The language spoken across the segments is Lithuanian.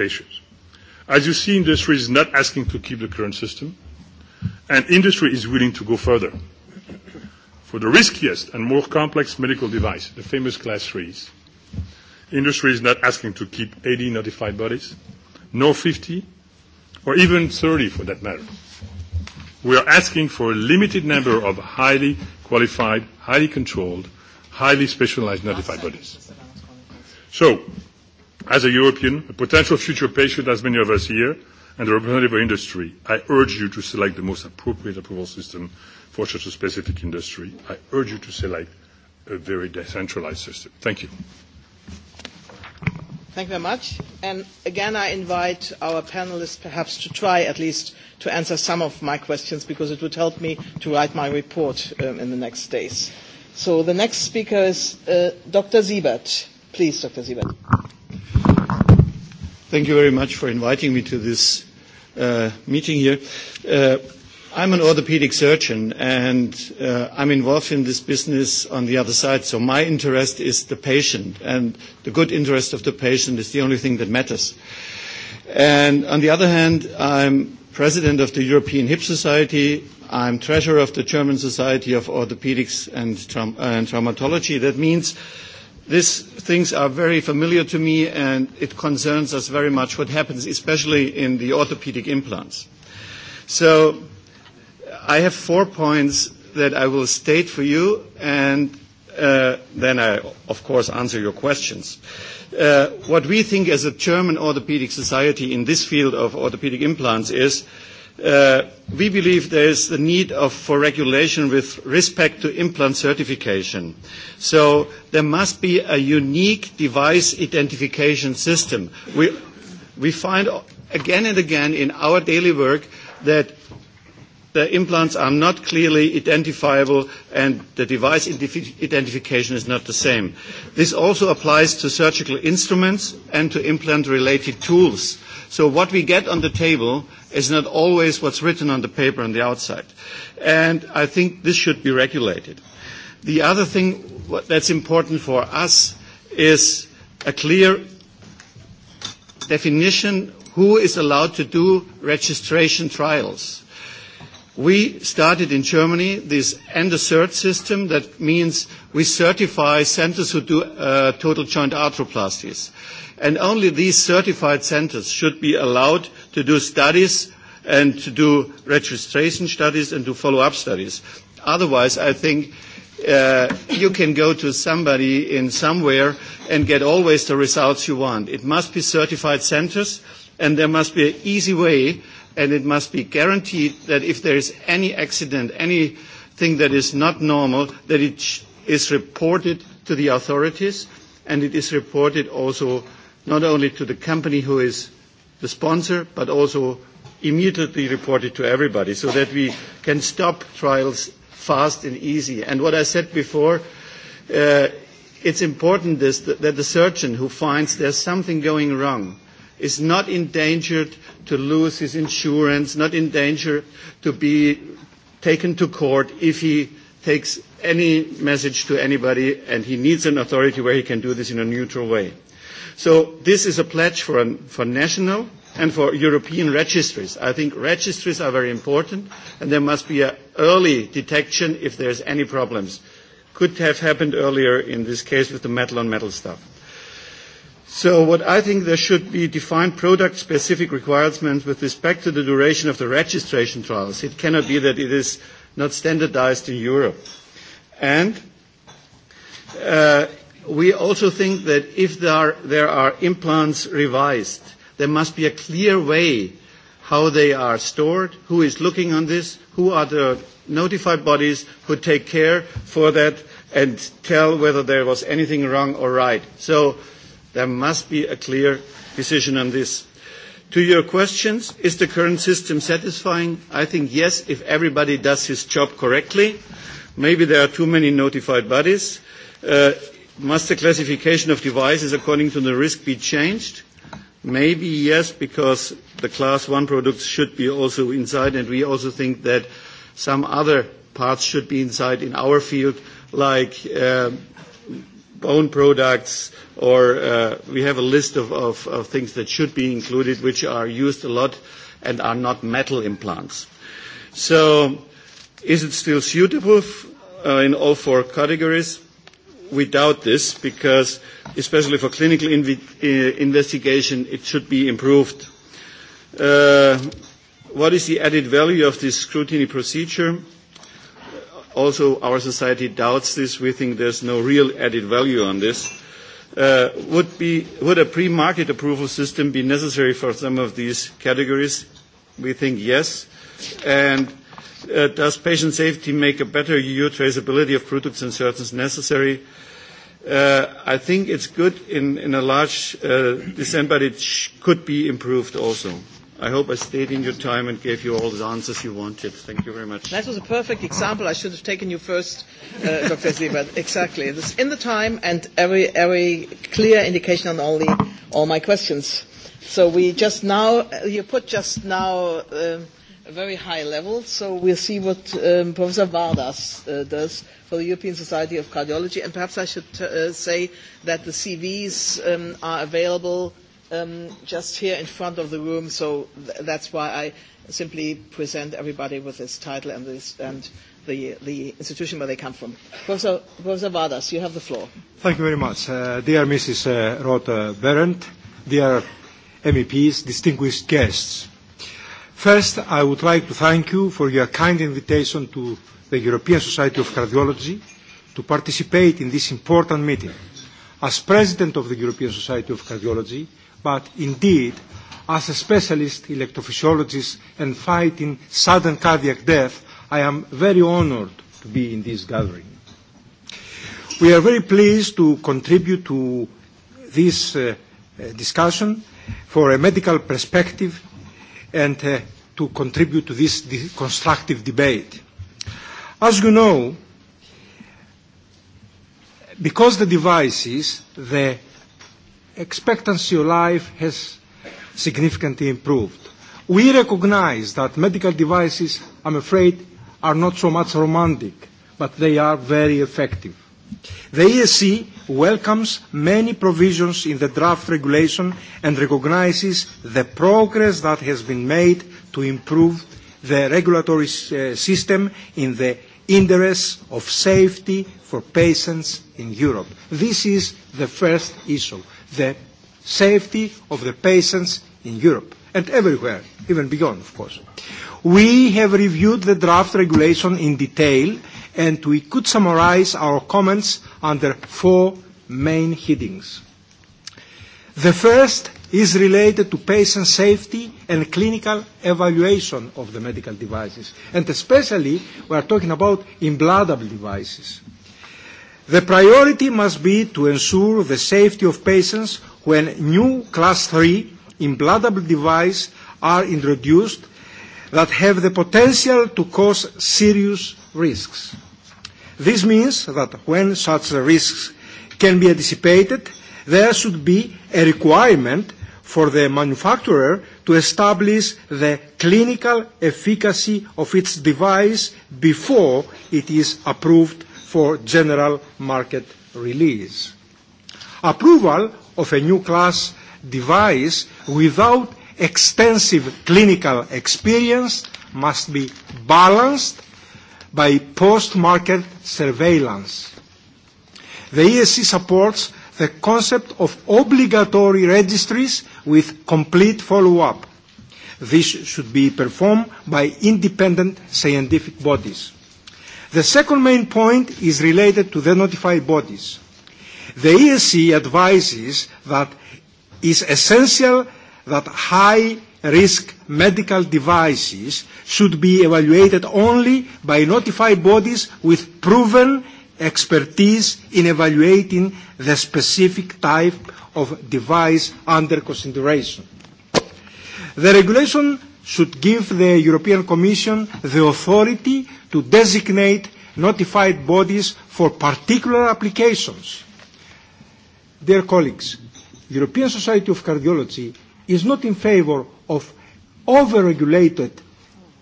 patients. As you see, industry is not asking to keep the current system, and industry is willing to go further. For the riskiest and more complex medical device, the famous Class 3s, industry is not asking to keep 80 notified bodies, nor 50, or even 30 for that matter. We are asking for a limited number of highly qualified, highly controlled, highly specialized notified bodies. So As a European, a potential future patient, as many of us here, and a representative of industry, I urge you to select the most appropriate approval system for such a specific industry. I urge you to select a very decentralized system. Thank you. Thank you very much. And again, I invite our panelists perhaps to try at least to answer some of my questions because it would help me to write my report um, in the next days. So the next speaker is uh, Dr. Siebert. Please, Dr. Siebert. Thank you very much for inviting me to this uh, meeting here. Uh, I'm an orthopedic surgeon and uh, I'm involved in this business on the other side. So my interest is the patient and the good interest of the patient is the only thing that matters. And on the other hand, I'm president of the European Hip Society. I'm treasurer of the German Society of Orthopedics and, Traum- and Traumatology. That means uh, These things are very familiar to me, and it concerns us very much what happens, especially in the orthopedic implants. So I have four points that I will state for you, and uh, then I, of course, answer your questions. Uh, what we think as a German orthopedic society in this field of orthopedic implants is uh, Uh, we believe there is the need of, for regulation with respect to implant certification. So there must be a unique device identification system. We, we find again and again in our daily work that the implants are not clearly identifiable and the device identif- identification is not the same. This also applies to surgical instruments and to implant related tools. So what we get on the table is not always what's written on the paper on the outside. And I think this should be regulated. The other thing that's important for us is a clear definition who is allowed to do registration trials We started in Germany this end assert system. That means we certify centers who do uh, total joint arthroplasties. And only these certified centers should be allowed to do studies and to do registration studies and to follow-up studies. Otherwise, I think uh, you can go to somebody in somewhere and get always the results you want. It must be certified centers, and there must be an easy way uh, and it must be guaranteed that if there is any accident, anything that is not normal, that it sh- is reported to the authorities and it is reported also not only to the company who is the sponsor, but also immediately reported to everybody so that we can stop trials fast and easy. And what I said before, uh, it's important this, that, that the surgeon who finds there's something going wrong is not endangered to lose his insurance, not in danger to be taken to court if he takes any message to anybody, and he needs an authority where he can do this in a neutral way. So this is a pledge for, an, for national and for European registries. I think registries are very important, and there must be an early detection if there's any problems. Could have happened earlier in this case with the metal on metal stuff. So what I think there should be defined product-specific requirements with respect to the duration of the registration trials. It cannot be that it is not standardized in Europe. And uh, we also think that if there are, there are implants revised, there must be a clear way how they are stored, who is looking on this, who are the notified bodies who take care for that and tell whether there was anything wrong or right. So There must be a clear decision on this. To your questions, is the current system satisfying? I think yes, if everybody does his job correctly. Maybe there are too many notified bodies. Uh, must the classification of devices according to the risk be changed? Maybe yes, because the class one products should be also inside, and we also think that some other parts should be inside in our field, like uh, own products, or uh, we have a list of, of, of things that should be included, which are used a lot and are not metal implants. So is it still suitable uh, in all four categories? We doubt this because, especially for clinical inv- uh, investigation, it should be improved. Uh, what is the added value of this scrutiny procedure? also our society doubts this. We think there's no real added value on this. Uh, would, be, would a pre-market approval system be necessary for some of these categories? We think yes. And uh, does patient safety make a better EU traceability of products and services necessary? Uh, I think it's good in, in a large uh, descent, but it sh- could be improved also. I hope I stayed in your time and gave you all the answers you wanted. Thank you very much. That was a perfect example. I should have taken you first, uh, Dr. Siebert. Exactly. It was in the time and every, every clear indication on all, the, all my questions. So we just now, uh, you put just now um, a very high level, so we'll see what um, Professor Vardas uh, does for the European Society of Cardiology. And perhaps I should t- uh, say that the CVs um, are available – um, just here in front of the room, so th- that's why I simply present everybody with this title and, this, and the, the institution where they come from. Professor, Professor Vardas, you have the floor. Thank you very much. Uh, dear Mrs. Uh, Rota Berendt, dear MEPs, distinguished guests, First, I would like to thank you for your kind invitation to the European Society of Cardiology to participate in this important meeting. As President of the European Society of Cardiology, but indeed, as a specialist electrophysiologist and fighting sudden cardiac death, I am very honored to be in this gathering. We are very pleased to contribute to this uh, uh discussion for a medical perspective and uh, to contribute to this de- constructive debate. As you know, because the devices, the expectancy of life has significantly improved. We recognize that medical devices, I'm afraid, are not so much romantic, but they are very effective. The ESC welcomes many provisions in the draft regulation and recognizes the progress that has been made to improve the regulatory uh, system in the interests of safety for patients in Europe. This is the first issue the safety of the patients in Europe and everywhere, even beyond, of course. We have reviewed the draft regulation in detail, and we could summarize our comments under four main headings. The first is related to patient safety and clinical evaluation of the medical devices, and especially we are talking about implantable devices. The priority must be to ensure the safety of patients when new class 3 implantable devices are introduced that have the potential to cause serious risks. This means that when such risks can be anticipated, there should be a requirement for the manufacturer to establish the clinical efficacy of its device before it is approved for general market release. Approval of a new class device without extensive clinical experience must be balanced by post-market surveillance. The ESC supports the concept of obligatory registries with complete follow-up. This should be performed by independent scientific bodies. The second main point is related to the notified bodies. The ESC advises that it's essential that high risk medical devices should be evaluated only by notified bodies with proven expertise in evaluating the specific type of device under consideration. The regulation should give the European Commission the authority to designate notified bodies for particular applications. Dear colleagues, European Society of Cardiology is not in favor of over-regulated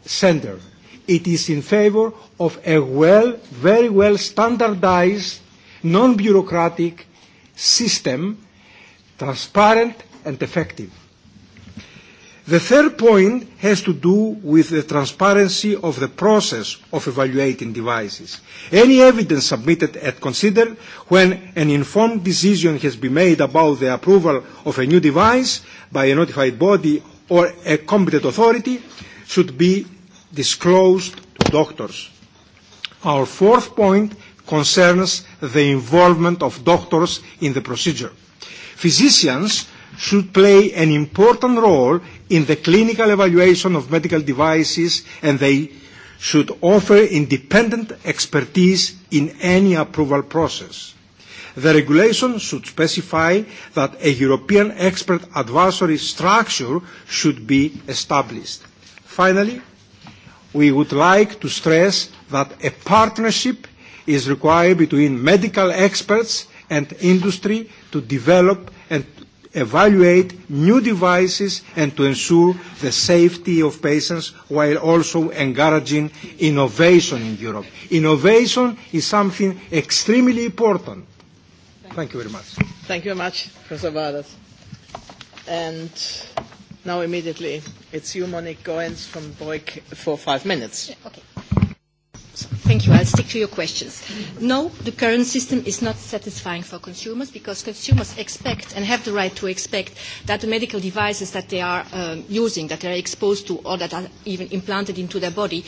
center. It is in favor of a well, very well standardized, non-bureaucratic system, transparent and effective. The third point has to do with the transparency of the process of evaluating devices. Any evidence submitted and considered when an informed decision has been made about the approval of a new device by a notified body or a competent authority should be disclosed to doctors. Our fourth point concerns the involvement of doctors in the procedure. Physicians should play an important role in the clinical evaluation of medical devices and they should offer independent expertise in any approval process. The regulation should specify that a European expert advisory structure should be established. Finally, we would like to stress that a partnership is required between medical experts and industry to develop and evaluate new devices and to ensure the safety of patients while also encouraging innovation in Europe. Innovation is something extremely important. Thank you very much. Thank you very much, Professor Vardas. And now immediately, it's you, Monique Goins from Boyk, for five minutes. Yeah, okay. Thank you. I'll stick to your questions. No, the current system is not satisfying for consumers because consumers expect and have the right to expect that the medical devices that they are um, using, that they are exposed to, or that are even implanted into their body,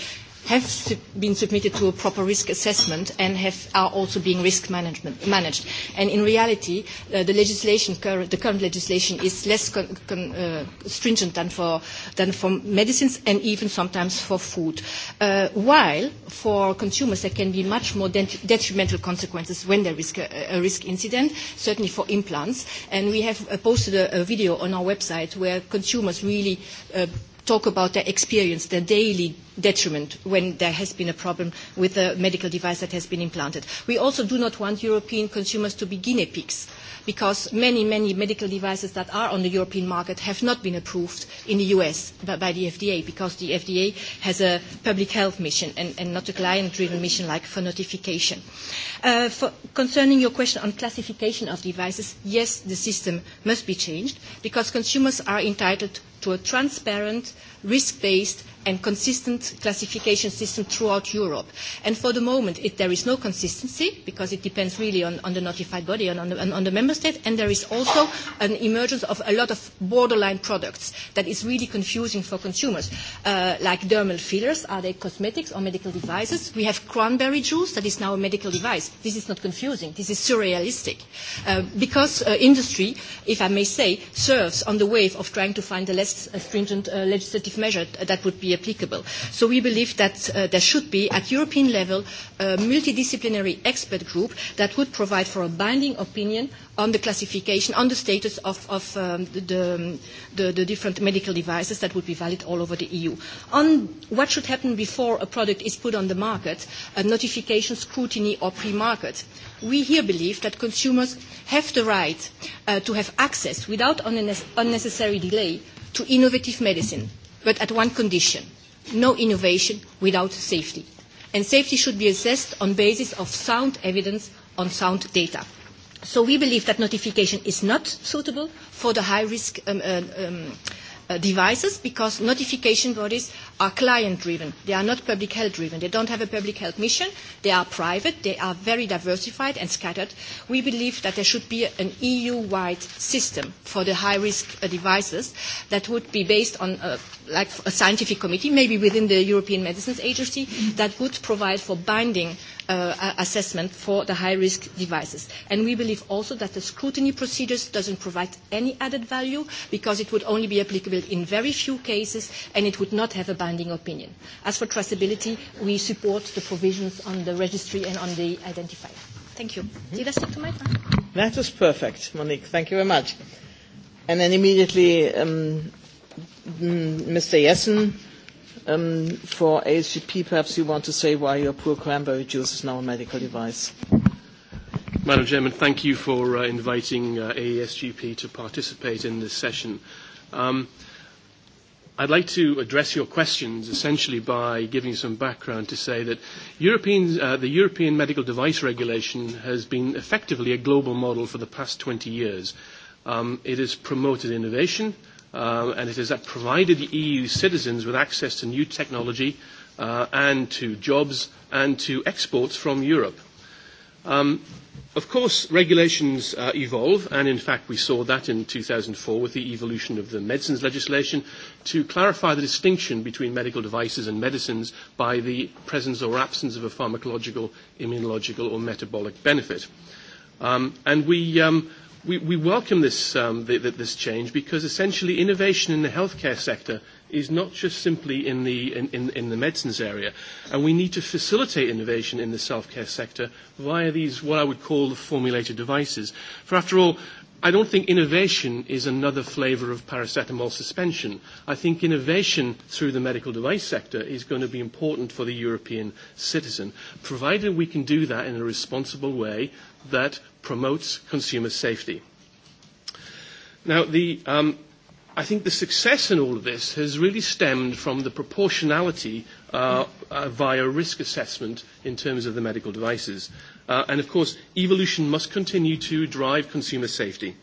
have su- been submitted to a proper risk assessment and have, are also being risk management, managed. And in reality, uh, the legislation, cur- the current legislation is less con- con- uh, stringent than for, than for medicines and even sometimes for food. Uh, while for consumers there can be much more dent- detrimental consequences when there is a, a risk incident, certainly for implants. And we have uh, posted a, a video on our website where consumers really uh, talk about their experience, their daily detriment when there has been a problem with the medical device that has been implanted. We also do not want European consumers to be guinea pigs because many, many medical devices that are on the European market have not been approved in the US by the FDA because the FDA has a public health mission and, and not a client-driven mission like for notification. Uh, for, concerning your question on classification of devices, yes, the system must be changed because consumers are entitled to a transparent, risk-based and consistent classification system throughout Europe. And for the moment, it, there is no consistency because it depends really on, on the notified body and on the, on, on the member state. And there is also an emergence of a lot of borderline products that is really confusing for consumers, uh, like dermal fillers. Are they cosmetics or medical devices? We have cranberry juice that is now a medical device. This is not confusing. This is surrealistic. Uh, because uh, industry, if I may say, serves on the wave of trying to find a less stringent uh, legislative measure that would be be applicable. So we believe that uh, there should be, at European level, a multidisciplinary expert group that would provide for a binding opinion on the classification, on the status of, of um, the, the, the different medical devices that would be valid all over the EU. On what should happen before a product is put on the market, a notification, scrutiny, or pre-market, we here believe that consumers have the right uh, to have access without unnecessary delay to innovative medicine but at one condition, no innovation without safety. And safety should be assessed on basis of sound evidence on sound data. So we believe that notification is not suitable for the high risk um, uh, um, uh, devices because notification bodies are client-driven. They are not public health-driven. They don't have a public health mission. They are private. They are very diversified and scattered. We believe that there should be an EU-wide system for the high-risk uh, devices that would be based on uh, like a scientific committee, maybe within the European Medicines Agency, that would provide for binding uh, assessment for the high-risk devices. And we believe also that the scrutiny procedures doesn't provide any added value because it would only be applicable in very few cases and it would not have a binding opinion. As for traceability, we support the provisions on the registry and on the identifier. Thank you. Mm-hmm. Did I stick to my time? That was perfect, Monique. Thank you very much. And then immediately, um, Mr. Mm, Jessen Um, for ASGP, perhaps you want to say why your poor cranberry juice is now a medical device. Madam Chairman, thank you for uh, inviting uh, AESGP to participate in this session. Um, I'd like to address your questions essentially by giving some background to say that European, uh, the European Medical Device Regulation has been effectively a global model for the past 20 years. Um, it has promoted innovation, uh, uh, and it has provided the EU citizens with access to new technology uh, and to jobs and to exports from Europe. Um, of course, regulations uh, evolve, and in fact, we saw that in 2004 with the evolution of the medicines legislation to clarify the distinction between medical devices and medicines by the presence or absence of a pharmacological, immunological, or metabolic benefit. Um, and we um, we, we welcome this, um, the, the, this change because essentially innovation in the healthcare sector is not just simply in the, in, in, in the medicines area. And we need to facilitate innovation in the self-care sector via these, what I would call the formulated devices. For after all, I don't think innovation is another flavour of paracetamol suspension. I think innovation through the medical device sector is going to be important for the European citizen, provided we can do that in a responsible way that promotes consumer safety. Now, the, um, I think the success in all of this has really stemmed from the proportionality uh, uh, via risk assessment in terms of the medical devices. Uh, and of course, evolution must continue to drive consumer safety.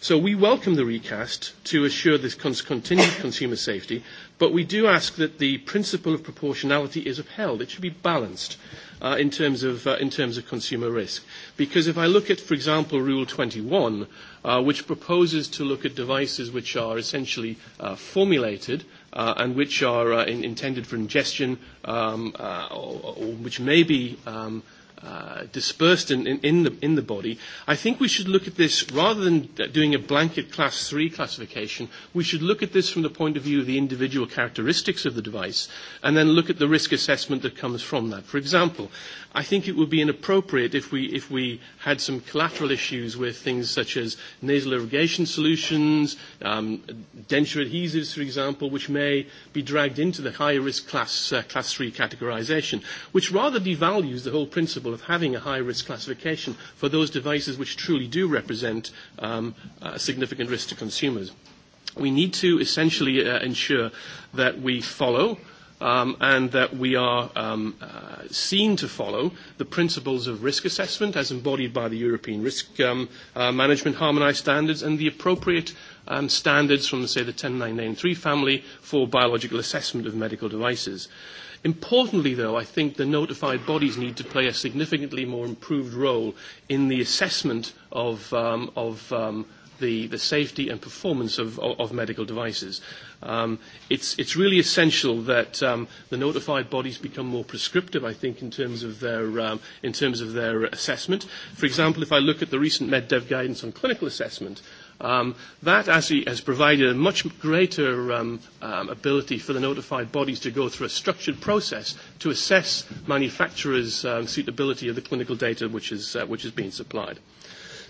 So we welcome the recast to assure this cons- continued consumer safety, but we do ask that the principle of proportionality is upheld. It should be balanced uh, in, terms of, uh, in terms of consumer risk. Because if I look at, for example, Rule 21, uh, which proposes to look at devices which are essentially uh, formulated uh, and which are uh, in, intended for ingestion um, uh, or, or which may be um, uh, uh, dispersed in, in, in, the, in the body, I think we should look at this rather than doing a blanket class 3 classification, we should look at this from the point of view of the individual characteristics of the device and then look at the risk assessment that comes from that. For example, I think it would be inappropriate if we, if we had some collateral issues with things such as nasal irrigation solutions, um, denture adhesives, for example, which may be dragged into the higher risk class, uh, class 3 categorization, which rather devalues the whole principle example, of having a high risk classification for those devices which truly do represent um, a significant risk to consumers. We need to essentially uh, ensure that we follow um, and that we are um, uh, seen to follow the principles of risk assessment as embodied by the European Risk um, uh, Management Harmonised Standards and the appropriate um, standards from, say, the 10993 family for biological assessment of medical devices. Uh, Importantly, though, I think the notified bodies need to play a significantly more improved role in the assessment of, um, of um, the, the safety and performance of, of, of medical devices. Um, it's, it's really essential that um, the notified bodies become more prescriptive, I think, in terms, of their, um, in terms of their assessment. For example, if I look at the recent MedDev guidance on clinical assessment, Um, that actually has provided a much greater um, um, ability for the notified bodies to go through a structured process to assess manufacturers' um, suitability of the clinical data which is, uh, which is being supplied.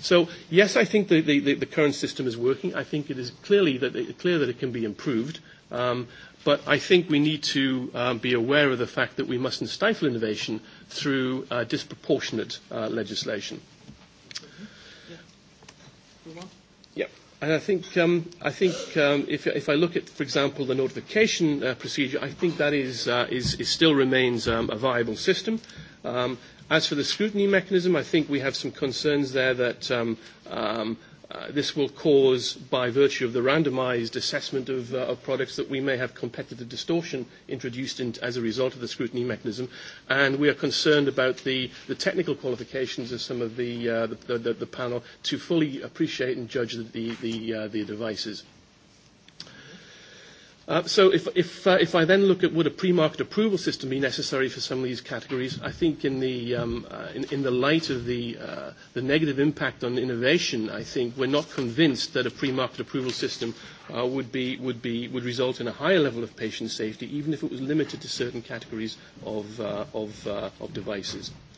So yes, I think the, the, the current system is working. I think it is clearly that it, clear that it can be improved. Um, but I think we need to um, be aware of the fact that we mustn't stifle innovation through uh, disproportionate uh, legislation. Yeah. Move on. And I think, um, I think um, if, if I look at, for example, the notification uh, procedure, I think that is, uh, is, is still remains um, a viable system. Um, as for the scrutiny mechanism, I think we have some concerns there that um, um, Uh, this will cause, by virtue of the randomized assessment of, uh, of products, that we may have competitive distortion introduced in, as a result of the scrutiny mechanism. And we are concerned about the, the technical qualifications of some of the, uh, the, the, the panel to fully appreciate and judge the, the, uh, the devices. Uh, Uh, so if, if, uh, if I then look at would a pre-market approval system be necessary for some of these categories, I think in the, um, uh, in, in the light of the, uh, the negative impact on innovation, I think we're not convinced that a pre-market approval system uh, would, be, would, be, would result in a higher level of patient safety, even if it was limited to certain categories of, uh, of, uh, of devices. Uh,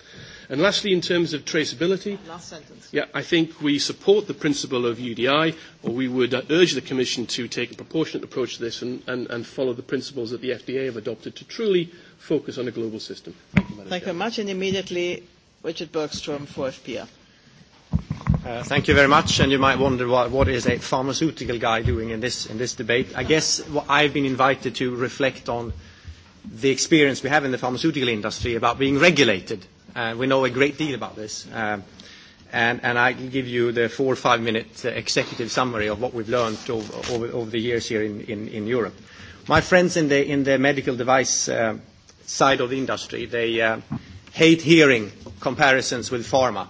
And lastly, in terms of traceability, last sentence. Yeah, I think we support the principle of UDI, or we would uh, urge the Commission to take a proportionate approach to this and, and, and follow the principles that the FDA have adopted to truly focus on a global system. Thank you, Madam Thank you very much. And immediately, Richard Bergstrom for FPR. Uh, thank you very much. And you might wonder what, what is a pharmaceutical guy doing in this, in this debate. I guess what I've been invited to reflect on the experience we have in the pharmaceutical industry about being regulated Uh, we know a great deal about this. Uh, and, and I can give you the four or five-minute uh, executive summary of what we've learned over, over, over the years here in, in, in Europe. My friends in the, in the medical device uh, side of the industry, they uh, hate hearing comparisons with pharma.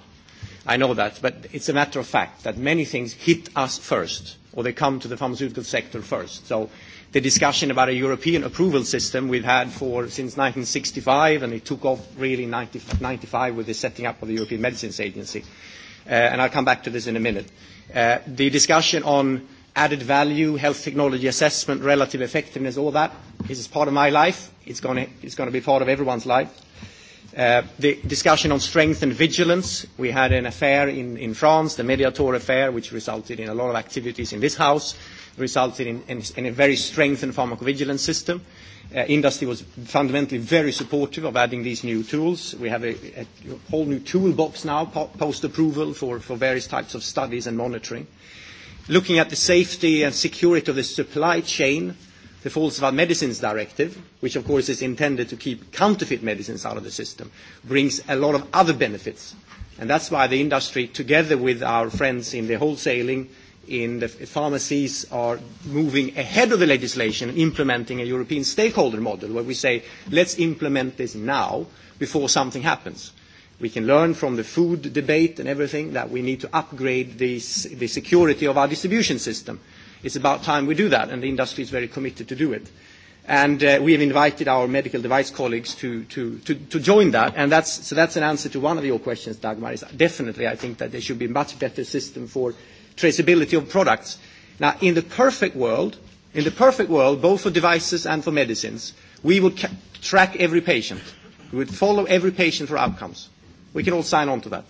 I know that, but it's a matter of fact that many things hit us first, or they come to the pharmaceutical sector first. So the discussion about a European approval system we've had for since 1965, and it took off really in 1995 with the setting up of the European Medicines Agency. Uh, and I'll come back to this in a minute. Uh, the discussion on added value, health technology assessment, relative effectiveness, all that is part of my life. It's going to be part of everyone's life. Uh, the discussion on strength and vigilance. We had an affair in, in France, the Mediator affair, which resulted in a lot of activities in this house resulted in, in, in a very strengthened pharmacovigilance system. Uh, industry was fundamentally very supportive of adding these new tools. We have a, a whole new toolbox now po post-approval for, for various types of studies and monitoring. Looking at the safety and security of the supply chain, the Falsified Medicines Directive, which of course is intended to keep counterfeit medicines out of the system, brings a lot of other benefits. And that's why the industry, together with our friends in the wholesaling in the pharmacies are moving ahead of the legislation and implementing a European stakeholder model where we say, let's implement this now before something happens. We can learn from the food debate and everything that we need to upgrade the, the security of our distribution system. It's about time we do that, and the industry is very committed to do it. And uh, we have invited our medical device colleagues to, to, to, to join that. And that's, so that's an answer to one of your questions, Dagmar. Is definitely, I think that there should be a much better system for traceability of products. Now, in the perfect world, in the perfect world, both for devices and for medicines, we would ca- track every patient. We would follow every patient for outcomes. We can all sign on to that.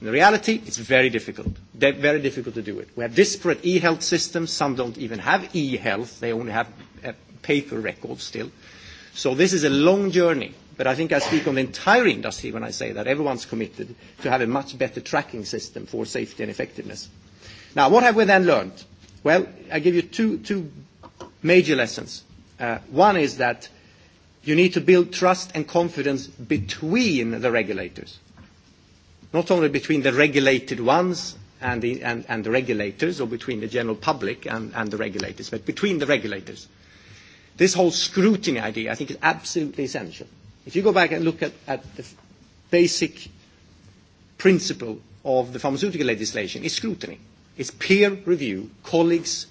In reality, it's very difficult. De- very difficult to do it. We have disparate e-health systems. Some don't even have e-health. They only have uh, paper records still. So this is a long journey. But I think I speak on the entire industry when I say that everyone's committed to have a much better tracking system for safety and effectiveness. Uh, Now, what have we then learned? Well, I give you two, two major lessons. Uh, one is that you need to build trust and confidence between the regulators, not only between the regulated ones and the, and, and the regulators, or between the general public and, and the regulators, but between the regulators. This whole scrutiny idea, I think, is absolutely essential. If you go back and look at, at the basic principle of the pharmaceutical legislation, it's scrutiny. It's peer review, colleagues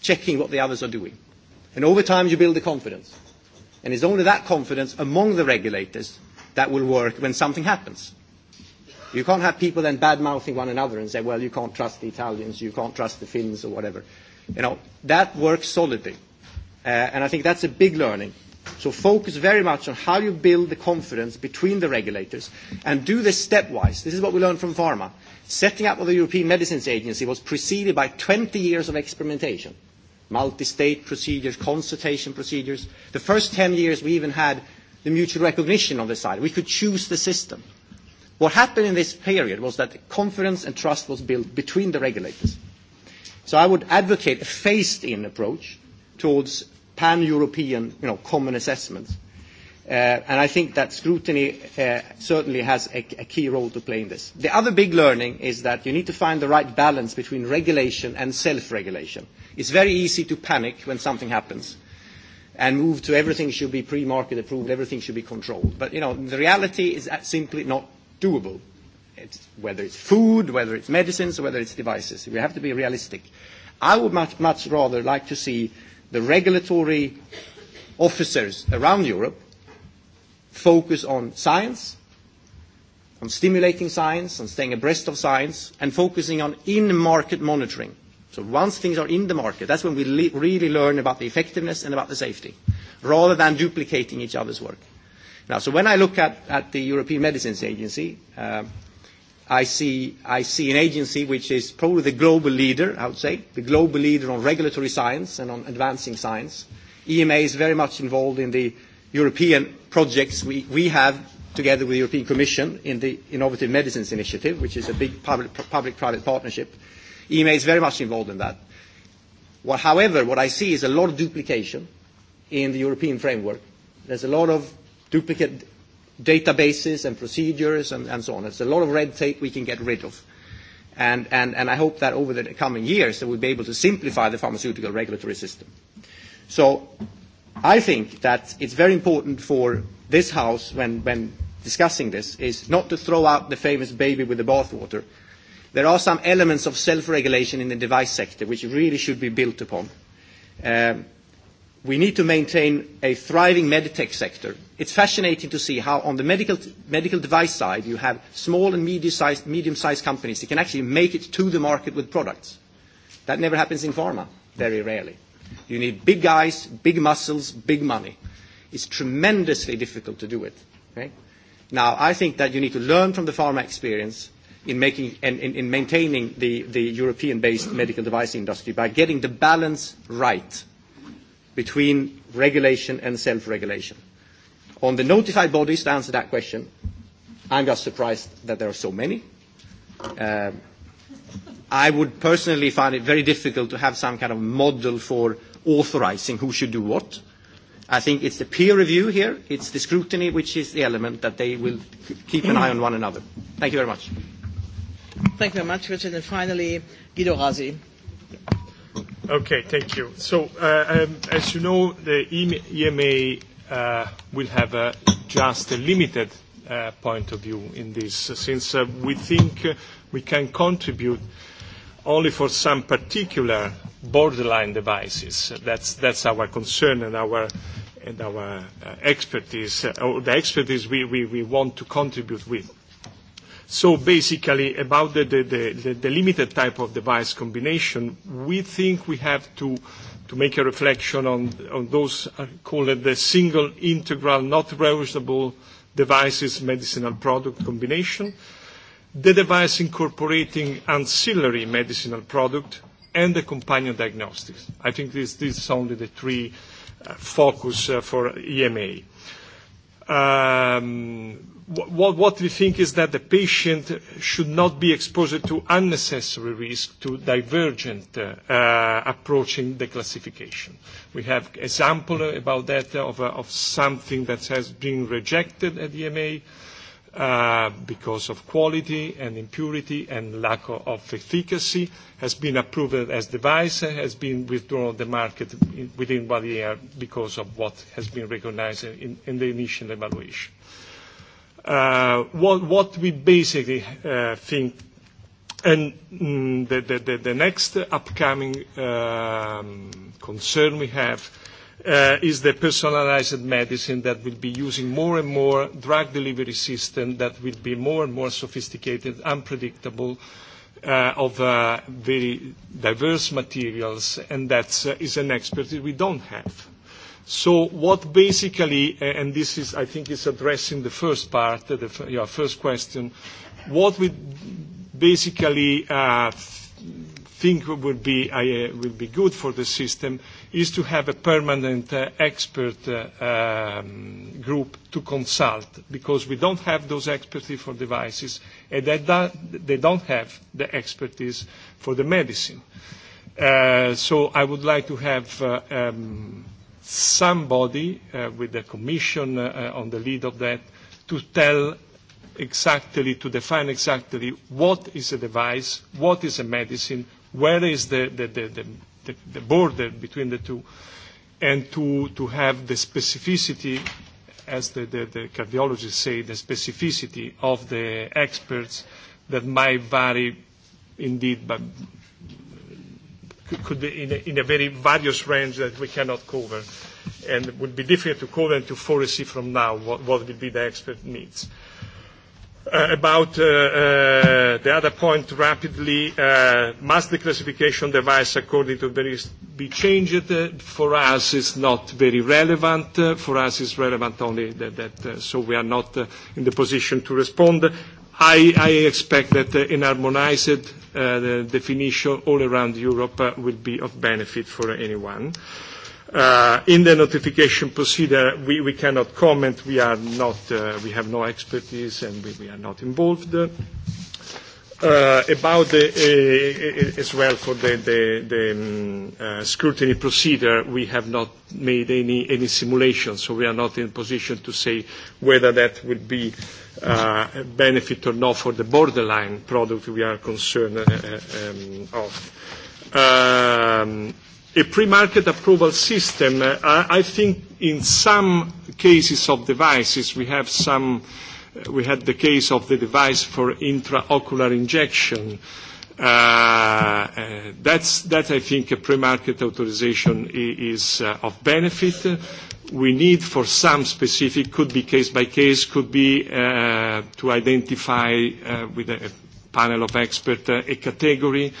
checking what the others are doing. And over time, you build the confidence. And it's only that confidence among the regulators that will work when something happens. You can't have people then bad-mouthing one another and say, well, you can't trust the Italians, you can't trust the Finns or whatever. You know, that works solidly. Uh, and I think that's a big learning. So focus very much on how you build the confidence between the regulators and do this stepwise. This is what we learned from pharma. Setting up of the European Medicines Agency was preceded by 20 years of experimentation. Multi-state procedures, consultation procedures. The first 10 years we even had the mutual recognition on the side. We could choose the system. What happened in this period was that confidence and trust was built between the regulators. So I would advocate a phased-in approach towards pan-European, you know, common assessments Uh, and I think that scrutiny uh, certainly has a, a key role to play in this. The other big learning is that you need to find the right balance between regulation and self-regulation. It's very easy to panic when something happens and move to everything should be pre-market approved, everything should be controlled. But, you know, the reality is simply not doable. It's, whether it's food, whether it's medicines, whether it's devices. We have to be realistic. I would much, much rather like to see the regulatory officers around Europe focus on science, on stimulating science, on staying abreast of science, and focusing on in-market monitoring. So once things are in the market, that's when we le- really learn about the effectiveness and about the safety, rather than duplicating each other's work. Now, so when I look at, at the European Medicines Agency, uh, I see, I see an agency which is probably the global leader, I would say, the global leader on regulatory science and on advancing science. EMA is very much involved in the European projects we, we have together with the European Commission in the Innovative Medicines Initiative, which is a big public-private public partnership. EMA is very much involved in that. Well, however, what I see is a lot of duplication in the European framework. There's a lot of duplicate databases and procedures and, and so on. There's a lot of red tape we can get rid of. And, and, and I hope that over the coming years, that we'll be able to simplify the pharmaceutical regulatory system. So I think that it's very important for this House, when, when discussing this, is not to throw out the famous baby with the bathwater. There are some elements of self-regulation in the device sector which really should be built upon. Um, we need to maintain a thriving medtech sector. It's fascinating to see how on the medical, medical device side you have small and medium-sized, medium-sized companies that can actually make it to the market with products. That never happens in pharma, very rarely. Mm-hmm. You need big guys, big muscles, big money. It's tremendously difficult to do it. Okay? Now, I think that you need to learn from the pharma experience in, making, in, in, in maintaining the, the European-based medical device industry by getting the balance right between regulation and self-regulation. On the notified bodies, to answer that question, I'm just surprised that there are so many. Um, I would personally find it very difficult to have some kind of model for authorizing who should do what. I think it's the peer review here, it's the scrutiny, which is the element that they will keep an eye on one another. Thank you very much. Thank you very much, Richard. And finally, Guido Razi. Okay, thank you. So, uh, um, as you know, the EMA e uh, will have uh, just a limited uh, point of view in this, uh, since uh, we think We can contribute only for some particular borderline devices. That's, that's our concern and our, and our uh, expertise, uh, or the expertise we, we, we want to contribute with. So basically, about the, the, the, the limited type of device combination, we think we have to, to make a reflection on, on those, I uh, call it the single integral, not reusable devices, medicinal product combination. Uh, the device incorporating ancillary medicinal product and the companion diagnostics. I think this, this is only the three uh, focus uh, for EMA. Um, what, what we think is that the patient should not be exposed to unnecessary risk to divergent uh, uh, approaching the classification. We have example about that of, uh, of something that has been rejected at EMA. Uh, uh, because of quality and impurity and lack of, of efficacy, has been approved as device, has been withdrawn on the market in, within one year because of what has been recognized in, in the initial evaluation. Uh, what, what we basically uh, think, and mm, the, the, the next upcoming um, concern we have uh, is the personalized medicine that will be using more and more drug delivery system that will be more and more sophisticated, unpredictable, uh, of uh, very diverse materials, and that uh, is an expertise we don't have. So what basically, and this is, I think, is addressing the first part, the, your yeah, first question, what we basically uh, think would be, uh, will be good for the system is to have a permanent uh, expert uh, um, group to consult because we don't have those expertise for devices and they, do, they don't have the expertise for the medicine. Uh, so I would like to have uh, um, somebody uh, with the commission uh, uh on the lead of that to tell exactly, to define exactly what is a device, what is a medicine, where is the, the, the, the the, the border between the two and to, to have the specificity, as the, the, the cardiologists say, the specificity of the experts that might vary indeed, but could be in a, in a very various range that we cannot cover. And it would be difficult to cover and to foresee from now what, what will be the expert needs. Uh, Uh, about uh, uh, the other point rapidly, uh, must the classification device according to various be changed? Uh, for us, it's not very relevant. Uh, for us, it's relevant only that, that uh, so we are not uh, in the position to respond. I, I expect that uh, an harmonized uh, definition all around Europe uh, will be of benefit for anyone. Uh, Uh, in the notification procedure, we, we cannot comment. We are not, uh, we have no expertise, and we, we are not involved. Uh, uh about the, uh, uh, as well for the, the, the um, scrutiny procedure, we have not made any, any simulation, so we are not in a position to say whether that will be a benefit or not for the borderline product we are concerned um, of. Um, a pre-market approval system, uh, I think in some cases of devices, we have some, uh, we had the case of the device for intraocular injection. Uh, uh, that's, that I think a pre-market authorization is uh, of benefit. We need for some specific, could be case by case, could be uh, to identify uh, with a panel of experts uh, a category. Uh,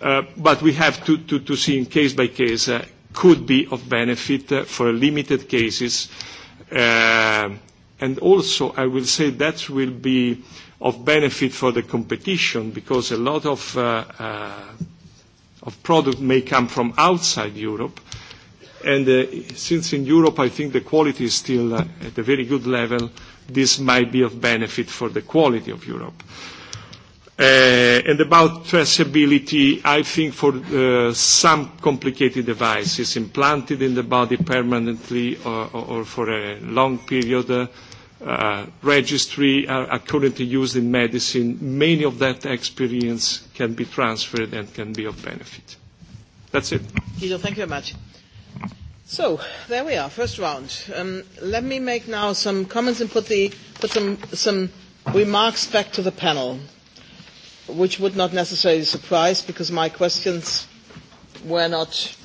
Uh, but we have to, to, to see in case by case uh, could be of benefit uh, for limited cases. Uh, and also, I will say that will be of benefit for the competition because a lot of, uh, uh, of product may come from outside Europe. And uh, since in Europe, I think the quality is still uh, at a very good level, this might be of benefit for the quality of Europe. Uh, Uh, and about traceability, I think for uh, some complicated devices implanted in the body permanently or, or, or for a long period, uh, uh, registry are, are currently used in medicine. Many of that experience can be transferred and can be of benefit. That's it. Guido, thank you very much. So there we are, first round. Um, let me make now some comments and put, the, put some, some remarks back to the panel which would not necessarily surprise because my questions were not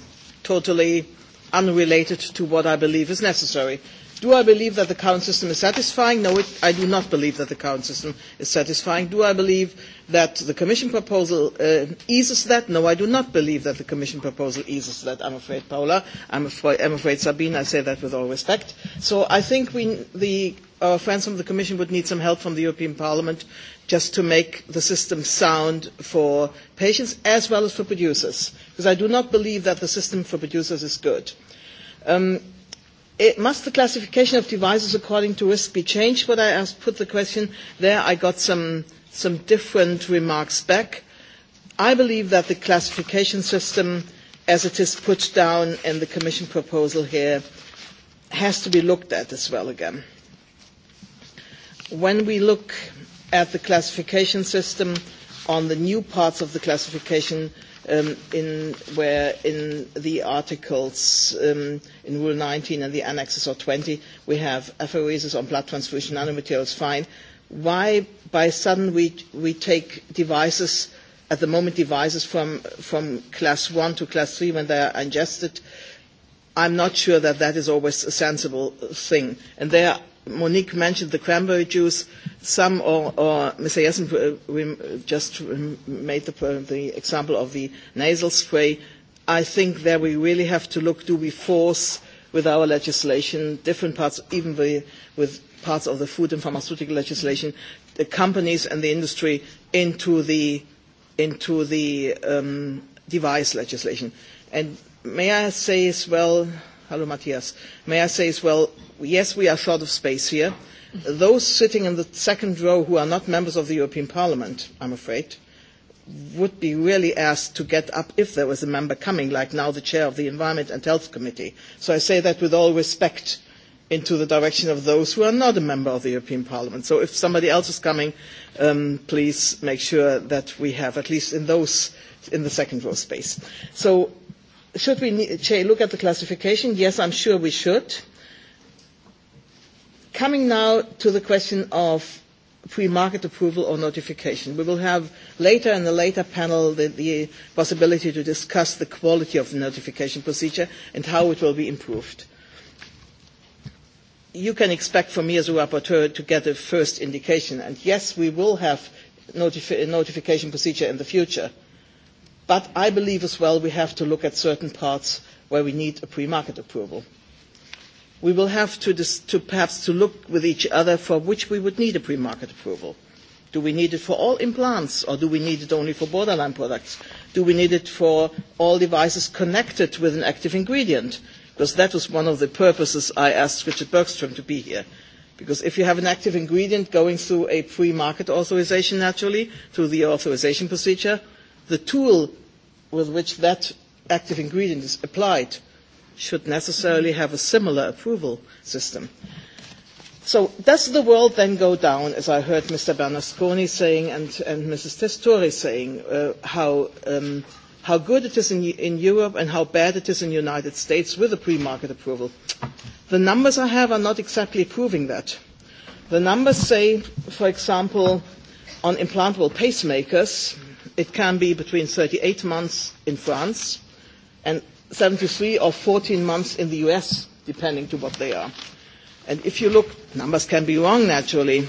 totally unrelated to what I believe is necessary. Do I believe that the current system is satisfying? No, it, I do not believe that the current system is satisfying. Do I believe that the Commission proposal uh, eases that? No, I do not believe that the Commission proposal eases that, I'm afraid, Paula. I'm afraid, I'm afraid Sabine, I say that with all respect. So I think we, the, our friends from the Commission would need some help from the European Parliament just to make the system sound for patients as well as for producers, because I do not believe that the system for producers is good. Um, it, must the classification of devices according to risk be changed? When I asked, put the question there, I got some, some different remarks back. I believe that the classification system, as it is put down in the Commission proposal here, has to be looked at as well again. When we look at the classification system on the new parts of the classification um, in where in the articles um, in Rule 19 and the annexes or 20 we have apheresis on blood transfusion nanomaterials. Fine. Why by sudden we we take devices at the moment devices from from class one to class three when they are ingested? I'm not sure that that is always a sensible thing, and there Monique mentioned the cranberry juice. Some, or, or Mr. Jessen uh, just made the, uh, the example of the nasal spray. I think there we really have to look, do we force with our legislation, different parts, even the, with parts of the food and pharmaceutical legislation, the companies and the industry into the, into the um, device legislation. And may I say as well, Hello, Matthias. May I say as well, yes, we are short of space here. Those sitting in the second row who are not members of the European Parliament, I'm afraid, would be really asked to get up if there was a member coming, like now the chair of the Environment and Health Committee. So I say that with all respect into the direction of those who are not a member of the European Parliament. So if somebody else is coming, um, please make sure that we have at least in those in the second row space. So should we Jay, look at the classification? Yes, I'm sure we should. Coming now to the question of pre-market approval or notification. We will have later in the later panel the, the possibility to discuss the quality of the notification procedure and how it will be improved. You can expect from me as a rapporteur to get a first indication. And yes, we will have notifi- notification procedure in the future. Uh, But I believe as well we have to look at certain parts where we need a pre-market approval. We will have to, dis- to perhaps to look with each other for which we would need a pre-market approval. Do we need it for all implants or do we need it only for borderline products? Do we need it for all devices connected with an active ingredient? Because that was one of the purposes I asked Richard Bergstrom to be here. Because if you have an active ingredient going through a pre-market authorization naturally, through the authorization procedure, the tool with which that active ingredient is applied should necessarily have a similar approval system. So does the world then go down, as I heard Mr. Bernasconi saying and, and Mrs. Testori saying, uh, how, um, how good it is in, in Europe and how bad it is in the United States with a pre-market approval? The numbers I have are not exactly proving that. The numbers say, for example, on implantable pacemakers, It can be between 38 months in France and 73 or 14 months in the US, depending to what they are. And if you look, numbers can be wrong naturally.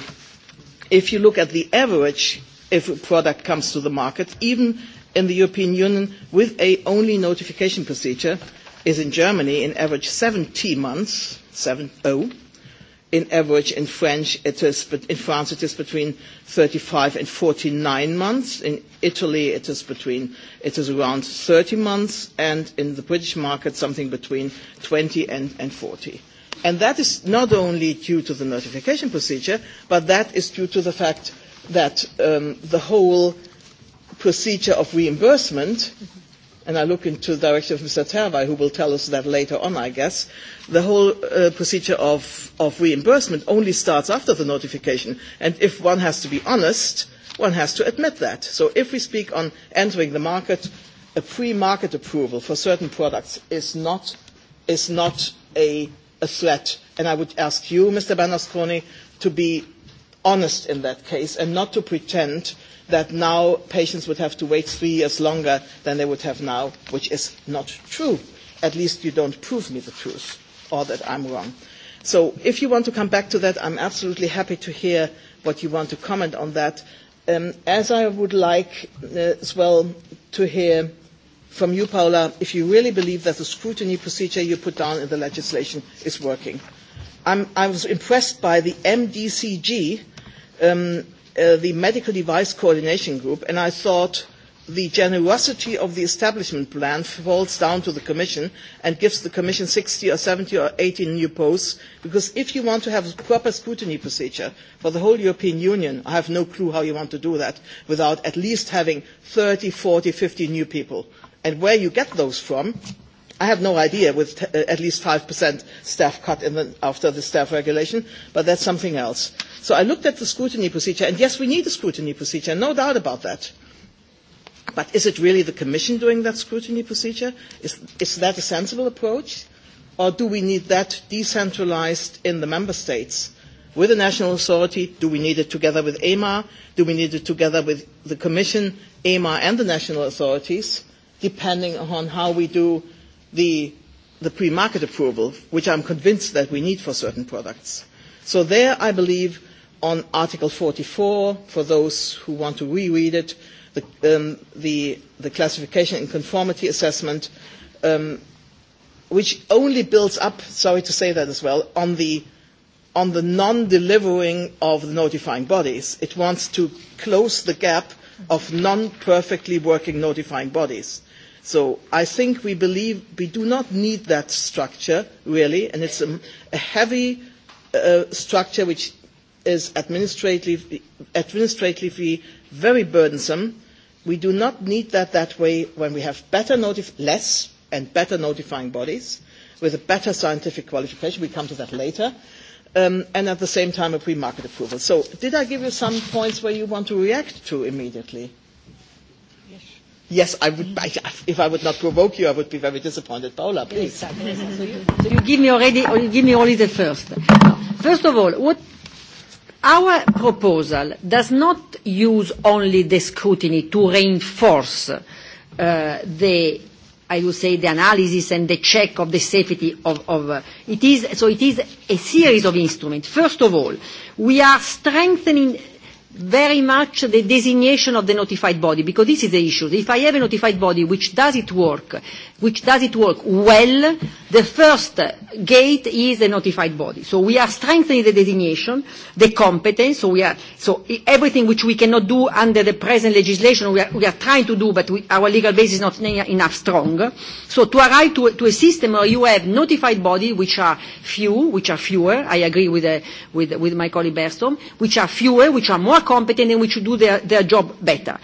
If you look at the average, if a product comes to the market, even in the European Union with a only notification procedure, is in Germany in average 70 months, 7 0, in average in French it is in France it is between 35 and 49 months in Italy it is between it is around 30 months and in the British market something between 20 and, and 40 and that is not only due to the notification procedure but that is due to the fact that um, the whole procedure of reimbursement mm-hmm and I look into the direction of Mr. Terwey, who will tell us that later on, I guess, the whole uh, procedure of, of reimbursement only starts after the notification. And if one has to be honest, one has to admit that. So if we speak on entering the market, a pre-market approval for certain products is not, is not a, a threat. And I would ask you, Mr. Banasconi, to be honest in that case and not to pretend that now patients would have to wait three years longer than they would have now, which is not true. At least you don't prove me the truth or that I'm wrong. So if you want to come back to that, I'm absolutely happy to hear what you want to comment on that. Um, as I would like uh, as well to hear from you, Paula, if you really believe that the scrutiny procedure you put down in the legislation is working. I'm, I was impressed by the MDCG, um, uh, the Medical Device Coordination Group, and I thought the generosity of the establishment plan falls down to the Commission and gives the Commission 60 or 70 or 80 new posts, because if you want to have a proper scrutiny procedure for the whole European Union, I have no clue how you want to do that without at least having 30, 40, 50 new people. And where you get those from, I have no idea with t- uh, at least 5% staff cut in the, after the staff regulation, but that's something else. So I looked at the scrutiny procedure, and yes, we need a scrutiny procedure, no doubt about that. But is it really the Commission doing that scrutiny procedure? Is, is that a sensible approach? Or do we need that decentralized in the member states? With a national authority, do we need it together with EMA? Do we need it together with the Commission, EMA, and the national authorities, depending on how we do the, the pre-market approval, which I'm convinced that we need for certain products. So there, I believe, on Article 44, for those who want to reread it, the, um, the, the classification and conformity assessment, um, which only builds up, sorry to say that as well, on the, on the non-delivering of the notifying bodies. It wants to close the gap of non-perfectly working notifying bodies. So I think we believe we do not need that structure, really, and it's a, a heavy uh, structure which is administratively, administratively very burdensome. We do not need that that way when we have better notif- less and better notifying bodies with a better scientific qualification. We come to that later. Um, and at the same time, a pre-market approval. So did I give you some points where you want to react to immediately? Yes, I would. I, if I would not provoke you, I would be very disappointed. Paula, please. Yes, yes. So you give me already. You give me only the first. First of all, what our proposal does not use only the scrutiny to reinforce uh, the I would say, the analysis and the check of the safety of, of uh, it is, so it is a series of instruments. First of all, we are strengthening very much the designation of the notified body, because this is the issue. If I have a notified body which does it work, which does it work well, the first gate is a notified body. So we are strengthening the designation, the competence, so, we are, so e, everything which we cannot do under the present legislation, we are, we are trying to do, but we, our legal base is not enough strong. So to arrive to, to a system where you have notified body, which are few, which are fewer, I agree with, uh, with, with my colleague Berstom, which are fewer, which are more are competent and which do their, their job better.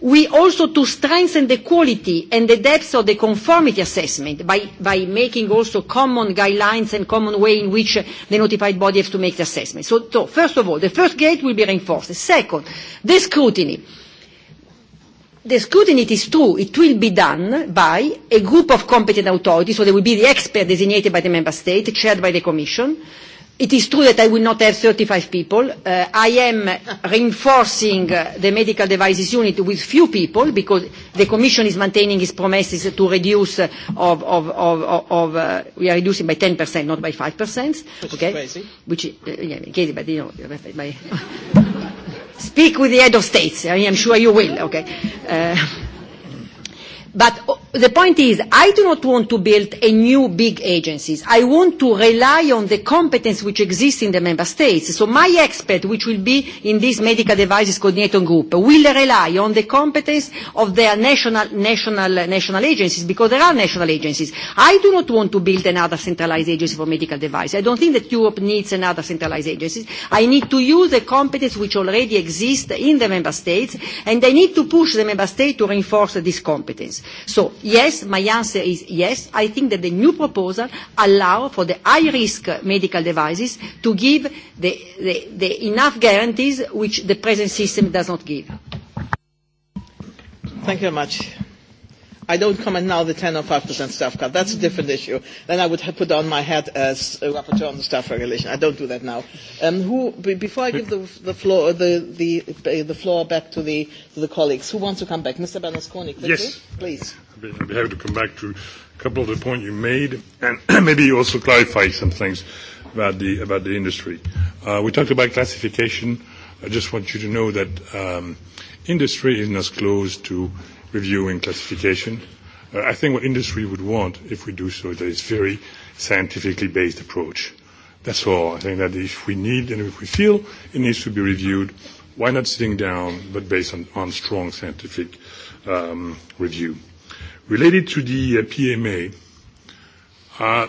We also to strengthen the quality and the depth of the conformity assessment by, by making also common guidelines and common way in which the notified body has to make the assessment. So, so first of all, the first gate will be reinforced. Second, the scrutiny. The scrutiny, it is true, it will be done by a group of competent authorities, so there will be the expert designated by the member state, chaired by the Commission. Uh, It is true that I will not have 35 people. Uh, I am reinforcing uh, the medical devices unit with few people because the Commission is maintaining its promises to reduce uh, of, of, of, of uh, we are reducing by 10%, not by 5%. Which okay? is crazy. Which, uh, yeah, crazy, but you know, by speak with the head of states. I am sure you will. Okay. Uh, But oh, the point is, I do not want to build a new big agencies. I want to rely on the competence which exists in the member states. So my expert, which will be in this medical devices coordinator group, will rely on the competence of their national, national, national agencies, because there are national agencies. I do not want to build another centralized agency for medical devices. I don't think that Europe needs another centralized agency. I need to use the competence which already exists in the member states, and I need to push the member state to reinforce this competence. So yes, my answer is yes. I think that the new proposal allow for the high-risk medical devices to give the, the, the enough guarantees which the present system does not give. Thank you very much. I don't comment now the 10 or 5% staff cut. That's a different issue. Then I would have put on my hat as a rapporteur on the staff regulation. I don't do that now. Um, who, b- before I give the, the, floor, uh, the, the, uh, the floor back to the, to the colleagues, who wants to come back? Mr. Berlusconi, quickly, yes. please. I'd be, I'd be happy to come back to a couple of the points you made and maybe also clarify some things about the, about the industry. Uh, we talked about classification. I just want you to know that um, industry is not closed to uh, review and classification. Uh, I think what industry would want, if we do so, that is very scientifically based approach. That's all. I think that if we need and if we feel it needs to be reviewed, why not sitting down, but based on, on strong scientific um, review. Related to the uh, PMA, uh,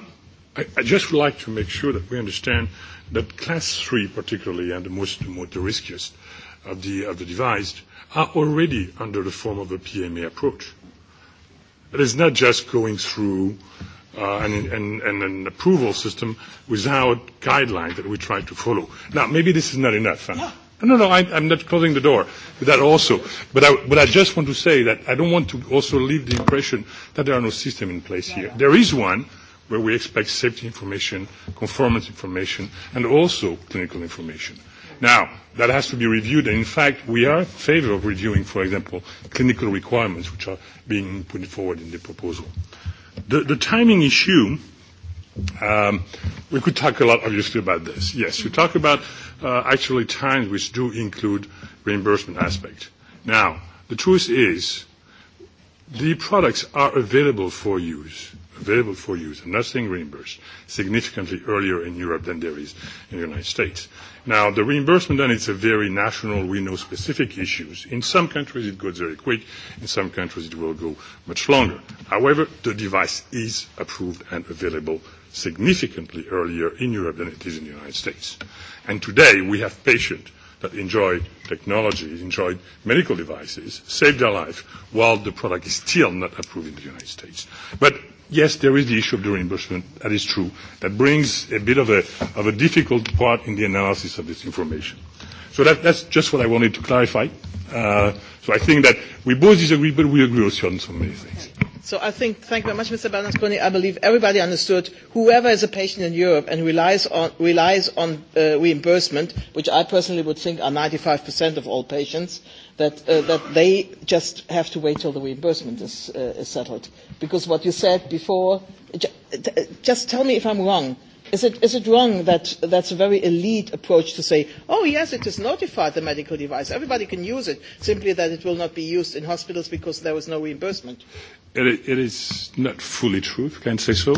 I, I just would like to make sure that we understand that class three particularly, and the most, the most the riskiest of the, of the device, are already under the form of a PMA approach. It is not just going through uh, an, an, an, an approval system without guidelines that we try to follow. Now, maybe this is not enough. Huh? Yeah. No, no, I, I'm not closing the door with that also. But I, but I just want to say that I don't want to also leave the impression that there are no system in place yeah, here. Yeah. There is one where we expect safety information, conformance information, and also clinical information. Now, that has to be reviewed. And in fact, we are in favor of reviewing, for example, clinical requirements which are being put forward in the proposal. The, the timing issue, um, we could talk a lot, obviously, about this. Yes, you talk about uh, actually times which do include reimbursement aspect. Now, the truth is, the products are available for use, available for use, I'm not saying reimbursed, significantly earlier in Europe than there is in the United States. Uh, Now, the reimbursement, then, it's a very national, we know specific issues. In some countries, it goes very quick. In some countries, it will go much longer. However, the device is approved and available significantly earlier in Europe than it is in the United States. And today, we have patients that enjoy technology, enjoy medical devices, save their life, while the product is still not approved in the United States. But yes, there is the issue of the reimbursement. That is true. That brings a bit of a, of a difficult part in the analysis of this information. So that, that's just what I wanted to clarify. Uh, so I think that we both disagree, but we agree also on so many things. Okay. So I think, thank you very much, Mr. Berlusconi. I believe everybody understood whoever is a patient in Europe and relies on, relies on uh, reimbursement, which I personally would think are 95% of all patients, uh, that, uh, that they just have to wait till the reimbursement is, uh, is settled. Because what you said before, uh, just tell me if I'm wrong. Is it, is it wrong that that's a very elite approach to say, oh, yes, it is notified, the medical device. Everybody can use it, simply that it will not be used in hospitals because there was no reimbursement? it, it is not fully true, if I can say so.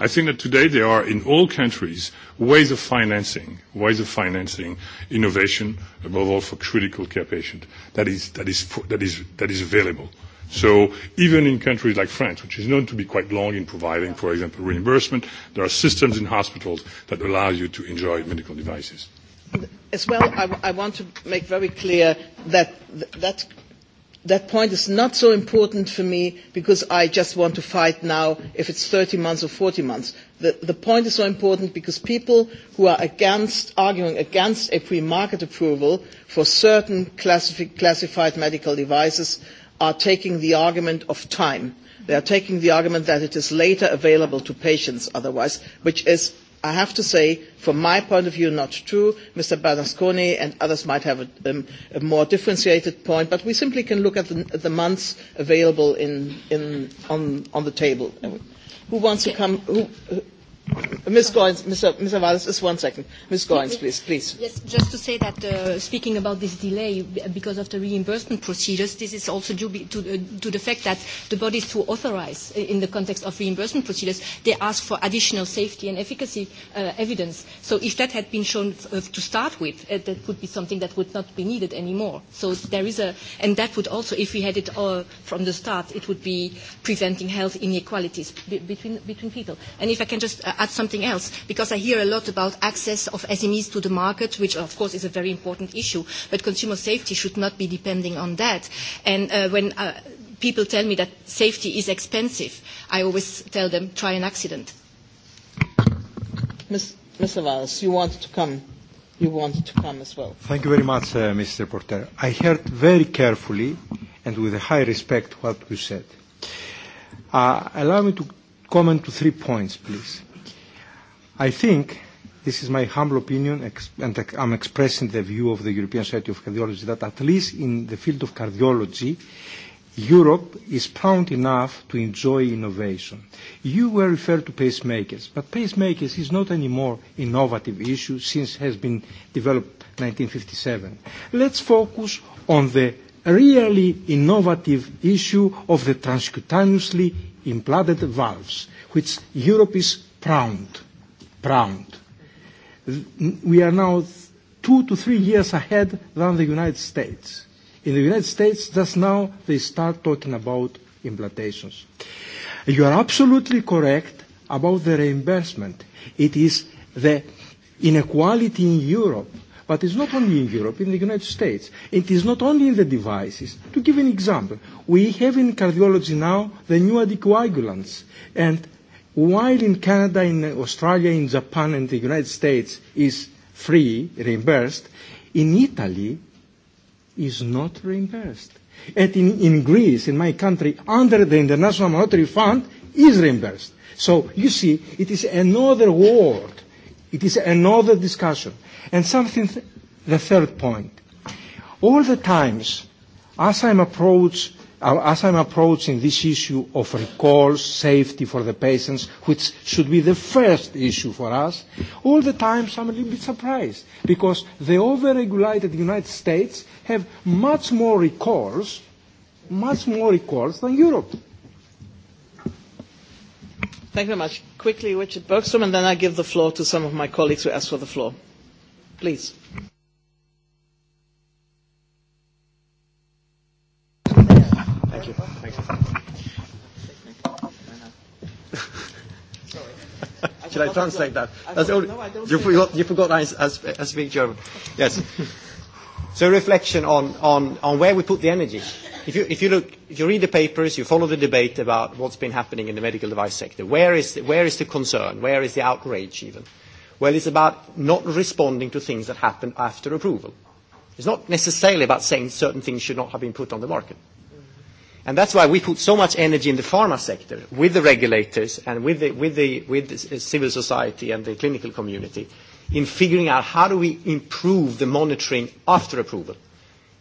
I think that today there are in all countries ways of financing, ways of financing innovation, above all for critical care patients, that is, that is, that is, that is available. So even in countries like France, which is known to be quite long in providing, for example, reimbursement, there are systems in hospitals that allow you to enjoy medical devices. As well, I, I want to make very clear that that that point is not so important for me because I just want to fight now if it's 30 months or 40 months. The, the point is so important because people who are against, arguing against a pre-market approval for certain classifi- classified medical devices are taking the argument of time. They are taking the argument that it is later available to patients otherwise, which is I have to say, from my point of view, not true. Mr. Berlusconi and others might have a, um, a more differentiated point, but we simply can look at the, at the months available in, in, on, on the table. Who wants to come? Who, Ms. Goins, Mr. Mr. Valles, just one second. Ms. Goins, please, please. Yes, just to say that uh, speaking about this delay because of the reimbursement procedures, this is also due to, uh, to the fact that the bodies who authorize in the context of reimbursement procedures, they ask for additional safety and efficacy uh, evidence. So if that had been shown uh, to start with, uh, that would be something that would not be needed anymore. So there is a, and that would also, if we had it all from the start, it would be preventing health inequalities b- between, between people. And if I can just uh, add something else, because I hear a lot about access of SMEs to the market, which of course is a very important issue, but consumer safety should not be depending on that. And uh, when uh, people tell me that safety is expensive, I always tell them, try an accident. Ms. Mr. Valls, you wanted to come. You wanted to come as well. Thank you very much, uh, Mr. Porter. I heard very carefully and with a high respect what you said. Uh, allow me to comment to three points, please. I think, this is my humble opinion, ex- and I'm expressing the view of the European Society of Cardiology, that at least in the field of cardiology, Europe is proud enough to enjoy innovation. You were referred to pacemakers, but pacemakers is not anymore innovative issue since it has been developed 1957. Let's focus on the really innovative issue of the transcutaneously implanted valves, which Europe is proud of round. We are now two to three years ahead than the United States. In the United States, just now, they start talking about implantations. You are absolutely correct about the reimbursement. It is the inequality in Europe, but it's not only in Europe, in the United States. It is not only in the devices. To give an example, we have in cardiology now the new anticoagulants, and While in Canada, in Australia, in Japan, and the United States is free, reimbursed, in Italy is not reimbursed. And in, in Greece, in my country, under the International Monetary Fund, is reimbursed. So you see, it is another world. It is another discussion. And something, th- the third point. All the times, as I'm approached Uh, as I'm approaching this issue of recalls, safety for the patients, which should be the first issue for us, all the time I'm a little bit surprised because the over-regulated United States have much more recalls, much more recalls than Europe. Thank you very much. Quickly, Richard Bergstrom, and then I give the floor to some of my colleagues who asked for the floor. Please. Should I no, translate no, that? I That's only, no, I don't you, forgot, you forgot I, I, I speak German. Yes. so reflection on, on, on where we put the energy. If you, if you look, if you read the papers, you follow the debate about what's been happening in the medical device sector, where is, the, where is the concern? Where is the outrage even? Well, it's about not responding to things that happen after approval. It's not necessarily about saying certain things should not have been put on the market. And that's why we put so much energy in the pharma sector with the regulators and with the, with the, with the civil society and the clinical community in figuring out how do we improve the monitoring after approval.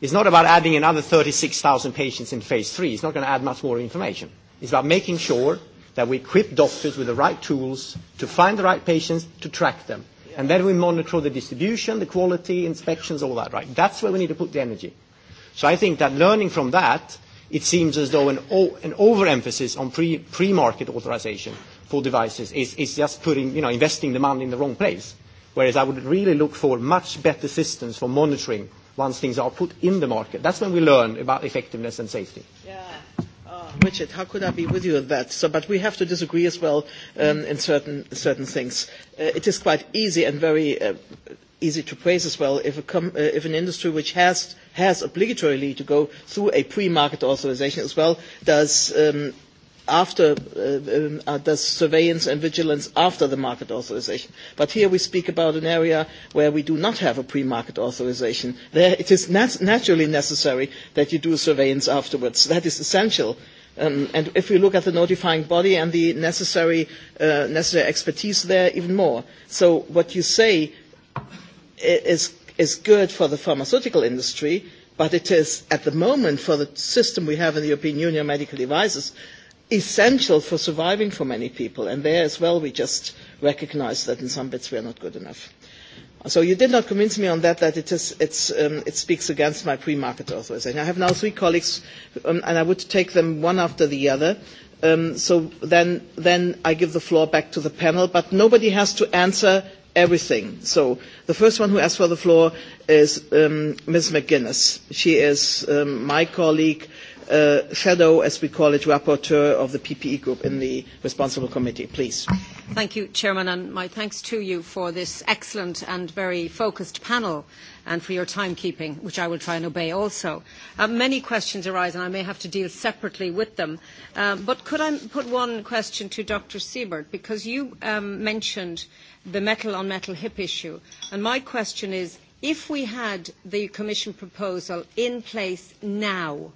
It's not about adding another 36,000 patients in phase three. It's not going to add much more information. It's about making sure that we equip doctors with the right tools to find the right patients, to track them. And then we monitor the distribution, the quality, inspections, all that, right? That's where we need to put the energy. So I think that learning from that – it seems as though an, o- an overemphasis on pre- pre-market authorization for devices is, is just putting, you know, investing the money in the wrong place. Whereas I would really look for much better systems for monitoring once things are put in the market. That's when we learn about effectiveness and safety. Yeah. Oh, Richard, how could I be with you on that? So, but we have to disagree as well um, in certain, certain things. Uh, it is quite easy and very uh, easy to praise as well if, a com- uh, if an industry which has, has obligatorily to go through a pre-market authorization as well does um, after uh, um, uh, does surveillance and vigilance after the market authorization. But here we speak about an area where we do not have a pre-market authorization. There it is nat- naturally necessary that you do surveillance afterwards. That is essential. Um, and if we look at the notifying body and the necessary, uh, necessary expertise there, even more. So what you say is, is good for the pharmaceutical industry, but it is, at the moment, for the system we have in the European Union medical devices, essential for surviving for many people. And there as well, we just recognize that in some bits we are not good enough. So you did not convince me on that, that it, is, it's, um, it speaks against my pre-market authorization. I have now three colleagues, um, and I would take them one after the other. Um, so then, then I give the floor back to the panel, but nobody has to answer everything. So the first one who asked for the floor is um, Ms. McGuinness. She is um, my colleague, uh, shadow, as we call it, rapporteur of the PPE group in the responsible committee. Please. Thank you, Chairman, and my thanks to you for this excellent and very focused panel. Uh, and for your timekeeping, which I will try and obey also. Uh, many questions arise, and I may have to deal separately with them. Um, but could I put one question to Dr. Siebert? Because you um, mentioned the metal-on-metal -metal hip issue. And my question is, if we had the Commission proposal in place now,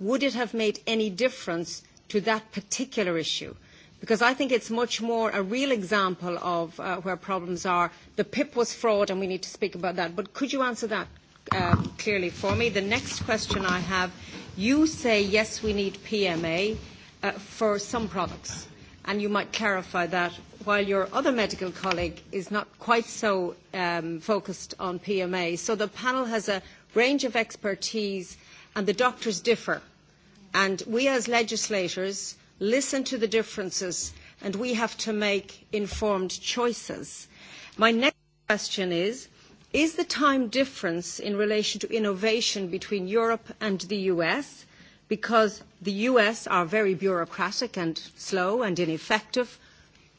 would it have made any difference to that particular issue? because I think it's much more a real example of uh, where problems are. The PIP was fraud, and we need to speak about that. But could you answer that um, clearly for me? The next question I have you say, yes, we need PMA uh, for some products, and you might clarify that, while your other medical colleague is not quite so um, focused on PMA. So the panel has a range of expertise, and the doctors differ. And we as legislators listen to the differences, and we have to make informed choices. My next question is, is the time difference in relation to innovation between Europe and the US? Because the US are very bureaucratic and slow and ineffective.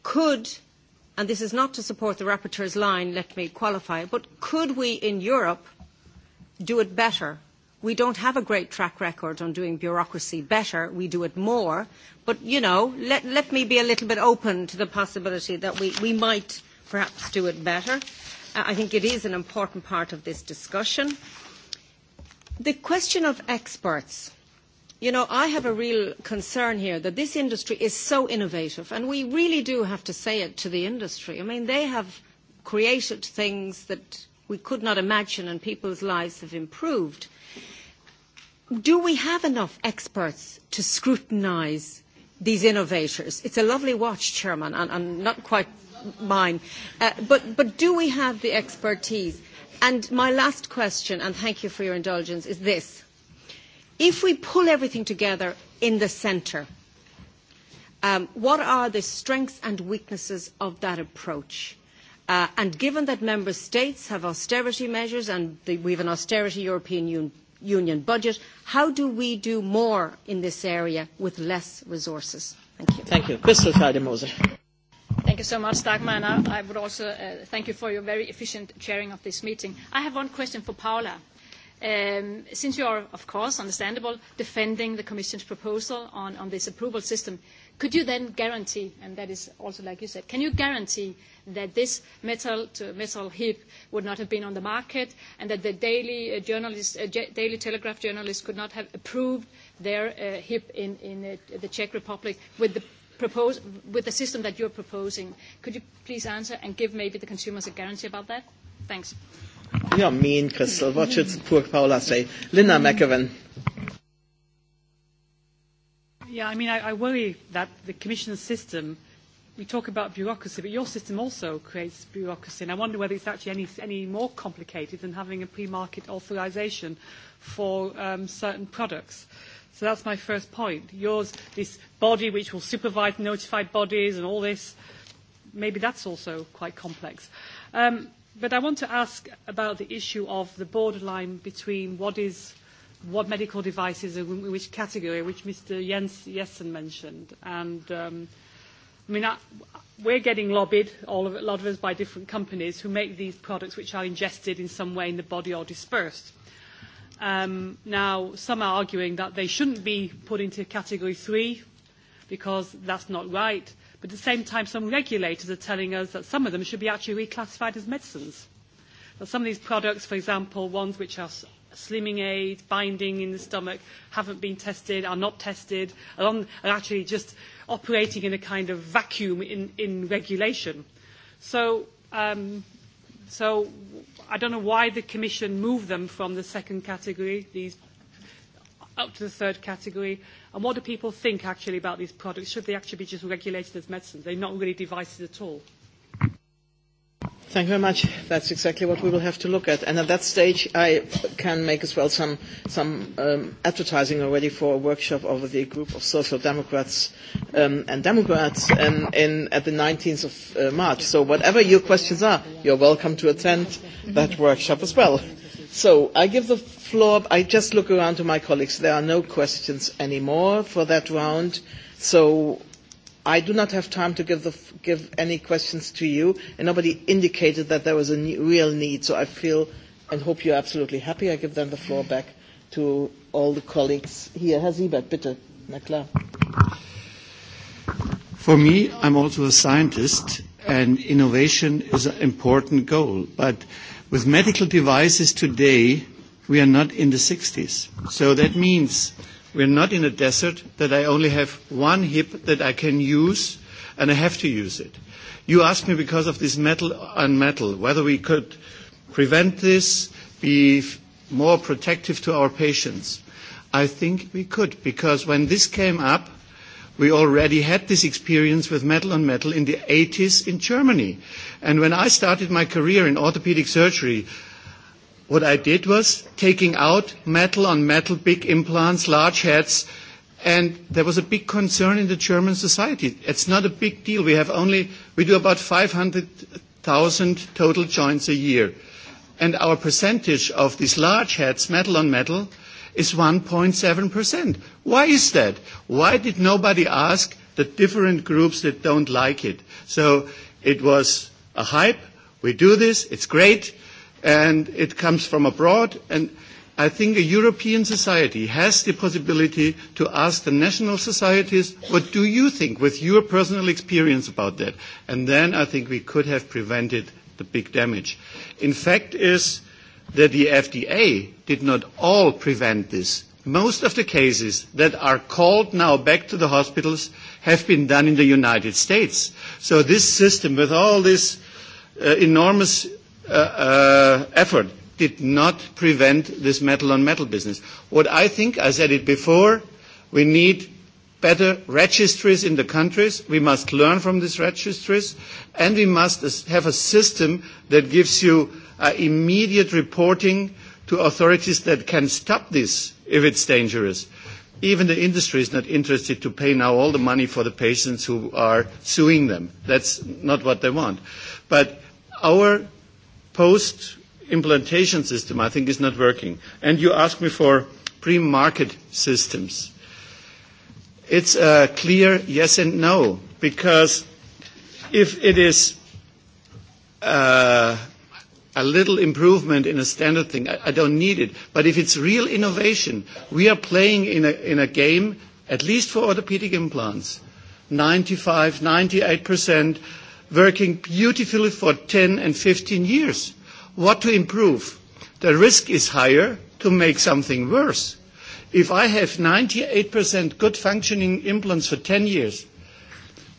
Could, and this is not to support the rapporteur's line, let me qualify, but could we in Europe do it better We don't have a great track record on doing bureaucracy better. We do it more. But, you know, let, let me be a little bit open to the possibility that we, we might perhaps do it better. Uh, I think it is an important part of this discussion. The question of experts. You know, I have a real concern here that this industry is so innovative, and we really do have to say it to the industry. I mean, they have created things that we could not imagine, and people's lives have improved do we have enough experts to scrutinise these innovators? It's a lovely watch, Chairman, and, and not quite mine. Uh, but, but do we have the expertise? And my last question, and thank you for your indulgence, is this. If we pull everything together in the centre, um, what are the strengths and weaknesses of that approach? Uh, and given that member states have austerity measures and the, we have an austerity European Union Union budget. How do we do more in this area with less resources? Thank you. Thank you. Crystal Schaldemose. Thank you so much, Dagmar, and I, I would also uh, thank you for your very efficient chairing of this meeting. I have one question for Paula. Um, since you are, of course, understandable, defending the Commission's proposal on, on this approval system, uh, Could you then guarantee, and that is also like you said, can you guarantee that this metal to metal heap would not have been on the market and that the daily, uh, journalist, uh, J- daily Telegraph journalists could not have approved their uh, heap in, in uh, the Czech Republic with the propose, with the system that you're proposing? Could you please answer and give maybe the consumers a guarantee about that? Thanks. You're mean, Crystal. Watch it, poor Paula say. Linda McEwen. Yeah, I mean, I, I worry that the Commission's system, we talk about bureaucracy, but your system also creates bureaucracy, and I wonder whether it's actually any, any more complicated than having a pre-market authorization for um, certain products. So that's my first point. Yours, this body which will supervise notified bodies and all this, maybe that's also quite complex. Um, but I want to ask about the issue of the borderline between what is – what medical devices are in which category, which Mr. Jens Jessen mentioned. And um, I mean, I, we're getting lobbied, all of, a lot of us, by different companies who make these products which are ingested in some way in the body or dispersed. Um, now, some are arguing that they shouldn't be put into category three because that's not right. But at the same time, some regulators are telling us that some of them should be actually reclassified as medicines. Now, some of these products, for example, ones which are slimming aid, binding in the stomach, haven't been tested, are not tested, are, on, are actually just operating in a kind of vacuum in, in regulation. So, um, so I don't know why the Commission moved them from the second category, these up to the third category? And what do people think actually about these products? Should they actually be just regulated as medicines? They're not really devices at all. Thank you very much. That's exactly what we will have to look at. And at that stage, I can make as well some, some um, advertising already for a workshop of the group of social democrats um, and democrats um, in, at the 19th of uh, March. So whatever your questions are, you're welcome to attend that workshop as well. So I give the floor. I just look around to my colleagues. There are no questions anymore for that round. So I do not have time to give, the, give any questions to you, and nobody indicated that there was a ne- real need, so I feel and hope you're absolutely happy. I give then the floor back to all the colleagues here. Herr Siebert, bitte. Na klar. For me, I'm also a scientist, and innovation is an important goal. But with medical devices today, we are not in the 60s. So that means We're not in a desert that I only have one hip that I can use and I have to use it. You asked me because of this metal on metal, whether we could prevent this, be more protective to our patients. I think we could, because when this came up, we already had this experience with metal on metal in the 80s in Germany. And when I started my career in orthopedic surgery, what I did was taking out metal on metal, big implants, large heads, and there was a big concern in the German society. It's not a big deal. We have only, we do about 500,000 total joints a year. And our percentage of these large heads, metal on metal, is 1.7%. Why is that? Why did nobody ask the different groups that don't like it? So it was a hype. We do this. It's great and it comes from abroad. And I think a European society has the possibility to ask the national societies, what do you think with your personal experience about that? And then I think we could have prevented the big damage. In fact is that the FDA did not all prevent this. Most of the cases that are called now back to the hospitals have been done in the United States. So this system with all this uh, enormous uh, uh, effort did not prevent this metal on metal business. What I think, I said it before, we need better registries in the countries. We must learn from these registries and we must have a system that gives you uh, immediate reporting to authorities that can stop this if it's dangerous. Even the industry is not interested to pay now all the money for the patients who are suing them. That's not what they want. But our post implementation system, I think, is not working. And you asked me for pre market systems. It's a clear yes and no, because if it is uh, a little improvement in a standard thing, I, I don't need it. But if it's real innovation, we are playing in a, in a game, at least for orthopedic implants, 95, 98 percent working beautifully for 10 and 15 years. What to improve? The risk is higher to make something worse. If I have 98% good functioning implants for 10 years,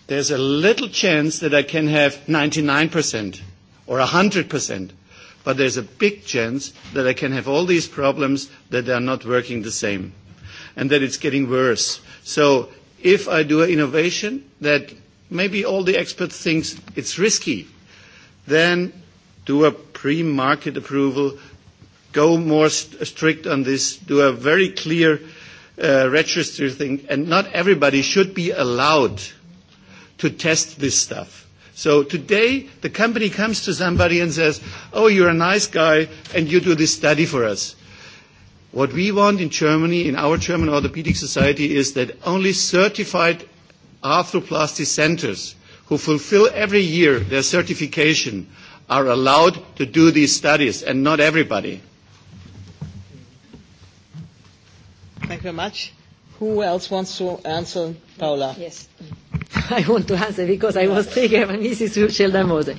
there's a little chance that I can have 99% or 100%, but there's a big chance that I can have all these problems that they are not working the same and that it's getting worse. So if I do an innovation that maybe all the experts think it's risky, then do a pre-market approval, go more st- strict on this, do a very clear uh, register thing, and not everybody should be allowed to test this stuff. So today, the company comes to somebody and says, oh, you're a nice guy, and you do this study for us. What we want in Germany, in our German Orthopedic Society, is that only certified arthroplasty centers who fulfill every year their certification are allowed to do these studies and not everybody. Thank you very much. Who else wants to answer, Paola? Yes. I want to answer because I was triggered by Mrs. Sheldamose.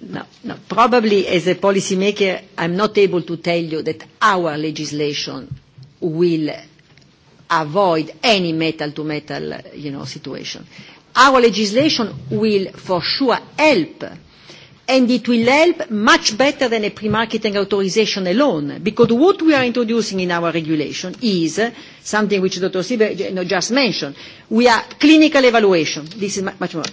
No, no. Probably as a policymaker, I'm not able to tell you that our legislation will avoid any metal-to-metal, -metal, you know, situation. Our legislation will for sure help, and it will help much better than a pre-marketing authorization alone, because what we are introducing in our regulation is something which Dr. Sieber, you know, just mentioned. We are clinical evaluation. This is much more.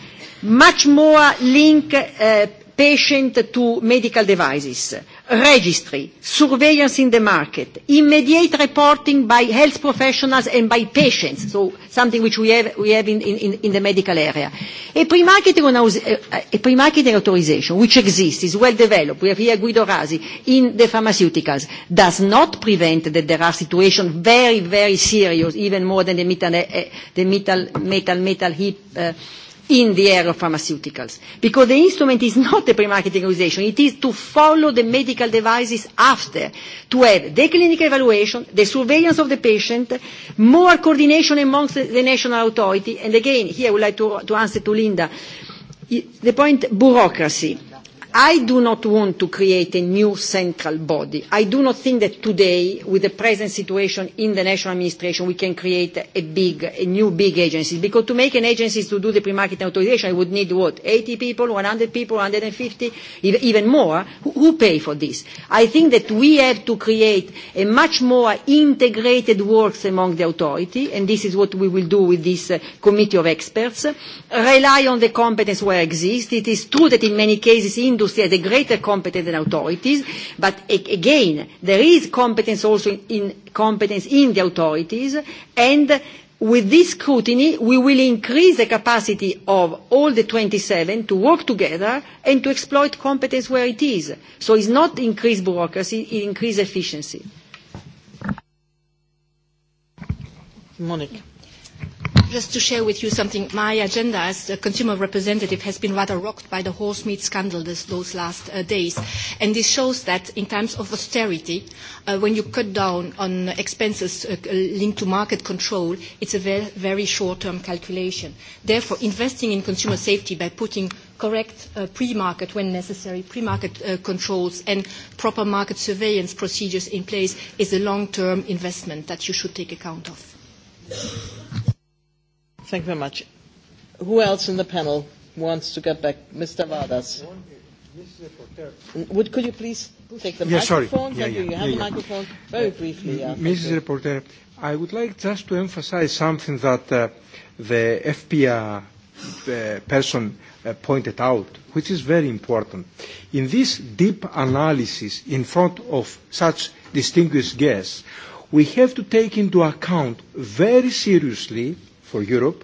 Much more link uh, patient to medical devices, registry, surveillance in the market, immediate reporting by health professionals and by patients, so something which we have, we have in, in, in the medical area. A pre-marketing, a pre-marketing authorization, which exists, is well developed, we have here Guido Rasi, in the pharmaceuticals, does not prevent that there are situations very, very serious, even more than the metal, eh, eh, the metal, metal, metal hip uh, in the area of pharmaceuticals, because the instrument is not a pre-marketing authorization. It is to follow the medical devices after, to have the clinical evaluation, the surveillance of the patient, more coordination amongst the, the national authority. And again, here I would like to, to answer to Linda, the point bureaucracy I do not want to create a new central body. I do not think that today, with the present situation in the national administration, we can create a big, a new big agency. Because to make an agency to do the pre-market authorization, I would need what? 80 people, 100 people, 150, even more. Who, who pay for this? I think that we have to create a much more integrated works among the authority, and this is what we will do with this uh, committee of experts. Rely on the competence where exists. It is true that in many cases, in industry has a greater competence than authorities, but a- again, there is competence also in competence in the authorities, and With this scrutiny, we will increase the capacity of all the 27 to work together and to exploit competence where it is. So it's not increase bureaucracy, it increase efficiency. Monique just to share with you something. My agenda as a consumer representative has been rather rocked by the horse meat scandal this, those last uh, days. And this shows that in times of austerity, uh, when you cut down on expenses uh, linked to market control, it's a ve- very short-term calculation. Therefore, investing in consumer safety by putting correct uh, pre-market, when necessary, pre-market uh, controls and proper market surveillance procedures in place is a long-term investment that you should take account of. Thank you very much. Who else in the panel wants to get back? Mr. Vardas. Would, could you please take the yeah, microphone? Sorry. Yeah, Thank yeah, you. You have yeah, a microphone. Yeah. Very uh, briefly. Yeah. Mrs. Reporter, I would like just to emphasize something that uh, the FPR uh, person uh, pointed out, which is very important. In this deep analysis in front of such distinguished guests, we have to take into account very seriously for Europe,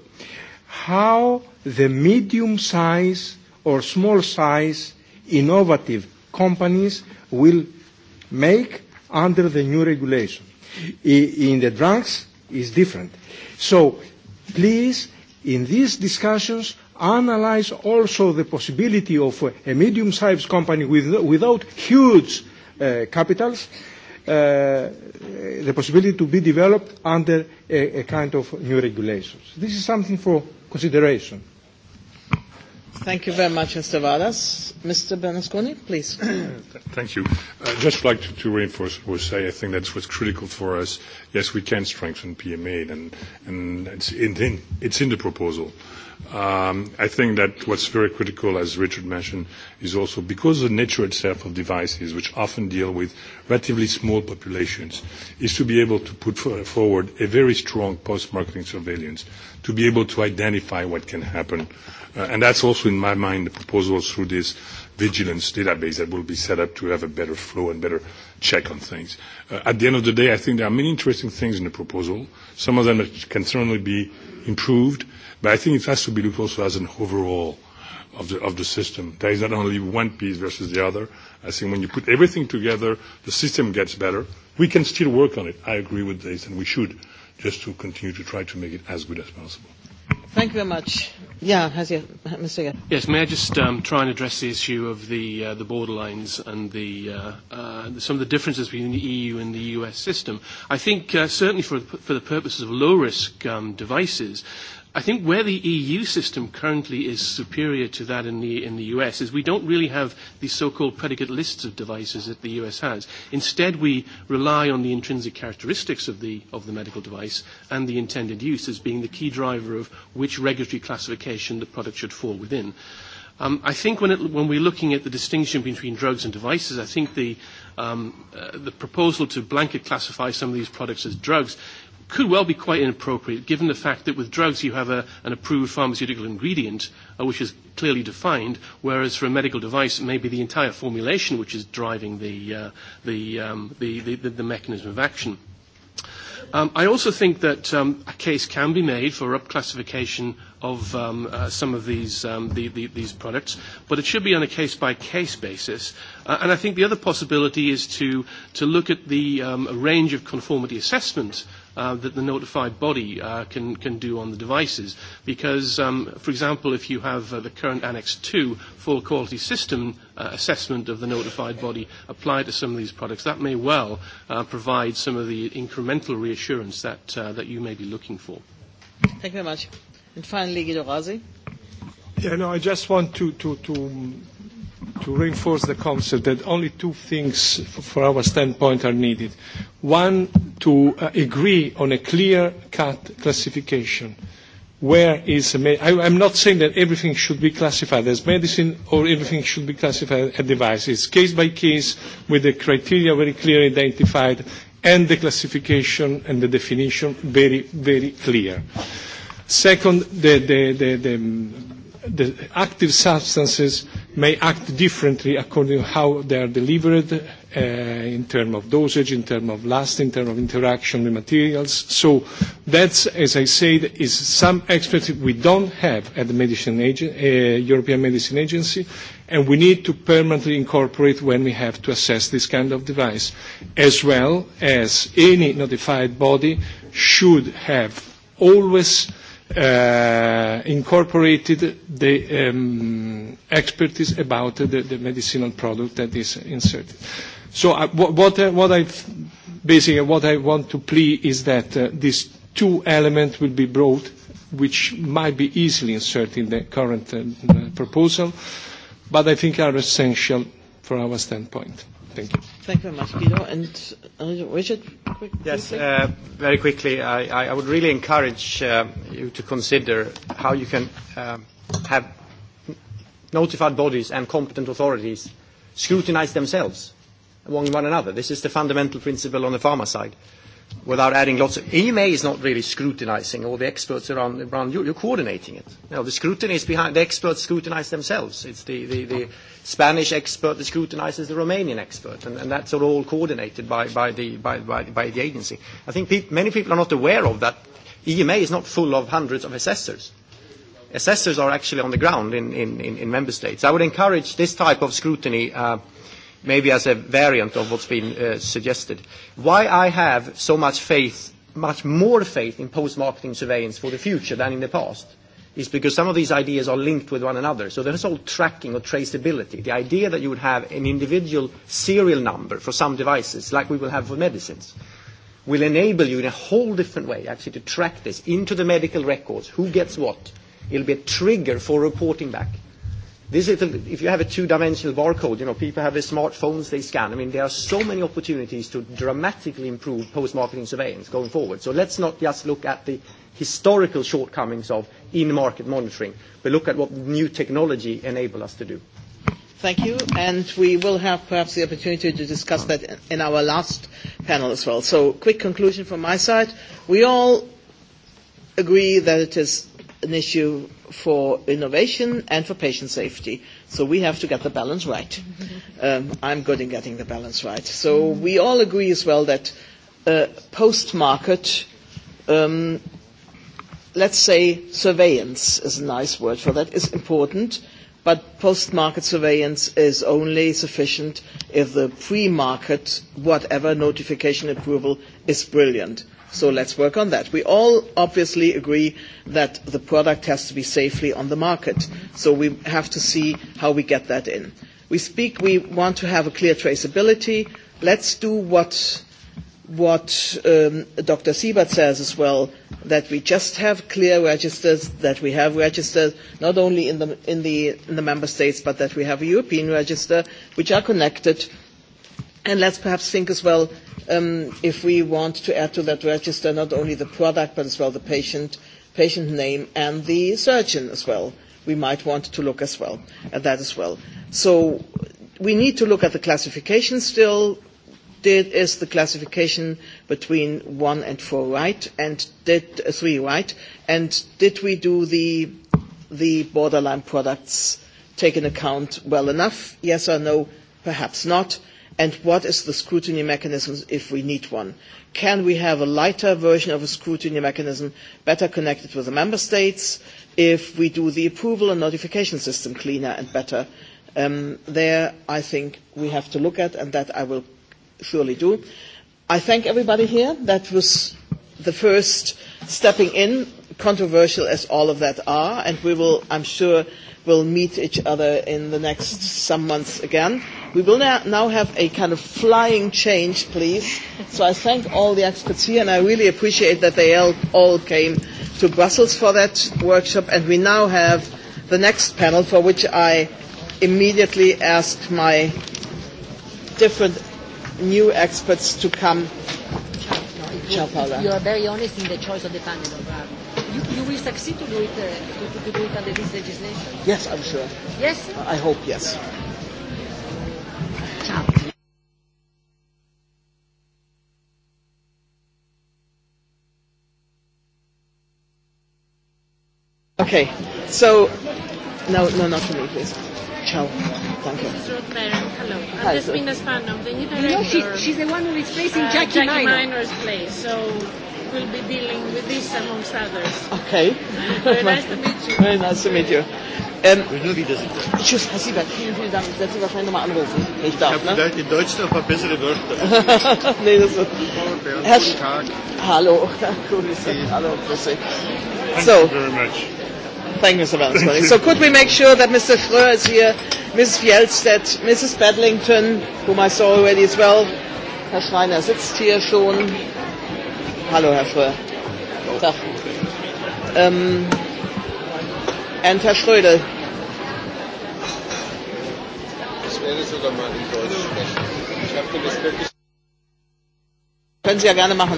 how the medium size or small size innovative companies will make under the new regulation. In the drugs is different. So please, in these discussions, analyze also the possibility of a medium-sized company with, without huge uh, capitals uh, Uh, the possibility to be developed under a, a kind of new regulations. This is something for consideration. Thank you very much, Mr. Vadas. Mr. Bernasconi, please. Thank you. Uh, just like to, to reinforce what was say, I think that's what's critical for us. Yes, we can strengthen PMA, and, and it's, in, it's in the proposal. Um, I think that what's very critical, as Richard mentioned, is also because the nature itself of devices, which often deal with relatively small populations, is to be able to put forward a very strong post-marketing surveillance, to be able to identify what can happen. Uh, Uh, and that's also, in my mind, the proposal through this vigilance database that will be set up to have a better flow and better check on things. Uh, at the end of the day, I think there are many interesting things in the proposal. Some of them can certainly be improved, but I think it has to be looked also as an overall of the, of the system. There is not only one piece versus the other. I think when you put everything together, the system gets better. We can still work on it. I agree with this, and we should, just to continue to try to make it as good as possible. Thank you very much. Yeah, has you, Mr. Yeh. Yes, may I just um, try and address the issue of the uh, the borderlines and the uh, uh, some of the differences between the EU and the US system? I think uh, certainly for for the purposes of low risk um, devices, I think where the EU system currently is superior to that in the, in the US is we don't really have these so-called predicate lists of devices that the US has. Instead, we rely on the intrinsic characteristics of the, of the medical device and the intended use as being the key driver of which regulatory classification the product should fall within. Um, I think when, it, when we're looking at the distinction between drugs and devices, I think the, um, uh, the proposal to blanket classify some of these products as drugs could well be quite inappropriate given the fact that with drugs you have a, an approved pharmaceutical ingredient uh, which is clearly defined, whereas for a medical device it may be the entire formulation which is driving the, uh, the, um, the, the, the mechanism of action. Um, I also think that um, a case can be made for upclassification of um, uh, some of these, um, the, the, these products, but it should be on a case-by-case -case basis. Uh, and I think the other possibility is to, to look at the um, range of conformity assessment uh, that the notified body uh, can, can do on the devices. Because, um, for example, if you have uh, the current Annex 2 full quality system uh, assessment of the notified body applied to some of these products, that may well uh, provide some of the incremental reassurance that, uh, that you may be looking for. Thank you very much. And finally, Guido Razi. Yeah, no, I just want to, to, to to reinforce the concept that only two things from our standpoint are needed. One, to uh, agree on a clear-cut classification. Where is a med- I, I'm not saying that everything should be classified as medicine or everything should be classified as device. It's case by case with the criteria very clearly identified and the classification and the definition very, very clear. Second, the, the, the, the the active substances may act differently according to how they are delivered uh, in terms of dosage, in terms of last, in terms of interaction with materials. So that's, as I said, is some expertise we don't have at the medicine agen- uh, European Medicine Agency, and we need to permanently incorporate when we have to assess this kind of device, as well as any notified body should have always uh, incorporated the um, expertise about uh, the, the medicinal product that is inserted. So uh, what, what, uh, what I basically what I want to plea is that uh, these two elements will be brought, which might be easily inserted in the current um, uh, proposal, but I think are essential for our standpoint. Thank you. Thank you very much, Guido. And uh, Richard, quick, Yes, quickly? uh, very quickly. I, I would really encourage uh, you to consider how you can um, have notified bodies and competent authorities scrutinize themselves among one another. This is the fundamental principle on the pharma side. Uh, without adding lots of EMA is not really scrutinizing all the experts around, around you. You're coordinating it. No, the scrutiny is behind the experts scrutinize themselves. It's the, the, the Spanish expert that scrutinizes the Romanian expert, and, and that's all coordinated by, by, the, by, by, by the agency. I think pe- many people are not aware of that. EMA is not full of hundreds of assessors. Assessors are actually on the ground in, in, in member states. I would encourage this type of scrutiny. Uh, maybe as a variant of what's been uh, suggested. Why I have so much faith, much more faith in post-marketing surveillance for the future than in the past is because some of these ideas are linked with one another. So there's all tracking or traceability. The idea that you would have an individual serial number for some devices, like we will have for medicines, will enable you in a whole different way actually to track this into the medical records, who gets what. It'll be a trigger for reporting back. This little, if you have a two-dimensional barcode, you know, people have their smartphones, they scan. I mean, there are so many opportunities to dramatically improve post-marketing surveillance going forward. So let's not just look at the historical shortcomings of in-market monitoring, but look at what new technology enable us to do. Thank you. And we will have perhaps the opportunity to discuss that in our last panel as well. So quick conclusion from my side. We all agree that it is an issue for innovation and for patient safety. So we have to get the balance right. Um, I'm good in getting the balance right. So we all agree as well that uh, post-market, um, let's say surveillance is a nice word for that, is important. But post-market surveillance is only sufficient if the pre-market, whatever notification approval is brilliant. Mm-hmm So let's work on that. We all obviously agree that the product has to be safely on the market. So we have to see how we get that in. We speak, we want to have a clear traceability. Let's do what, what um, Dr. Siebert says as well, that we just have clear registers, that we have registers not only in the, in the, in the member states, but that we have a European register, which are connected. And let's perhaps think as well um, if we want to add to that register not only the product but as well the patient, patient name and the surgeon as well. We might want to look as well at that as well. So we need to look at the classification still. Did is the classification between one and four right, and did uh, three right, and did we do the the borderline products take in account well enough? Yes or no? Perhaps not. Uh, and what is the scrutiny mechanism if we need one? Can we have a lighter version of a scrutiny mechanism better connected with the member states if we do the approval and notification system cleaner and better? Um, there, I think we have to look at, and that I will surely do. I thank everybody here. That was the first stepping in, controversial as all of that are, and we will, I'm sure, will meet each other in the next some months again. We will now have a kind of flying change, please. So I thank all the experts here, and I really appreciate that they all came to Brussels for that workshop. And we now have the next panel, for which I immediately asked my different new experts to come. Ciao, Paola. You are very honest in the choice of the panel, Bravo. You, you will succeed to do it uh, to, to do it under this legislation. Yes, I'm sure. Yes. I hope yes. Yeah. Exactly. Okay, so no, no, not for me, please. Ciao. Thank you. Hello. I'm Hi, just so. being the fan of the new director. No, she, she's the one who is placing uh, Jackie, Jackie Minor's play. So will be dealing with this amongst others. Okay. Very nice to meet you. Very nice to meet you. Ähm, Nur wiedersehen. Tschüss, Herr Siebert. Vielen, vielen Dank. Ich werde Sie wahrscheinlich nochmal anrufen. Ich darf, ich habe ne? vielleicht in Deutsch noch ein paar bessere Wörter. nee, das wird... Herr Sch Guten Tag. Hallo. Grüße. Hallo, grüße. Thank so. you very much. Thank you, Mr. Valensberg. So could we make sure that Mr. Schröer is here, Mrs. Fjellstedt, Mrs. Bedlington, whom I saw already as well. Herr Schreiner sitzt hier schon. Hallo, Herr Schröder. Tag. Ähm, und Herr Schrödel. Ich werde sogar mal in Deutsch sprechen. Ich habe das wirklich. Können Sie ja gerne machen.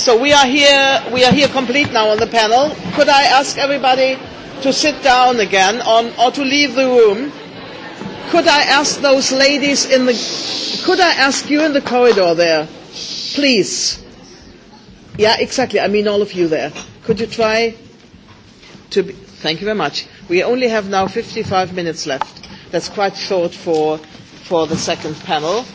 So we are here, we are here complete now on the panel. Could I ask everybody to sit down again on, or to leave the room? Could I ask those ladies in the, could I ask you in the corridor there, please? Yeah, exactly. I mean all of you there. Could you try to be, thank you very much. We only have now 55 minutes left. That's quite short for, for the second panel.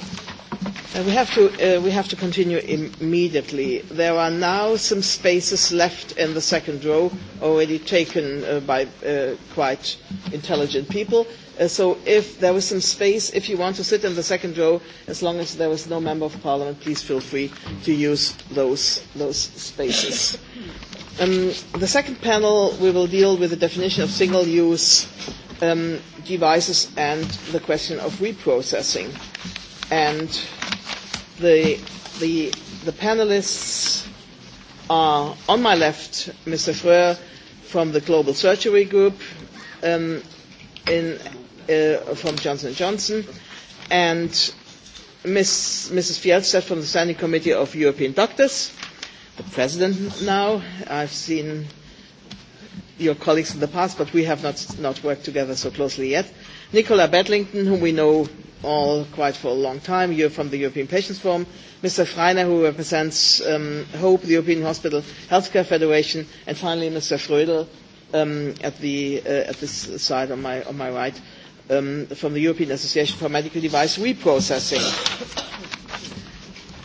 Uh, we, have to, uh, we have to continue Im- immediately. There are now some spaces left in the second row, already taken uh, by uh, quite intelligent people. Uh, so if there was some space, if you want to sit in the second row, as long as there was no member of parliament, please feel free to use those, those spaces. Um, the second panel, we will deal with the definition of single-use um, devices and the question of reprocessing and the, the, the panelists are on my left, Mr. Fröhr from the Global Surgery Group um, in, uh, from Johnson & Johnson, and Ms., Mrs. Fjellstedt from the Standing Committee of European Doctors, the president now. I've seen your colleagues in the past, but we have not, not worked together so closely yet. Nicola Bedlington, whom we know all quite for a long time, you're from the European Patients Forum, Mr. Freiner, who represents um, HOPE, the European Hospital Healthcare Federation, and finally Mr. Frödel um, at, the, uh, at this side on my, on my right um, from the European Association for Medical Device Reprocessing.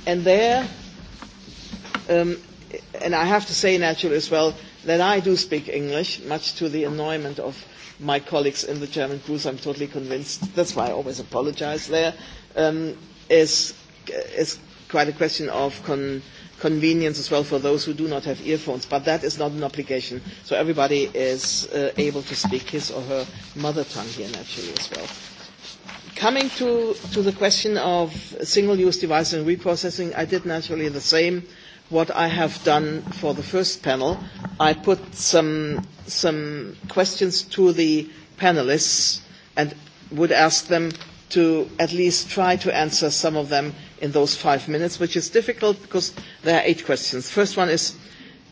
And there, um, and I have to say naturally as well, that I do speak English, much to the annoyment of my colleagues in the German Booth, I'm totally convinced, that's why I always apologize there, um, is, is quite a question of con- convenience as well for those who do not have earphones. But that is not an obligation. So everybody is uh, able to speak his or her mother tongue here naturally as well. Coming to, to the question of single-use devices and reprocessing, I did naturally the same. Uh, what I have done for the first panel. I put some, some questions to the panelists and would ask them to at least try to answer some of them in those five minutes, which is difficult because there are eight questions. First one is,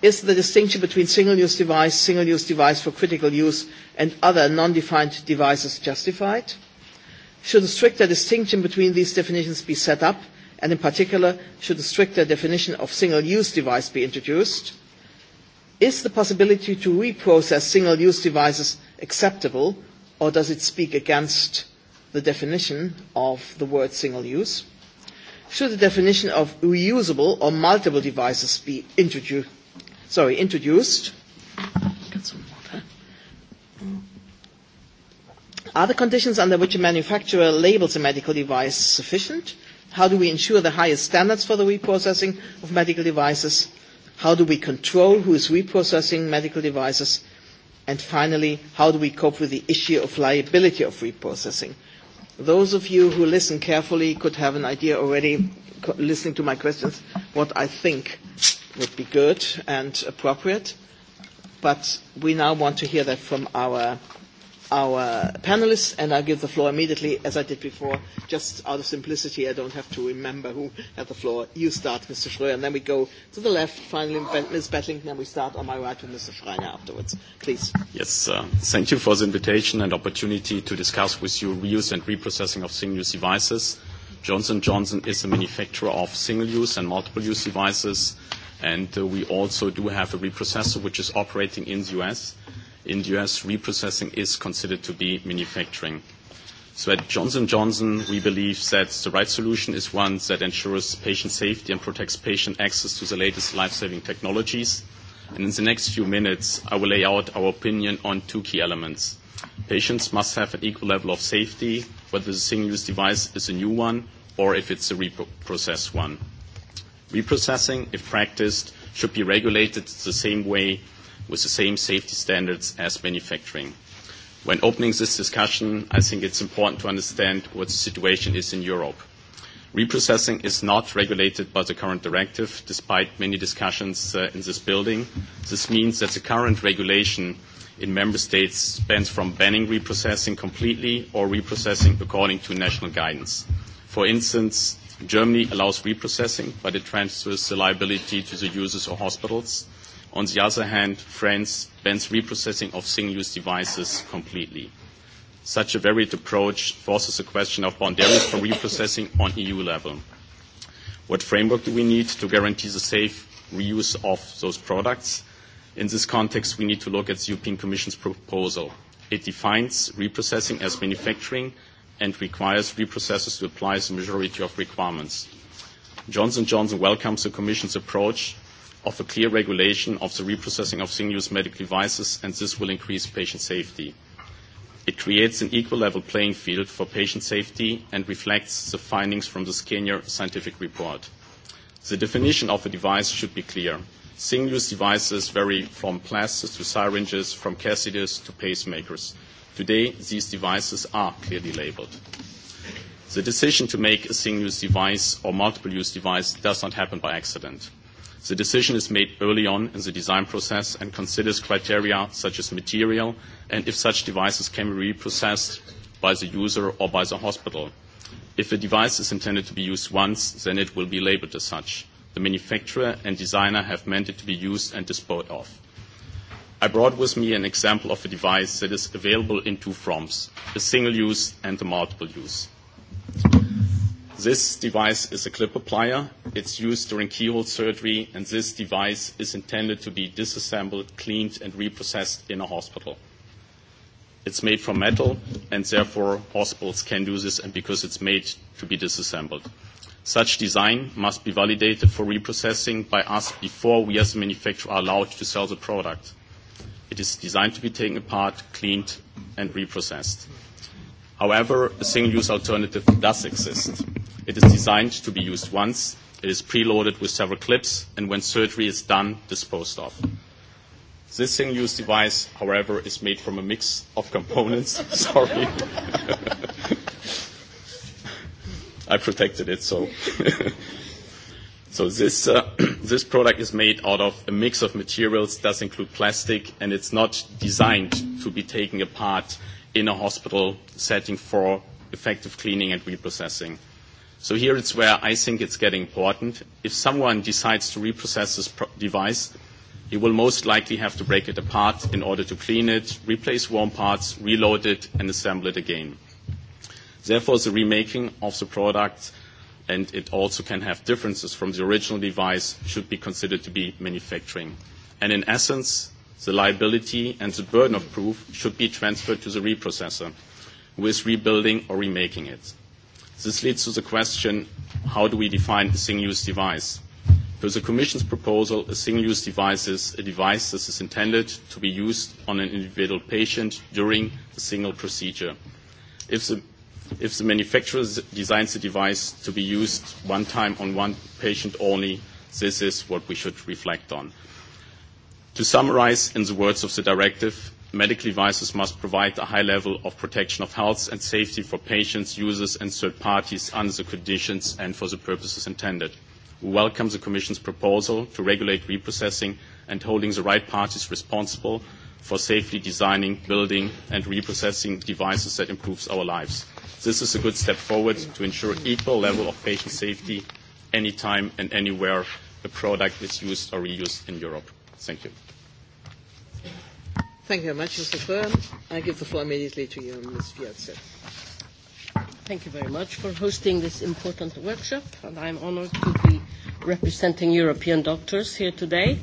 is the distinction between single-use device, single-use device for critical use, and other non-defined devices justified? Should a stricter distinction between these definitions be set up and in particular, should a stricter definition of single-use device be introduced? Is the possibility to reprocess single-use devices acceptable, or does it speak against the definition of the word single-use? Should the definition of reusable or multiple devices be introdu- sorry, introduced? Are the conditions under which a manufacturer labels a medical device sufficient? How do we ensure the highest standards for the reprocessing of medical devices? How do we control who is reprocessing medical devices? And finally, how do we cope with the issue of liability of reprocessing? Those of you who listen carefully could have an idea already, listening to my questions, what I think would be good and appropriate. But we now want to hear that from our our panelists, and I'll give the floor immediately, as I did before, just out of simplicity. I don't have to remember who had the floor. You start, Mr. Schröer, and then we go to the left, finally, Ms. Bettling, and then we start on my right with Mr. Schreiner afterwards. Please. Yes, uh, thank you for the invitation and opportunity to discuss with you reuse and reprocessing of single-use devices. Johnson Johnson is a manufacturer of single-use and multiple-use devices, and uh, we also do have a reprocessor which is operating in the U.S., in the US, reprocessing is considered to be manufacturing. So at Johnson & Johnson, we believe that the right solution is one that ensures patient safety and protects patient access to the latest life-saving technologies. And in the next few minutes, I will lay out our opinion on two key elements. Patients must have an equal level of safety, whether the single-use device is a new one or if it's a reprocessed one. Reprocessing, if practiced, should be regulated the same way with the same safety standards as manufacturing. When opening this discussion, I think it's important to understand what the situation is in Europe. Reprocessing is not regulated by the current directive, despite many discussions uh, in this building. This means that the current regulation in member states spans from banning reprocessing completely or reprocessing according to national guidance. For instance, Germany allows reprocessing, but it transfers the liability to the users or hospitals. On the other hand, France bans reprocessing of single-use devices completely. Such a varied approach forces a question of boundaries for reprocessing on EU level. What framework do we need to guarantee the safe reuse of those products? In this context, we need to look at the European Commission's proposal. It defines reprocessing as manufacturing and requires reprocessors to apply the majority of requirements. Johnson Johnson welcomes the Commission's approach of a clear regulation of the reprocessing of single-use medical devices, and this will increase patient safety. It creates an equal level playing field for patient safety and reflects the findings from the Skinner scientific report. The definition of a device should be clear. Single-use devices vary from plasters to syringes, from catheters to pacemakers. Today, these devices are clearly labeled. The decision to make a single-use device or multiple-use device does not happen by accident. The decision is made early on in the design process and considers criteria such as material and if such devices can be reprocessed by the user or by the hospital. If a device is intended to be used once, then it will be labeled as such. The manufacturer and designer have meant it to be used and disposed of. I brought with me an example of a device that is available in two forms, a single use and a multiple use. This device is a clipper plier. It's used during keyhole surgery, and this device is intended to be disassembled, cleaned, and reprocessed in a hospital. It's made from metal, and therefore hospitals can do this, and because it's made to be disassembled. Such design must be validated for reprocessing by us before we as a manufacturer are allowed to sell the product. It is designed to be taken apart, cleaned, and reprocessed. However, a single-use alternative does exist. It is designed to be used once. It is preloaded with several clips, and when surgery is done, disposed of. This single-use device, however, is made from a mix of components. Sorry. I protected it, so. so this, uh, this product is made out of a mix of materials, does include plastic, and it's not designed to be taken apart in a hospital setting for effective cleaning and reprocessing. So here it's where I think it's getting important. If someone decides to reprocess this pro- device, you will most likely have to break it apart in order to clean it, replace warm parts, reload it, and assemble it again. Therefore, the remaking of the product, and it also can have differences from the original device, should be considered to be manufacturing. And in essence, the liability and the burden of proof should be transferred to the reprocessor, who is rebuilding or remaking it. This leads to the question, how do we define a single-use device? Per the Commission's proposal, a single-use device is a device that is intended to be used on an individual patient during a single procedure. If the, if the manufacturer designs the device to be used one time on one patient only, this is what we should reflect on. To summarize, in the words of the directive, medical devices must provide a high level of protection of health and safety for patients, users, and third parties under the conditions and for the purposes intended. We welcome the Commission's proposal to regulate reprocessing and holding the right parties responsible for safely designing, building, and reprocessing devices that improves our lives. This is a good step forward to ensure equal level of patient safety anytime and anywhere a product is used or reused in Europe. Thank you. Thank you very much, Mr. Fern. I give the floor immediately to you, Ms. Piazza. Thank you very much for hosting this important workshop, and I'm honored to be representing European doctors here today.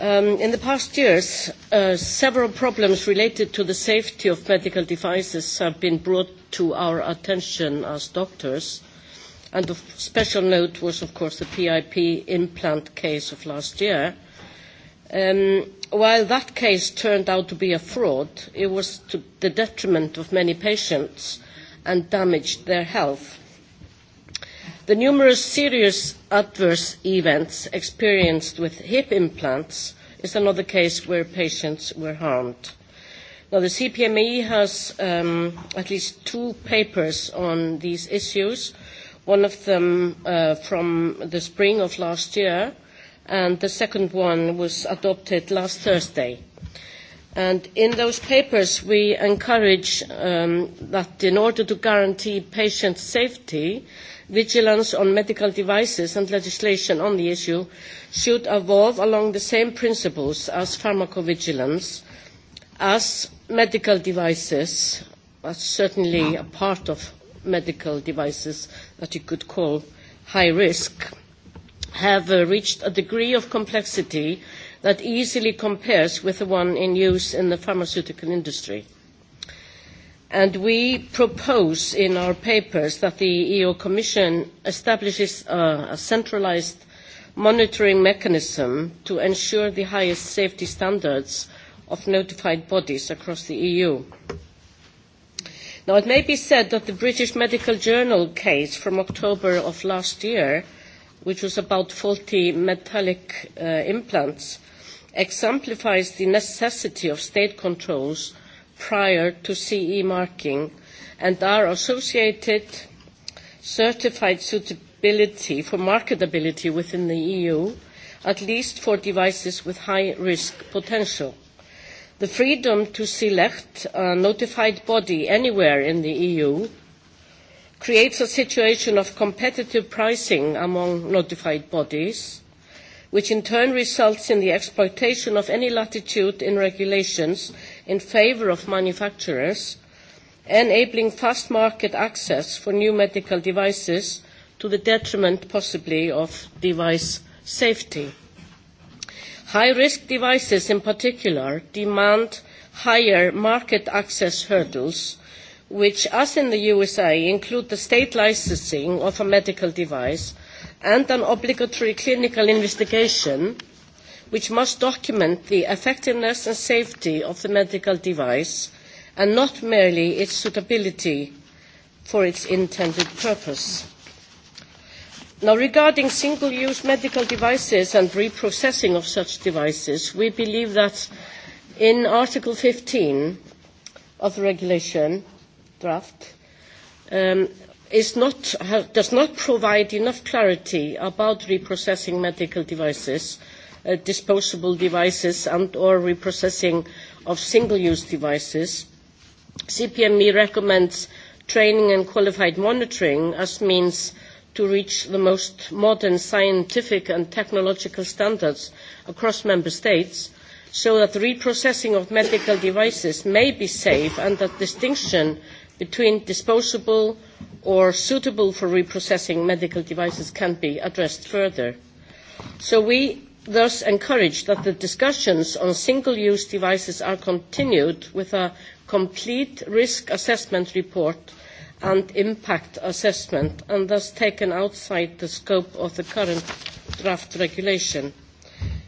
Um, in the past years, uh, several problems related to the safety of medical devices have been brought to our attention as doctors, and of special note was, of course, the PIP implant case of last year, uh, Um, while that case turned out to be a fraud, it was to the detriment of many patients and damaged their health. The numerous serious adverse events experienced with hip implants is another case where patients were harmed. Now, the CPME has um, at least two papers on these issues, one of them uh, from the spring of last year, uh, and the second one was adopted last Thursday. And in those papers, we encourage um, that in order to guarantee patient safety, vigilance on medical devices and legislation on the issue should evolve along the same principles as pharmacovigilance, as medical devices, that's certainly a part of medical devices that you could call high risk, have uh, reached a degree of complexity that easily compares with the one in use in the pharmaceutical industry. And we propose in our papers that the EU Commission establishes a, a centralized monitoring mechanism to ensure the highest safety standards of notified bodies across the EU. Now, it may be said that the British Medical Journal case from October of last year uh, which was about 40 metallic uh, implants, exemplifies the necessity of state controls prior to CE marking and are associated certified suitability for marketability within the EU, at least for devices with high risk potential. The freedom to select a notified body anywhere in the EU creates a situation of competitive pricing among notified bodies, which in turn results in the exploitation of any latitude in regulations in favour of manufacturers, enabling fast market access for new medical devices to the detriment possibly of device safety. High-risk devices in particular demand higher market access hurdles which as in the USA include the state licensing of a medical device and an obligatory clinical investigation which must document the effectiveness and safety of the medical device and not merely its suitability for its intended purpose. Now, regarding single-use medical devices and reprocessing of such devices, we believe that in Article 15 of the regulation, draft um, is not, ha, does not provide enough clarity about reprocessing medical devices, uh, disposable devices and or reprocessing of single-use devices. CPME recommends training and qualified monitoring as means to reach the most modern scientific and technological standards across member states so that the reprocessing of medical devices may be safe and that distinction between disposable or suitable for reprocessing medical devices can be addressed further. So we thus encourage that the discussions on single-use devices are continued with a complete risk assessment report and impact assessment, and thus taken outside the scope of the current draft regulation.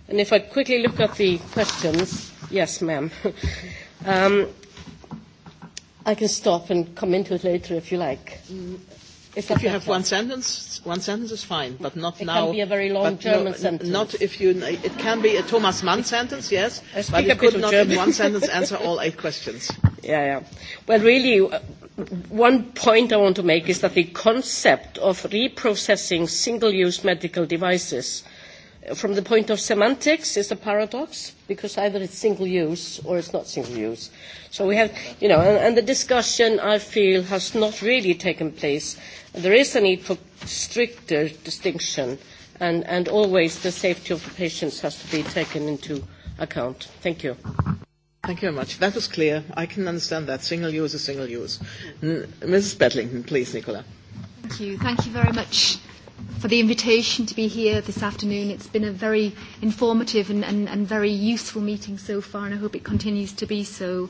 And if I quickly look at the questions, yes, ma'am. um, I can stop and comment to it later if you like. Mm. If you have one sentence, one sentence is fine, but not it now. It can be a very long German no, sentence. Not if you. It can be a Thomas Mann sentence, yes, I but you could not German. in one sentence answer all eight questions. Yeah, yeah. Well, really, uh, one point I want to make is that the concept of reprocessing single-use medical devices from the point of semantics is a paradox because either it's single use or it's not single use. So we have, you know, and, and the discussion I feel has not really taken place. There is a need for stricter distinction and, and always the safety of the patients has to be taken into account. Thank you. Thank you very much. That was clear. I can understand that. Single use is single use. N- Mrs. Bedlington, please, Nicola. Thank you. Thank you very much for the invitation to be here this afternoon. It's been a very informative and, and, and very useful meeting so far, and I hope it continues to be so.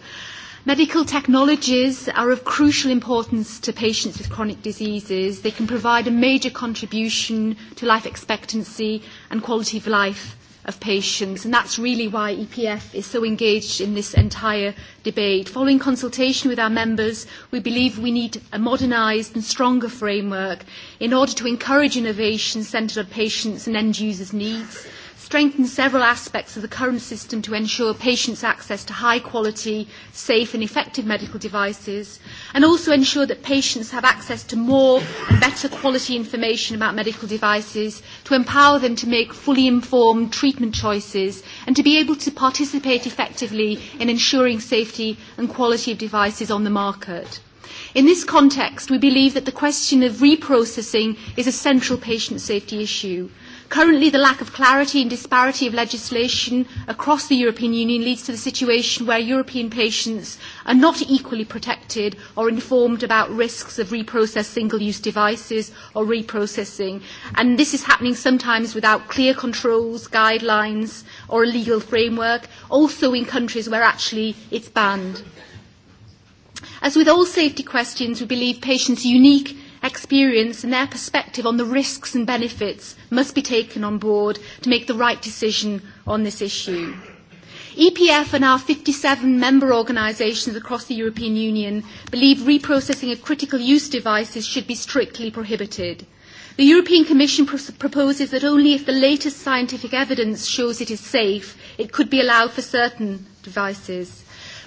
Medical technologies are of crucial importance to patients with chronic diseases. They can provide a major contribution to life expectancy and quality of life of patients, and that's really why EPF is so engaged in this entire debate. Following consultation with our members, we believe we need a modernised and stronger framework in order to encourage innovation centred on patients' and end users' needs strengthen several aspects of the current system to ensure patients' access to high quality, safe and effective medical devices, and also ensure that patients have access to more and better quality information about medical devices to empower them to make fully informed treatment choices and to be able to participate effectively in ensuring safety and quality of devices on the market. In this context, we believe that the question of reprocessing is a central patient safety issue. Currently, the lack of clarity and disparity of legislation across the European Union leads to the situation where European patients are not equally protected or informed about risks of reprocessed single-use devices or reprocessing. And this is happening sometimes without clear controls, guidelines or a legal framework, also in countries where actually it's banned. As with all safety questions, we believe patients' unique experience and their perspective on the risks and benefits must be taken on board to make the right decision on this issue. EPF and our 57 member organisations across the European Union believe reprocessing of critical use devices should be strictly prohibited. The European Commission pr- proposes that only if the latest scientific evidence shows it is safe, it could be allowed for certain devices.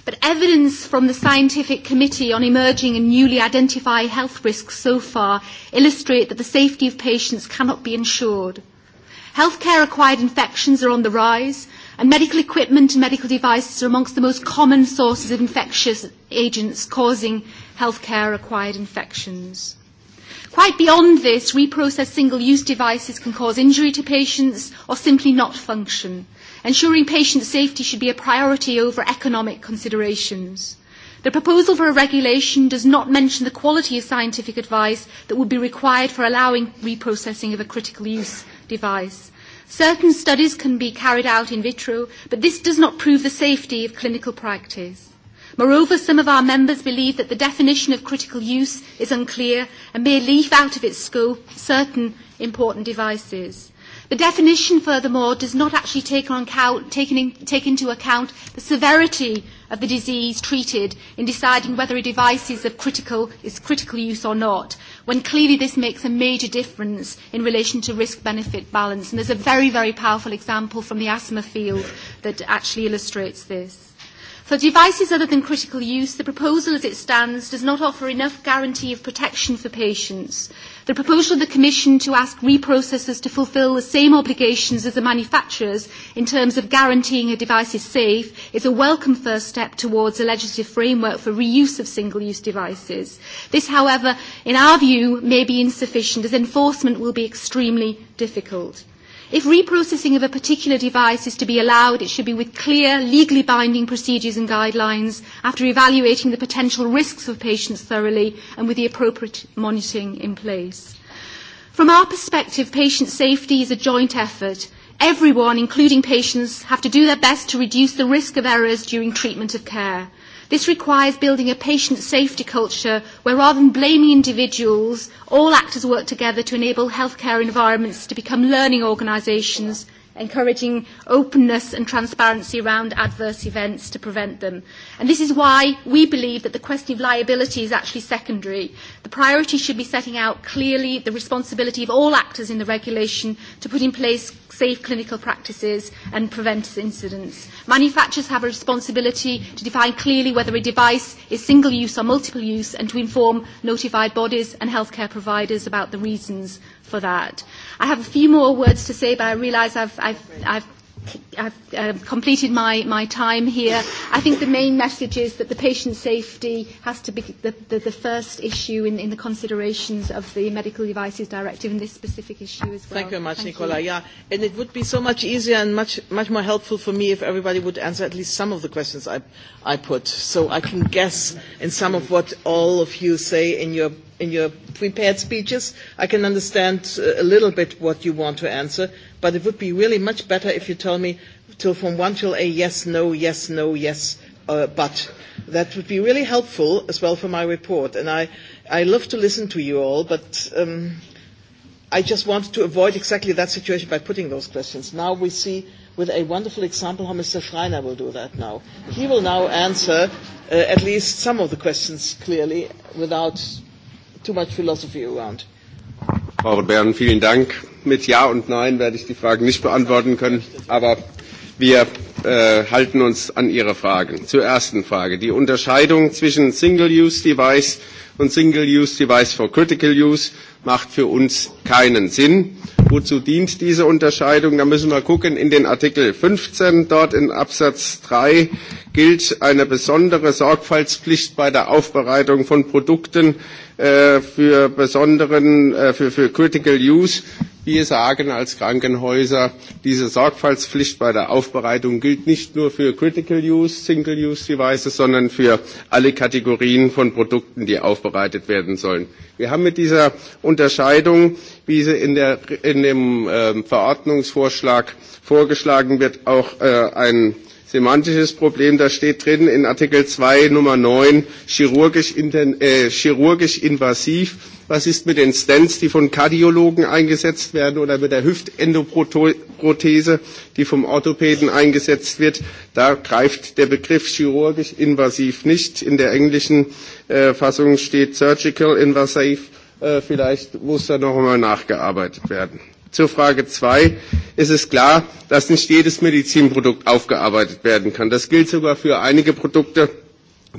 But evidence from the Scientific Committee on Emerging and Newly Identified Health Risks so far illustrate that the safety of patients cannot be ensured. Healthcare-acquired infections are on the rise, and medical equipment and medical devices are amongst the most common sources of infectious agents causing healthcare-acquired infections. Quite beyond this, reprocessed single-use devices can cause injury to patients or simply not function. Ensuring patient safety should be a priority over economic considerations. The proposal for a regulation does not mention the quality of scientific advice that would be required for allowing reprocessing of a critical use device. Certain studies can be carried out in vitro, but this does not prove the safety of clinical practice. Moreover, some of our members believe that the definition of critical use is unclear and may leave out of its scope certain important devices. The definition, furthermore, does not actually take, on account, take, in, take into account the severity of the disease treated in deciding whether a device is of critical, is critical use or not, when clearly this makes a major difference in relation to risk-benefit balance. And there's a very, very powerful example from the asthma field that actually illustrates this. For devices other than critical use, the proposal as it stands does not offer enough guarantee of protection for patients. The proposal of the Commission to ask reprocessors to fulfil the same obligations as the manufacturers in terms of guaranteeing a device is safe is a welcome first step towards a legislative framework for reuse of single-use devices. This, however, in our view, may be insufficient as enforcement will be extremely difficult. If reprocessing of a particular device is to be allowed, it should be with clear, legally binding procedures and guidelines after evaluating the potential risks for patients thoroughly and with the appropriate monitoring in place. From our perspective, patient safety is a joint effort. Everyone, including patients, have to do their best to reduce the risk of errors during treatment of care. This requires building a patient safety culture where rather than blaming individuals, all actors work together to enable healthcare environments to become learning organisations, encouraging openness and transparency around adverse events to prevent them. And this is why we believe that the question of liability is actually secondary. The priority should be setting out clearly the responsibility of all actors in the regulation to put in place safe clinical practices and prevent incidents. Manufacturers have a responsibility to define clearly whether a device is single use or multiple use and to inform notified bodies and healthcare providers about the reasons for that. I have a few more words to say, but I realise I've, I've, I've I've uh, completed my, my time here. I think the main message is that the patient safety has to be the, the, the first issue in, in the considerations of the Medical Devices Directive in this specific issue as well. Thank you very much, Thank Nicola. You. Yeah, and it would be so much easier and much, much more helpful for me if everybody would answer at least some of the questions I, I put, so I can guess in some of what all of you say in your in your prepared speeches. I can understand uh, a little bit what you want to answer, but it would be really much better if you tell me till from 1 till A, yes, no, yes, no, yes, uh, but. That would be really helpful as well for my report. And I, I love to listen to you all, but um, I just wanted to avoid exactly that situation by putting those questions. Now we see with a wonderful example how Mr. Schreiner will do that now. He will now answer uh, at least some of the questions clearly without too much philosophy around. Frau Bern, vielen Dank mit Ja und Nein werde ich die Fragen nicht beantworten können, aber wir äh, halten uns an Ihre Fragen. Zur ersten Frage. Die Unterscheidung zwischen Single-Use-Device und Single-Use-Device for Critical Use macht für uns keinen Sinn. Wozu dient diese Unterscheidung? Da müssen wir gucken. In den Artikel 15, dort in Absatz 3, gilt eine besondere Sorgfaltspflicht bei der Aufbereitung von Produkten, äh, für besonderen, äh, für, für Critical Use. Wir sagen als Krankenhäuser, diese Sorgfaltspflicht bei der Aufbereitung gilt nicht nur für Critical Use, Single Use Devices, sondern für alle Kategorien von Produkten, die aufbereitet werden sollen. Wir haben mit dieser Unterscheidung, wie sie in, der, in dem ähm, Verordnungsvorschlag vorgeschlagen wird, auch äh, einen semantisches Problem. Da steht drin in Artikel 2 Nummer 9 chirurgisch, inten, äh, chirurgisch invasiv. Was ist mit den Stents, die von Kardiologen eingesetzt werden oder mit der Hüftendoprothese, die vom Orthopäden eingesetzt wird? Da greift der Begriff chirurgisch invasiv nicht. In der englischen äh, Fassung steht surgical invasive. Äh, vielleicht muss da noch einmal nachgearbeitet werden. Zur Frage 2 ist es klar, dass nicht jedes Medizinprodukt aufgearbeitet werden kann. Das gilt sogar für einige Produkte,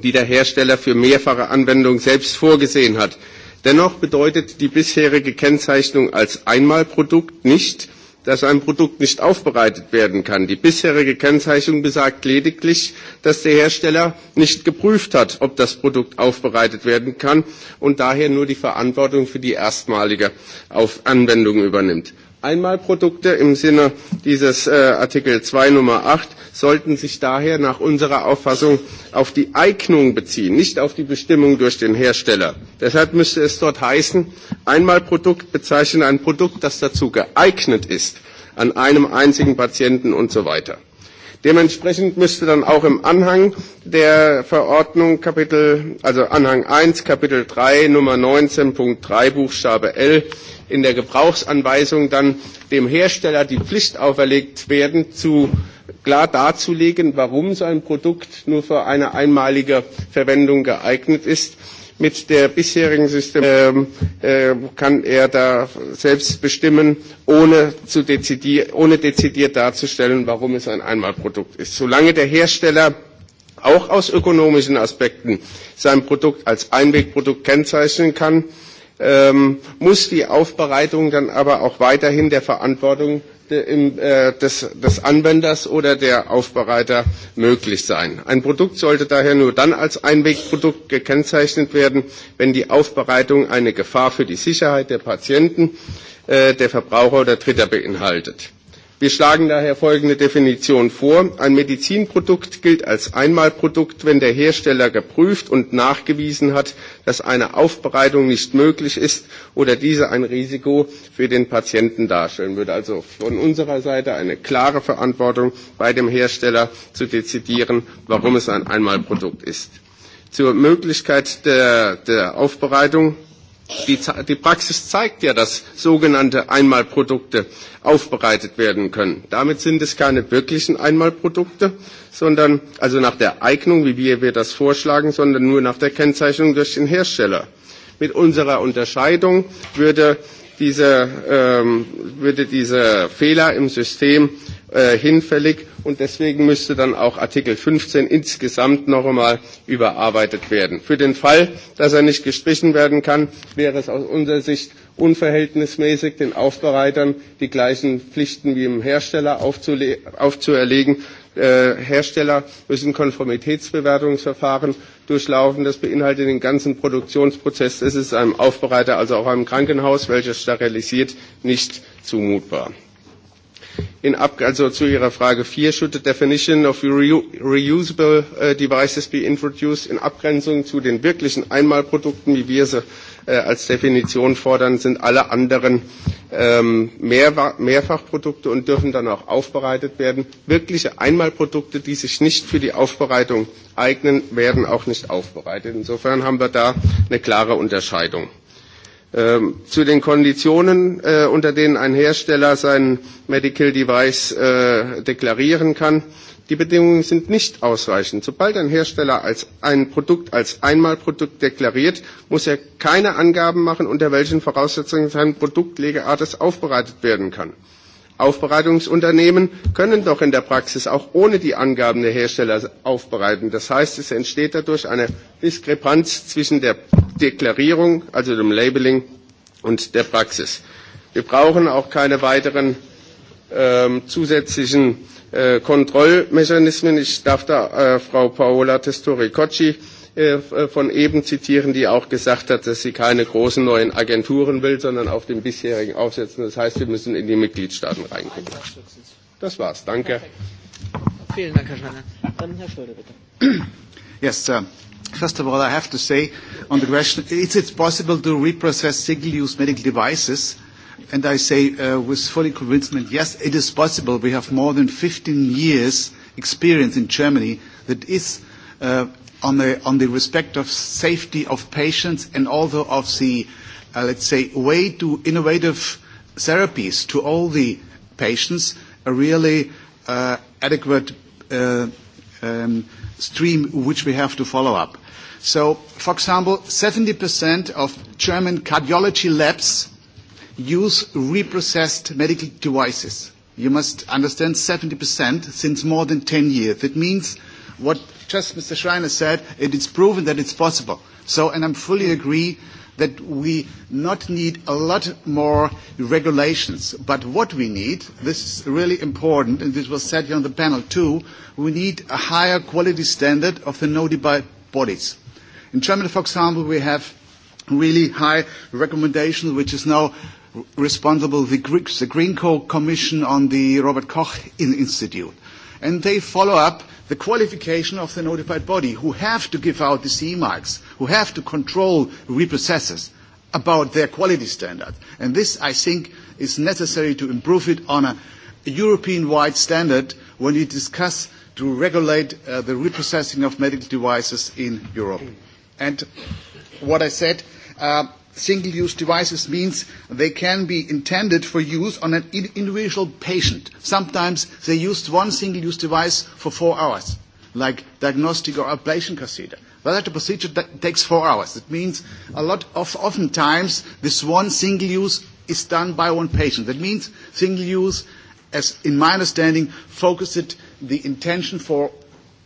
die der Hersteller für mehrfache Anwendung selbst vorgesehen hat. Dennoch bedeutet die bisherige Kennzeichnung als Einmalprodukt nicht, dass ein Produkt nicht aufbereitet werden kann. Die bisherige Kennzeichnung besagt lediglich, dass der Hersteller nicht geprüft hat, ob das Produkt aufbereitet werden kann und daher nur die Verantwortung für die erstmalige Auf Anwendung übernimmt. Einmalprodukte im Sinne dieses äh, Artikel 2 Nummer 8 sollten sich daher nach unserer Auffassung auf die Eignung beziehen, nicht auf die Bestimmung durch den Hersteller. Deshalb müsste es dort heißen, Einmalprodukt bezeichnet ein Produkt, das dazu geeignet ist, an einem einzigen Patienten und so weiter. Dementsprechend müsste dann auch im Anhang der Verordnung Kapitel, also Anhang 1, Kapitel 3, Nummer 19.3 Buchstabe L in der Gebrauchsanweisung dann dem Hersteller die Pflicht auferlegt werden, zu klar darzulegen, warum so ein Produkt nur für eine einmalige Verwendung geeignet ist Mit der bisherigen System ähm, äh, kann er da selbst bestimmen, ohne, zu dezidier ohne dezidiert darzustellen, warum es ein Einmalprodukt ist. Solange der Hersteller auch aus ökonomischen Aspekten sein Produkt als Einwegprodukt kennzeichnen kann, ähm, muss die Aufbereitung dann aber auch weiterhin der Verantwortung im, äh, des, des Anwenders oder der Aufbereiter möglich sein. Ein Produkt sollte daher nur dann als Einwegprodukt gekennzeichnet werden, wenn die Aufbereitung eine Gefahr für die Sicherheit der Patienten, äh, der Verbraucher oder Dritter beinhaltet. Wir schlagen daher folgende Definition vor. Ein Medizinprodukt gilt als Einmalprodukt, wenn der Hersteller geprüft und nachgewiesen hat, dass eine Aufbereitung nicht möglich ist oder diese ein Risiko für den Patienten darstellen würde. Also von unserer Seite eine klare Verantwortung bei dem Hersteller zu dezidieren, warum es ein Einmalprodukt ist. Zur Möglichkeit der, der Aufbereitung Die, die Praxis zeigt ja, dass sogenannte Einmalprodukte aufbereitet werden können. Damit sind es keine wirklichen Einmalprodukte, sondern also nach der Eignung, wie wir, wir das vorschlagen, sondern nur nach der Kennzeichnung durch den Hersteller. Mit unserer Unterscheidung würde diese, ähm, würde dieser Fehler im System äh, hinfällig und deswegen müsste dann auch Artikel 15 insgesamt noch einmal überarbeitet werden. Für den Fall, dass er nicht gestrichen werden kann, wäre es aus unserer Sicht unverhältnismäßig, den Aufbereitern die gleichen Pflichten wie dem Hersteller aufzuerlegen, äh, Hersteller müssen Konformitätsbewertungsverfahren durchlaufen. Das beinhaltet den ganzen Produktionsprozess. Es ist einem Aufbereiter, also auch einem Krankenhaus, welches sterilisiert, nicht zumutbar. In Ab also zu Ihrer Frage 4, should the definition of reu reusable uh, devices be introduced in Abgrenzung zu den wirklichen Einmalprodukten, wie wir sie äh, als Definition fordern, sind alle anderen ähm, Mehr Mehrfachprodukte und dürfen dann auch aufbereitet werden. Wirkliche Einmalprodukte, die sich nicht für die Aufbereitung eignen, werden auch nicht aufbereitet. Insofern haben wir da eine klare Unterscheidung. Ähm, zu den Konditionen, äh, unter denen ein Hersteller sein Medical Device äh, deklarieren kann. Die Bedingungen sind nicht ausreichend. Sobald ein Hersteller als ein Produkt als Einmalprodukt deklariert, muss er keine Angaben machen, unter welchen Voraussetzungen sein Produkt Legeartes aufbereitet werden kann. Aufbereitungsunternehmen können doch in der Praxis auch ohne die Angaben der Hersteller aufbereiten. Das heißt, es entsteht dadurch eine Diskrepanz zwischen der Deklarierung, also dem Labeling, und der Praxis. Wir brauchen auch keine weiteren ähm, zusätzlichen äh, øh, Kontrollmechanismen. Ich darf da äh, Frau Paola Testori-Cocci äh, äh, von eben zitieren, die auch gesagt hat, dass sie keine großen neuen Agenturen will, sondern auf dem bisherigen aufsetzen. Das heißt, wir müssen in die Mitgliedstaaten reingucken. Das war's. Danke. Perfekt. Vielen Dank, Herr Schneider. Dann Herr Schröder, bitte. Yes, sir. First of all, I have to say on the question, is it possible to reprocess single-use medical devices? Uh, and I say uh, with fully convincement, yes, it is possible. We have more than 15 years experience in Germany that is uh, on, the, on the respect of safety of patients and also of the, uh, let's say, way to innovative therapies to all the patients, a really uh, adequate uh, um, stream which we have to follow up. So, for example, 70% of German cardiology labs use reprocessed medical devices. You must understand 70% since more than 10 years. It means what just Mr. Schreiner said, it is proven that it's possible. So, and I fully agree that we not need a lot more regulations. But what we need, this is really important, and this was said here on the panel too, we need a higher quality standard of the notified bodies. In Germany, for example, we have really high recommendations, which is now responsible, the, the Green Core Commission on the Robert Koch Institute. And they follow up the qualification of the notified body who have to give out the CE marks, who have to control reprocessors about their quality standard. And this, I think, is necessary to improve it on a European-wide standard when you discuss to regulate uh, the reprocessing of medical devices in Europe. And what I said, uh, single-use devices means they can be intended for use on an individual patient. Sometimes they used one single-use device for four hours, like diagnostic or ablation procedure. Well, that procedure that takes four hours. It means a lot of oftentimes this one single use is done by one patient. That means single use, as in my understanding, focuses the intention for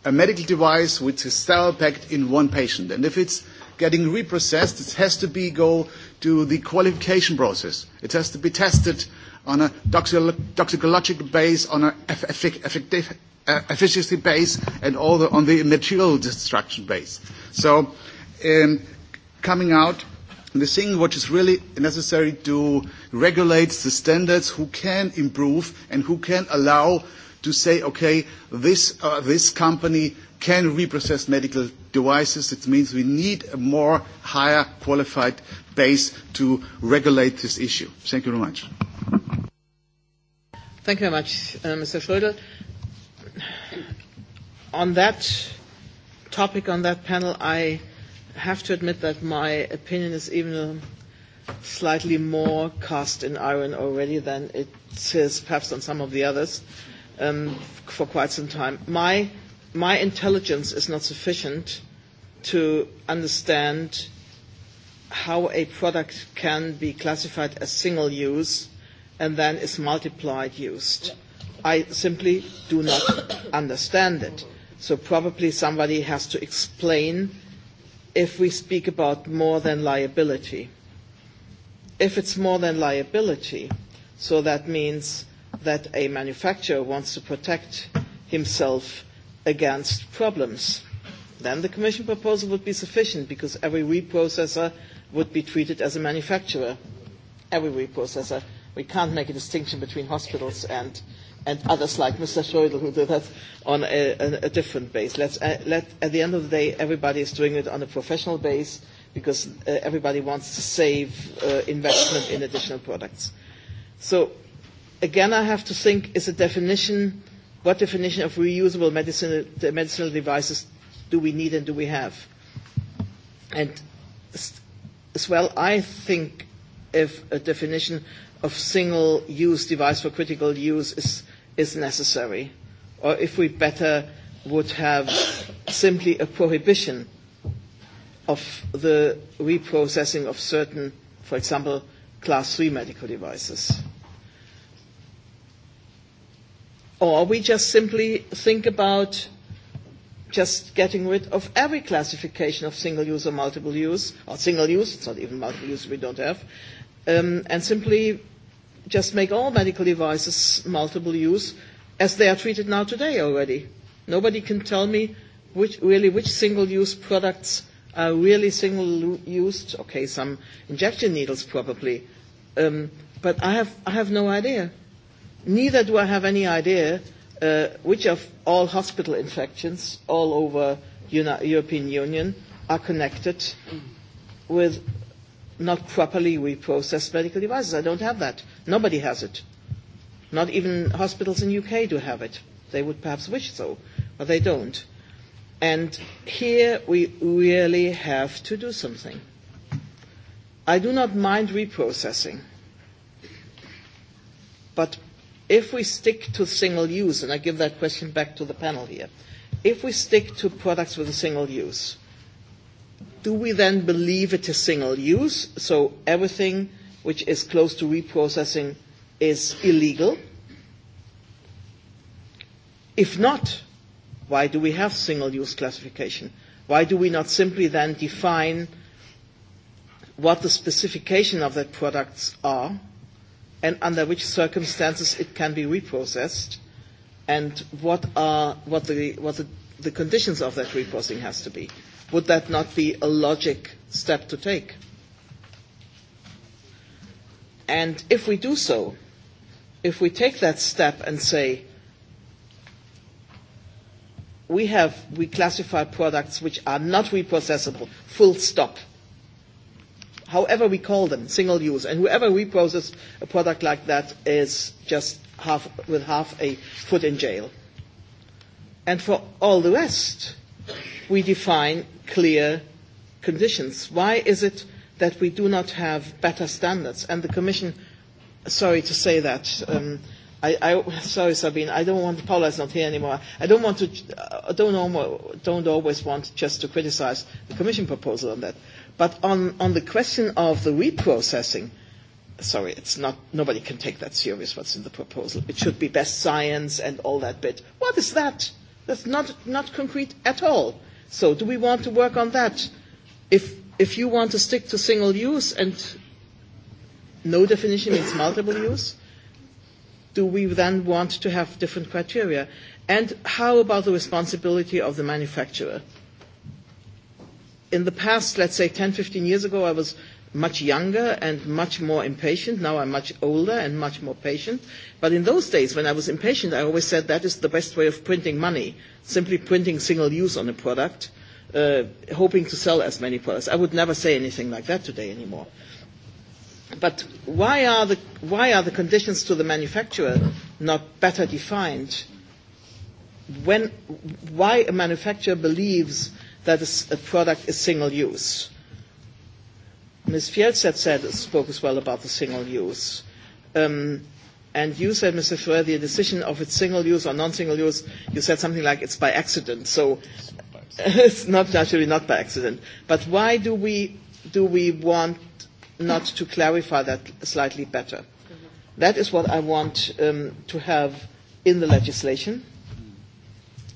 a medical device which is cell packed in one patient. And if it's getting reprocessed, it has to be go to the qualification process. It has to be tested on a toxicological base, on an effective uh, efficiency base, and all the, on the material destruction base. So, um, coming out, the thing which is really necessary to regulate the standards, who can improve and who can allow to say, okay, this, uh, this company can reprocess medical devices, it means we need a more higher qualified base to regulate this issue. Thank you very much. Thank you very much, uh, Mr. Schröder. On that topic, on that panel, I have to admit that my opinion is even slightly more cast in iron already than it is perhaps on some of the others um, for quite some time. My my intelligence is not sufficient to understand how a product can be classified as single use and then is multiplied used. I simply do not understand it. So probably somebody has to explain if we speak about more than liability. If it's more than liability, so that means that a manufacturer wants to protect himself against problems. Then the Commission proposal would be sufficient because every reprocessor would be treated as a manufacturer. Every reprocessor. We can't make a distinction between hospitals and, and others like Mr. Schroedel who did that on a, a, a different base. Let's, uh, let, at the end of the day, everybody is doing it on a professional base because uh, everybody wants to save uh, investment in additional products. So again, I have to think, is a definition what definition of reusable medicinal, medicinal devices do we need and do we have? And as well, I think if a definition of single-use device for critical use is, is necessary, or if we better would have simply a prohibition of the reprocessing of certain, for example, class 3 medical devices. Or we just simply think about just getting rid of every classification of single use or multiple use, or single use, it's not even multiple use we don't have, um, and simply just make all medical devices multiple use as they are treated now today already. Nobody can tell me which, really which single use products are really single used. Okay, some injection needles probably. Um, but I have, I have no idea. Neither do I have any idea uh, which of all hospital infections all over Uni- European Union are connected with not properly reprocessed medical devices. I don't have that. Nobody has it. Not even hospitals in UK do have it. They would perhaps wish so, but they don't. And here we really have to do something. I do not mind reprocessing, but if we stick to single use, and I give that question back to the panel here, if we stick to products with a single use, do we then believe it is single use? So everything which is close to reprocessing is illegal? If not, why do we have single use classification? Why do we not simply then define what the specification of that products are and under which circumstances it can be reprocessed, and what are what the what the, the conditions of that reprocessing has to be. Would that not be a logic step to take? And if we do so, if we take that step and say we have we classify products which are not reprocessable, full stop however we call them, single use. And whoever reprocesses a product like that is just half, with half a foot in jail. And for all the rest, we define clear conditions. Why is it that we do not have better standards? And the Commission, sorry to say that, um, I, I, sorry, Sabine, I don't want, Paula's not here anymore. I don't want to, I uh, don't, almost, don't always want just to criticize the Commission proposal on that. But on, on the question of the reprocessing, sorry, it's not, nobody can take that serious what's in the proposal. It should be best science and all that bit. What is that? That's not, not concrete at all. So do we want to work on that? If, if you want to stick to single use and no definition means multiple use, do we then want to have different criteria? And how about the responsibility of the manufacturer? in the past, let's say 10, 15 years ago, I was much younger and much more impatient. Now I'm much older and much more patient. But in those days, when I was impatient, I always said that is the best way of printing money, simply printing single use on a product, uh, hoping to sell as many products. I would never say anything like that today anymore. But why are the, why are the conditions to the manufacturer not better defined? When, why a manufacturer believes that a product is single use. Ms. Fjellstedt said, spoke as well about the single use. Um, and you said, Mr. Schroeder, the decision of its single use or non-single use, you said something like it's by accident. So it's not naturally not by accident. But why do we, do we want not to clarify that slightly better? That is what I want um, to have in the legislation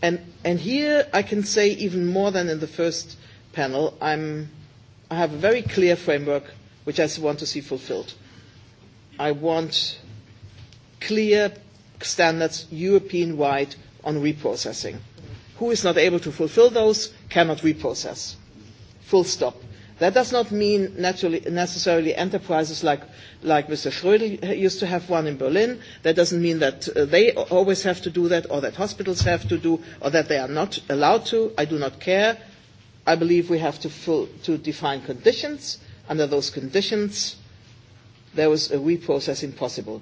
And, and here I can say even more than in the first panel, I'm, I have a very clear framework which I want to see fulfilled. I want clear standards European wide on reprocessing. Who is not able to fulfill those cannot reprocess. Full stop. That does not mean naturally, necessarily enterprises like, like Mr. Schröder used to have one in Berlin. That doesn't mean that uh, they always have to do that or that hospitals have to do or that they are not allowed to. I do not care. I believe we have to, full, to define conditions. Under those conditions, there was a reprocessing possible.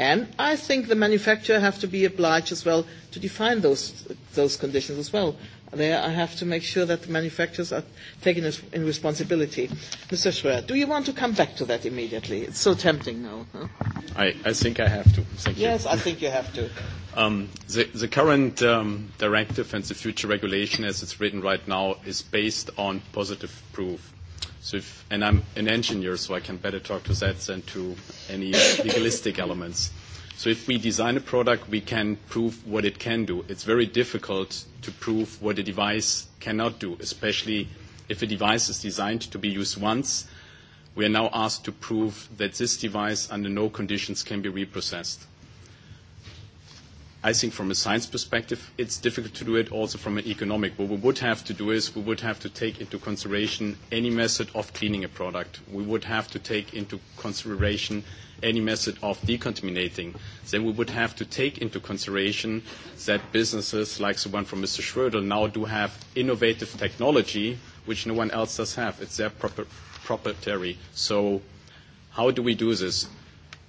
And I think the manufacturer have to be obliged as well to define those, those conditions as well. There I have to make sure that the manufacturers are taken in responsibility. Mr. Schwer, do you want to come back to that immediately? It's so tempting now. Huh? I, I think I have to. Thank yes, you. I think you have to. Um, the, the current um, directive and the future regulation as it's written right now is based on positive proof. So if, and I'm an engineer, so I can better talk to that than to any legalistic elements. So if we design a product, we can prove what it can do. It's very difficult to prove what a device cannot do, especially if a device is designed to be used once. We are now asked to prove that this device under no conditions can be reprocessed. I think from a science perspective, it's difficult to do it also from an economic. What we would have to do is we would have to take into consideration any method of cleaning a product. We would have to take into consideration any method of decontaminating. Then we would have to take into consideration that businesses like the one from Mr. Schröder now do have innovative technology which no one else does have. It's their proper, proprietary. So how do we do this?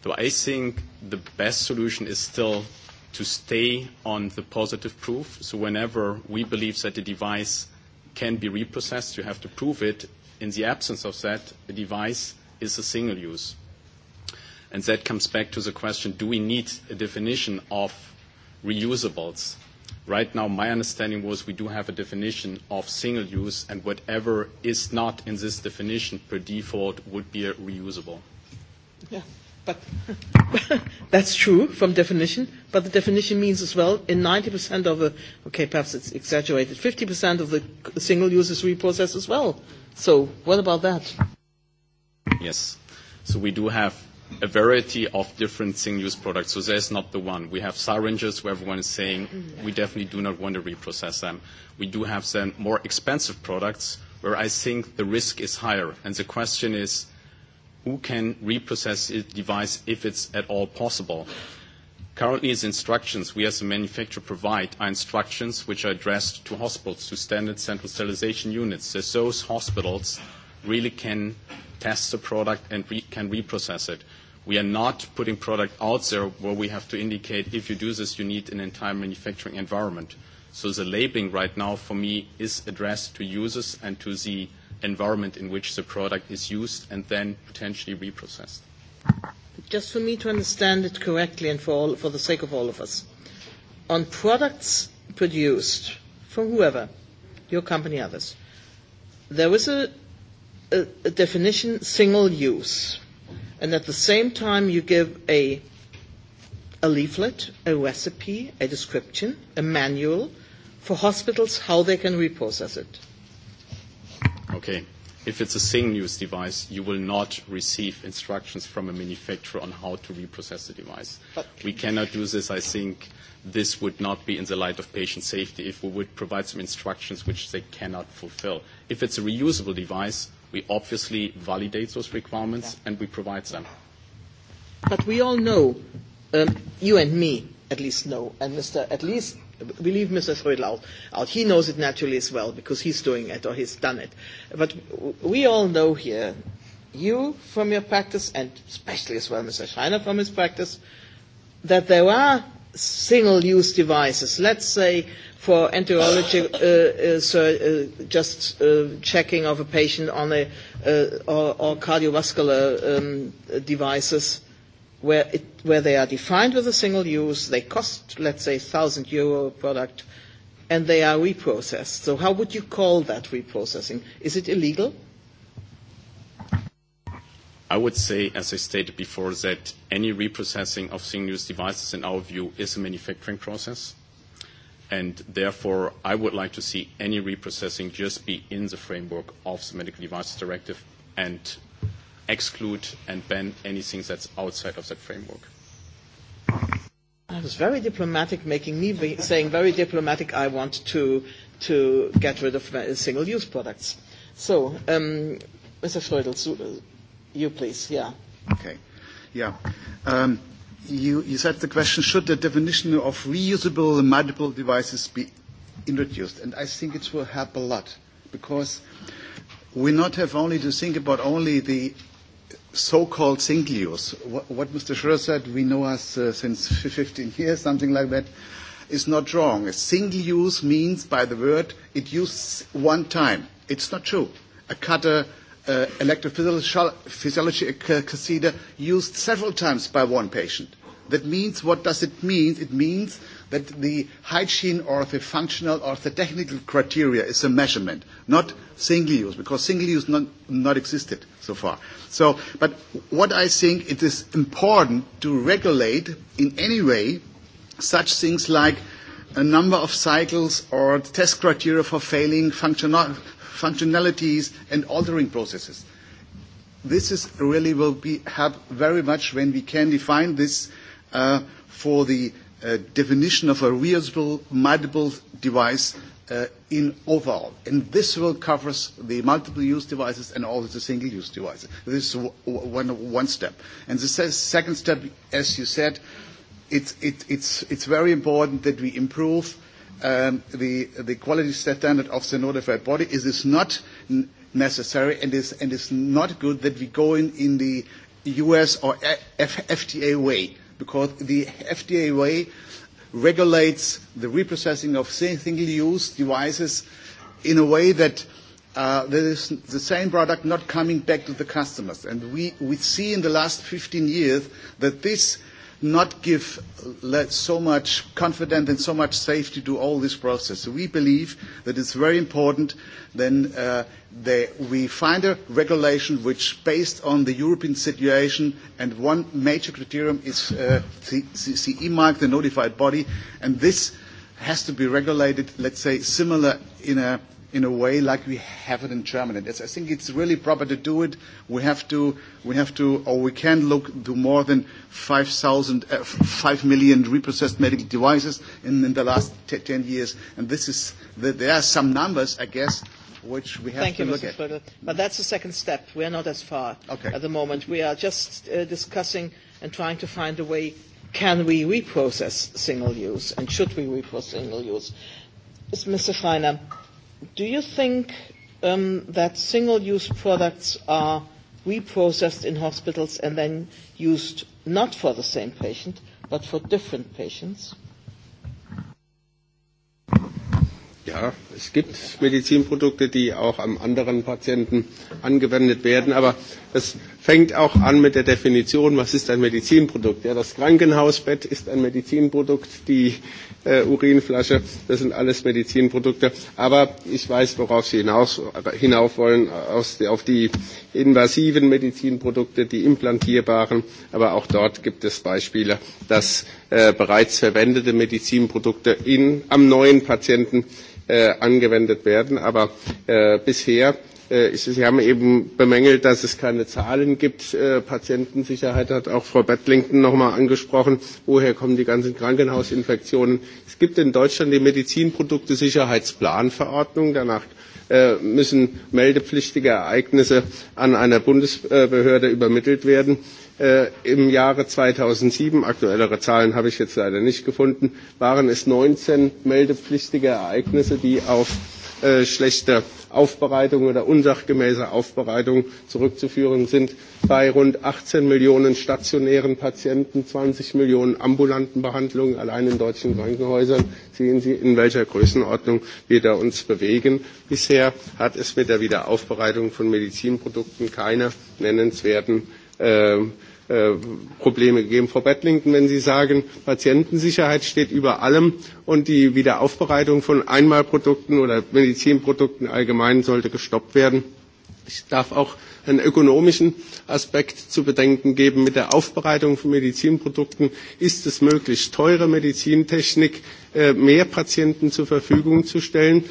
So I think the best solution is still to stay on the positive proof. So whenever we believe that a device can be reprocessed, you have to prove it. In the absence of that, a device is a single use. And that comes back to the question, do we need a definition of reusables? Right now, my understanding was we do have a definition of single use, and whatever is not in this definition per default would be a reusable. Yeah, But that's true from definition, but the definition means as well in 90% of the, okay, perhaps it's exaggerated, 50% of the single users reprocess as well. So what about that? Yes. So we do have a variety of different single-use products. So there's not the one. We have syringes where everyone is saying we definitely do not want to reprocess them. We do have then more expensive products where I think the risk is higher. And the question is, who can reprocess the device if it's at all possible. Currently, the instructions we as a manufacturer provide are instructions which are addressed to hospitals, to standard central sterilization units, so those hospitals really can test the product and re- can reprocess it. We are not putting product out there where we have to indicate if you do this, you need an entire manufacturing environment. So the labeling right now, for me, is addressed to users and to the environment in which the product is used and then potentially reprocessed. Just for me to understand it correctly and for, all, for the sake of all of us, on products produced from whoever, your company, others, there is a, a, a definition single use. And at the same time, you give a, a leaflet, a recipe, a description, a manual for hospitals how they can reprocess it Okay. If it's a single-use device, you will not receive instructions from a manufacturer on how to reprocess the device. But we cannot do this. I think this would not be in the light of patient safety if we would provide some instructions which they cannot fulfill. If it's a reusable device, we obviously validate those requirements, yeah. and we provide them. But we all know, um, you and me at least know, and Mr. at least we leave Mr. Schroedel out, out. He knows it naturally as well because he's doing it or he's done it. But we all know here, you from your practice and especially as well Mr. Schreiner from his practice, that there are single-use devices. Let's say for enterology, uh, uh, so, uh, just uh, checking of a patient on a uh, or, or cardiovascular um, devices. Uh, where, it, where they are defined with a single use, they cost, let's say, 1,000 euro product, and they are reprocessed. So how would you call that reprocessing? Is it illegal? I would say, as I stated before, that any reprocessing of single-use devices, in our view, is a manufacturing process. And therefore, I would like to see any reprocessing just be in the framework of the Medical Devices Directive and exclude and ban anything that's outside of that framework. I was very diplomatic, making me be saying very diplomatic. I want to to get rid of single-use products. So, um, Mr. Freudel, uh, you please. Yeah. Okay. Yeah. Um, you, you said the question: Should the definition of reusable and multiple devices be introduced? And I think it will help a lot because we not have only to think about only the so-called single use, what, what Mr. Schroeder said, we know us uh, since 15 years, something like that, is not wrong. A single use means by the word it used one time. It's not true. A cutter, uh, electrophysiology uh, catheter used several times by one patient. That means, what does it mean? It means that the hygiene or the functional or the technical criteria is a measurement, not single use, because single use not, not existed so far. So, but what I think it is important to regulate in any way such things like a number of cycles or test criteria for failing functional, functionalities and altering processes. This is really will be help very much when we can define this uh, for the uh, definition of a reusable, multiple device uh, in overall. And this will cover the multiple-use devices and also the single-use devices. This is w- one, one step. And the se- second step, as you said, it's, it, it's, it's very important that we improve um, the, the quality standard of the notified body. It is not n- necessary and is, and is not good that we go in, in the US or F- FDA way because the FDA way regulates the reprocessing of single-use devices in a way that uh, there is the same product not coming back to the customers. And we, we see in the last 15 years that this not give uh, let, so much confidence and so much safety to all this process. So we believe that it's very important then uh, they, we find a regulation which, based on the European situation, and one major criterion is uh, the CE mark, the notified body, and this has to be regulated, let's say, similar in a in a way like we have it in Germany. It's, I think it's really proper to do it. We have to, we have to, or we can look to more than 5,000, uh, 5 million reprocessed medical devices in, in the last t- 10 years. And this is, the, there are some numbers, I guess, which we have Thank to you, look Mr. at. Schroeder. But that's the second step. We are not as far okay. at the moment. We are just uh, discussing and trying to find a way can we reprocess single use and should we reprocess single use? Mr. Schreiner, do you think um, that single use products are reprocessed in hospitals and then used not for the same patient but for different patients? Ja, es gibt Medizinprodukte, die auch an anderen Patienten angewendet werden, aber das fängt auch an mit der Definition, was ist ein Medizinprodukt. Ja, das Krankenhausbett ist ein Medizinprodukt, die äh, Urinflasche, das sind alles Medizinprodukte. Aber ich weiß, worauf Sie hinaus, hinauf wollen, aus, auf die invasiven Medizinprodukte, die implantierbaren. Aber auch dort gibt es Beispiele, dass äh, bereits verwendete Medizinprodukte in, am neuen Patienten äh, angewendet werden. Aber äh, bisher äh, Sie haben eben bemängelt, dass es keine Zahlen gibt. Äh, Patientensicherheit hat auch Frau Bettlington nochmal angesprochen. Woher kommen die ganzen Krankenhausinfektionen? Es gibt in Deutschland die Medizinprodukte-Sicherheitsplanverordnung. Danach äh, müssen meldepflichtige Ereignisse an einer Bundesbehörde übermittelt werden. Äh, Im Jahre 2007, aktuellere Zahlen habe ich jetzt leider nicht gefunden, waren es 19 meldepflichtige Ereignisse, die auf äh, schlechter Aufbereitung oder unsachgemäße Aufbereitung zurückzuführen sind. Bei rund 18 Millionen stationären Patienten, 20 Millionen ambulanten Behandlungen allein in deutschen Krankenhäusern sehen Sie, in welcher Größenordnung wir da uns bewegen. Bisher hat es mit der Wiederaufbereitung von Medizinprodukten keine nennenswerten äh, äh, Probleme gegeben. Frau Bettlington, wenn Sie sagen, Patientensicherheit steht über allem und die Wiederaufbereitung von Einmalprodukten oder Medizinprodukten allgemein sollte gestoppt werden, äh, Ich darf auch einen ökonomischen Aspekt zu bedenken geben. Mit der Aufbereitung von Medizinprodukten ist es möglich, teure Medizintechnik äh, mehr Patienten zur Verfügung zu stellen,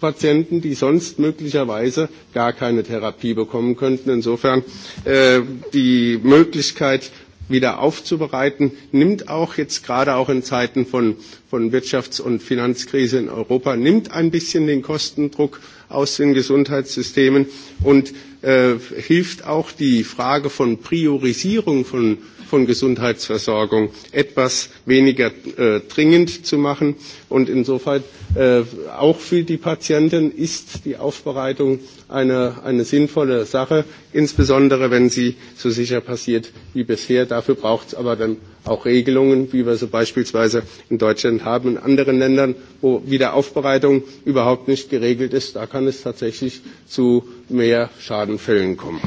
Patienten, die sonst möglicherweise gar keine Therapie bekommen könnten. Insofern äh, die Möglichkeit wieder aufzubereiten, nimmt auch jetzt gerade auch in Zeiten von, von Wirtschafts- und Finanzkrise in Europa, nimmt ein bisschen den Kostendruck aus den Gesundheitssystemen und äh, hilft auch die Frage von Priorisierung von von Gesundheitsversorgung etwas weniger äh, dringend zu machen. Und insofern äh, auch für die Patienten ist die Aufbereitung eine, eine sinnvolle Sache, insbesondere wenn sie so sicher passiert wie bisher. Dafür braucht es aber dann auch Regelungen, wie wir sie beispielsweise in Deutschland haben, in anderen Ländern, wo Wiederaufbereitung überhaupt nicht geregelt ist. Da kann es tatsächlich zu mehr Schadenfällen kommen.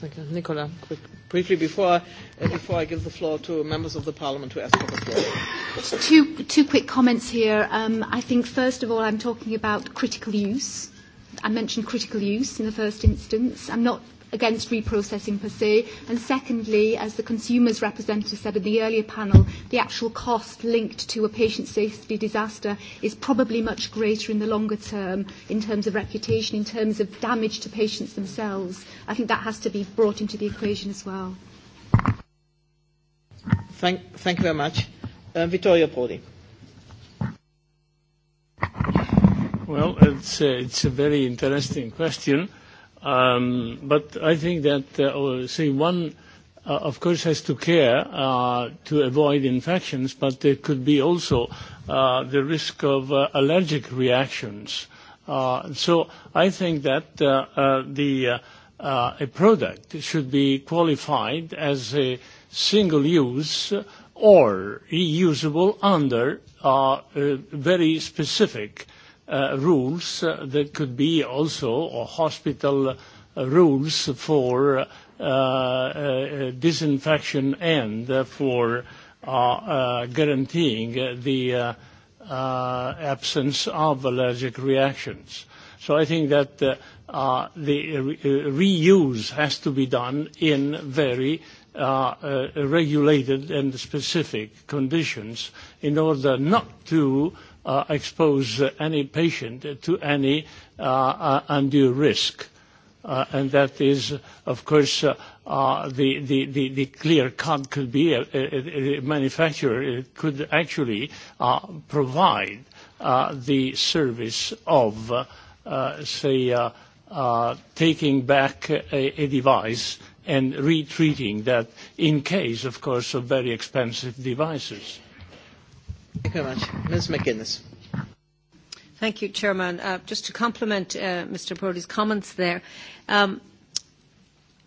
Danke. Nicola, quick briefly before I, uh, before I give the floor to members of the Parliament who ask for the floor. Two, two quick comments here. Um, I think, first of all, I'm talking about critical use. I mentioned critical use in the first instance. I'm not against reprocessing per se, and secondly, as the consumer's representative said in the earlier panel, the actual cost linked to a patient safety disaster is probably much greater in the longer term in terms of reputation, in terms of damage to patients themselves. I think that has to be brought into the equation as well. Thank, thank you very much. Uh, Vittorio Prodi. Well, it's, uh, it's a very interesting question Um, but I think that, uh, see, one, uh, of course, has to care uh, to avoid infections, but there could be also uh, the risk of uh, allergic reactions. Uh, so I think that uh, uh, the uh, uh, a product should be qualified as a single use or reusable under uh, uh, very specific uh, rules uh, that could be also or hospital uh, rules for uh, uh, uh disinfection and uh, for uh, uh, guaranteeing uh, the uh, uh, absence of allergic reactions. So I think that uh, uh, the re- uh, reuse has to be done in very uh, uh, regulated and specific conditions in order not to uh, uh, expose any patient to any uh, uh, undue risk. Uh, and that is, of course, uh, uh, the, the, the, the clear cut could be a, a, a manufacturer it uh, could actually uh, provide uh, the service of, uh, uh, say, uh, uh, taking back a, a device and retreating that in case, of course, of very expensive devices. Thank you very much. Ms. McGuinness. Thank you, Chairman. Uh, just to complement uh, Mr. Brody's comments there, um,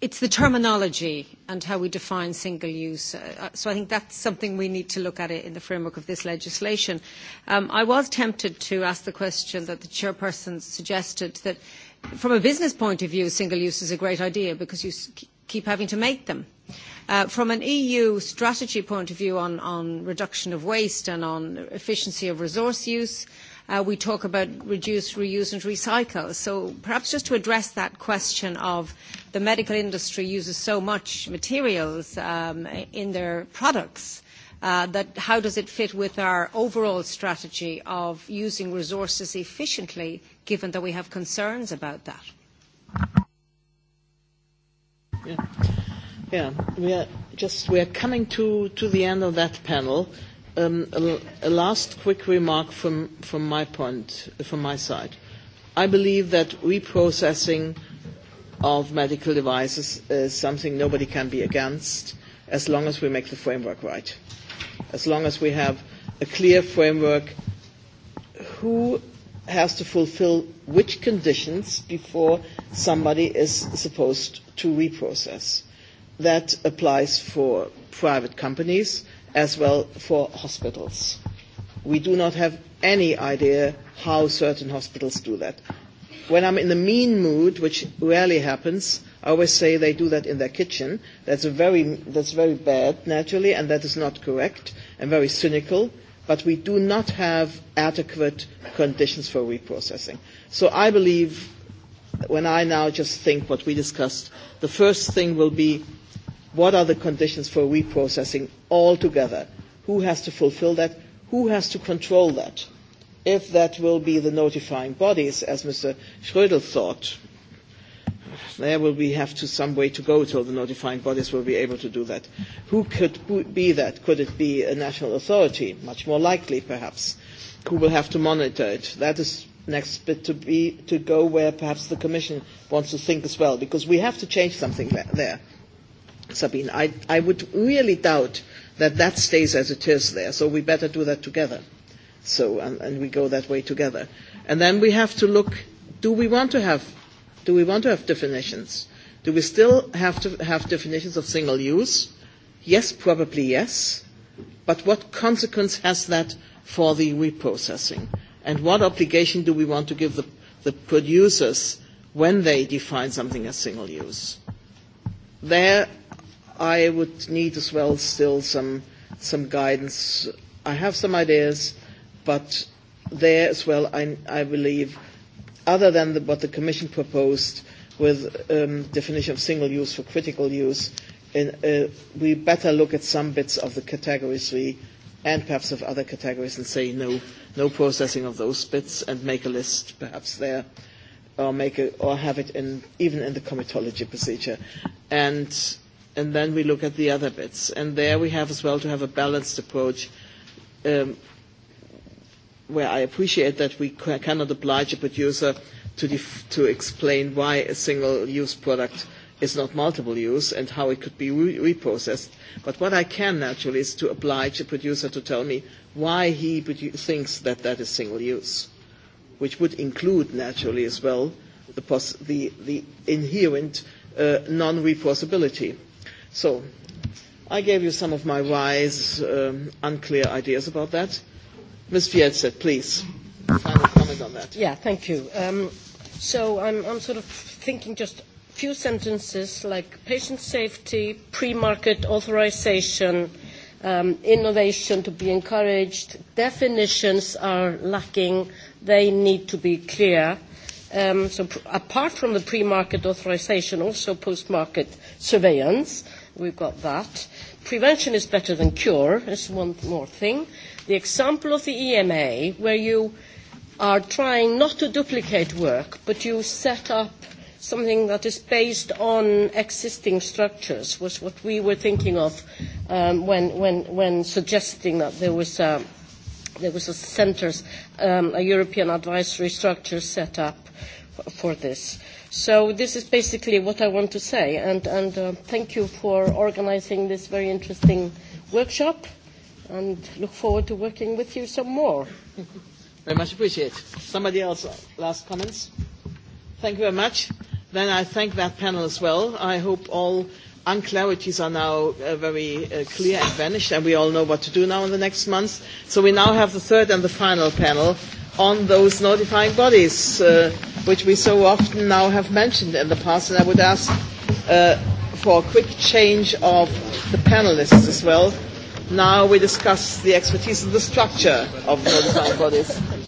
it's the terminology and how we define single use. Uh, uh, so I think that's something we need to look at it in the framework of this legislation. Um, I was tempted to ask the question that the chairperson suggested that from a business point of view, single use is a great idea because you keep having to make them. Uh, from an EU strategy point of view on, on reduction of waste and on efficiency of resource use, uh, we talk about reduce, reuse and recycle. So perhaps just to address that question of the medical industry uses so much materials um, in their products, uh, that how does it fit with our overall strategy of using resources efficiently, given that we have concerns about that? Yeah. Yeah. We are just we are coming to, to the end of that panel. Um, a, a last quick remark from, from my point, from my side. I believe that reprocessing of medical devices is something nobody can be against as long as we make the framework right. As long as we have a clear framework who has to fulfill which conditions before somebody is supposed to reprocess. That applies for private companies as well for hospitals. We do not have any idea how certain hospitals do that. When I'm in the mean mood, which rarely happens, I always say they do that in their kitchen. That's, a very, that's very bad, naturally, and that is not correct and very cynical but we do not have adequate conditions for reprocessing. So I believe, when I now just think what we discussed, the first thing will be what are the conditions for reprocessing altogether? Who has to fulfill that? Who has to control that? If that will be the notifying bodies, as Mr. Schrödel thought, there will we have to some way to go till the notifying bodies will be able to do that. Who could be that? Could it be a national authority? Much more likely, perhaps. Who will have to monitor it? That is next bit to be to go where perhaps the Commission wants to think as well, because we have to change something there. Sabine, I, I would really doubt that that stays as it is there. So we better do that together. So and, and we go that way together. And then we have to look: Do we want to have Do we want to have definitions? Do we still have to have definitions of single use? Yes, probably yes. But what consequence has that for the reprocessing? And what obligation do we want to give the, the producers when they define something as single use? There, I would need as well still some, some guidance. I have some ideas, but there as well, I, I believe other than the, what the Commission proposed with um, definition of single use for critical use, in, uh, we better look at some bits of the category 3 and perhaps of other categories and say no, no processing of those bits and make a list perhaps there or, make a, or have it in, even in the comitology procedure. And, and then we look at the other bits. And there we have as well to have a balanced approach um, where I appreciate that we cannot oblige a producer to, def- to explain why a single-use product is not multiple use and how it could be re- reprocessed. But what I can naturally is to oblige a producer to tell me why he produ- thinks that that is single use, which would include naturally as well the, pos- the, the inherent uh, non-reprocessability. So I gave you some of my wise, um, unclear ideas about that. Ms. Pietze, please. Final comment on that. Yeah, thank you. Um, so I'm, I'm sort of thinking just a few sentences like patient safety, pre-market authorization, um, innovation to be encouraged. Definitions are lacking. They need to be clear. Um, so pr- apart from the pre-market authorization, also post-market surveillance, we've got that. Prevention is better than cure is one more thing the example of the EMA, where you are trying not to duplicate work, but you set up something that is based on existing structures, was what we were thinking of um, when, when, when suggesting that there was a, um, there was a centers, um, a European advisory structure set up for this. So this is basically what I want to say, and, and uh, thank you for organizing this very interesting workshop and look forward to working with you some more. very much appreciate. Somebody else, last comments? Thank you very much. Then I thank that panel as well. I hope all unclarities are now uh, very uh, clear and vanished, and we all know what to do now in the next months. So we now have the third and the final panel on those notifying bodies, uh, which we so often now have mentioned in the past. And I would ask uh, for a quick change of the panelists as well. Now we discuss the expertise and the structure of notified bodies.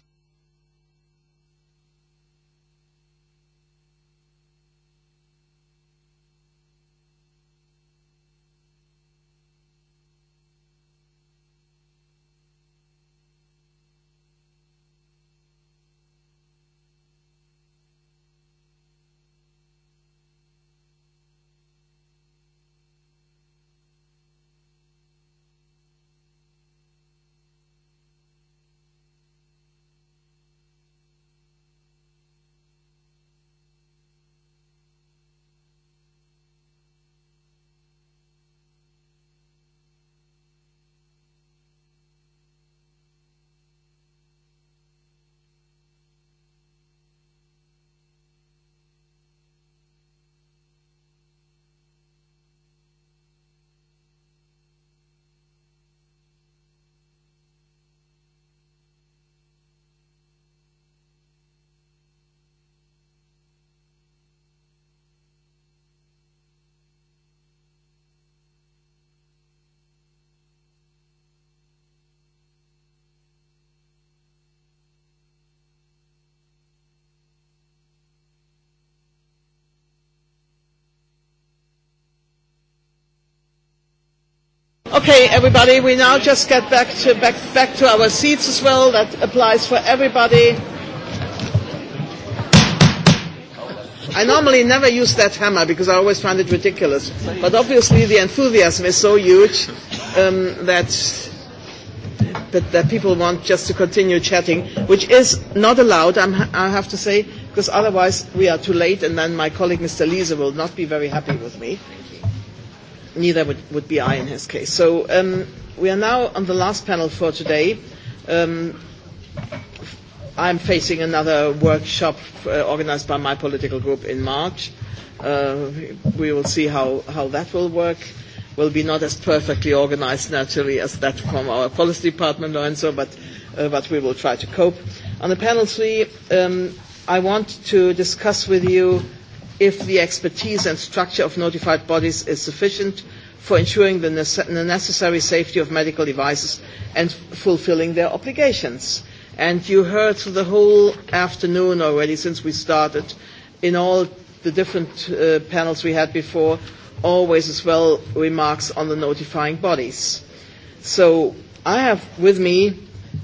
Okay, everybody, we now just get back to, back, back to our seats as well. That applies for everybody. I normally never use that hammer because I always find it ridiculous. But obviously, the enthusiasm is so huge um, that, that that people want just to continue chatting, which is not allowed. I'm, I have to say, because otherwise we are too late, and then my colleague Mr. Lisa will not be very happy with me neither would, would be I in his case. So um, we are now on the last panel for today. Um, I'm facing another workshop uh, organized by my political group in March. Uh, we will see how, how that will work. Will be not as perfectly organized naturally as that from our policy department, Lorenzo, but, uh, but we will try to cope. On the panel three, um, I want to discuss with you if the expertise and structure of notified bodies is sufficient for ensuring the, nece- the necessary safety of medical devices and fulfilling their obligations. And you heard the whole afternoon already since we started in all the different uh, panels we had before, always as well remarks on the notifying bodies. So I have with me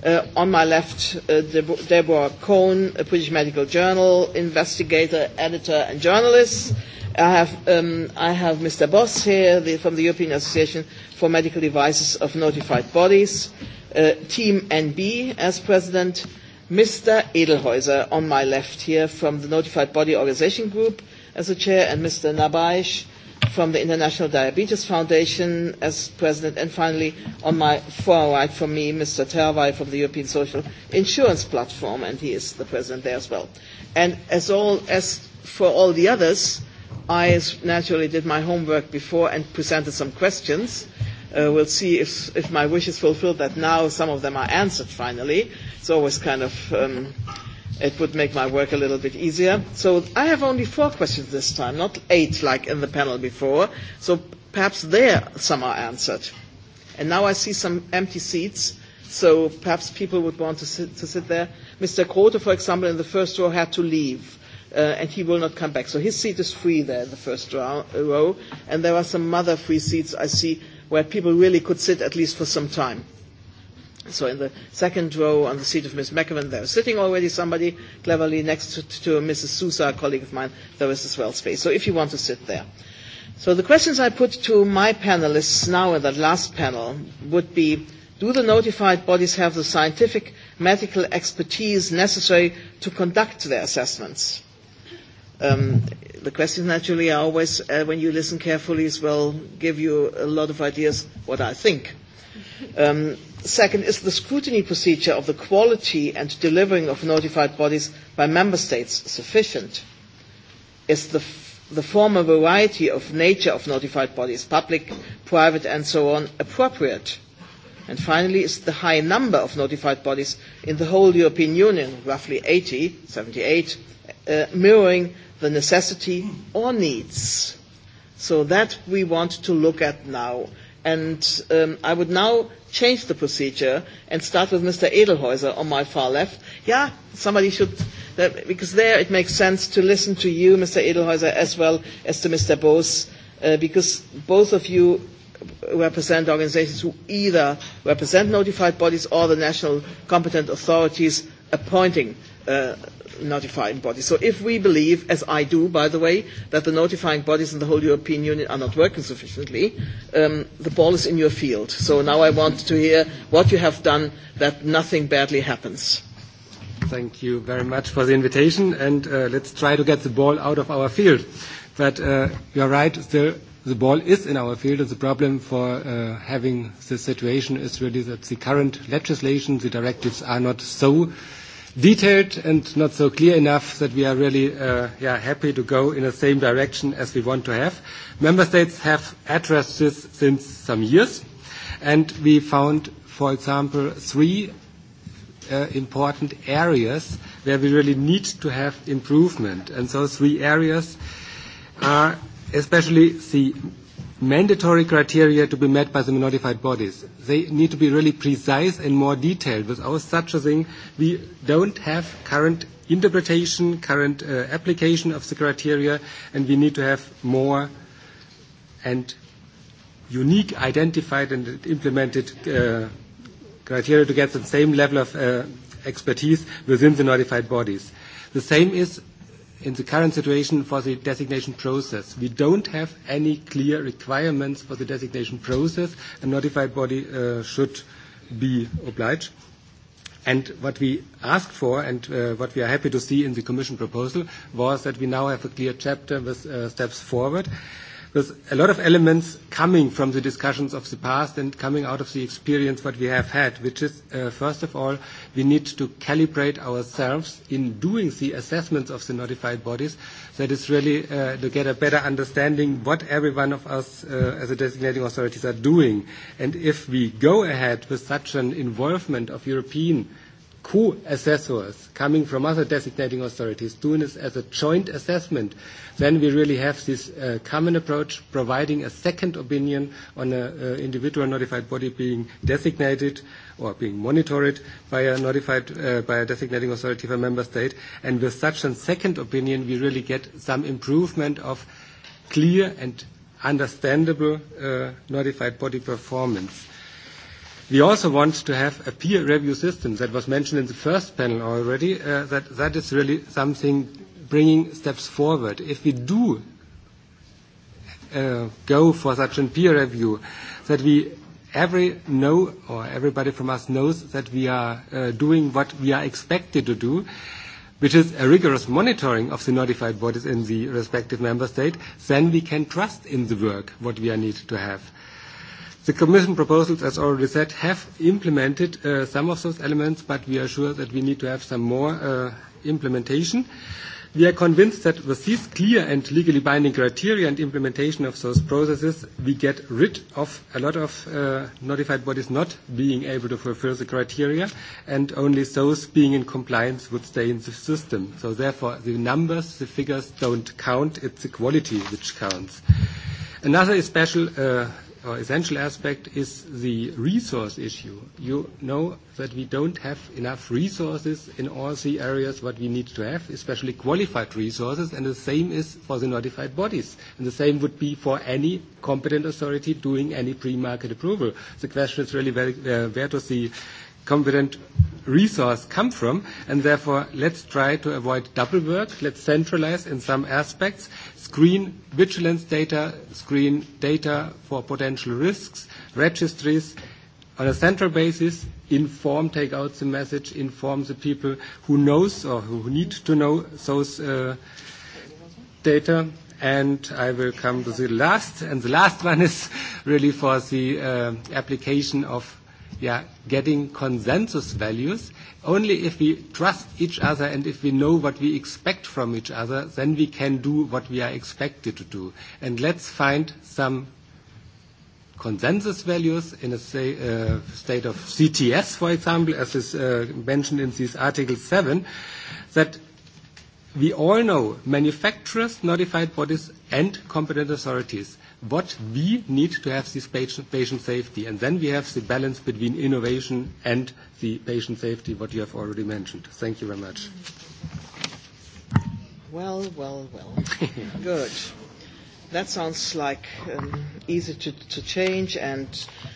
Uh, on my left, uh, Deb- Deborah Cohn, a British Medical Journal investigator, editor, and journalist. I have, um, I have Mr. Boss here the, from the European Association for Medical Devices of Notified Bodies, uh, Team NB as president, Mr. Edelhäuser on my left here from the Notified Body Organization Group as a chair, and Mr. Nabaish from the International Diabetes Foundation as president, and finally, on my far right from me, Mr. Terwey from the European Social Insurance Platform, and he is the president there as well. And as, all, as for all the others, I naturally did my homework before and presented some questions. Uh, we'll see if, if my wish is fulfilled that now some of them are answered finally. It's always kind of um, It would make my work a little bit easier. So I have only four questions this time, not eight like in the panel before. So perhaps there some are answered. And now I see some empty seats, so perhaps people would want to sit, to sit there. Mr. Krote, for example, in the first row had to leave. Uh, and he will not come back. So his seat is free there in the first row, row. And there are some other free seats I see where people really could sit at least for some time. So in the second row on the seat of Miss McEwen, there was sitting already somebody cleverly next to, to Mrs. Sousa, a colleague of mine. There was as well space. So if you want to sit there. So the questions I put to my panelists now in that last panel would be, do the notified bodies have the scientific medical expertise necessary to conduct their assessments? Um, the questions naturally are always, uh, when you listen carefully as well, give you a lot of ideas what I think. Um, Second, is the scrutiny procedure of the quality and delivering of notified bodies by member states sufficient? Is the, f- the former variety of nature of notified bodies, public, private, and so on, appropriate? And finally, is the high number of notified bodies in the whole European Union, roughly 80, 78, uh, mirroring the necessity or needs? So that we want to look at now And um, I would now change the procedure and start with Mr. Edelhäuser on my far left. Yeah, somebody should, uh, because there it makes sense to listen to you, Mr. Edelhäuser, as well as to Mr. Bose, uh, because both of you represent organizations who either represent notified bodies or the national competent authorities appointing uh, notifying bodies. So if we believe, as I do, by the way, that the notifying bodies in the whole European Union are not working sufficiently, um, the ball is in your field. So now I want to hear what you have done that nothing badly happens. Thank you very much for the invitation, and uh, let's try to get the ball out of our field. But uh, you're right, still the ball is in our field, and the problem for uh, having this situation is really that the current legislation, the directives are not so uh, detailed and not so clear enough that we are really uh, yeah, happy to go in the same direction as we want to have. Member states have addressed this since some years, and we found, for example, three uh, important areas where we really need to have improvement. And those three areas are especially the mandatory criteria to be met by the notified bodies. They need to be really precise and more detailed. Without such a thing, we don't have current interpretation, current uh, application of the criteria, and we need to have more and unique identified and implemented uh, criteria to get the same level of uh, expertise within the notified bodies. The same is in the current situation for the designation process. We don't have any clear requirements for the designation process. A notified body uh, should be obliged. And what we asked for and uh, what we are happy to see in the Commission proposal was that we now have a clear chapter with uh, steps forward. Uh, Because a lot of elements coming from the discussions of the past and coming out of the experience what we have had, which is, uh, first of all, we need to calibrate ourselves in doing the assessments of the notified bodies. That is really uh, to get a better understanding what every one of us uh, as a designating authorities are doing. And if we go ahead with such an involvement of European co-assessors coming from other designating authorities doing this as a joint assessment, then we really have this uh, common approach providing a second opinion on an uh, individual notified body being designated or being monitored by a notified uh, by a designating authority of a member state. And with such a second opinion, we really get some improvement of clear and understandable uh, notified body performance. We also want to have a peer review system that was mentioned in the first panel already. Uh, that, that is really something bringing steps forward. If we do uh, go for such a peer review, that we every know or everybody from us knows that we are uh, doing what we are expected to do, which is a rigorous monitoring of the notified bodies in the respective member state, then we can trust in the work what we are need to have. The Commission proposals, as already said, have implemented uh, some of those elements, but we are sure that we need to have some more uh, implementation. We are convinced that with these clear and legally binding criteria and implementation of those processes, we get rid of a lot of uh, notified bodies not being able to fulfill the criteria, and only those being in compliance would stay in the system. So therefore, the numbers, the figures don't count, it's the quality which counts. Another special uh, or uh, essential aspect is the resource issue. You know that we don't have enough resources in all the areas what we need to have, especially qualified resources, and the same is for the notified bodies. And the same would be for any competent authority doing any pre-market approval. The question is really where, uh, where does the competent resource come from, and therefore let's try to avoid double work. Let's centralize in some aspects, screen vigilance data, screen data for potential risks, registries on a central basis, inform, take out the message, inform the people who knows or who need to know those uh, data. And I will come to the last, and the last one is really for the uh, application of yeah, getting consensus values. Only if we trust each other and if we know what we expect from each other, then we can do what we are expected to do. And let's find some consensus values in a say, uh, state of CTS, for example, as is uh, mentioned in this Article 7, that we all know manufacturers, notified bodies, and competent authorities what we need to have this patient, patient safety. And then we have the balance between innovation and the patient safety, what you have already mentioned. Thank you very much. Well, well, well. Good. That sounds like um, easy to, to change, and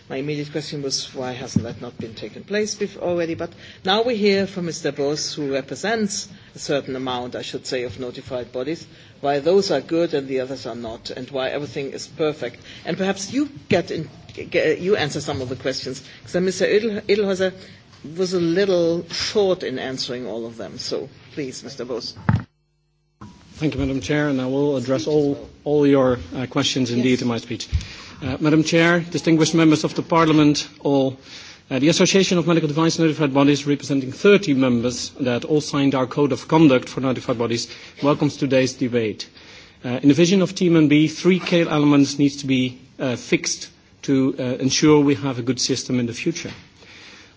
my immediate question was, why hasn't that not been taken place before already? But now we hear from Mr. Bose, who represents a certain amount, I should say, of notified bodies, why those are good and the others are not, and why everything is perfect. And perhaps you get in, get, you answer some of the questions, because Mr. Edel, Edelhäuser was a little short in answering all of them. So please, Mr. Bose. Thank you, Madam Chair, and I will address speech all, well. all your uh, questions indeed yes. in my speech. Uh, Madam Chair, distinguished members of the Parliament, all. Uh, Uh, the Association of Medical Device Notified Bodies, representing 30 members that all signed our Code of Conduct for Notified Bodies, welcomes today's debate. Uh, in the vision of Team NB, three key elements need to be uh, fixed to uh, ensure we have a good system in the future.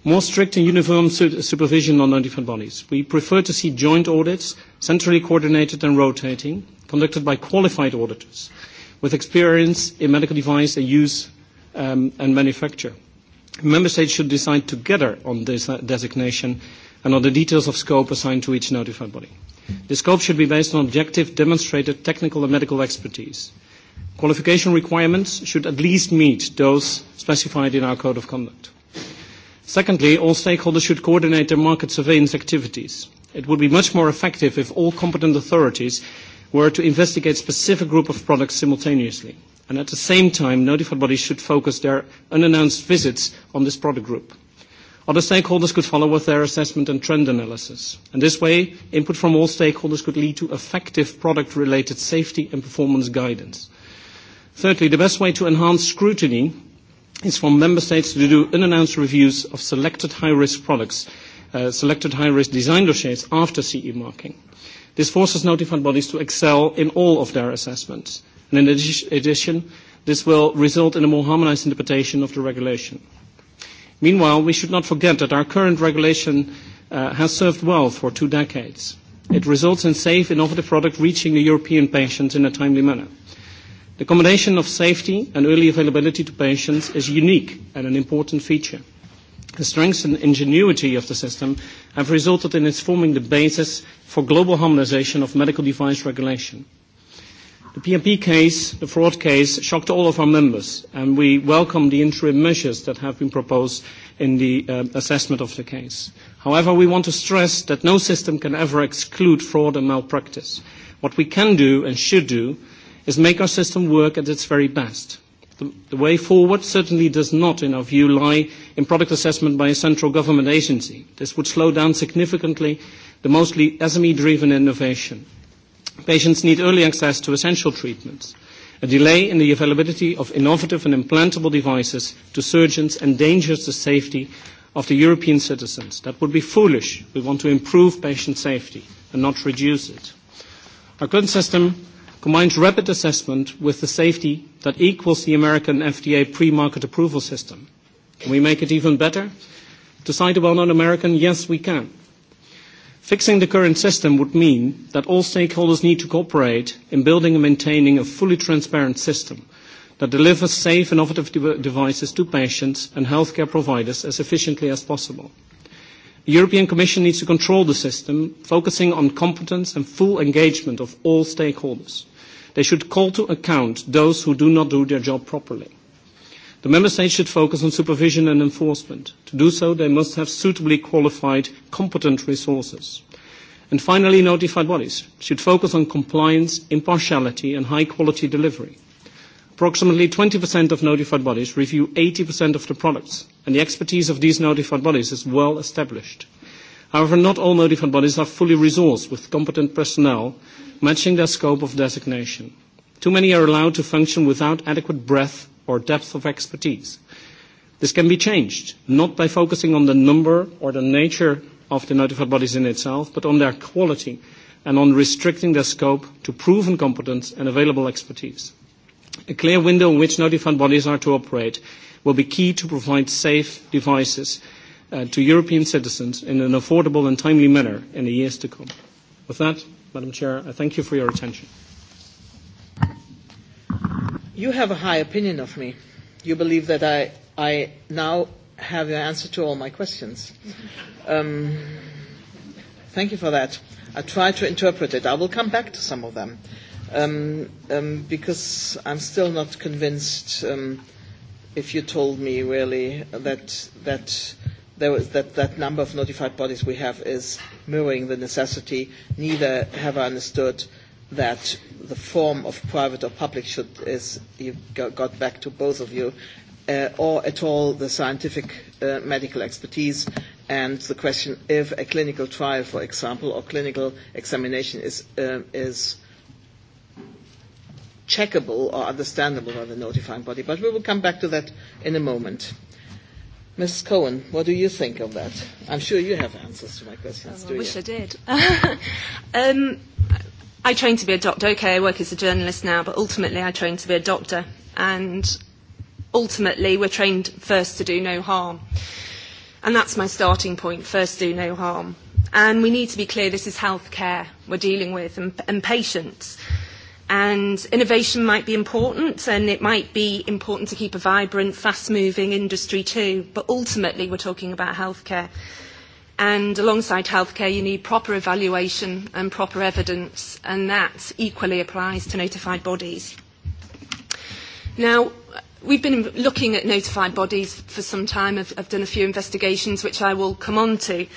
More strict and uniform su- supervision on notified bodies. We prefer to see joint audits, centrally coordinated and rotating, conducted by qualified auditors with experience in medical device and use um, and manufacture. Member States should decide together on this uh, designation and on the details of scope assigned to each notified body. The scope should be based on objective, demonstrated technical and medical expertise. Qualification requirements should at least meet those specified in our Code of Conduct. Secondly, all stakeholders should coordinate their market surveillance activities. It would be much more effective if all competent authorities were to investigate specific group of products simultaneously and at the same time, notified bodies should focus their unannounced visits on this product group. Other stakeholders could follow with their assessment and trend analysis. And this way, input from all stakeholders could lead to effective product-related safety and performance guidance. Thirdly, the best way to enhance scrutiny is for member states to do unannounced reviews of selected high-risk products, uh, selected high-risk design dossiers after CE marking. This forces notified bodies to excel in all of their assessments and in addition, this will result in a more harmonized interpretation of the regulation. Meanwhile, we should not forget that our current regulation uh, has served well for two decades. It results in safe, innovative product reaching the European patients in a timely manner. The combination of safety and early availability to patients is unique and an important feature. The strengths and ingenuity of the system have resulted in its forming the basis for global harmonization of medical device regulation. The PMP case, the fraud case, shocked all of our members, and we welcome the interim measures that have been proposed in the uh, assessment of the case. However, we want to stress that no system can ever exclude fraud and malpractice. What we can do and should do is make our system work at its very best. The, the way forward certainly does not, in our view, lie in product assessment by a central government agency. This would slow down significantly the mostly SME-driven innovation. Patients need early access to essential treatments. A delay in the availability of innovative and implantable devices to surgeons endangers the safety of the European citizens. That would be foolish. We want to improve patient safety and not reduce it. Our current system combines rapid assessment with the safety that equals the American FDA pre-market approval system. Can we make it even better? To cite a well-known American, yes, we can. Fixing the current system would mean that all stakeholders need to cooperate in building and maintaining a fully transparent system that delivers safe, innovative de devices to patients and healthcare providers as efficiently as possible. The European Commission needs to control the system, focusing on competence and full engagement of all stakeholders. They should call to account those who do not do their job properly. The Member States should focus on supervision and enforcement. To do so, they must have suitably qualified, competent resources. And finally, notified bodies should focus on compliance, impartiality, and high quality delivery. Approximately 20% of notified bodies review 80% of the products, and the expertise of these notified bodies is well established. However, not all notified bodies are fully resourced with competent personnel matching their scope of designation. Too many are allowed to function without adequate breadth or depth of expertise. This can be changed, not by focusing on the number or the nature of the notified bodies in itself, but on their quality and on restricting their scope to proven competence and available expertise. A clear window in which notified bodies are to operate will be key to provide safe devices uh, to European citizens in an affordable and timely manner in the years to come. With that, Madam Chair, I thank you for your attention you have a high opinion of me. You believe that I, I now have your answer to all my questions. Um, thank you for that. I try to interpret it. I will come back to some of them um, um, because I'm still not convinced. Um, if you told me really that that there was that, that number of notified bodies we have is mirroring the necessity, neither have I understood uh, that the form of private or public should is you got back to both of you uh, or at all the scientific uh, medical expertise and the question if a clinical trial for example or clinical examination is uh, is checkable or understandable by the notifying body but we will come back to that in a moment Ms. Cohen, what do you think of that? I'm sure you have answers to my questions. Oh, I do wish you? I did. um, I trained to be a doctor. Okay, I work as a journalist now, but ultimately I trained to be a doctor. And ultimately we're trained first to do no harm. And that's my starting point, first do no harm. And we need to be clear this is healthcare we're dealing with and, and patients. And innovation might be important, and it might be important to keep a vibrant, fast moving industry too, but ultimately we're talking about healthcare. And alongside healthcare, you need proper evaluation and proper evidence, and that equally applies to notified bodies. Now, we've been looking at notified bodies for some time. I've, I've done a few investigations, which I will come on to.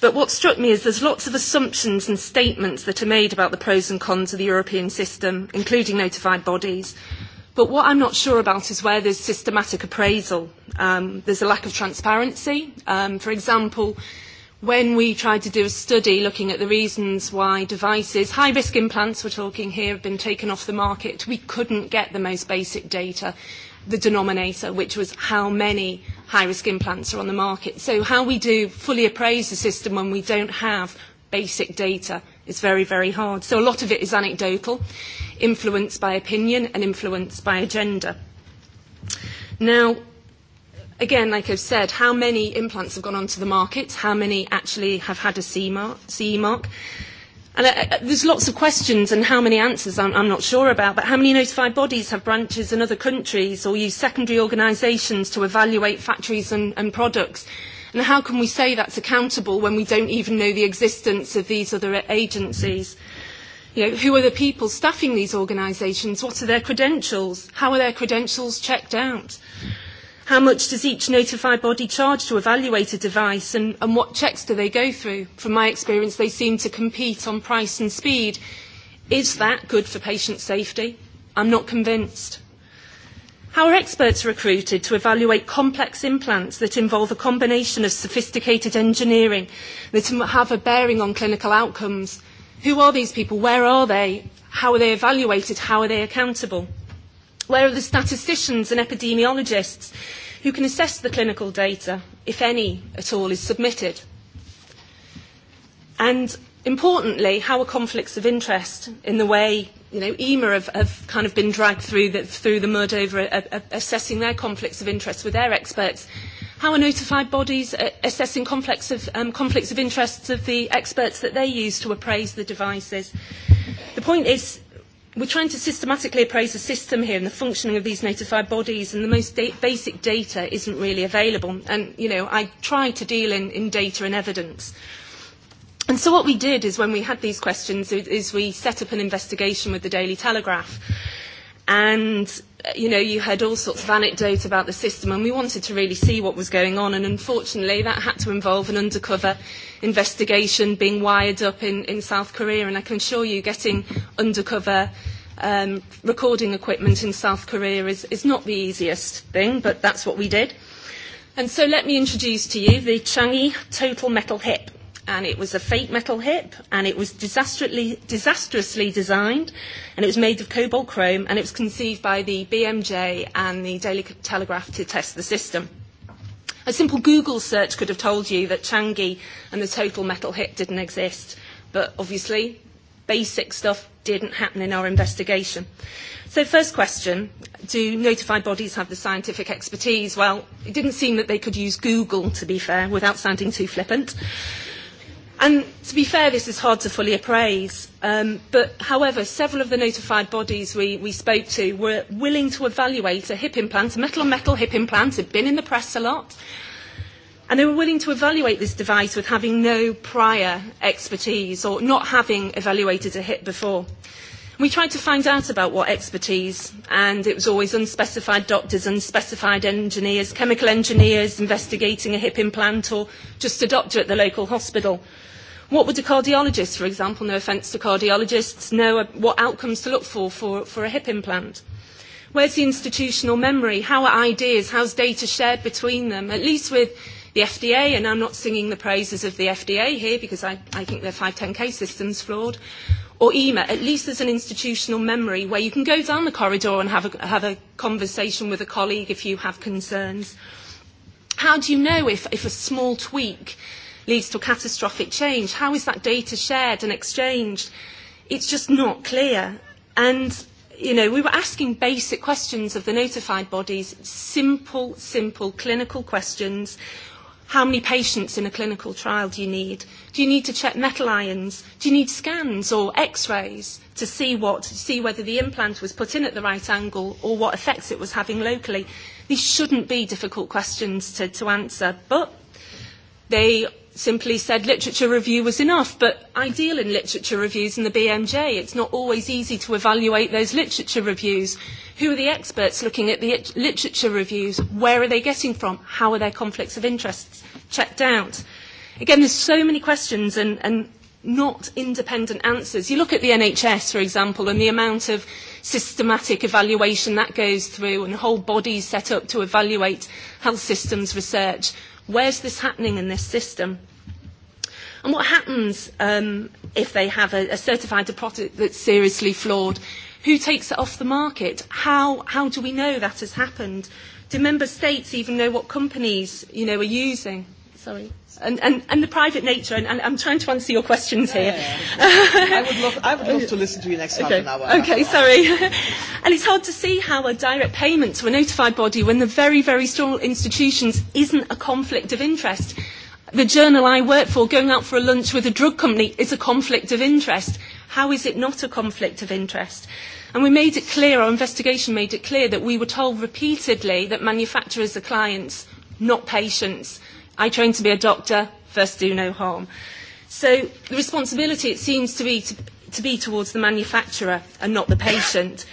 But what struck me is there's lots of assumptions and statements that are made about the pros and cons of the European system, including notified bodies, But what I'm not sure about is where there's systematic appraisal. Um, there's a lack of transparency. Um, for example, when we tried to do a study looking at the reasons why devices, high risk implants we're talking here, have been taken off the market, we couldn't get the most basic data, the denominator, which was how many high risk implants are on the market. So, how we do fully appraise the system when we don't have basic data It's very, very hard. So a lot of it is anecdotal, influenced by opinion and influenced by agenda. Now, again, like I've said, how many implants have gone onto the market? How many actually have had a CE mark? CE mark? And uh, uh, there's lots of questions and how many answers I'm, I'm not sure about, but how many notified bodies have branches in other countries or use secondary organisations to evaluate factories and, and products? And how can we say that's accountable when we don't even know the existence of these other agencies? You know, who are the people staffing these organisations? What are their credentials? How are their credentials checked out? How much does each notified body charge to evaluate a device and, and what checks do they go through? From my experience, they seem to compete on price and speed. Is that good for patient safety? I'm not convinced. How are experts recruited to evaluate complex implants that involve a combination of sophisticated engineering that have a bearing on clinical outcomes? Who are these people? Where are they? How are they evaluated? How are they accountable? Where are the statisticians and epidemiologists who can assess the clinical data, if any at all, is submitted? And importantly, how are conflicts of interest in the way you know, EMA have, have kind of been dragged through the, through the mud over a, uh, a, uh, assessing their conflicts of interest with their experts. How are notified bodies uh, assessing conflicts of, um, conflicts of interests of the experts that they use to appraise the devices? The point is, we're trying to systematically appraise the system here and the functioning of these notified bodies, and the most da- basic data isn't really available. And, you know, I try to deal in, in data and evidence. Uh, And so what we did is when we had these questions is, is we set up an investigation with the Daily Telegraph. And, uh, you know, you heard all sorts of anecdotes about the system and we wanted to really see what was going on. And unfortunately, that had to involve an undercover investigation being wired up in, in South Korea. And I can assure you getting undercover um, recording equipment in South Korea is, is not the easiest thing, but that's what we did. And so let me introduce to you the Changi Total Metal Hip and it was a fake metal hip, and it was disastrously, disastrously designed, and it was made of cobalt chrome, and it was conceived by the BMJ and the Daily Telegraph to test the system. A simple Google search could have told you that Changi and the total metal hip didn't exist, but obviously, basic stuff didn't happen in our investigation. So first question, do notified bodies have the scientific expertise? Well, it didn't seem that they could use Google, to be fair, without sounding too flippant. And to be fair, this is hard to fully appraise. Um, but however, several of the notified bodies we, we spoke to were willing to evaluate a hip implant, a metal on metal hip implant, had been in the press a lot. And they were willing to evaluate this device with having no prior expertise or not having evaluated a hip before. We tried to find out about what expertise, and it was always unspecified doctors, unspecified engineers, chemical engineers investigating a hip implant, or just a doctor at the local hospital. What would a cardiologist, for example, no offence to cardiologists, know what outcomes to look for for, for a hip implant? Where's the institutional memory? How are ideas? How's data shared between them? At least with the FDA, and I'm not singing the praises of the FDA here because I, I think their 510k system's flawed or EMA, at least there's an institutional memory where you can go down the corridor and have a, have a conversation with a colleague if you have concerns. How do you know if, if a small tweak leads to catastrophic change? How is that data shared and exchanged? It's just not clear. And you know, we were asking basic questions of the notified bodies, simple, simple clinical questions How many patients in a clinical trial do you need? Do you need to check metal ions? Do you need scans or x-rays to see what, to see whether the implant was put in at the right angle or what effects it was having locally? These shouldn't be difficult questions to, to answer, but they simply said literature review was enough, but I deal in literature reviews in the BMJ. It's not always easy to evaluate those literature reviews. Who are the experts looking at the literature reviews? Where are they getting from? How are their conflicts of interests checked out? Again, there's so many questions and, and not independent answers. You look at the NHS, for example, and the amount of systematic evaluation that goes through and whole bodies set up to evaluate health systems research Where's this happening in this system? And what happens um, if they have a, a certified product that's seriously flawed? Who takes it off the market? How, how do we know that has happened? Do member states even know what companies you know, are using? sorry. And, and, and the private nature, and, and I'm trying to answer your questions here. Yeah, yeah, yeah. I, would love, I would love to listen to you next okay. half an hour. Okay, sorry. and it's hard to see how a direct payment to a notified body when the very, very strong institutions isn't a conflict of interest. The journal I work for, going out for a lunch with a drug company, is a conflict of interest. How is it not a conflict of interest? And we made it clear, our investigation made it clear, that we were told repeatedly that manufacturers are clients, not patients I trained to be a doctor, first do no harm. So the responsibility, it seems to be, to, to be towards the manufacturer and not the patient.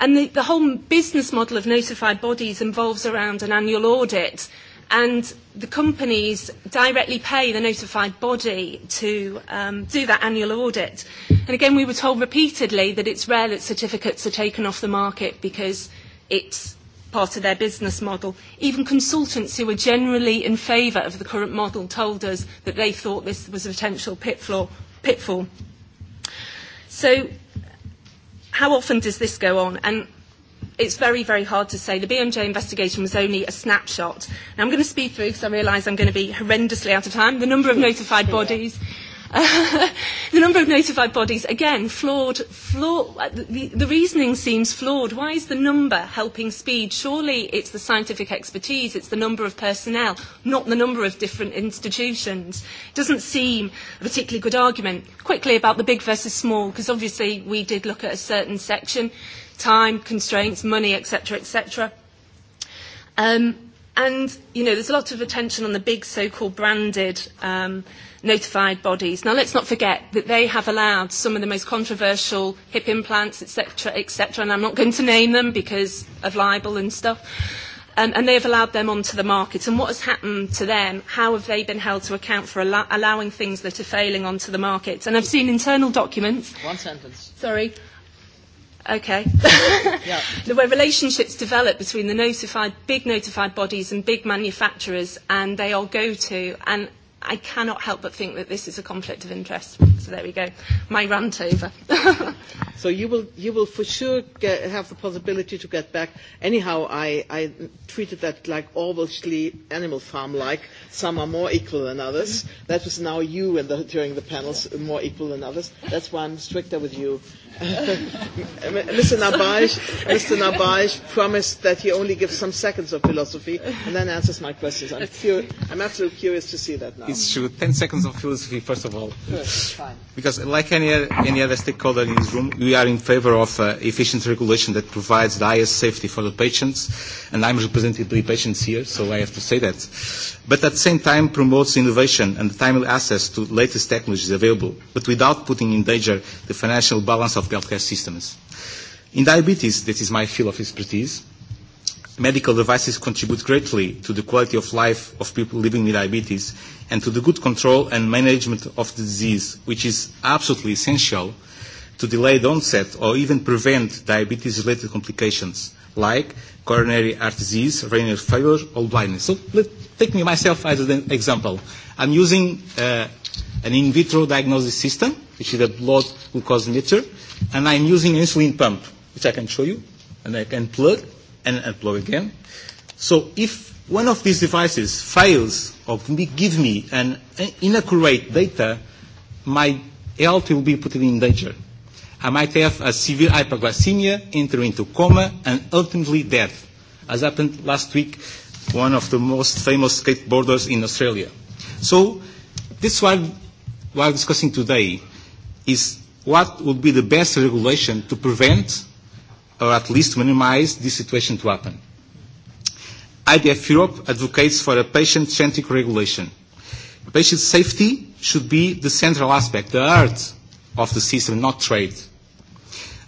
And the, the whole business model of notified bodies involves around an annual audit, and the companies directly pay the notified body to um, do that annual audit. And again, we were told repeatedly that it's rare that certificates are taken off the market because it's part of their business model. Even consultants who were generally in favour of the current model told us that they thought this was a potential pitfall. pitfall. So how often does this go on? And it's very, very hard to say. The BMJ investigation was only a snapshot. Now I'm going to speed through because I realise I'm going to be horrendously out of time. The number of notified bodies. Yeah the number of notified bodies, again, flawed. flawed the, the reasoning seems flawed. Why is the number helping speed? Surely it's the scientific expertise, it's the number of personnel, not the number of different institutions. Doesn't seem a particularly good argument. Quickly about the big versus small, because obviously we did look at a certain section, time, constraints, money, etc., etc. Um, and, you know, there's a lot of attention on the big so-called branded um, – notified bodies. Now, let's not forget that they have allowed some of the most controversial hip implants, etc., etc., and I'm not going to name them because of libel and stuff. Um, and they have allowed them onto the market. And what has happened to them? How have they been held to account for al- allowing things that are failing onto the market? And I've seen internal documents. One sentence. Sorry. Okay. yeah. Where relationships develop between the notified, big notified bodies and big manufacturers, and they all go to. And I cannot help but think that this is a conflict of interest. So there we go. My rant over. so you will, you will for sure get, have the possibility to get back. Anyhow, I, I treated that like Orwellshly Animal Farm-like. Some are more equal than others. That was now you in the, during the panels, more equal than others. That's why I'm stricter with you. Mr. Nabaj, Mr. Nabaj promised that he only gives some seconds of philosophy and then answers my questions. I'm, curi- I'm absolutely curious to see that now it's true. Ten seconds of philosophy, first of all. Good, fine. Because like any, any other stakeholder in this room, we are in favor of uh, efficient regulation that provides the highest safety for the patients, and I'm representing the patients here, so I have to say that. But at the same time, promotes innovation and timely access to latest technologies available, but without putting in danger the financial balance of the healthcare systems. In diabetes, that is my field of expertise, medical devices contribute greatly to the quality of life of people living with diabetes and to the good control and management of the disease, which is absolutely essential to delay the onset or even prevent diabetes-related complications like coronary heart disease, renal failure, or blindness. So let, take me myself as an example. I'm using uh, an in vitro diagnosis system, which is a blood glucose meter, and I'm using an insulin pump, which I can show you, and I can plug and unplug again. So if one of these devices fails or give me an inaccurate data, my health will be put in danger. I might have a severe hypoglycemia, enter into coma, and ultimately death, as happened last week, one of the most famous skateboarders in Australia. So this is why we are discussing today, is what would be the best regulation to prevent or at least minimize this situation to happen. IDF Europe advocates for a patient-centric regulation. Patient safety should be the central aspect, the heart of the system, not trade.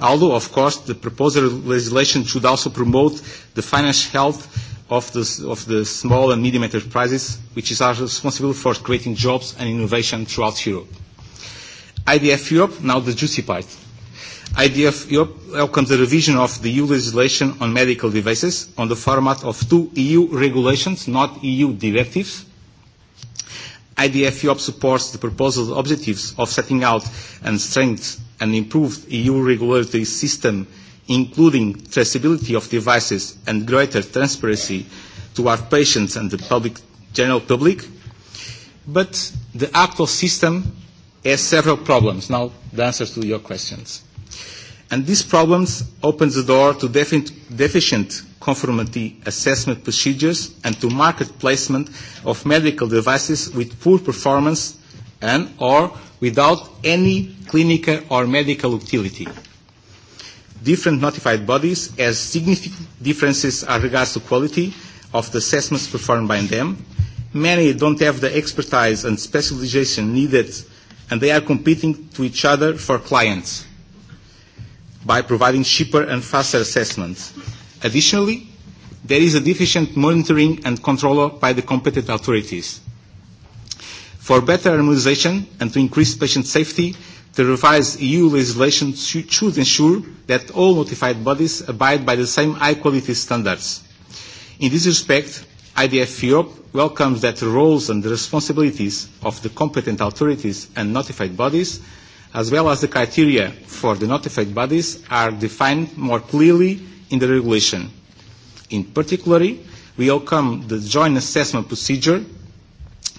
Although, of course, the proposed legislation should also promote the financial health of the, of the small and medium enterprises, which is also responsible for creating jobs and innovation throughout Europe. IDF Europe, now the juicy part. IDF Europe welcomes the revision of the EU legislation on medical devices on the format of two EU regulations, not EU directives. IDF Europe supports the proposal objectives of setting out and strengthen an improved EU regulatory system, including traceability of devices and greater transparency to our patients and the public, general public. But the actual system has several problems. Now, the answers to your questions. And these problems open the door to deficient conformity assessment procedures and to market placement of medical devices with poor performance and or without any clinical or medical utility. Different notified bodies have significant differences as regards to quality of the assessments performed by them. Many don't have the expertise and specialization needed and they are competing to each other for clients by providing cheaper and faster assessments. Additionally, there is a deficient monitoring and control by the competent authorities. For better harmonization and to increase patient safety, the revised EU legislation should ensure that all notified bodies abide by the same high-quality standards. In this respect, IDF Europe welcomes that the roles and the responsibilities of the competent authorities and notified bodies as well as the criteria for the notified bodies, are defined more clearly in the regulation. In particular, we welcome the joint assessment procedure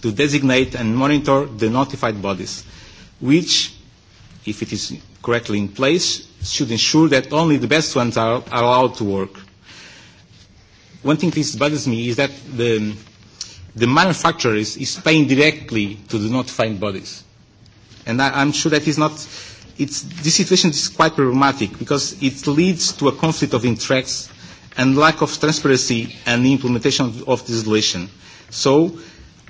to designate and monitor the notified bodies, which, if it is correctly in place, should ensure that only the best ones are, are allowed to work. One thing this bothers me is that the, the manufacturer is, is paying directly to the notified bodies. And I, I'm sure that is not, it's, this situation is quite problematic because it leads to a conflict of interests and lack of transparency and implementation of this legislation. So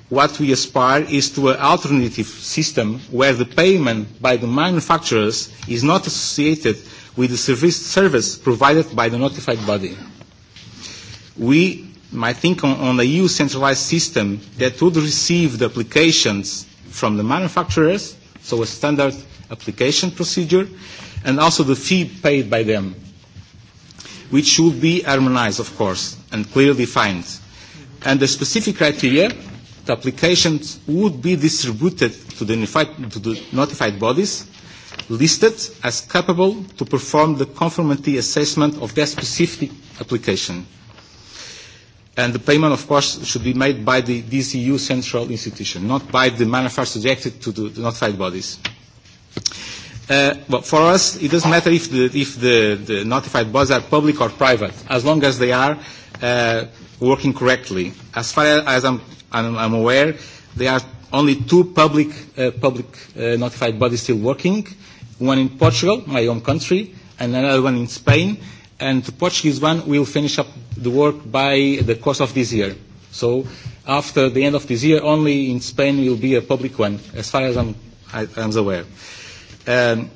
what we aspire is to an alternative system where the payment by the manufacturers is not associated with the service, service provided by the notified body. We might think on, on a EU centralized system that would receive the applications from the manufacturers so a standard application procedure, and also the fee paid by them, which should be harmonized, of course, and clearly defined. And the specific criteria, the applications would be distributed to the, notified, to the notified bodies listed as capable to perform the conformity assessment of their specific application. And the payment, of course, should be made by the, this EU central institution, not by the manufacturer subjected to the notified bodies. Uh, but for us, it doesn't matter if, the, if the, the notified bodies are public or private, as long as they are uh, working correctly. As far as I'm, I'm, I'm aware, there are only two public, uh, public uh, notified bodies still working, one in Portugal, my home country, and another one in Spain. Mm-hmm and the Portuguese one will finish up the work by the course of this year. So after the end of this year, only in Spain will be a public one, as far as I'm, I, I'm aware. Um,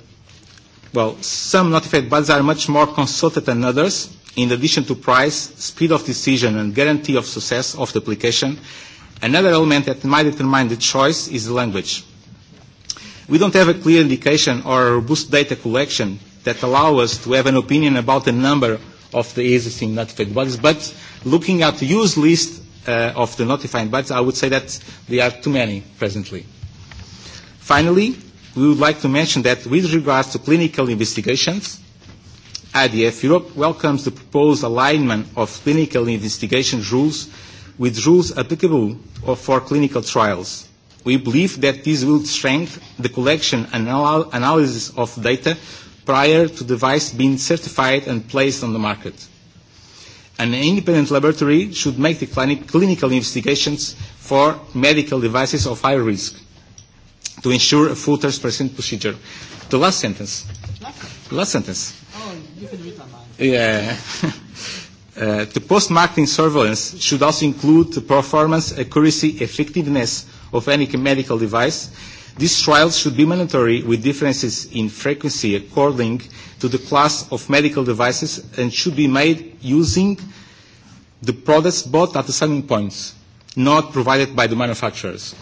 well, some notified bodies are much more consulted than others. In addition to price, speed of decision, and guarantee of success of the application, another element that might determine the choice is the language. We don't have a clear indication or robust data collection that allow us to have an opinion about the number of the existing notified bodies. But looking at the use list uh, of the notified bodies, I would say that there are too many presently. Finally, we would like to mention that with regards to clinical investigations, IDF Europe welcomes the proposed alignment of clinical investigation rules with rules applicable for clinical trials. We believe that this will strengthen the collection and analysis of data prior to device being certified and placed on the market. An independent laboratory should make the clinic, clinical investigations for medical devices of high risk to ensure a full transparent procedure. The last sentence. Last, last sentence. Oh, you can read online. Yeah. Uh, the post-marketing surveillance should also include the performance, accuracy, effectiveness of any medical device These trials should be mandatory with differences in frequency according to the class of medical devices and should be made using the products bought at the selling points, not provided by the manufacturers.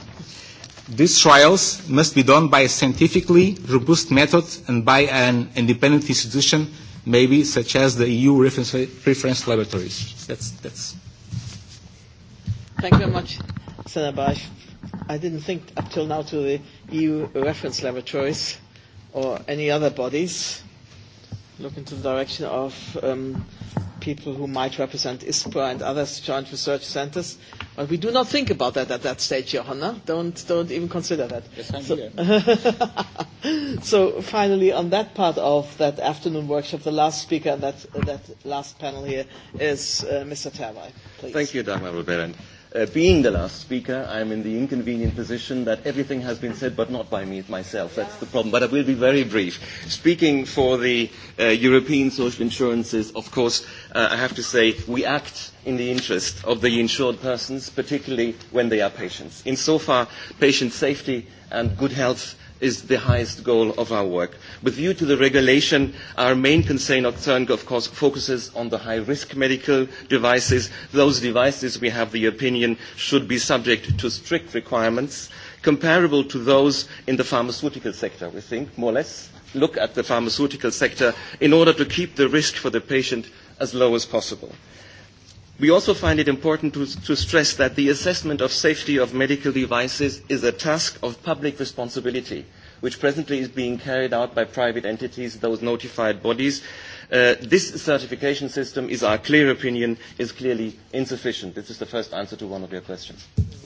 These trials must be done by a scientifically robust method and by an independent institution, maybe such as the EU reference, reference laboratories. That's, that's. Thank you very much, Senator Barge. I didn't think up till now to the EU reference laboratories or any other bodies. Look into the direction of um, people who might represent ISPRA and other joint research centers. But we do not think about that at that stage, Johanna. Don't, don't even consider that. Yes, I'm so, here. so finally, on that part of that afternoon workshop, the last speaker on that, that last panel here is uh, Mr. Terwey, please. Thank you, Dagmar Ruberend. Uh, being the last speaker, I'm in the inconvenient position that everything has been said, but not by me myself. That's the problem. But I will be very brief. Speaking for the uh, European social insurances, of course, uh, I have to say we act in the interest of the insured persons, particularly when they are patients. Insofar, patient safety and good health is the highest goal of our work. With view to the regulation, our main concern, concern of course, focuses on the high-risk medical devices. Those devices, we have the opinion, should be subject to strict requirements comparable to those in the pharmaceutical sector, we think, more or less look at the pharmaceutical sector in order to keep the risk for the patient as low as possible. We also find it important to, to stress that the assessment of safety of medical devices is a task of public responsibility, which presently is being carried out by private entities, those notified bodies. Uh, this certification system, is our clear opinion, is clearly insufficient. This is the first answer to one of your questions. Mm-hmm.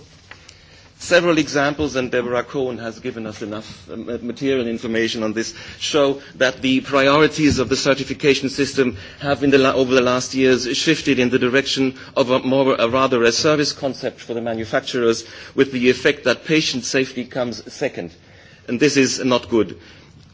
Several examples, and Deborah Cohen has given us enough uh, material information on this, show that the priorities of the certification system have, in the la- over the last years, shifted in the direction of a more a rather a service concept for the manufacturers, with the effect that patient safety comes second, and this is not good.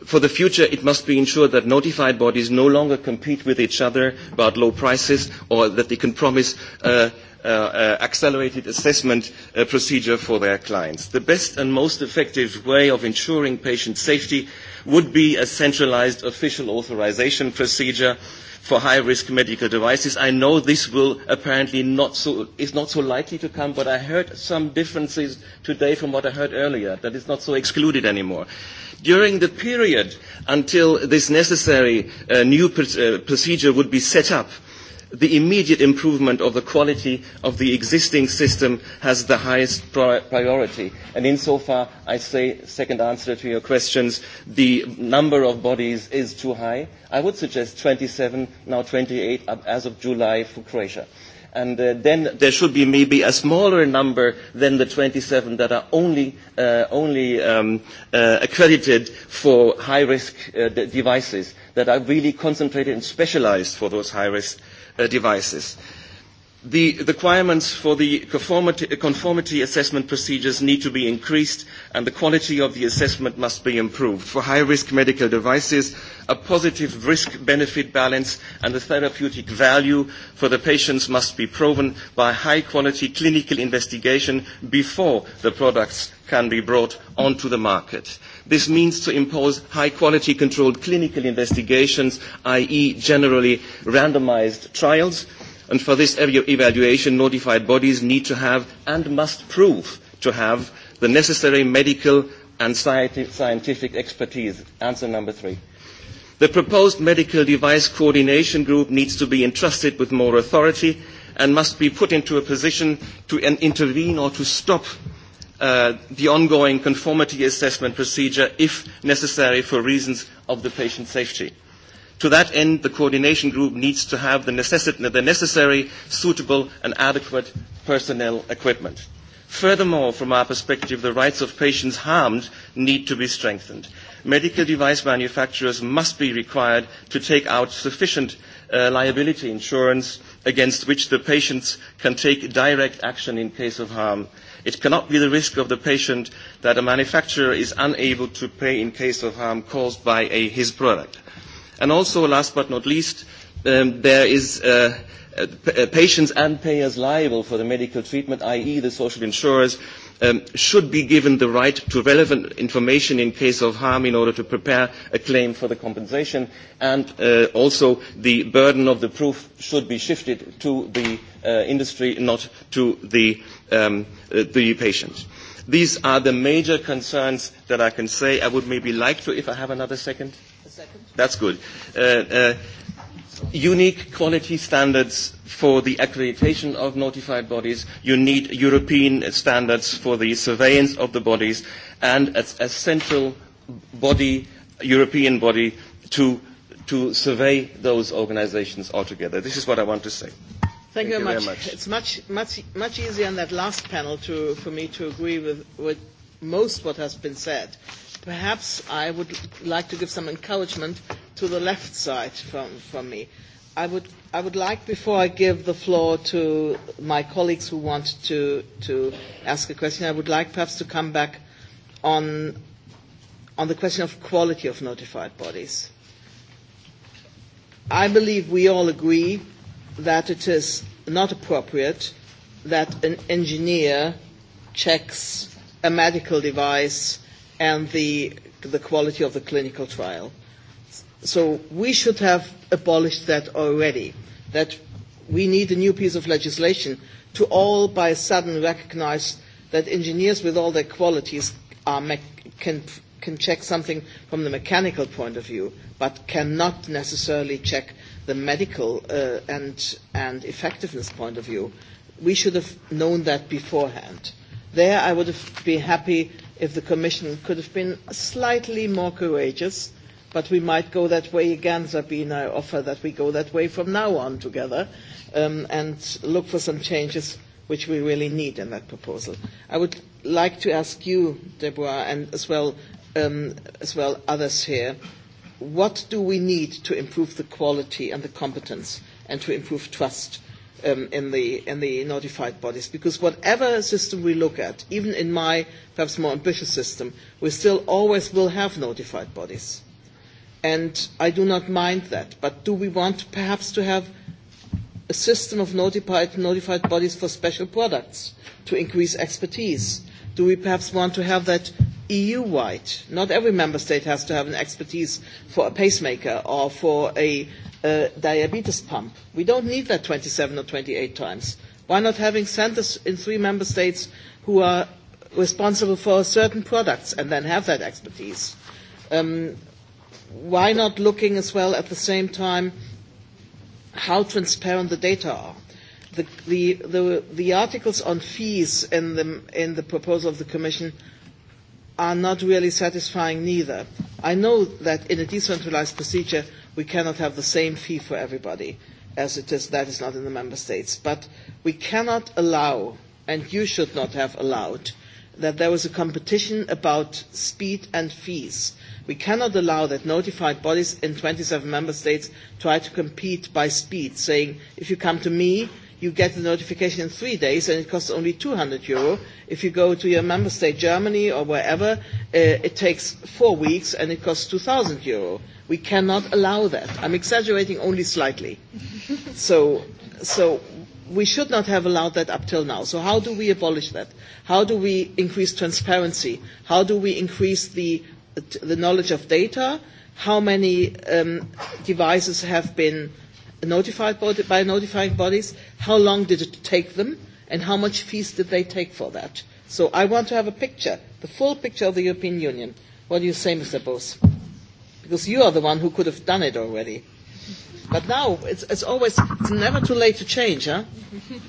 For the future, it must be ensured that notified bodies no longer compete with each other about low prices, or that they can promise. Uh, uh, uh, accelerated assessment uh, procedure for their clients. The best and most effective way of ensuring patient safety would be a centralized official authorization procedure for high-risk medical devices. I know this will apparently not so, is not so likely to come, but I heard some differences today from what I heard earlier, that it's not so excluded anymore. During the period until this necessary uh, new pr- uh, procedure would be set up, uh, the immediate improvement of the quality of the existing system has the highest pri- priority. And insofar, I say, second answer to your questions, the number of bodies is too high. I would suggest 27, now 28 uh, as of July for Croatia and uh, then there should be maybe a smaller number than the 27 that are only, uh, only um, uh, accredited for high-risk uh, d- devices that are really concentrated and specialized for those high-risk uh, uh, devices. The requirements for the conformity, conformity assessment procedures need to be increased and the quality of the assessment must be improved. For high-risk medical devices, a positive risk-benefit balance and the therapeutic value for the patients must be proven by high-quality clinical investigation before the products can be brought onto the market. This means to impose high quality controlled clinical investigations, i.e. generally randomized trials. And for this evaluation, notified bodies need to have and must prove to have the necessary medical and scientific expertise. Answer number three. The proposed medical device coordination group needs to be entrusted with more authority and must be put into a position to intervene or to stop uh, the ongoing conformity assessment procedure if necessary for reasons of the patient safety. To that end, the coordination group needs to have the, necessi- the necessary, suitable and adequate personnel equipment. Furthermore, from our perspective, the rights of patients harmed need to be strengthened. Medical device manufacturers must be required to take out sufficient uh, liability insurance against which the patients can take direct action in case of harm. Uh, It cannot be the risk of the patient that a manufacturer is unable to pay in case of harm caused by a, his product. And also, last but not least, um, there is uh, uh patients and payers liable for the medical treatment, i.e. the social insurers, um, should be given the right to relevant information in case of harm in order to prepare a claim for the compensation, and uh, also the burden of the proof should be shifted to the uh, industry, not to the uh, um, uh, the patients. These are the major concerns that I can say. I would maybe like to, if I have another second. A second. That's good. Uh, uh, unique quality standards for the accreditation of notified bodies. You need European standards for the surveillance of the bodies and a, a central body, European body, to, to survey those organizations altogether. This is what I want to say. Thank, Thank you very much. much. It's much, much, much easier in that last panel to, for me to agree with, with most what has been said. Perhaps I would like to give some encouragement to the left side from, from me. I would, I would like, before I give the floor to my colleagues who want to, to ask a question, I would like perhaps to come back on, on the question of quality of notified bodies. I believe we all agree that it is not appropriate that an engineer checks a medical device and the, the quality of the clinical trial. So we should have abolished that already, that we need a new piece of legislation to all by sudden recognize that engineers with all their qualities are me- can, can check something from the mechanical point of view, but cannot necessarily check the medical uh, and, and effectiveness point of view, we should have known that beforehand. There I would have been happy if the Commission could have been slightly more courageous, but we might go that way again, Sabine. I offer that we go that way from now on together um, and look for some changes which we really need in that proposal. I would like to ask you, Deborah, and as well, um, as well others here, what do we need to improve the quality and the competence and to improve trust um, in, the, in the notified bodies? Because whatever system we look at, even in my perhaps more ambitious system, we still always will have notified bodies. And I do not mind that. But do we want perhaps to have a system of notified, notified bodies for special products to increase expertise? Do we perhaps want to have that EU-wide. Not every member state has to have an expertise for a pacemaker or for a uh, diabetes pump. We don't need that 27 or 28 times. Why not having centers in three member states who are responsible for certain products and then have that expertise? Um, why not looking as well at the same time how transparent the data are? The, the, the, the articles on fees in the, in the proposal of the Commission are not really satisfying neither. I know that in a decentralized procedure, we cannot have the same fee for everybody as it is, that is not in the member states. But we cannot allow, and you should not have allowed, that there was a competition about speed and fees. We cannot allow that notified bodies in 27 member states try to compete by speed, saying, if you come to me, you get the notification in three days and it costs only 200 euro. If you go to your member state, Germany or wherever, uh, it takes four weeks and it costs 2,000 euro. We cannot allow that. I'm exaggerating only slightly. so, so we should not have allowed that up till now. So how do we abolish that? How do we increase transparency? How do we increase the, the knowledge of data? How many um, devices have been uh, notified body, by notifying bodies, how long did it take them, and how much fees did they take for that. So I want to have a picture, the full picture of the European Union. What do you say, Mr. Bose? Because you are the one who could have done it already. But now it's, it's always it's never too late to change, huh?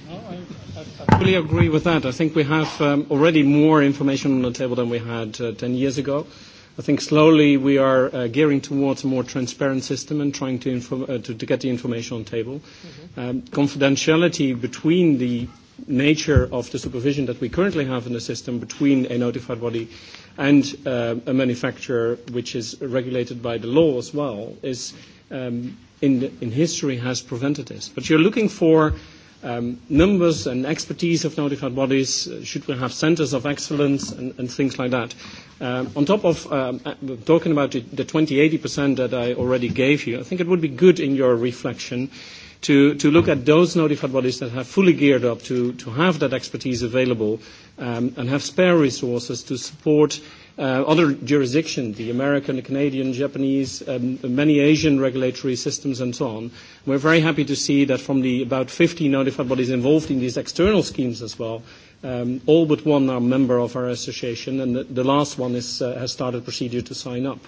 No, I, I, I fully agree with that. I think we have um, already more information on the table than we had uh, 10 years ago. Uh, I think slowly we are uh, gearing towards a more transparent system and trying to, inform, uh, to, to get the information on table. Mm-hmm. Um, confidentiality between the nature of the supervision that we currently have in the system between a notified body and uh, a manufacturer, which is regulated by the law as well, is um, in, the, in history has prevented this. But you're looking for um, numbers and expertise of notified bodies, uh, should we have centers of excellence and, and things like that. Um, on top of um, uh, talking about the, the 20-80% that I already gave you, I think it would be good in your reflection to, to look at those notified bodies that have fully geared up to, to have that expertise available um, and have spare resources to support uh, uh, other jurisdiction, the American, the Canadian, Japanese, um, many Asian regulatory systems and so on. We're very happy to see that from the about 50 notified bodies involved in these external schemes as well, um, all but one are member of our association, and the, the last one is, uh, has started procedure to sign up.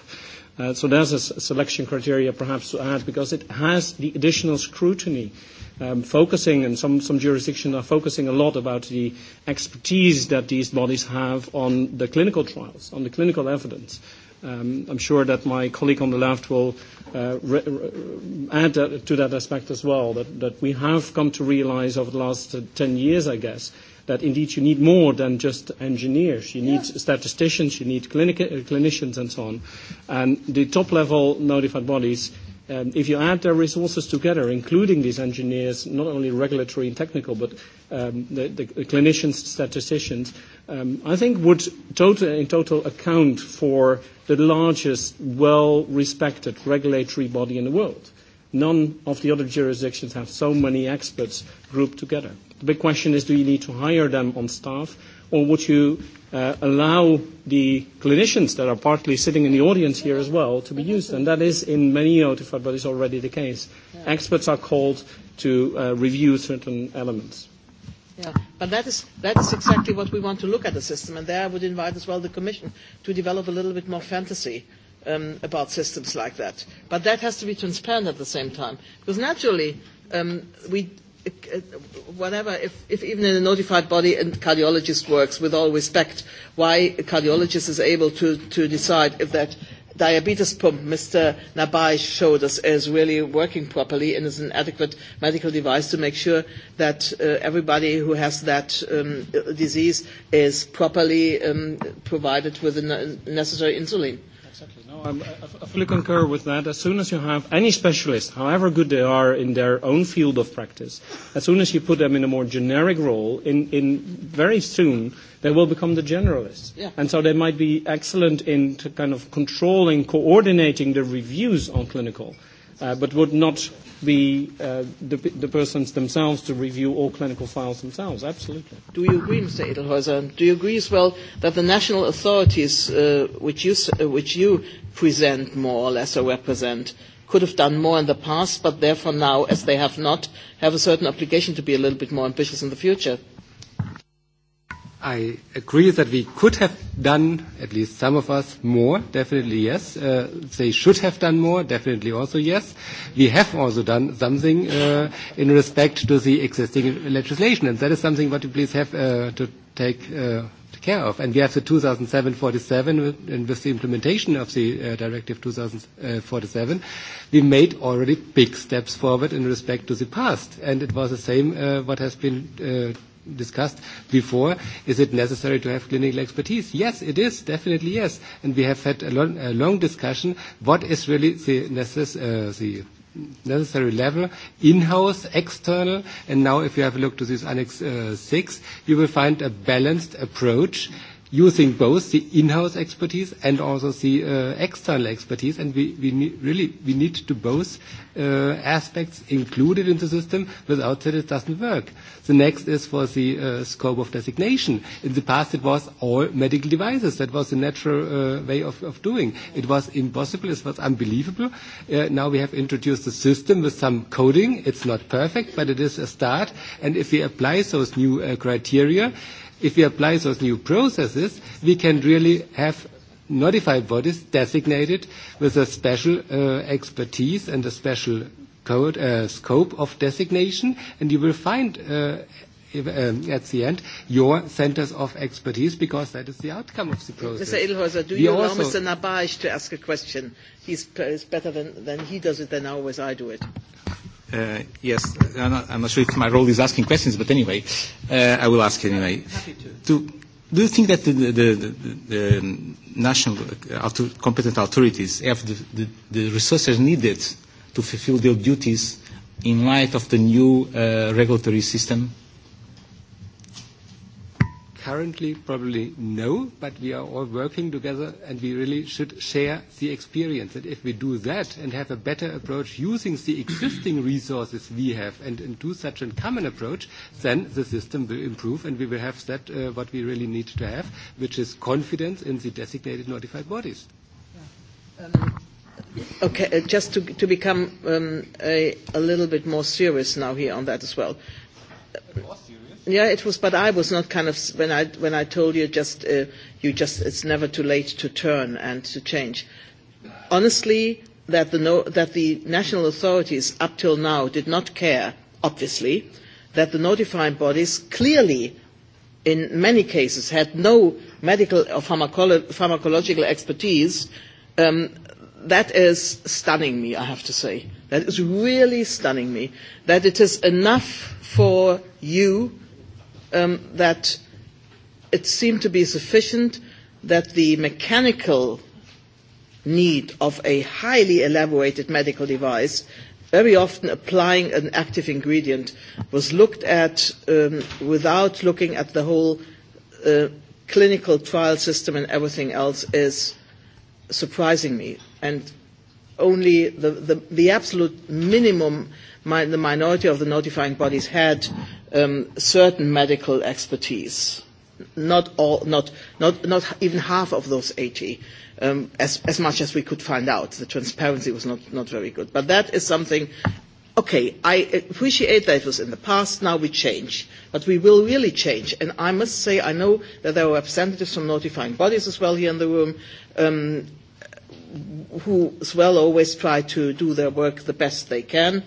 Uh, so there's a selection criteria perhaps to add because it has the additional scrutiny uh, um, focusing, and some, some jurisdictions are focusing a lot about the expertise that these bodies have on the clinical trials, on the clinical evidence. Um, I'm sure that my colleague on the left will uh, re- re- add that, to that aspect as well, that, that we have come to realize over the last uh, 10 years, I guess, that indeed you need more than just engineers. You need yeah. statisticians, you need clinic- uh, clinicians, and so on. And the top level notified bodies Um, if you add their resources together, including these engineers, not only regulatory and technical, but um, the, the clinicians, statisticians, um, I think would total, in total account for the largest well-respected regulatory body in the world. None of the other jurisdictions have so many experts grouped together. The big question is, do you need to hire them on staff, or would you uh, allow the clinicians that are partly sitting in the audience here as well to be used. And that is in many notified bodies already the case. Yeah. Experts are called to uh, review certain elements. Yeah, but that is, that is exactly what we want to look at the system. And there I would invite as well the Commission to develop a little bit more fantasy um, about systems like that. But that has to be transparent at the same time. Because naturally, um, we, whatever, if, if even in a notified body a cardiologist works, with all respect, why a cardiologist is able to, to decide if that diabetes pump Mr. Nabai showed us is really working properly and is an adequate medical device to make sure that uh, everybody who has that um, disease is properly um, provided with the necessary insulin. Uh, Exactly. No, I'm, I fully concur with that. As soon as you have any specialist, however good they are in their own field of practice, as soon as you put them in a more generic role, in, in very soon they will become the generalists. Yeah. And so they might be excellent in kind of controlling, coordinating the reviews on clinical uh, but would not be uh, the, the persons themselves to review all clinical files themselves. Absolutely. Do you agree, Mr. Edelhäuser? Do you agree as well that the national authorities, uh, which, you, uh, which you present more or less or represent, could have done more in the past, but therefore now, as they have not, have a certain obligation to be a little bit more ambitious in the future? Uh, I agree that we could have done, at least some of us, more, definitely yes. Uh, they should have done more, definitely also yes. We have also done something uh, in respect to the existing legislation, and that is something what you please have uh, to take uh, care of. And we have the 2007-47, and with the implementation of the uh, Directive 2047, uh, we made already big steps forward in respect to the past. And it was the same uh, what has been uh, discussed before, is it necessary to have clinical expertise? Yes, it is, definitely yes. And we have had a long, a long discussion, what is really the, necess- uh, the necessary level, in-house, external, and now if you have a look to this Annex uh, 6, you will find a balanced approach using both the in-house expertise and also the uh, external expertise. And we, we need, really we need to both uh, aspects included in the system. Without that, it doesn't work. The next is for the uh, scope of designation. In the past, it was all medical devices. That was the natural uh, way of, of doing. It was impossible. It was unbelievable. Uh, now we have introduced a system with some coding. It's not perfect, but it is a start. And if we apply those new uh, criteria, If we apply those new processes, we can really have notified bodies designated with a special uh, expertise and a special code, uh, scope of designation, and you will find uh, if, um, at the end your centers of expertise because that is the outcome of the process. Mr. Edelhäuser, do we you allow Mr. Nabaj to ask a question? He's, he's uh, better than, than he does it than always I do it. Uh, yes, I'm not, I'm not sure if my role is asking questions, but anyway, uh, I will ask anyway. Happy to. to do you think that the, the, the, the national uh, auto, competent authorities have the, the, the resources needed to fulfill their duties in light of the new uh, regulatory system? Currently, probably no, but we are all working together, and we really should share the experience. And if we do that and have a better approach using the existing resources we have and, and do such a common approach, then the system will improve, and we will have that uh, what we really need to have, which is confidence in the designated notified bodies. Yeah. Um, okay, uh, just to, to become um, a, a little bit more serious now here on that as well. Of course Yeah, it was, but I was not kind of when I when I told you just uh, you just it's never too late to turn and to change. Honestly, that the no, that the national authorities up till now did not care, obviously, that the notifying bodies clearly, in many cases, had no medical or pharmacolo- pharmacological expertise. Um, that is stunning me, I have to say. That is really stunning me. That it is enough for you um, that it seemed to be sufficient that the mechanical need of a highly elaborated medical device, very often applying an active ingredient, was looked at um, without looking at the whole uh, clinical trial system and everything else is surprising me. And only the, the, the absolute minimum, my, the minority of the notifying bodies had um, certain medical expertise. Not all, not, not, not even half of those 80, um, as, as much as we could find out. The transparency was not, not very good. But that is something, okay, I appreciate that it was in the past, now we change. But we will really change. And I must say, I know that there are representatives from notifying bodies as well here in the room. Um, who as well always try to do their work the best they can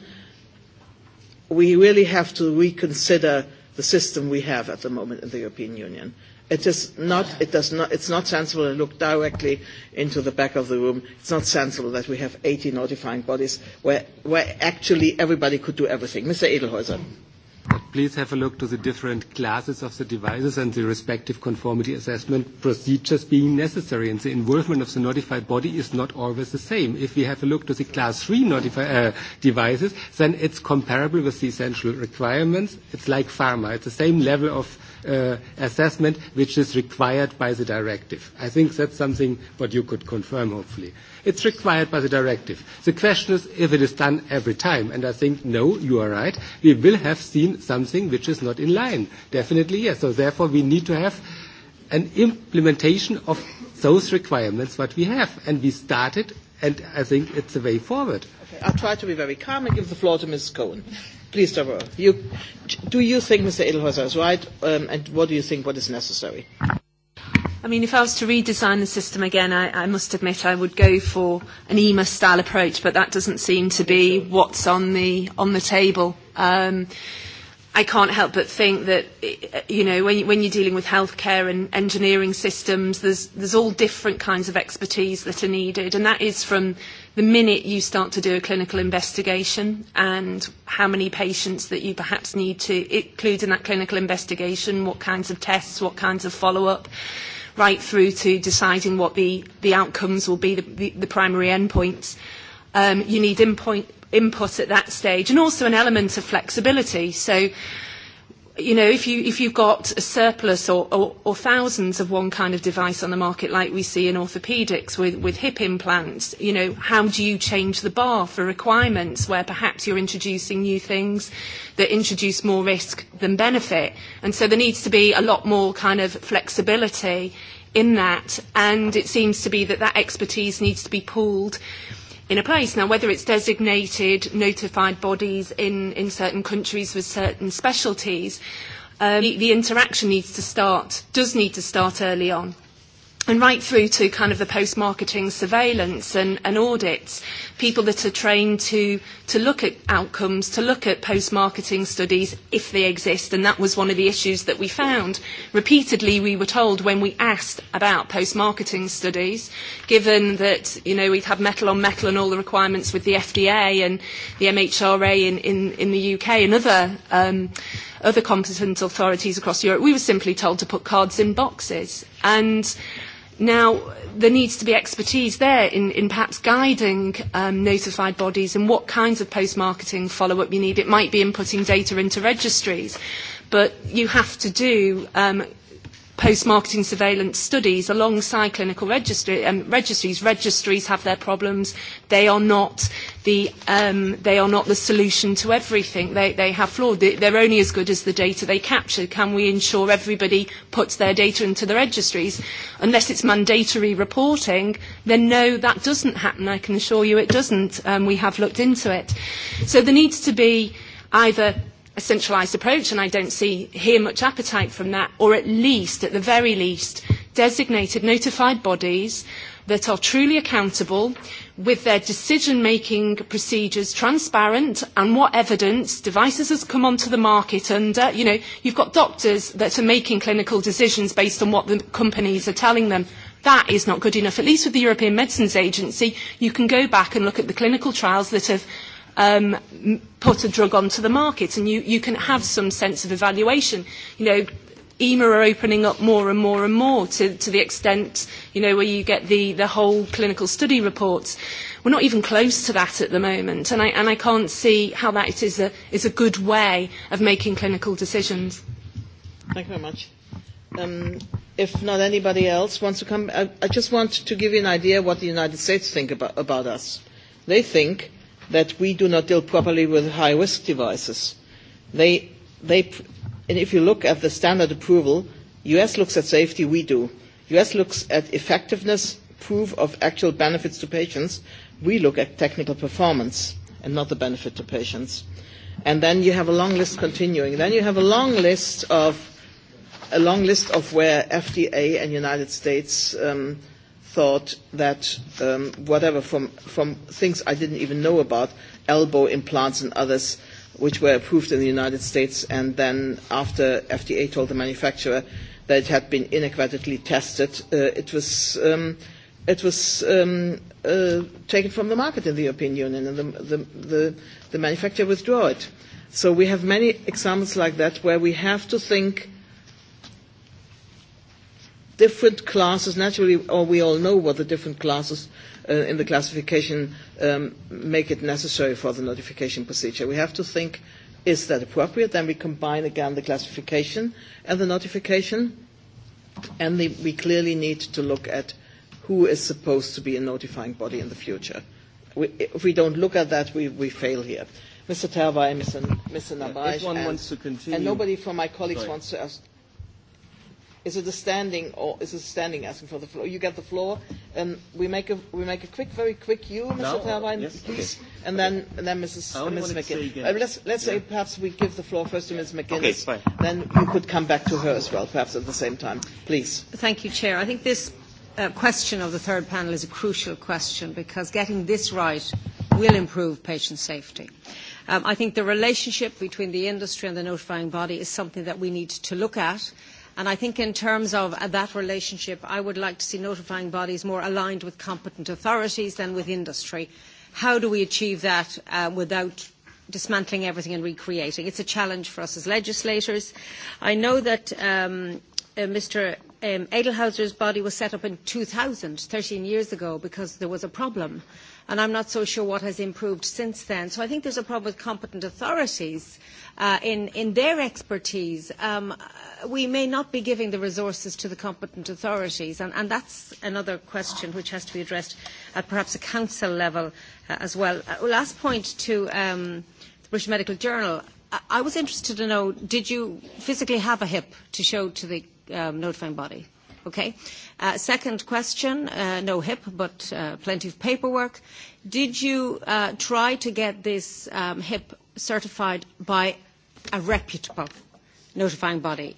we really have to reconsider the system we have at the moment in the European Union. It is not, it does not, it's not sensible to look directly into the back of the room. It's not sensible that we have 80 notifying bodies where, where actually everybody could do everything. Mr. Edelhäuser. Mm-hmm. Please have a look to the different classes of the devices and the respective conformity assessment procedures being necessary. And the involvement of the notified body is not always the same. If we have a look to the class 3 notifi- uh, devices, then it's comparable with the essential requirements. It's like pharma. It's the same level of uh, uh, assessment which is required by the directive. I think that's something what you could confirm, hopefully. It's required by the directive. The question is if it is done every time, and I think, no, you are right. We will have seen something which is not in line. Definitely, yes. So therefore, we need to have an implementation of those requirements what we have, and we started, and I think it's the way forward. Okay, I'll try to be very calm and give the floor to Ms. Cohen. Christopher, you, do you think Mr. Edelhäuser is right, um, and what do you think what is necessary? I mean, if I was to redesign the system again, I, I must admit I would go for an EMA-style approach, but that doesn't seem to be what's on the on the table. Um, I can't help but think that you know when, when you're dealing with healthcare and engineering systems, there's there's all different kinds of expertise that are needed, and that is from the minute you start to do a clinical investigation and how many patients that you perhaps need to include in that clinical investigation, what kinds of tests, what kinds of follow-up, right through to deciding what the, the outcomes will be, the, the, the primary endpoints. points um, you need input, input at that stage and also an element of flexibility. So, you know, if, you, if you've got a surplus or, or, or thousands of one kind of device on the market, like we see in orthopedics with, with hip implants, you know, how do you change the bar for requirements where perhaps you're introducing new things that introduce more risk than benefit? And so there needs to be a lot more kind of flexibility in that. And it seems to be that that expertise needs to be pooled in a place. Now, whether it's designated, notified bodies in, in certain countries with certain specialties, um, the, the interaction needs to start, does need to start early on and right through to kind of the post-marketing surveillance and, and audits people that are trained to, to look at outcomes, to look at post-marketing studies if they exist, and that was one of the issues that we found. Repeatedly, we were told when we asked about post-marketing studies, given that, you know, we'd had metal on metal and all the requirements with the FDA and the MHRA in, in, in the UK and other um, other competent authorities across Europe, we were simply told to put cards in boxes. And Now, there needs to be expertise there in, in perhaps guiding um, notified bodies and what kinds of post-marketing follow-up you need. It might be inputting data into registries, but you have to do um, post-marketing surveillance studies alongside clinical registry, um, registries. Registries have their problems. They are not the, um, they are not the solution to everything. They, they have flawed. They're only as good as the data they capture. Can we ensure everybody puts their data into the registries? Unless it's mandatory reporting, then no, that doesn't happen. I can assure you it doesn't. Um, we have looked into it. So there needs to be either a centralised approach, and I don't see here much appetite from that, or at least, at the very least, designated notified bodies that are truly accountable with their decision-making procedures transparent and what evidence devices has come onto the market and, uh, you know, you've got doctors that are making clinical decisions based on what the companies are telling them. That is not good enough. At least with the European Medicines Agency, you can go back and look at the clinical trials that have um, put a drug onto the market, and you, you can have some sense of evaluation. You know, EMA are opening up more and more and more to, to the extent, you know, where you get the, the whole clinical study reports. We're not even close to that at the moment, and I, and I can't see how that is a, is a good way of making clinical decisions. Thank you very much. Um, if not anybody else wants to come, I, I just want to give you an idea what the United States think about, about us. They think that we do not deal properly with high-risk devices. They, they, and if you look at the standard approval, US looks at safety, we do. US looks at effectiveness, proof of actual benefits to patients. We look at technical performance and not the benefit to patients. And then you have a long list continuing. Then you have a long list of a long list of where FDA and United States um, uh, thought that um, whatever from, from things I didn't even know about, elbow implants and others, which were approved in the United States, and then after FDA told the manufacturer that it had been inadequately tested, uh, it was, um, it was um, uh, taken from the market in the European Union, and the, the, the, the manufacturer withdrew it. So we have many examples like that where we have to think different classes, naturally, or we all know what the different classes uh, in the classification um, make it necessary for the notification procedure. We have to think, is that appropriate? Then we combine again the classification and the notification, and the, we clearly need to look at who is supposed to be a notifying body in the future. We, if we don't look at that, we, we fail here. Mr. Terwey, Mr. Mr. Nabaj, yeah, if one and, wants to continue. and nobody from my colleagues Sorry. wants to ask Is it a standing or is it standing asking for the floor? You get the floor. Um, we make a we make a quick, very quick you, Mr. No, Perwein, yes, please, okay. and okay. then and then Mrs. Uh, Ms. McGinn. Uh, let's let's yeah. say perhaps we give the floor first to Ms. McGinn. Okay, fine. Then you could come back to her as well, perhaps at the same time, please. Thank you, Chair. I think this uh, question of the third panel is a crucial question because getting this right will improve patient safety. Um, I think the relationship between the industry and the notifying body is something that we need to look at And I think in terms of uh, that relationship, I would like to see notifying bodies more aligned with competent authorities than with industry. How do we achieve that uh, without dismantling everything and recreating? It's a challenge for us as legislators. I know that um, uh, Mr. Um, Edelhauser's body was set up in 2000, 13 years ago, because there was a problem. Uh, and I'm not so sure what has improved since then. So I think there's a problem with competent authorities uh, in, in their expertise. Um, we may not be giving the resources to the competent authorities, and, and that's another question which has to be addressed at perhaps a council level uh, as well. Uh, last point to um, the British Medical Journal. I, I was interested to know, did you physically have a hip to show to the um, notifying body? Okay. Uh, second question, uh, no HIP, but uh, plenty of paperwork. Did you uh, try to get this um, HIP certified by a reputable notifying body?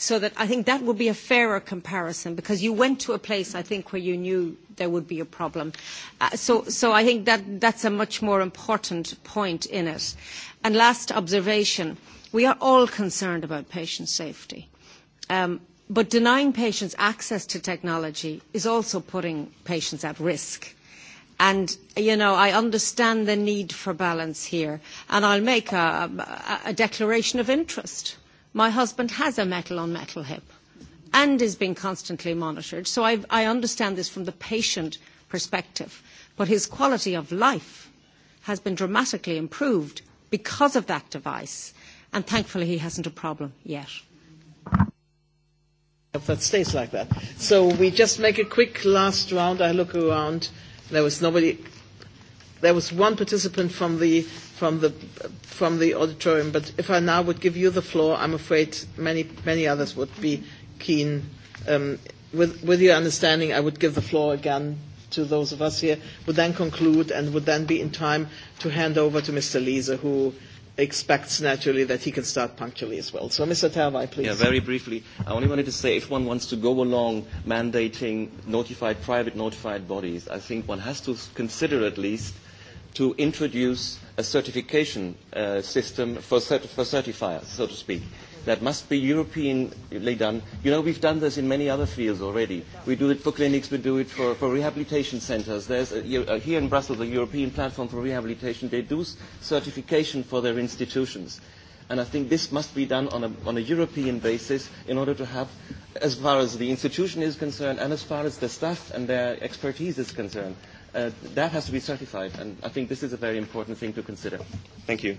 So that I think that would be a fairer comparison because you went to a place, I think, where you knew there would be a problem. Uh, so, so I think that that's a much more important point in it. And last observation, we are all concerned about patient safety. Um, But denying patients access to technology is also putting patients at risk. And, you know, I understand the need for balance here. And I'll make a, a declaration of interest. My husband has a metal on metal hip and is being constantly monitored. So I've, I understand this from the patient perspective. But his quality of life has been dramatically improved because of that device. And thankfully, he hasn't a problem yet. Mm-hmm hope that stays like that. So we just make a quick last round. I look around. There was nobody. There was one participant from the from the from the auditorium. But if I now would give you the floor, I'm afraid many many others would be keen. Um, with with your understanding, I would give the floor again to those of us here. Would then conclude and would then be in time to hand over to Mr. Liese, who expects naturally that he can start punctually as well. So, Mr. Tawai, please. Yeah, very briefly. I only wanted to say if one wants to go along mandating notified, private notified bodies, I think one has to consider at least to introduce a certification uh, system for, cert- for certifiers, so to speak. Uh, that must be Europeanly done. You know, we've done this in many other fields already. We do it for clinics, we do it for, for rehabilitation centers. There's a, a, uh, here in Brussels, the European Platform for Rehabilitation, they do certification for their institutions. And I think this must be done on a, on a European basis in order to have, as far as the institution is concerned and as far as the staff and their expertise is concerned, uh, that has to be certified, and I think this is a very important thing to consider. Thank you.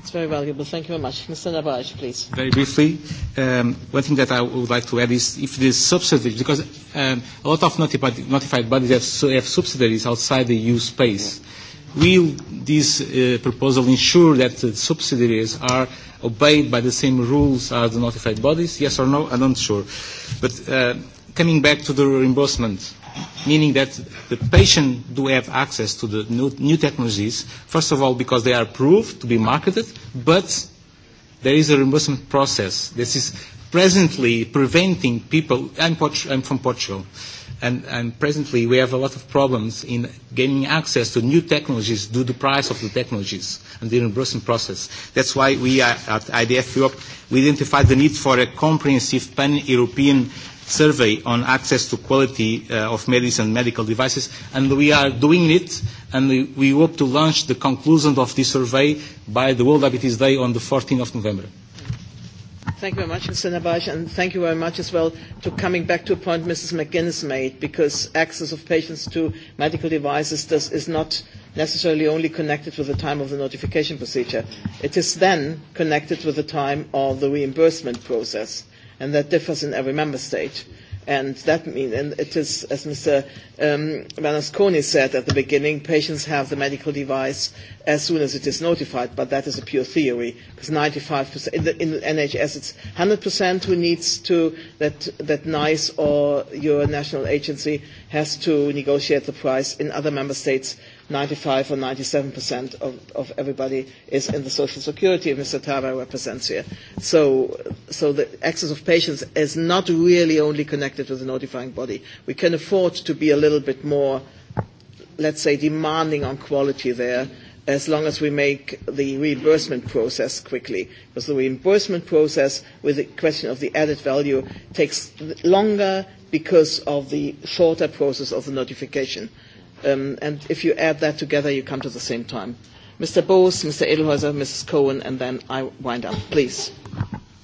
It's very valuable. Thank you very much. Mr. Nabaraj, please. Very briefly, um, one thing that I would like to add is if the subsidiaries, because um, a lot of notified, notified bodies have, have subsidiaries outside the EU space. Yeah will this uh, proposal ensure that the subsidiaries are obeyed by the same rules as the notified bodies? Yes or no? I'm not sure. But uh, coming back to the reimbursement, meaning that the patient do have access to the new, new technologies, first of all because they are approved to be marketed, but there is a reimbursement process. This is presently preventing people, I'm, Port- I'm from Portugal, and, and presently we have a lot of problems in gaining access to new technologies due to the price of the technologies and the reimbursement process. That's why we are, at IDF Europe, we identified the need for a comprehensive pan-European survey on access to quality uh, of medicine and medical devices, and we are doing it, and we, we hope to launch the conclusion of this survey by the World Diabetes Day on the 14th of November. Thank you very much, Mr. Nabaj, and thank you very much as well to coming back to a point Mrs. McGuinness made, because access of patients to medical devices does, is not necessarily only connected with the time of the notification procedure. It is then connected with the time of the reimbursement process and that differs in every member state. And that means, and it is, as Mr. Um, Vanasconi said at the beginning, patients have the medical device as soon as it is notified, but that is a pure theory because 95% in the, in the NHS it's 100% who needs to that that NICE or your national agency has to negotiate the price. In other member states, 95 or 97% of, of everybody is in the social security Mr. Tava represents here. So, so the access of patients is not really only connected with the notifying body. We can afford to be a little bit more, let's say, demanding on quality there. Mm-hmm as long as we make the reimbursement process quickly. Because the reimbursement process with the question of the added value takes longer because of the shorter process of the notification. Um, and if you add that together, you come to the same time. Mr. Bose, Mr. Edelhäuser, Mrs. Cohen, and then I wind up. Please.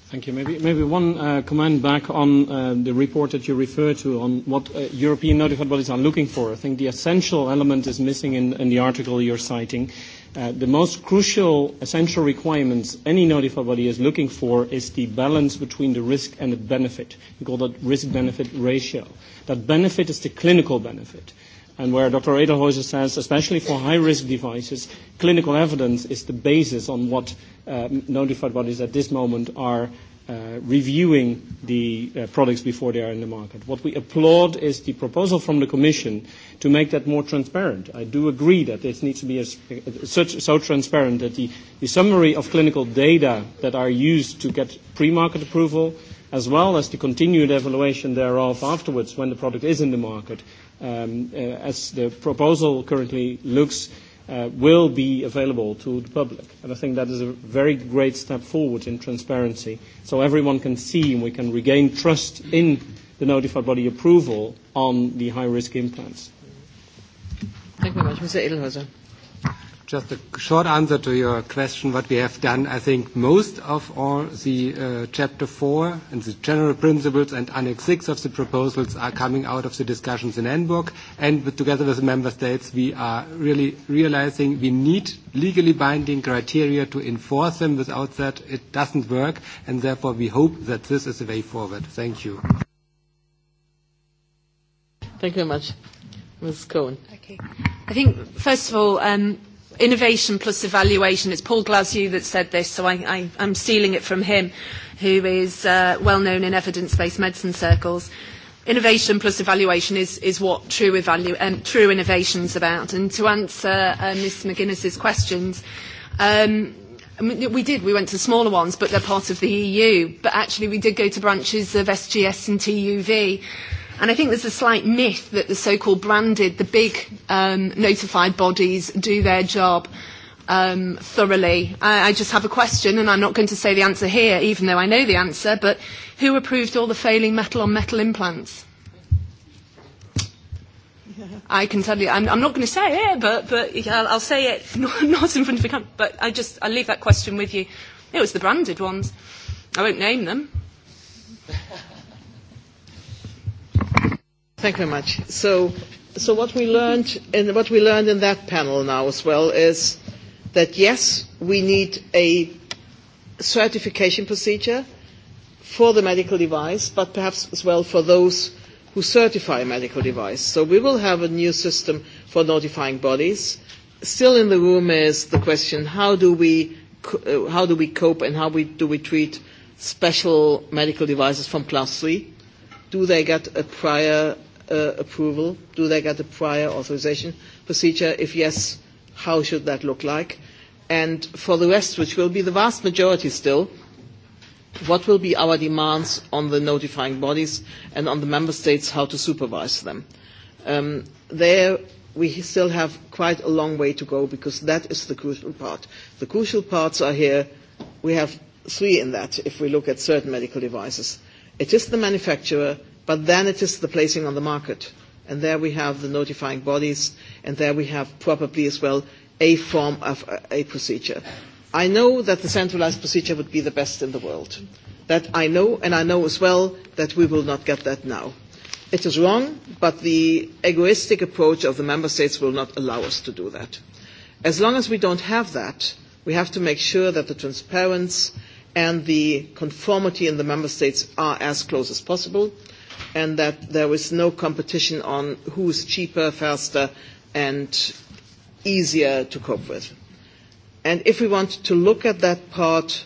Thank you. Maybe, maybe one uh, comment back on uh, the report that you refer to on what uh, European notified bodies are looking for. I think the essential element is missing in, in the article you're citing. Uh, Uh, the most crucial essential requirements any notified body is looking for is the balance between the risk and the benefit. We call that risk-benefit ratio. That benefit is the clinical benefit. And where Dr. Edelhäuser says, especially for high-risk devices, clinical evidence is the basis on what uh, notified bodies at this moment are uh, reviewing the uh, products before they are in the market. What we applaud is the proposal from the Commission to make that more transparent. I do agree that this needs to be a, uh, such, so transparent that the, the summary of clinical data that are used to get pre-market approval, as well as the continued evaluation thereof afterwards when the product is in the market, um, uh, as the proposal currently looks, uh, uh, will be available to the public. And I think that is a very great step forward in transparency. So everyone can see and we can regain trust in the notified body approval on the high risk implants. Thank you very much. Mr. Edelhauser. Just a short answer to your question, what we have done, I think most of all the uh, chapter four and the general principles and annex six of the proposals are coming out of the discussions in Hamburg. And with, together with the member states, we are really realizing we need legally binding criteria to enforce them. Without that, it doesn't work, and therefore, we hope that this is the way forward. Thank you. Thank you very much. Ms. Cohen. Okay. I think, first of all, um, innovation plus evaluation. It's Paul Glasgow that said this, so I, I, I'm stealing it from him, who is uh, well known in evidence-based medicine circles. Innovation plus evaluation is, is what true, evalu- um, true innovation is about. And to answer uh, Ms McGuinness's questions, um, I mean, we did. We went to smaller ones, but they're part of the EU. But actually, we did go to branches of SGS and TUV. And I think there's a slight myth that the so-called branded, the big um, notified bodies do their job um, thoroughly. I, I just have a question, and I'm not going to say the answer here, even though I know the answer, but who approved all the failing metal-on-metal -metal implants? I can tell you, I'm, I'm not going to say it, but, but I'll, I'll say it not, not in front of the camera. But I just, I'll leave that question with you. It was the branded ones. I won't name them. Thank you very much. So, so what we learned and what we learned in that panel now as well is that yes, we need a certification procedure for the medical device, but perhaps as well for those who certify a medical device. So we will have a new system for notifying bodies. Still in the room is the question, how do we, uh, how do we cope and how we, do we treat special medical devices from class 3? do they get a prior uh, approval? Do they get a prior authorization procedure? If yes, how should that look like? And for the rest, which will be the vast majority still, what will be our demands on the notifying bodies and on the member states how to supervise them? Um, there we still have quite a long way to go because that is the crucial part. The crucial parts are here. We have three in that if we look at certain medical devices. It is the manufacturer, but then it is the placing on the market. And there we have the notifying bodies, and there we have probably as well a form of a procedure. I know that the centralized procedure would be the best in the world. That I know, and I know as well that we will not get that now. It is wrong, but the egoistic approach of the member states will not allow us to do that. As long as we don't have that, we have to make sure that the transparency and the conformity in the member states are as close as possible, and that there is no competition on who's cheaper, faster, and easier to cope with. And if we want to look at that part,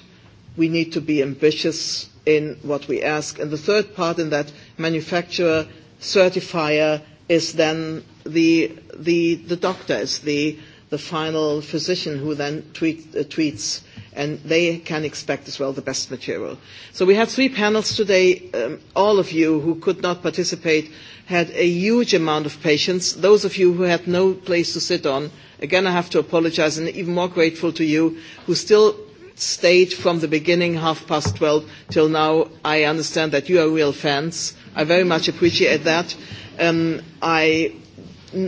we need to be ambitious in what we ask. And the third part in that manufacturer, certifier is then the, the, the doctor, is the, the final physician who then treat, uh, treats and they can expect as well the best material. So we had three panels today. Um, all of you who could not participate had a huge amount of patience. Those of you who had no place to sit on, again, I have to apologize and even more grateful to you who still stayed from the beginning, half past 12 till now. I understand that you are real fans. I very much appreciate that. Um, I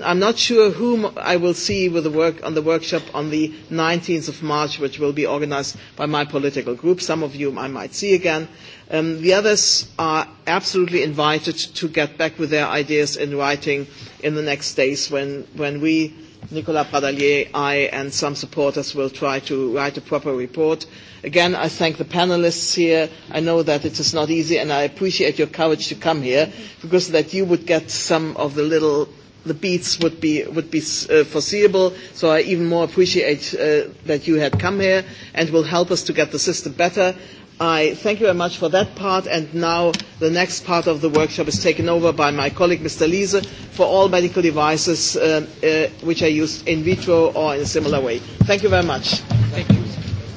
I'm not sure whom I will see with the work on the workshop on the 19th of March, which will be organized by my political group. Some of you I might see again. Um, the others are absolutely invited to get back with their ideas in writing in the next days when, when we, Nicolas Pradalier, I, and some supporters will try to write a proper report. Again, I thank the panelists here. I know that it is not easy, and I appreciate your courage to come here because that you would get some of the little the beats would be would be uh, foreseeable. So I even more appreciate uh, that you had come here and will help us to get the system better. I thank you very much for that part, and now the next part of the workshop is taken over by my colleague, Mr. Liese, for all medical devices uh, uh, which are used in vitro or in a similar way. Thank you very much. Thank you.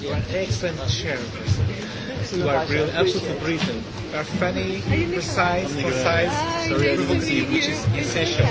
You are an excellent chair. You are brilliant, absolutely brilliant. You are funny, precise, concise, ah, nice provokes, which is essential.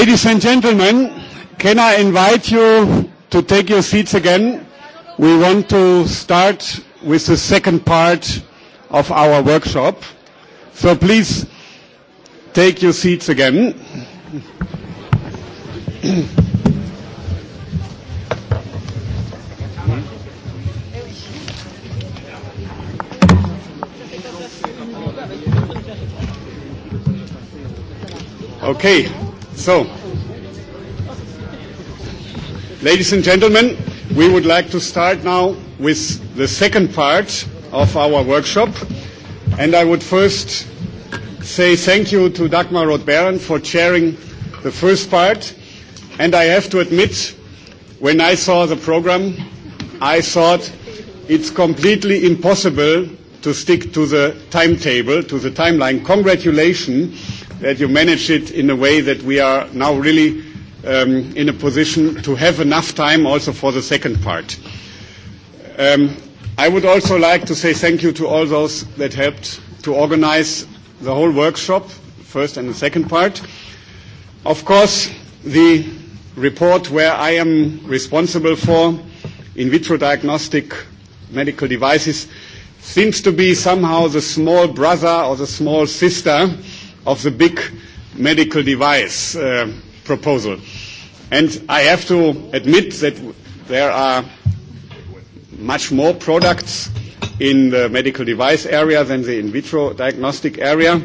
Ladies and gentlemen, can I invite you to take your seats again? We want to start with the second part of our workshop. So please take your seats again. Okay. So, ladies and gentlemen, we would like to start now with the second part of our workshop. And I would first say thank you to Dagmar Roth-Baron for chairing the first part. And I have to admit, when I saw the program, I thought it's completely impossible to stick to the timetable, to the timeline. Congratulations that you manage it in a way that we are now really um, in a position to have enough time also for the second part. Um, I would also like to say thank you to all those that helped to organize the whole workshop, first and the second part. Of course, the report where I am responsible for, in vitro diagnostic medical devices, seems to be somehow the small brother or the small sister of the big medical device uh, proposal. And I have to admit that there are much more products in the medical device area than the in vitro diagnostic area.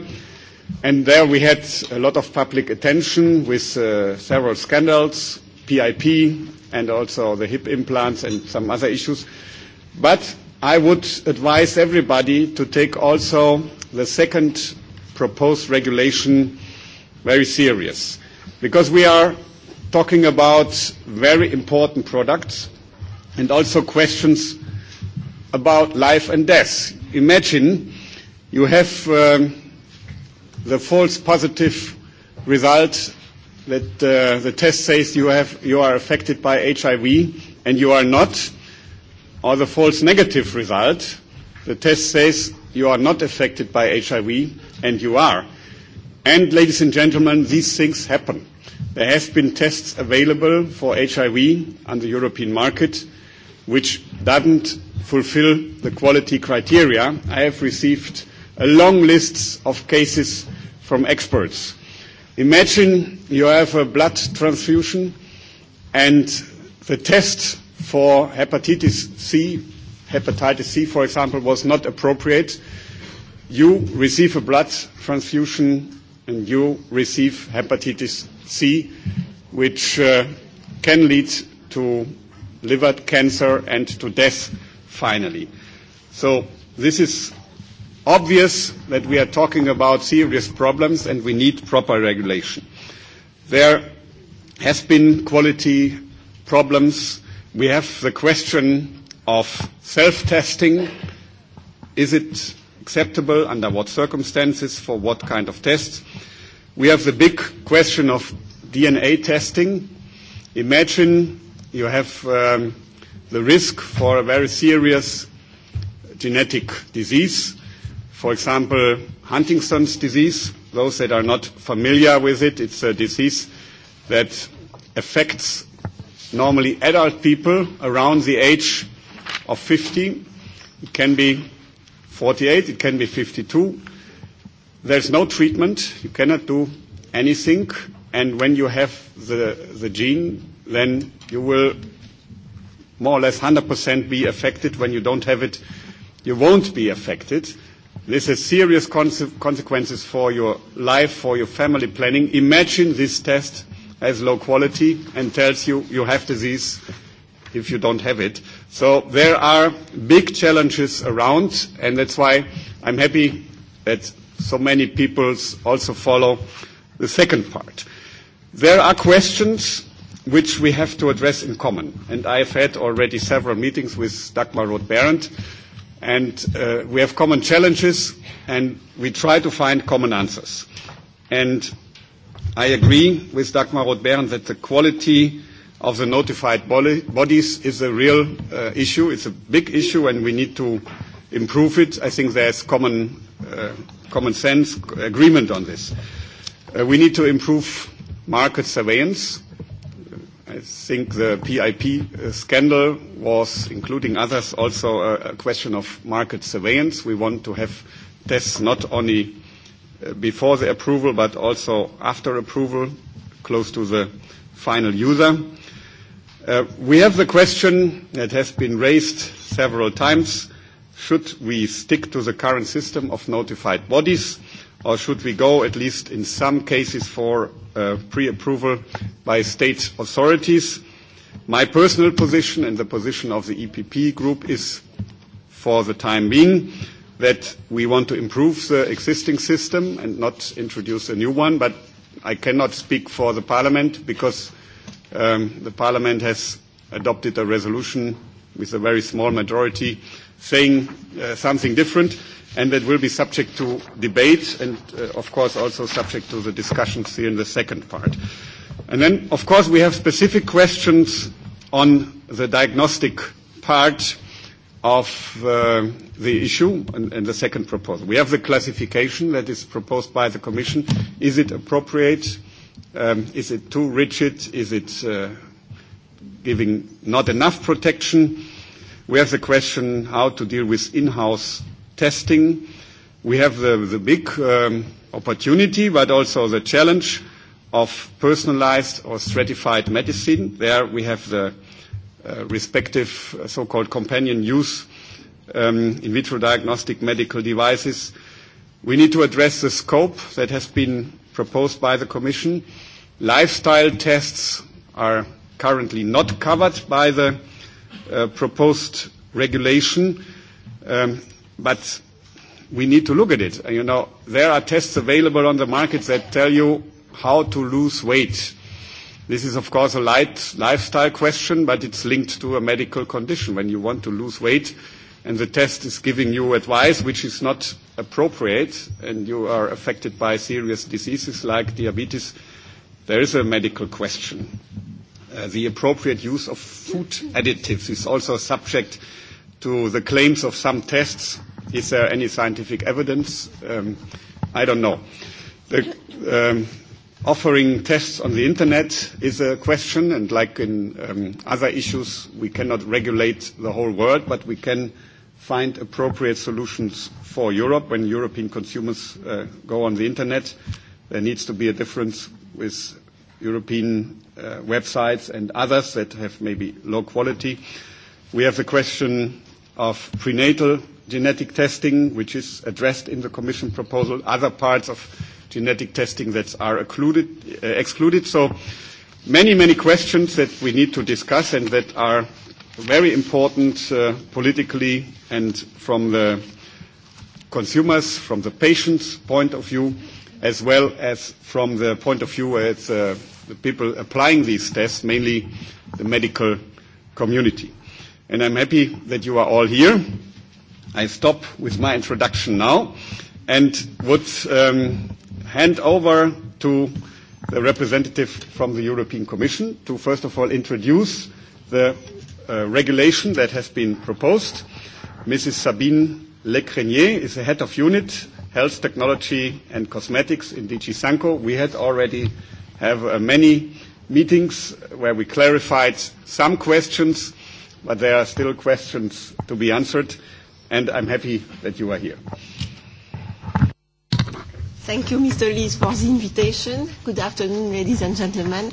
And there we had a lot of public attention with uh, several scandals, PIP, and also the hip implants and some other issues. But I would advise everybody to take also the second proposed regulation very serious because we are talking about very important products and also questions about life and death. Imagine you have um, the false positive result that uh, the test says you, have, you are affected by HIV and you are not, or the false negative result, the test says you are not affected by HIV and you are. And ladies and gentlemen, these things happen. There have been tests available for HIV on the European market, which doesn't fulfill the quality criteria. I have received a long list of cases from experts. Imagine you have a blood transfusion and the test for hepatitis C, hepatitis C, for example, was not appropriate you receive a blood transfusion and you receive hepatitis C, which uh, can lead to liver cancer and to death finally. So this is obvious that we are talking about serious problems and we need proper regulation. There has been quality problems. We have the question of self-testing. Is it acceptable, under what circumstances, for what kind of tests. We have the big question of DNA testing. Imagine you have um, the risk for a very serious genetic disease, for example, Huntington's disease. Those that are not familiar with it, it's a disease that affects normally adult people around the age of 50. It can be 48, it can be 52. There's no treatment. You cannot do anything. And when you have the, the gene, then you will more or less 100% be affected. When you don't have it, you won't be affected. This has serious conse consequences for your life, for your family planning. Imagine this test as low quality and tells you you have disease if you don't have it. So there are big challenges around, and that's why I'm happy that so many people also follow the second part. There are questions which we have to address in common, and I have had already several meetings with Dagmar Roth-Behrendt, and uh, we have common challenges, and we try to find common answers. And I agree with Dagmar Roth-Behrendt that the quality of the notified body, bodies is a real uh, issue. It's a big issue, and we need to improve it. I think there's common, uh, common sense agreement on this. Uh, we need to improve market surveillance. I think the PIP uh, scandal was, including others, also a, a question of market surveillance. We want to have tests not only uh, before the approval, but also after approval, close to the final user. Uh, we have the question that has been raised several times, should we stick to the current system of notified bodies, or should we go, at least in some cases, for uh, pre-approval by state authorities? My personal position and the position of the EPP Group is, for the time being, that we want to improve the existing system and not introduce a new one, but I cannot speak for the parliament because um, the Parliament has adopted a resolution with a very small majority saying uh, something different, and that will be subject to debate and, uh, of course, also subject to the discussions here in the second part. And then, of course, we have specific questions on the diagnostic part of uh, the issue and, and the second proposal. We have the classification that is proposed by the Commission. Is it appropriate? Uh, Um, is it too rigid? Is it uh, giving not enough protection? We have the question how to deal with in-house testing. We have the, the big um, opportunity, but also the challenge of personalized or stratified medicine. There we have the uh, respective uh, so-called companion use um, in vitro diagnostic medical devices. We need to address the scope that has been proposed by the Commission. Lifestyle tests are currently not covered by the uh, proposed regulation, um, but we need to look at it. You know, there are tests available on the market that tell you how to lose weight. This is, of course, a light lifestyle question, but it's linked to a medical condition. When you want to lose weight, and the test is giving you advice which is not appropriate and you are affected by serious diseases like diabetes, there is a medical question. Uh, the appropriate use of food additives is also subject to the claims of some tests. Is there any scientific evidence? Um, I don't know. The, um, offering tests on the internet is a question, and like in um, other issues, we cannot regulate the whole world, but we can uh, find appropriate solutions for Europe. When European consumers uh, go on the internet, there needs to be a difference with European uh, websites and others that have maybe low quality. We have the question of prenatal genetic testing, which is addressed in the Commission proposal, other parts of genetic testing that are occluded, uh, excluded. So many, many questions that we need to discuss and that are very important uh, politically and from the consumers, from the patient's point of view, as well as from the point of view where it's uh, the people applying these tests, mainly the medical community. And I'm happy that you are all here. I stop with my introduction now and would um, hand over to the representative from the European Commission to first of all introduce the uh, regulation that has been proposed. Mrs. Sabine Lecrenier is the head of unit, health technology and cosmetics in DG Sanco. We had already have uh, many meetings where we clarified some questions, but there are still questions to be answered, and I'm happy that you are here. Thank you, Mr. Lees, for the invitation. Good afternoon, ladies and gentlemen.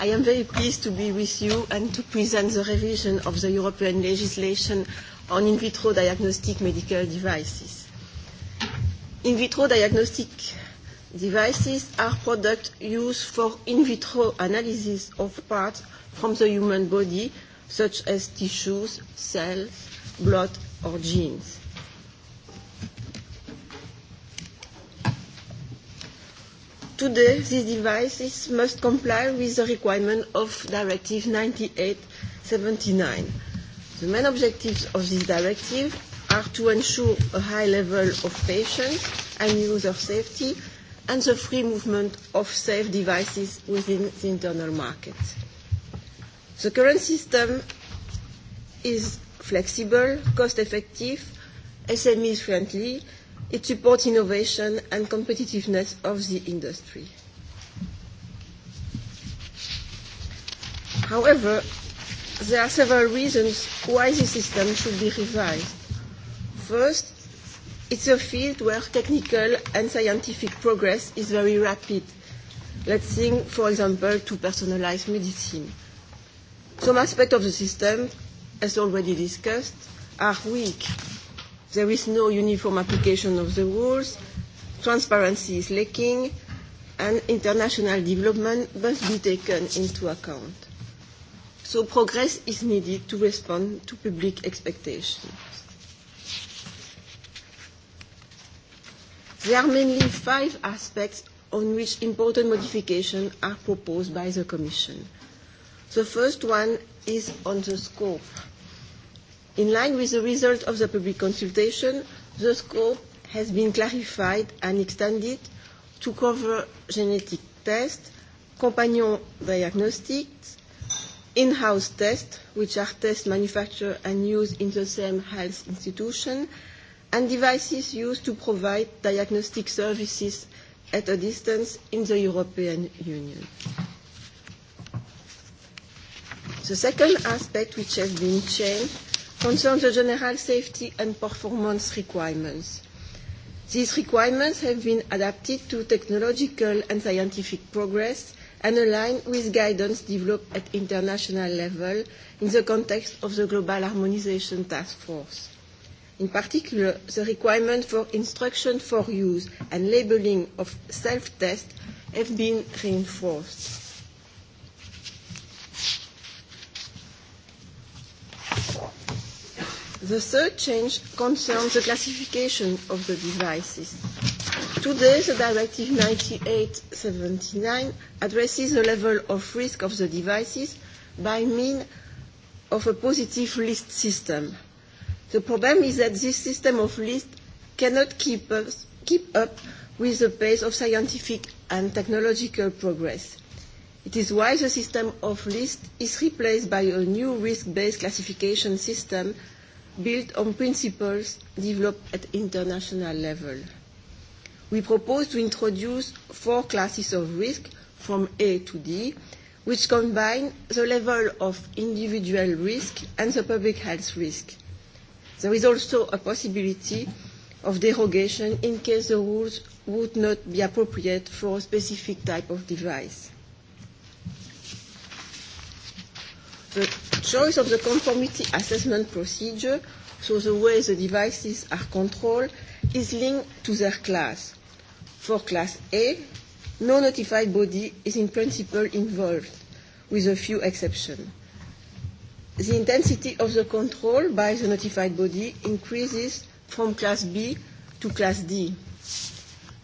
I am very pleased to be with you and to present the revision of the European legislation on in vitro diagnostic medical devices. In vitro diagnostic devices are products used for in vitro analysis of parts from the human body, such as tissues, cells, blood, or genes. today these devices must comply with the requirement of Directive 98/79. The main objectives of this directive are to ensure a high level of patient and user safety and the free movement of safe devices within the internal market. The current system is flexible, cost-effective, SME-friendly, It supports innovation and competitiveness of the industry. However, there are several reasons why the system should be revised. First, it's a field where technical and scientific progress is very rapid. Let's think, for example, to personalized medicine. Some aspects of the system, as already discussed, are weak There is no uniform application of the rules. Transparency is lacking, and international development must be taken into account. So progress is needed to respond to public expectations. There are mainly five aspects on which important modifications are proposed by the Commission. The first one is on the scope In line with the result of the public consultation, the scope has been clarified and extended to cover genetic tests, companion diagnostics, in-house tests, which are tests manufactured and used in the same health institution, and devices used to provide diagnostic services at a distance in the European Union. The second aspect which has been changed concerns the general safety and performance requirements. These requirements have been adapted to technological and scientific progress and aligned with guidance developed at international level in the context of the Global Harmonization Task Force. In particular, the requirement for instruction for use and labeling of self-tests have been reinforced. The third change concerns the classification of the devices. Today, the Directive 98/79 addresses the level of risk of the devices by means of a positive list system. The problem is that this system of lists cannot keep, us, keep up with the pace of scientific and technological progress. It is why the system of lists is replaced by a new risk-based classification system built on principles developed at international level. We propose to introduce four classes of risk from A to D, which combine the level of individual risk and the public health risk. There is also a possibility of derogation in case the rules would not be appropriate for a specific type of device. The choice of the conformity assessment procedure, so the way the devices are controlled, is linked to their class. For class A, no notified body is in principle involved, with a few exceptions. The intensity of the control by the notified body increases from class B to class D.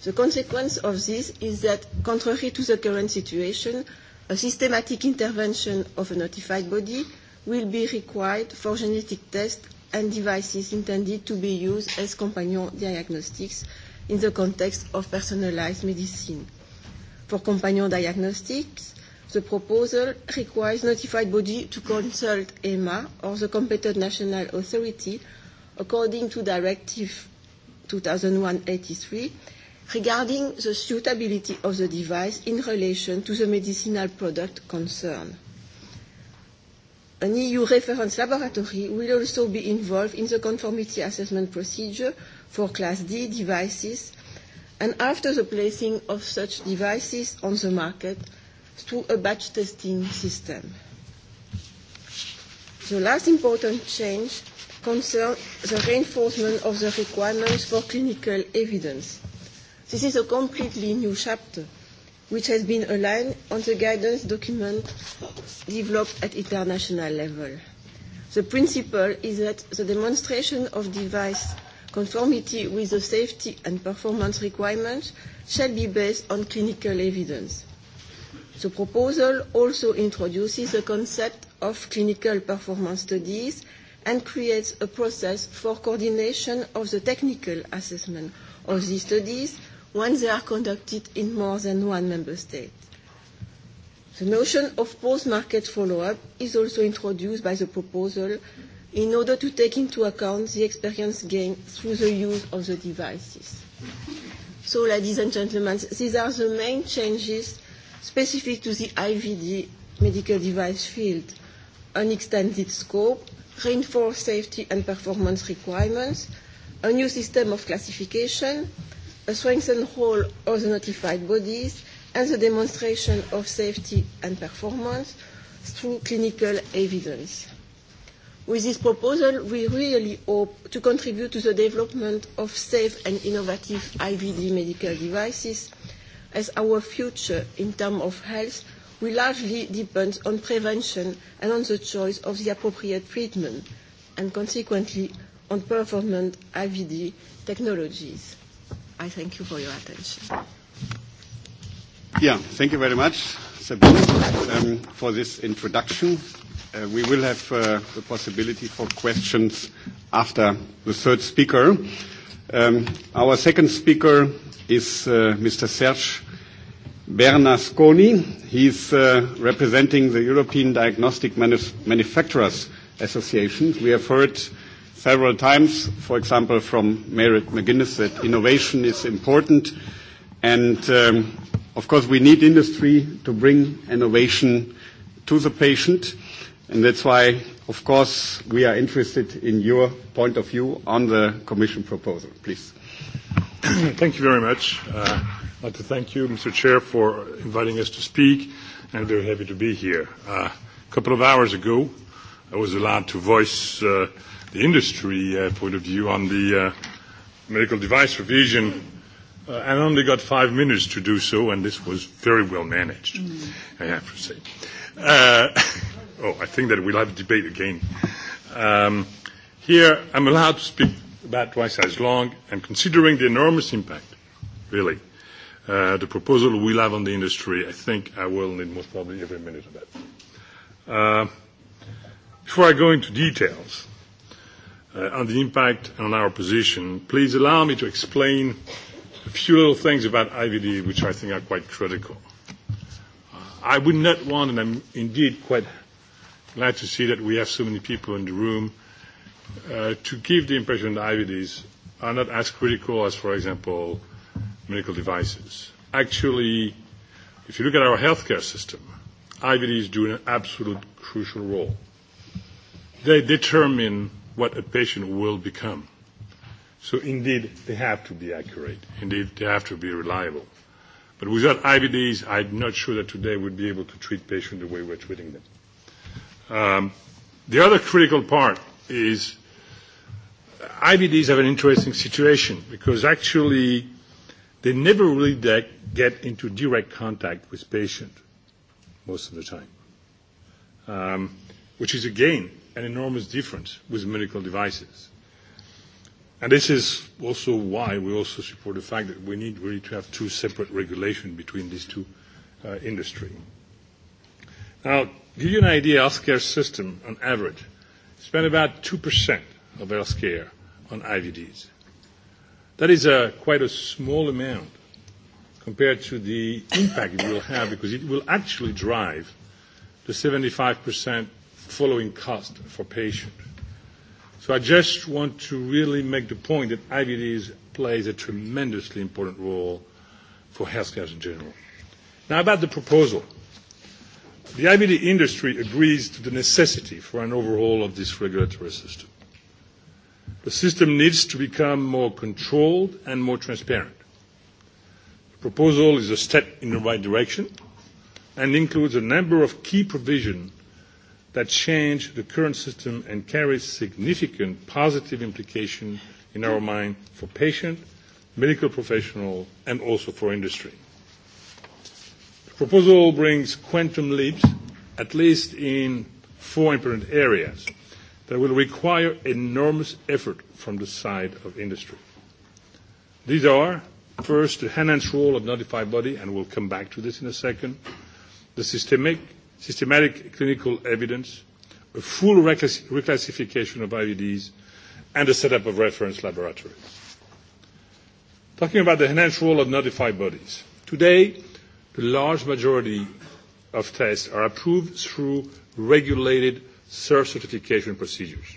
The consequence of this is that, contrary to the current situation, a systematic intervention of a notified body will be required for genetic tests and devices intended to be used as companion diagnostics in the context of personalized medicine. For companion diagnostics, the proposal requires notified body to consult EMA or the competent national authority according to Directive 2001/83 regarding the suitability of the device in relation to the medicinal product concerned an EU reference laboratory will also be involved in the conformity assessment procedure for Class D devices and after the placing of such devices on the market through a batch testing system. The last important change concerns the reinforcement of the requirements for clinical evidence. This is a completely new chapter which has been aligned on the guidance document developed at international level. The principle is that the demonstration of device conformity with the safety and performance requirements shall be based on clinical evidence. The proposal also introduces the concept of clinical performance studies and creates a process for coordination of the technical assessment of these studies when they are conducted in more than one member state. The notion of post-market follow-up is also introduced by the proposal in order to take into account the experience gained through the use of the devices. So, ladies and gentlemen, these are the main changes specific to the IVD medical device field. An extended scope, reinforced safety and performance requirements, a new system of classification, a strengthened role of the notified bodies, and the demonstration of safety and performance through clinical evidence. With this proposal, we really hope to contribute to the development of safe and innovative IVD medical devices, as our future in terms of health will largely depend on prevention and on the choice of the appropriate treatment, and consequently on performant IVD technologies. I thank you for your attention. Yeah, thank you very much, Sabine, um, for this introduction. Uh, we will have uh, the possibility for questions after the third speaker. Um, our second speaker is uh, Mr. Serge Bernasconi. He's uh, representing the European Diagnostic Manuf- Manufacturers Association. We have heard uh, several times, for example, from Merit McGuinness, that innovation is important. And um, of course, we need industry to bring innovation to the patient. And that's why, of course, we are interested in your point of view on the Commission proposal. Please. Thank you very much. Uh, I'd like to thank you, Mr. Chair, for inviting us to speak. I'm very happy to be here. Uh, a couple of hours ago, I was allowed to voice uh, the industry uh, point of view on the uh, medical device revision. Uh, I only got five minutes to do so, and this was very well managed, mm. I have to say. Uh, oh, I think that we'll have a debate again. Um, here, I'm allowed to speak about twice as long, and considering the enormous impact, really, uh, the proposal we'll have on the industry, I think I will need most probably every minute of that. Uh, before I go into details, uh, and the impact on our position, please allow me to explain a few little things about IVD which I think are quite critical. Uh, I would not want, and I'm indeed quite glad to see that we have so many people in the room, uh, to give the impression that IVDs are not as critical as, for example, medical devices. Actually, if you look at our healthcare system, IVDs do an absolute crucial role. They determine what a patient will become. So indeed, they have to be accurate. Indeed, they have to be reliable. But without IVDs, I'm not sure that today we'd be able to treat patients the way we're treating them. Um, the other critical part is IVDs have an interesting situation because actually they never really de- get into direct contact with patient most of the time, um, which is again an enormous difference with medical devices. And this is also why we also support the fact that we need really to have two separate regulation between these two uh, industry. Now, give you an idea, healthcare system on average spend about 2% of healthcare on IVDs. That is a, uh, quite a small amount compared to the impact it will have because it will actually drive the 75% following cost for patient. So I just want to really make the point that IVDs plays a tremendously important role for healthcare in general. Now about the proposal. The IVD industry agrees to the necessity for an overhaul of this regulatory system. The system needs to become more controlled and more transparent. The proposal is a step in the right direction and includes a number of key provisions that change the current system and carries significant positive implication in our mind for patient, medical professional, and also for industry. The proposal brings quantum leaps, at least in four important areas, that will require enormous effort from the side of industry. These are, first, the enhanced role of notified body, and we'll come back to this in a second, the systemic systematic clinical evidence, a full reclassification of IVDs, and the setup of reference laboratories. Talking about the enhanced role of notified bodies. Today, the large majority of tests are approved through regulated self-certification procedures.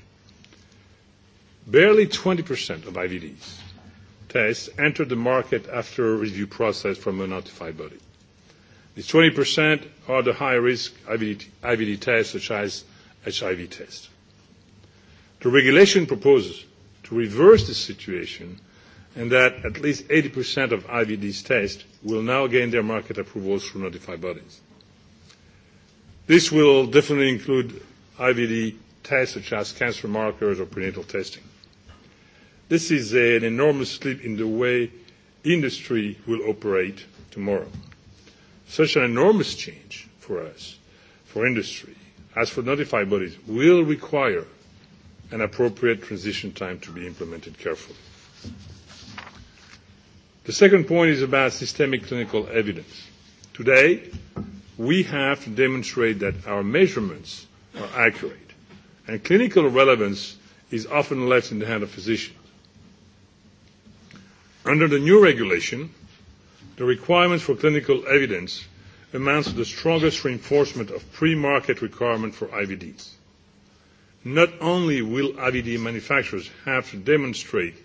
Barely 20% of IVDs tests entered the market after a review process from a notified body. The 20% are the high-risk IVD, IVD tests, such as HIV tests. The regulation proposes to reverse this situation and that at least 80% of IVD's tests will now gain their market approvals through notified bodies. This will definitely include IVD tests such as cancer markers or prenatal testing. This is an enormous leap in the way industry will operate tomorrow such an enormous change for us, for industry, as for notified bodies, will require an appropriate transition time to be implemented carefully. The second point is about systemic clinical evidence. Today, we have to demonstrate that our measurements are accurate, and clinical relevance is often left in the hand of physicians. Under the new regulation, the requirements for clinical evidence amounts to the strongest reinforcement of pre-market requirement for IVDs. Not only will IVD manufacturers have to demonstrate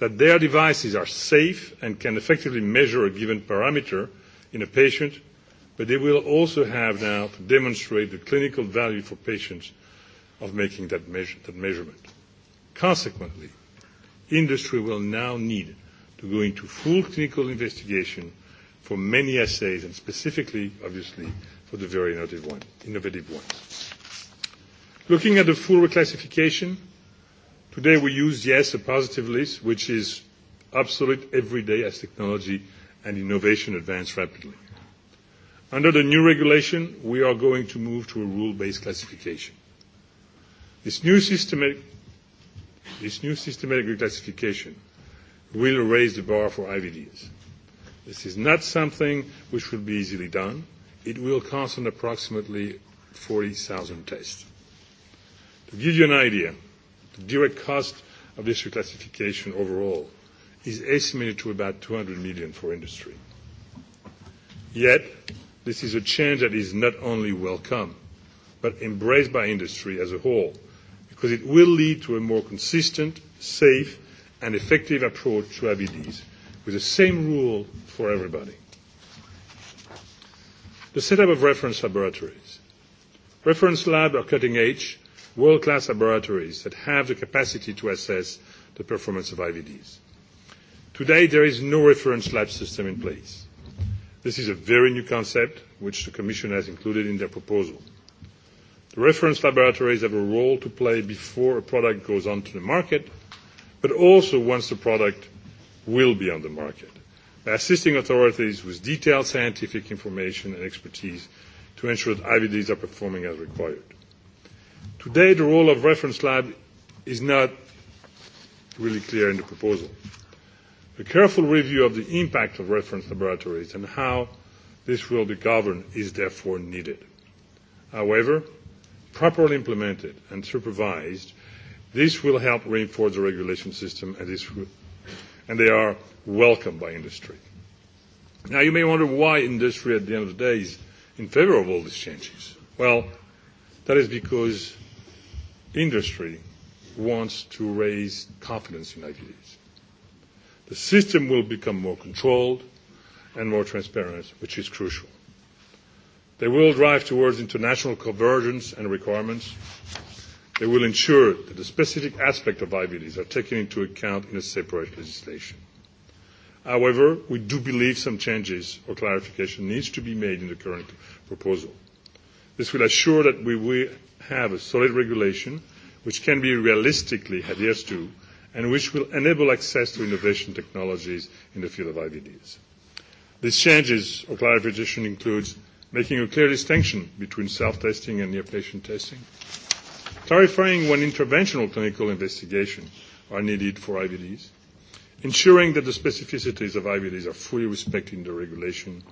that their devices are safe and can effectively measure a given parameter in a patient, but they will also have now to demonstrate the clinical value for patients of making that, measure, that measurement. Consequently, industry will now need to go into full clinical investigation for many assays and specifically, obviously, for the very innovative, one, innovative ones. Looking at the full reclassification, today we use, yes, a positive list, which is obsolete every day as technology and innovation advance rapidly. Under the new regulation, we are going to move to a rule-based classification. This new systematic, this new systematic reclassification will raise the bar for IVDs. This is not something which will be easily done. It will cost an approximately 40,000 tests. To give you an idea, the direct cost of this reclassification overall is estimated to about 200 million for industry. Yet, this is a change that is not only welcome, but embraced by industry as a whole, because it will lead to a more consistent, safe, and effective approach to IBDs with the same rule for everybody. The setup of reference laboratories. Reference labs are cutting-edge, world-class laboratories that have the capacity to assess the performance of IVDs. Today, there is no reference lab system in place. This is a very new concept which the Commission has included in their proposal. The reference laboratories have a role to play before a product goes onto the market but also once the product will be on the market, by assisting authorities with detailed scientific information and expertise to ensure that IVDs are performing as required. Today, the role of reference lab is not really clear in the proposal. A careful review of the impact of reference laboratories and how this will be governed is therefore needed. However, properly implemented and supervised, This will help reinforce the regulation system, and, this will, and they are welcomed by industry. Now, you may wonder why industry, at the end of the day, is in favor of all these changes. Well, that is because industry wants to raise confidence in IPAs. The system will become more controlled and more transparent, which is crucial. They will drive towards international convergence and requirements, They will ensure that the specific aspect of IVDs are taken into account in a separate legislation. However, we do believe some changes or clarification needs to be made in the current proposal. This will assure that we will have a solid regulation which can be realistically adhered to and which will enable access to innovation technologies in the field of IVDs. These changes or clarification includes making a clear distinction between self-testing and near-patient testing, clarifying when interventional clinical investigations are needed for IVDs, ensuring that the specificities of IVDs are fully respected in the regulation,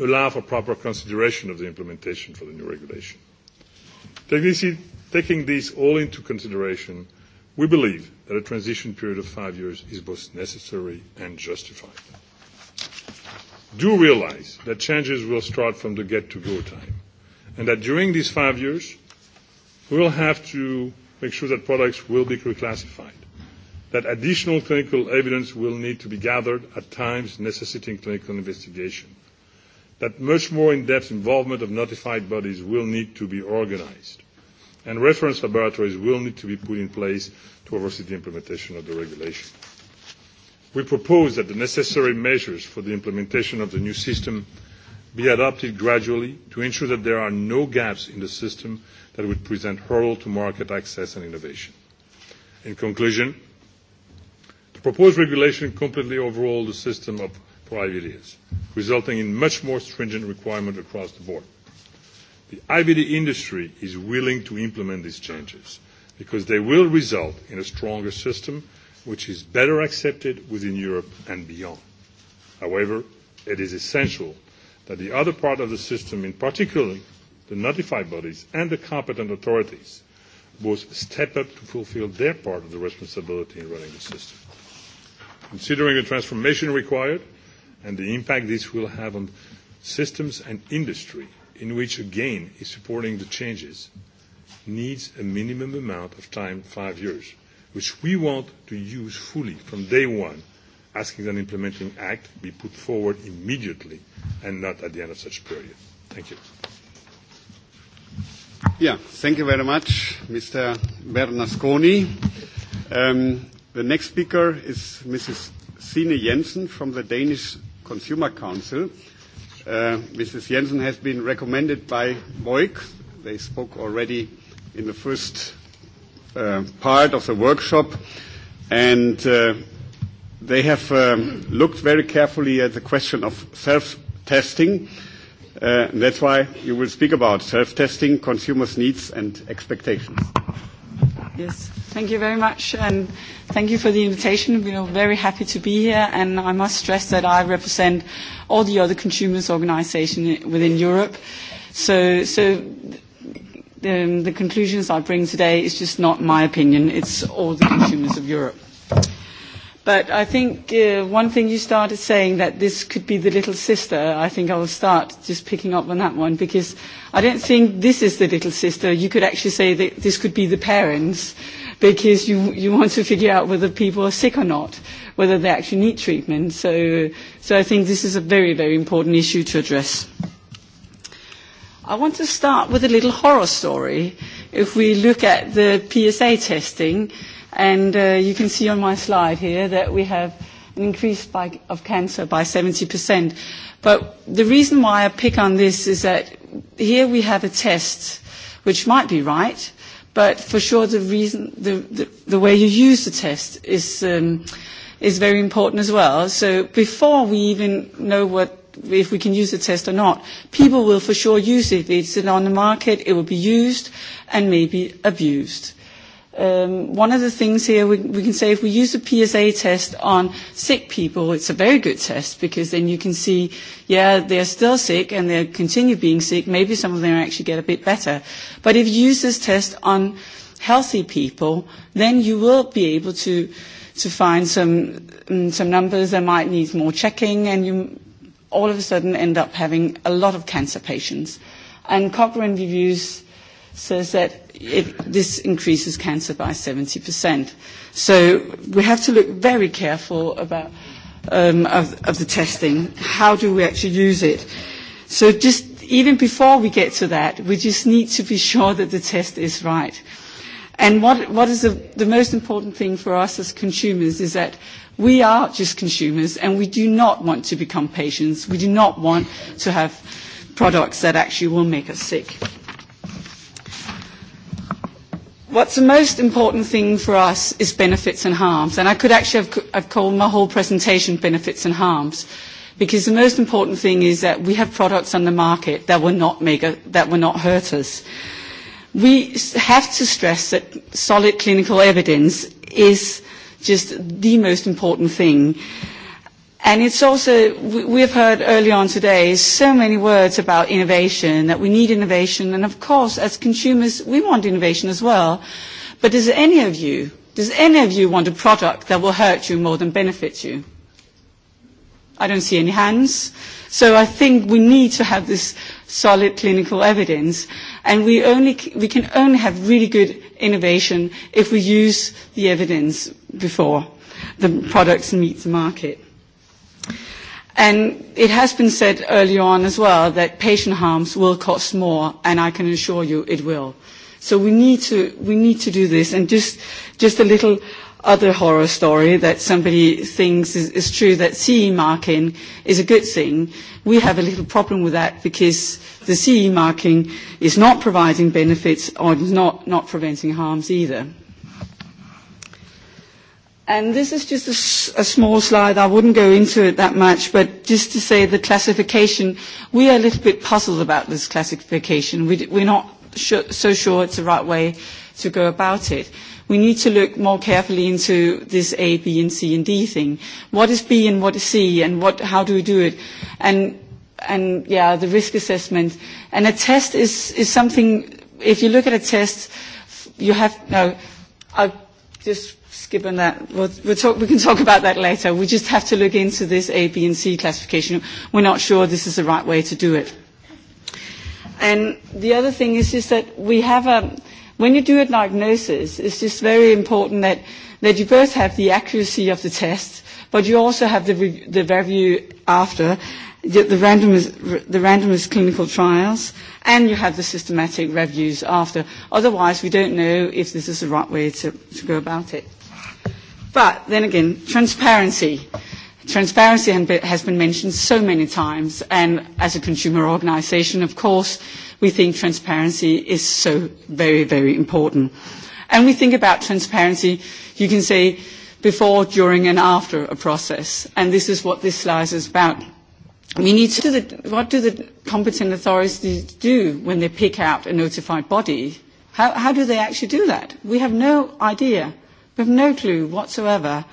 allow for proper consideration of the implementation for the new regulation. Taking this all into consideration, we believe that a transition period of five years is both necessary and justified. Do realize that changes will start from the get-to-go time, and that during these five years, we will have to make sure that products will be reclassified, that additional clinical evidence will need to be gathered at times necessitating clinical investigation, that much more in-depth involvement of notified bodies will need to be organized, and reference laboratories will need to be put in place to oversee the implementation of the regulation. We propose that the necessary measures for the implementation of the new system be adopted gradually to ensure that there are no gaps in the system that would present hurdle to market access and innovation. In conclusion, the proposed regulation completely overhauled the system of for IVDs, resulting in much more stringent requirements across the board. The IVD industry is willing to implement these changes because they will result in a stronger system which is better accepted within Europe and beyond. However, it is essential that the other part of the system, in particular the notified bodies and the competent authorities, both step up to fulfill their part of the responsibility in running the system. Considering the transformation required and the impact this will have on systems and industry, in which again is supporting the changes, needs a minimum amount of time, five years, which we want to use fully from day one asking and implementing act be put forward immediately and not at the end of such period. Thank you. Yeah, thank you very much, Mr. Bernasconi. Um, the next speaker is Mrs. Sine Jensen from the Danish Consumer Council. Uh, Mrs. Jensen has been recommended by Boyk. They spoke already in the first uh, part of the workshop. And uh, They have um, looked very carefully at the question of self-testing. Uh, that's why you will speak about self-testing, consumers' needs and expectations. Yes. Thank you very much, and thank you for the invitation. We are very happy to be here, and I must stress that I represent all the other consumers' organizations within Europe. So, so um, the conclusions I bring today is just not my opinion, it's all the consumers of Europe. But I think uh, one thing you started saying that this could be the little sister, I think I will start just picking up on that one because I don't think this is the little sister. You could actually say that this could be the parents because you, you want to figure out whether people are sick or not, whether they actually need treatment. So, so I think this is a very, very important issue to address. I want to start with a little horror story. If we look at the PSA testing, uh, And uh, you can see on my slide here that we have an increase by, of cancer by 70%. But the reason why I pick on this is that here we have a test which might be right, but for sure the reason, the, the, the way you use the test is, um, is very important as well. So before we even know what if we can use the test or not. People will for sure use it. It's on the market, it will be used and maybe abused um, one of the things here we, we can say if we use the PSA test on sick people, it's a very good test because then you can see, yeah, they're still sick and they continue being sick. Maybe some of them actually get a bit better. But if you use this test on healthy people, then you will be able to to find some um, some numbers that might need more checking, and you all of a sudden end up having a lot of cancer patients. And Cochrane reviews says that it, this increases cancer by 70%. So we have to look very careful about um, of, of the testing. How do we actually use it? So just even before we get to that, we just need to be sure that the test is right. And what, what is the, the most important thing for us as consumers is that we are just consumers and we do not want to become patients. We do not want to have products that actually will make us sick. What's the most important thing for us is benefits and harms. And I could actually have, have called my whole presentation benefits and harms. Because the most important thing is that we have products on the market that will not, make a, that will not hurt us. We have to stress that solid clinical evidence is just the most important thing. And it's also, we have heard early on today so many words about innovation, that we need innovation. And of course, as consumers, we want innovation as well. But does any of you, does any of you want a product that will hurt you more than benefit you? I don't see any hands. So I think we need to have this solid clinical evidence. And we, only, we can only have really good innovation if we use the evidence before the products meet the market. And it has been said early on as well that patient harms will cost more, and I can assure you it will. So we need to, we need to do this. And just, just a little other horror story that somebody thinks is, is true that CE marking is a good thing. We have a little problem with that because the CE marking is not providing benefits or not, not preventing harms either. And this is just a, s- a small slide. I wouldn't go into it that much, but just to say the classification, we are a little bit puzzled about this classification. We d- we're not sure, so sure it's the right way to go about it. We need to look more carefully into this A, B, and C and D thing. What is B and what is C, and what, how do we do it? And and yeah, the risk assessment. And a test is, is something, if you look at a test, you have, no, I'll just Skipper that. We'll, we'll talk, we can talk about that later. We just have to look into this A, B, and C classification. We're not sure this is the right way to do it. And the other thing is just that we have a, um, when you do a diagnosis, it's just very important that, that you both have the accuracy of the test, but you also have the, re, the review after, the, the, randomized, the randomized clinical trials, and you have the systematic reviews after. Otherwise, we don't know if this is the right way to, to go about it. But then again, transparency. Transparency has been mentioned so many times, and as a consumer organization, of course, we think transparency is so very, very important. And we think about transparency, you can say, before, during, and after a process. And this is what this slide is about. We need to, the, what do the competent authorities do when they pick out a notified body? How, how do they actually do that? We have no idea. We have no clue whatsoever.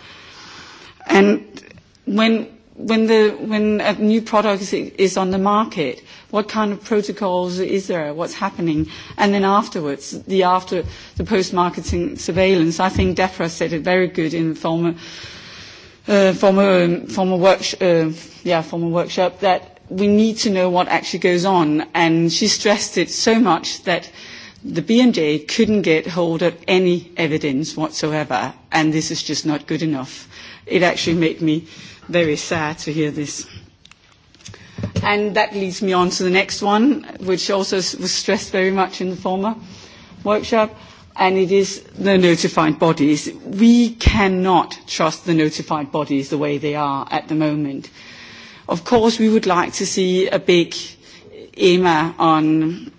And when when the when a new product is, is on the market, what kind of protocols is there? What's happening? And then afterwards, the after the post-marketing surveillance. I think DEFRA said it very good in former uh, former um, former work uh, yeah former workshop that we need to know what actually goes on. And she stressed it so much that the B&J couldn't get hold of any evidence whatsoever, and this is just not good enough. It actually made me very sad to hear this. And that leads me on to the next one, which also was stressed very much in the former workshop, and it is the notified bodies. We cannot trust the notified bodies the way they are at the moment. Of course, we would like to see a big EMA on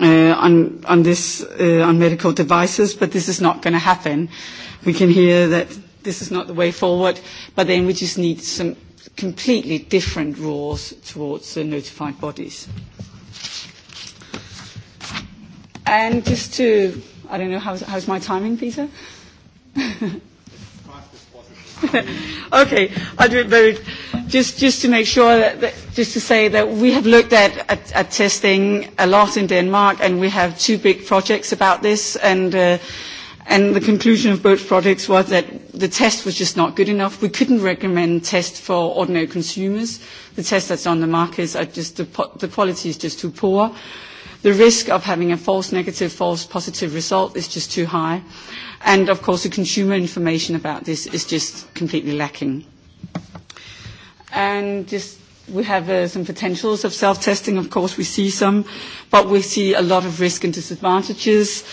uh, on, on, this, uh, on medical devices, but this is not going to happen. We can hear that this is not the way forward, but then we just need some completely different rules towards uh, notified bodies. And just to, I don't know, how's, how's my timing, Peter? okay, I'll do it very just, just to make sure that, that, just to say that we have looked at, at, at testing a lot in Denmark, and we have two big projects about this, and. Uh, And the conclusion of both projects was that the test was just not good enough. We couldn't recommend tests for ordinary consumers. The tests that's on the markets are just, the, the quality is just too poor. The risk of having a false negative, false positive result is just too high. And of course, the consumer information about this is just completely lacking and just we have uh, some potentials of self-testing. Of course, we see some, but we see a lot of risk and disadvantages.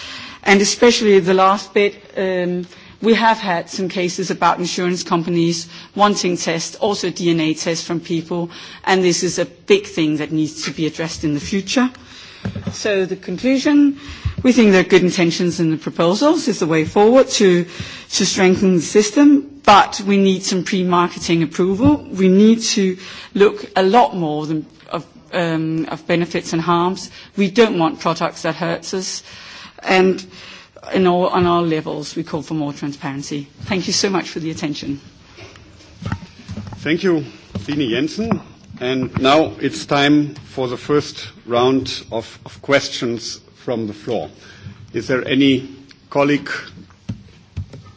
And especially the last bit, um, we have had some cases about insurance companies wanting tests, also DNA tests from people, and this is a big thing that needs to be addressed in the future. So the conclusion, uh, We think that good intentions in the proposals is the way forward to, to strengthen the system, but we need some pre-marketing approval. We need to look a lot more than of, um, of benefits and harms. We don't want products that hurts us. And in all, on all levels, we call for more transparency. Thank you so much for the attention. Thank you, Line Jensen. And now it's time for the first round of, of questions from the floor. Is there any colleague?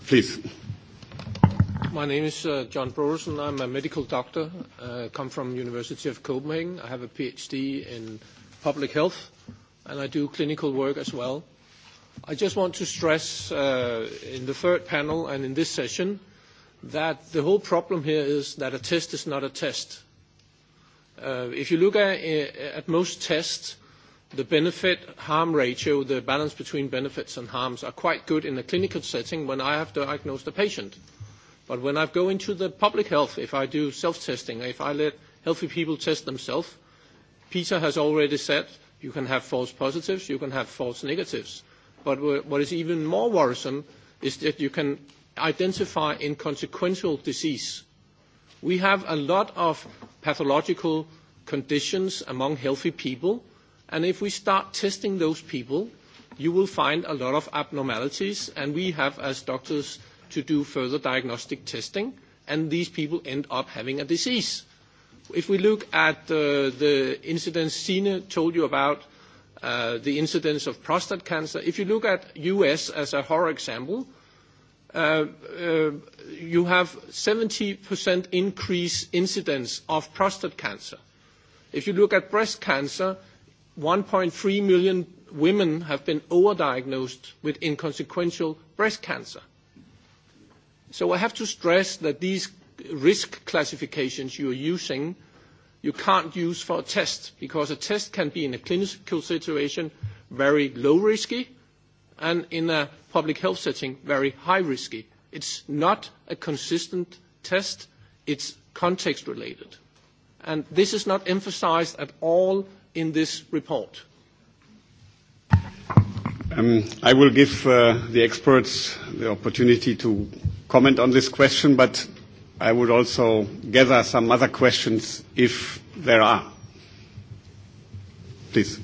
Please. My name is uh, John Brodersen. I'm a medical doctor. Uh, come from University of Copenhagen. I have a PhD in public health, and I do clinical work as well. I just want to stress uh, in the third panel and in this session that the whole problem here is that a test is not a test. Uh, if you look at, uh, at most tests, the benefit-harm ratio, the balance between benefits and harms, are quite good in the clinical setting when I have diagnosed a patient. But when I go into the public health, if I do self-testing, if I let healthy people test themselves, Peter has already said you can have false positives, you can have false negatives. But what is even more worrisome is that you can identify inconsequential disease. We have a lot of pathological conditions among healthy people And if we start testing those people, you will find a lot of abnormalities, and we have, as doctors, to do further diagnostic testing, and these people end up having a disease. If we look at uh, the incidence Sine told you about, uh, the incidence of prostate cancer, if you look at U.S. as a horror example, uh, uh you have 70% increase incidence of prostate cancer. If you look at breast cancer, 1.3 million women have been overdiagnosed with inconsequential breast cancer. So I have to stress that these risk classifications you are using, you can't use for a test, because a test can be, in a clinical situation, very low risky, and in a public health setting, very high risky. It's not a consistent test, it's context related. And this is not emphasized at all in this report? Um, I will give uh, the experts the opportunity to comment on this question, but I would also gather some other questions if there are. Please.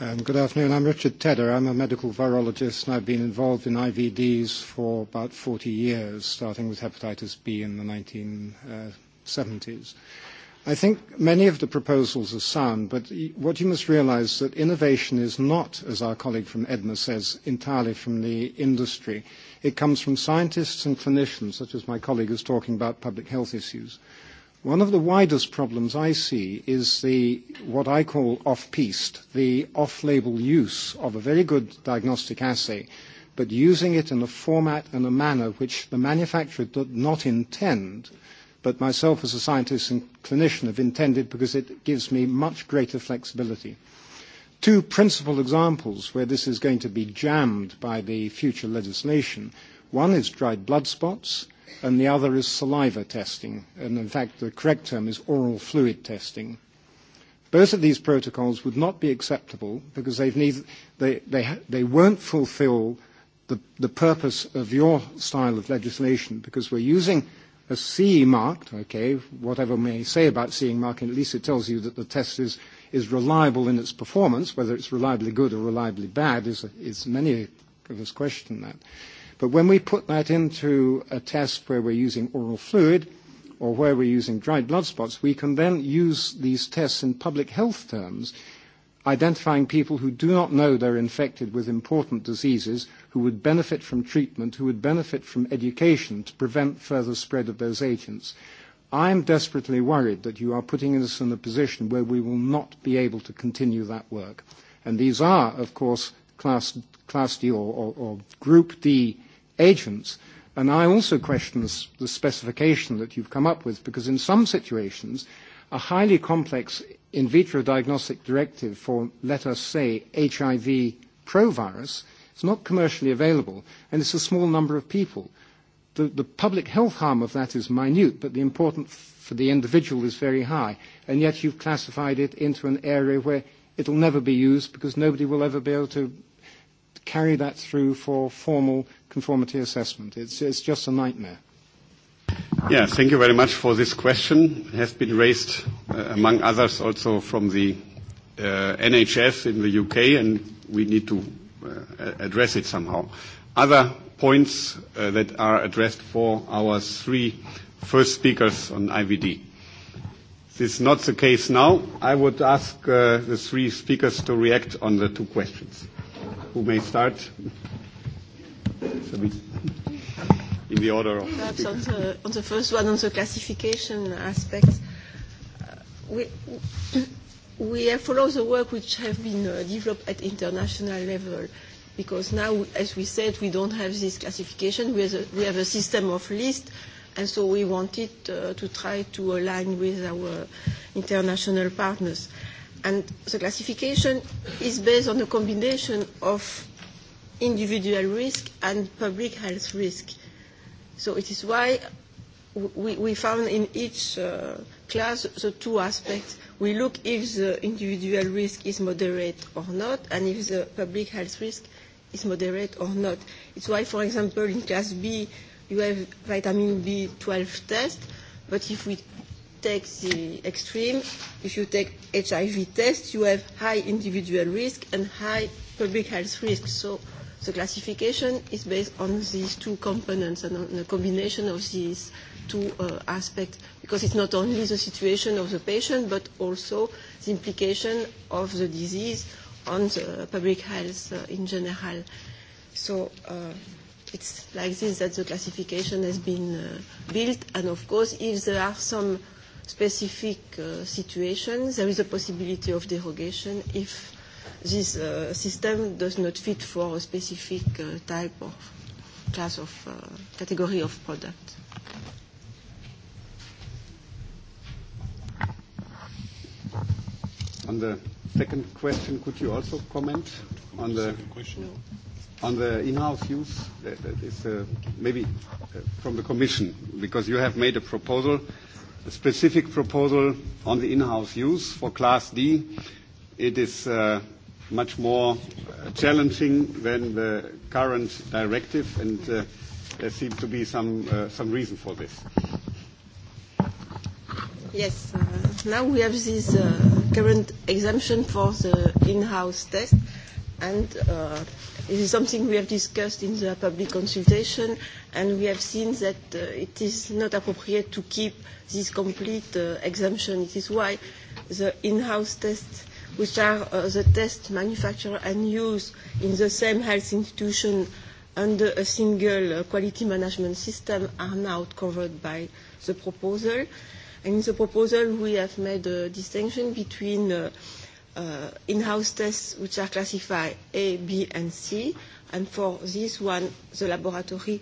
Um, good afternoon. I'm Richard Tedder. I'm a medical virologist, and I've been involved in IVDs for about 40 years, starting with hepatitis B in the 1970s. Uh, I think many of the proposals are sound, but what you must realize is that innovation is not, as our colleague from EDMA says, entirely from the industry. It comes from scientists and clinicians, such as my colleague who's talking about public health issues. One of the widest problems I see is the, what I call off-piste, the off-label use of a very good diagnostic assay, but using it in a format and a manner which the manufacturer did not intend – but myself as a scientist and clinician have intended because it gives me much greater flexibility. Two principal examples where this is going to be jammed by the future legislation. One is dried blood spots, and the other is saliva testing. And in fact, the correct term is oral fluid testing. Both of these protocols would not be acceptable because they've neither, they, they, they won't fulfill the, the purpose of your style of legislation because we're using a CE marked, okay, whatever may say about CE marking, at least it tells you that the test is, is reliable in its performance. Whether it's reliably good or reliably bad is, is many of us question that. But when we put that into a test where we're using oral fluid or where we're using dried blood spots, we can then use these tests in public health terms identifying people who do not know they're infected with important diseases, who would benefit from treatment, who would benefit from education to prevent further spread of those agents. I'm desperately worried that you are putting us in a position where we will not be able to continue that work. And these are, of course, class, class D or, or, or group D agents. And I also question the specification that you've come up with, because in some situations, a highly complex in vitro diagnostic directive for, let us say, HIV provirus. It's not commercially available, and it's a small number of people. The, the public health harm of that is minute, but the importance for the individual is very high. And yet you've classified it into an area where it'll never be used because nobody will ever be able to carry that through for formal conformity assessment. It's, it's just a nightmare. Yeah, thank you very much for this question. It has been raised, uh, among others, also from the uh, NHS in the U.K., and we need to uh, address it somehow. Other points uh, that are addressed for our three first speakers on IVD. This is not the case now. I would ask uh, the three speakers to react on the two questions. Who may start? Sabine in the order of. Perhaps on the, on the first one, on the classification aspect, uh, we, we have followed the work which have been uh, developed at international level. Because now, as we said, we don't have this classification. We have a, we have a system of lists and so we wanted uh, to try to align with our international partners. And the classification is based on a combination of individual risk and public health risk. So it is why we, we found in each uh, class the two aspects. We look if the individual risk is moderate or not, and if the public health risk is moderate or not. It's why, for example, in class B, you have vitamin B12 test, but if we take the extreme, if you take HIV test, you have high individual risk and high public health risk. So The classification is based on these two components and on the combination of these two uh, aspects, because it's not only the situation of the patient, but also the implication of the disease on the public health uh, in general. So uh, it's like this that the classification has been uh, built, and of course, if there are some specific uh, situations, there is a possibility of derogation if this uh, system does not fit for a specific uh, type of class of uh, category of product. On the second question, could you also comment on the second question? No. On the in-house use, that, that is uh, maybe uh, from the Commission, because you have made a proposal, a specific proposal on the in-house use for Class D. It is uh, much more uh, challenging than the current directive, and uh, there seems to be some, uh, some reason for this. Yes. Uh, now we have this uh, current exemption for the in-house test, and uh, this is something we have discussed in the public consultation, and we have seen that uh, it is not appropriate to keep this complete uh, exemption. It is why the in-house test which are uh, the test manufactured and used in the same health institution under a single uh, quality management system are now covered by the proposal. And in the proposal, we have made a distinction between uh, uh, in-house tests which are classified A, B, and C, and for this one, the laboratory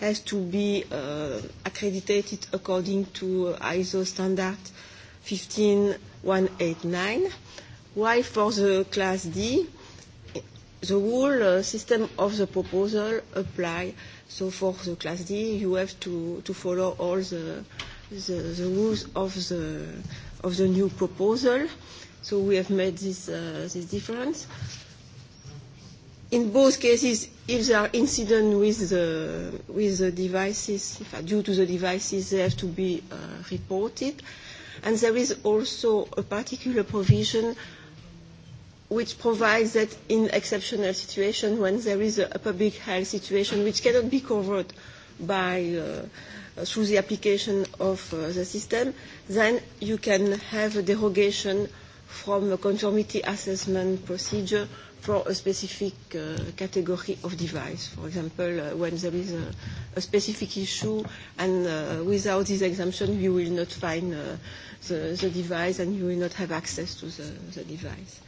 has to be uh, accredited according to uh, ISO standard 15189 while for the class D, the whole uh, system of the proposal apply. So for the class D, you have to, to follow all the, the, the rules of the, of the new proposal. So we have made this, uh, this difference. In both cases, if there are incidents with the, with the devices, if due to the devices, they have to be uh, reported. And there is also a particular provision uh, which provides that in exceptional situation, when there is a, a public health situation which cannot be covered by uh, uh, through the application of uh, the system, then you can have a derogation from a conformity assessment procedure for a specific uh, category of device. For example, uh, when there is a, a specific issue, and uh, without this exemption, you will not find uh, the, the device, and you will not have access to the, the device.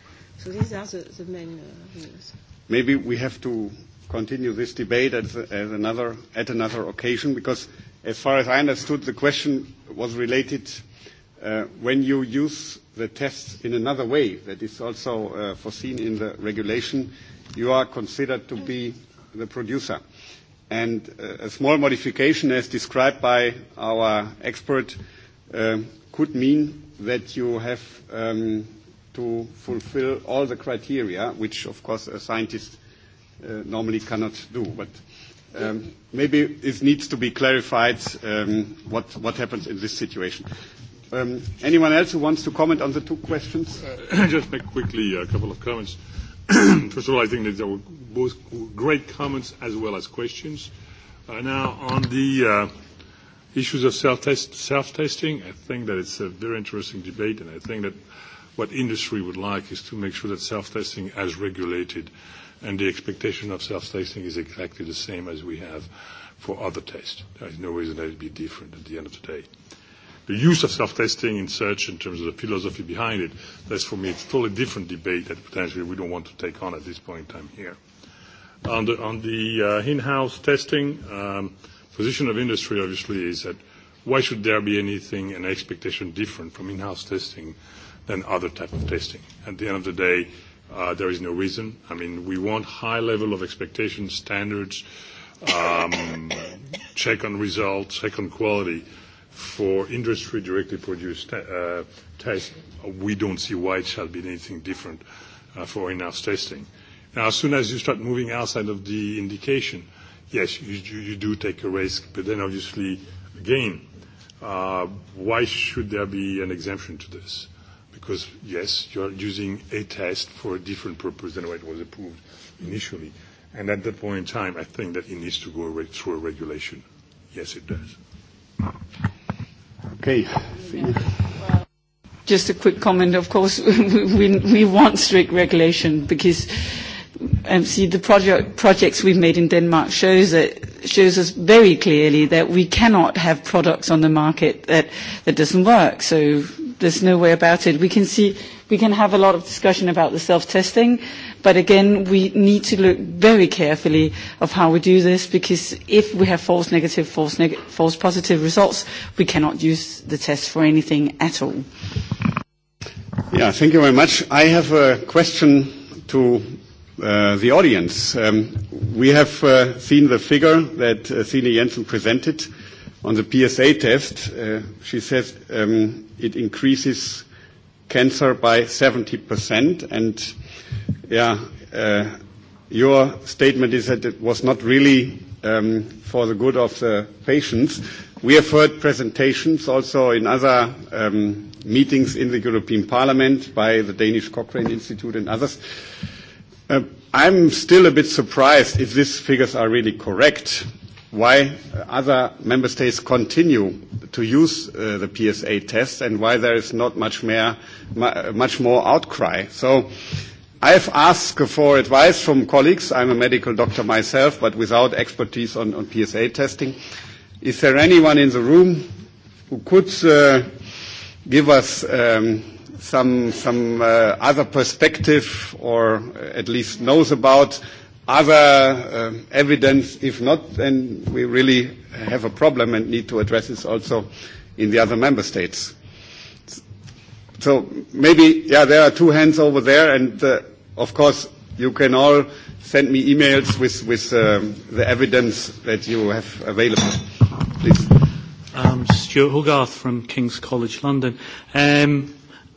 So these are the, the main uh, reasons. Maybe we have to continue this debate at, at, another, at another occasion because, as far as I understood, the question was related uh, when you use the tests in another way that is also uh, foreseen in the regulation, you are considered to be the producer. And uh, a small modification, as described by our expert, uh, could mean that you have um, to fulfill all the criteria, which, of course, a scientist uh, normally cannot do. But um, maybe it needs to be clarified um, what, what happens in this situation. Um, anyone else who wants to comment on the two questions? Uh, just make quickly a couple of comments. First of all, I think that there were both great comments as well as questions. Uh, now, on the uh, issues of self-test, self-testing, I think that it's a very interesting debate, and I think that uh, What industry would like is to make sure that self-testing as regulated, and the expectation of self-testing is exactly the same as we have for other tests. There is no reason that it'd be different at the end of the day. The use of self-testing in search in terms of the philosophy behind it, that's for me, it's a totally different debate that potentially we don't want to take on at this point in time here. On the, on the uh, in-house testing, um, position of industry obviously is that why should there be anything, an expectation different from in-house testing than other type of testing. At the end of the day, uh, there is no reason. I mean, we want high level of expectation standards, um, check on results, check on quality for industry directly produced uh, tests. We don't see why it shall be anything different uh, for in-house testing. Now, as soon as you start moving outside of the indication, yes, you, you do take a risk, but then obviously, again, uh, why should there be an exemption to this? because, yes, you are using a test for a different purpose than what was approved initially. And at that point in time, I think that it needs to go through a regulation. Yes, it does. Okay. Yeah. Just a quick comment. Of course, we, we want strict regulation because um, see the project, projects we've made in Denmark shows that shows us very clearly that we cannot have products on the market that, that doesn't work. So There's no way about it. We can see, we can have a lot of discussion about the self-testing, but again, we need to look very carefully of how we do this, because if we have false negative, false, neg- false positive results, we cannot use the test for anything at all. Yeah, thank you very much. I have a question to uh, the audience. Um, we have uh, seen the figure that uh, Sine Jensen presented. Uh, on the PSA test, uh, she says um, it increases cancer by 70%. And yeah, uh, your statement is that it was not really um, for the good of the patients. We have heard presentations also in other um, meetings in the European Parliament by the Danish Cochrane Institute and others. Uh, I'm still a bit surprised if these figures are really correct why other member states continue to use uh, the PSA test and why there is not much more, much more outcry. So I've asked for advice from colleagues. I'm a medical doctor myself, but without expertise on, on PSA testing. Is there anyone in the room who could uh, give us um, some, some uh, other perspective or uh, at least knows about other uh, evidence. If not, then we really have a problem and need to address this also in the other member states. So maybe, yeah, there are two hands over there, and uh, of course, you can all send me emails with, with um, the evidence that you have available. Please. Um, Stuart Hogarth from King's College London. Um,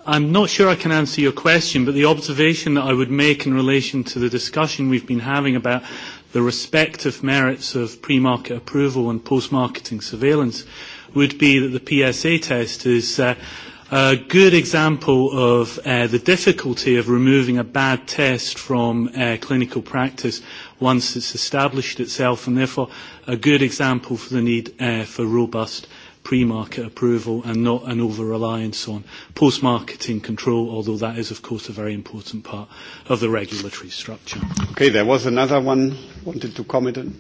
I'm not sure I can answer your question, but the observation that I would make in relation to the discussion we've been having about the respective merits of pre-market approval and post-marketing surveillance would be that the PSA test is uh, a good example of uh, the difficulty of removing a bad test from uh, clinical practice once it's established itself, and therefore a good example for the need uh, for robust uh, pre-market approval and not an over-reliance on post-marketing control, although that is, of course, a very important part of the regulatory structure. Okay, there was another one wanted to comment on.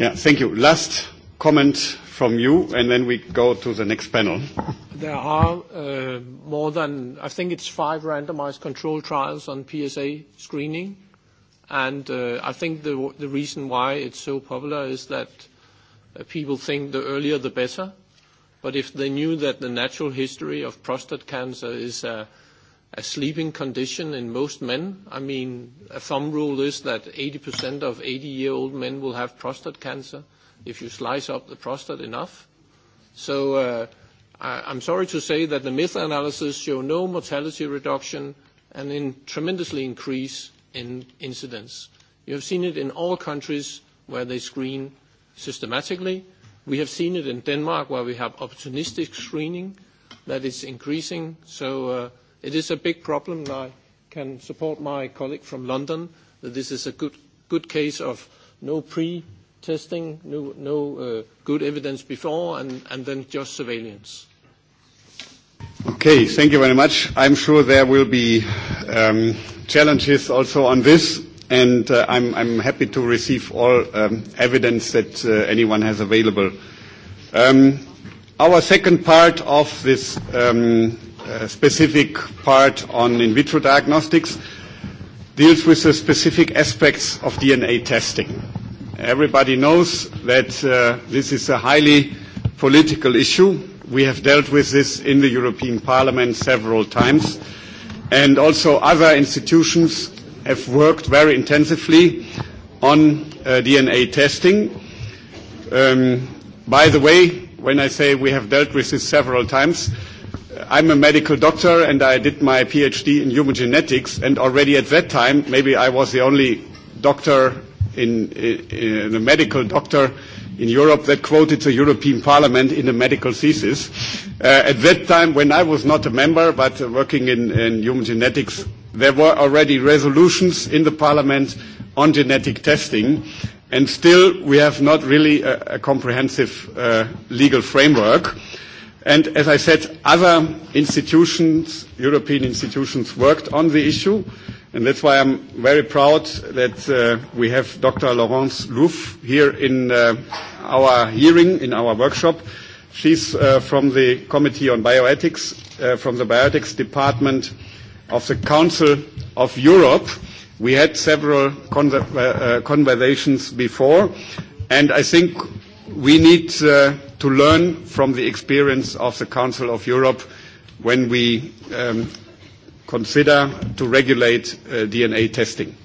Yeah, thank you. Last comment from you, and then we go to the next panel. There are uh, more than, I think it's five randomized control trials on PSA screening. And uh, I think the, the reason why it's so popular is that uh, people think the earlier the better. But if they knew that the natural history of prostate cancer is a uh, a sleeping condition in most men. I mean, a thumb rule is that 80% of 80-year-old men will have prostate cancer if you slice up the prostate enough. So uh, I, I'm sorry to say that the meta-analysis show no mortality reduction and in tremendously increase in incidence. You have seen it in all countries where they screen systematically. We have seen it in Denmark, where we have opportunistic screening that is increasing. So, uh, It is a big problem, and I can support my colleague from London that this is a good, good case of no pre-testing, no, no uh, good evidence before, and, and then just surveillance. Okay, thank you very much. I'm sure there will be um, challenges also on this, and uh, I'm, I'm happy to receive all um, evidence that uh, anyone has available. Um, our second part of this um, uh, specific part on in vitro diagnostics deals with the specific aspects of DNA testing. Everybody knows that uh, this is a highly political issue. We have dealt with this in the European Parliament several times, and also other institutions have worked very intensively on uh, DNA testing. Um, by the way, when I say we have dealt with this several times, uh, I'm a medical doctor and I did my PhD in human genetics and already at that time, maybe I was the only doctor in, in a medical doctor in Europe that quoted the European Parliament in a medical thesis. Uh, at that time, when I was not a member but uh, working in, in human genetics, there were already resolutions in the Parliament on genetic testing, and still we have not really a, a comprehensive uh, legal framework. Uh, And as I said, other institutions, European institutions, worked on the issue, and that's why I'm very proud that uh, we have Dr. Laurence Louf here in uh, our hearing, in our workshop. She's uh, from the Committee on Bioethics, uh, from the Bioethics Department of the Council of Europe. We had several con- uh, uh, conversations before, and I think we need uh, to learn from the experience of the Council of Europe when we um, consider to regulate uh, DNA testing.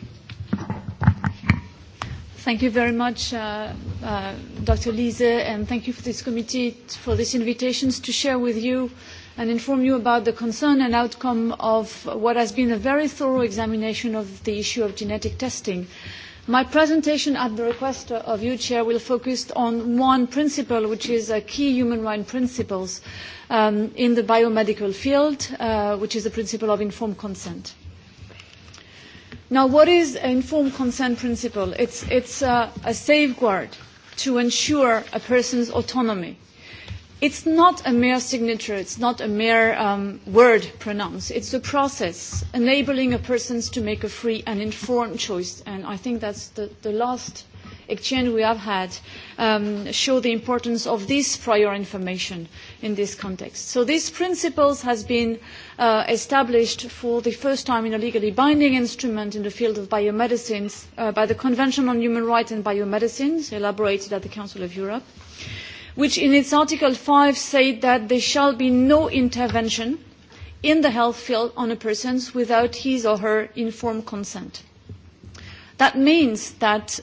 Thank you very much, uh, uh, Dr. Liese, and thank you for this committee for these invitations to share with you and inform you about the concern and outcome of what has been a very thorough examination of the issue of genetic testing. Uh, My presentation at the request of you, Chair, will focus on one principle, which is a key human rights principles um, in the biomedical field, uh, which is the principle of informed consent. Now, what is informed consent principle? It's, it's uh, a safeguard to ensure a person's autonomy It's not a mere signature, it's not a mere um, word pronounced. It's a process enabling a person to make a free and informed choice. And I think that's the, the last exchange we have had um, show the importance of this prior information in this context. So these principles has been uh, established for the first time in a legally binding instrument in the field of biomedicines uh, by the Convention on Human Rights and Biomedicines, elaborated at the Council of Europe. Uh, which in its Article 5 said that there shall be no intervention in the health field on a person without his or her informed consent. That means that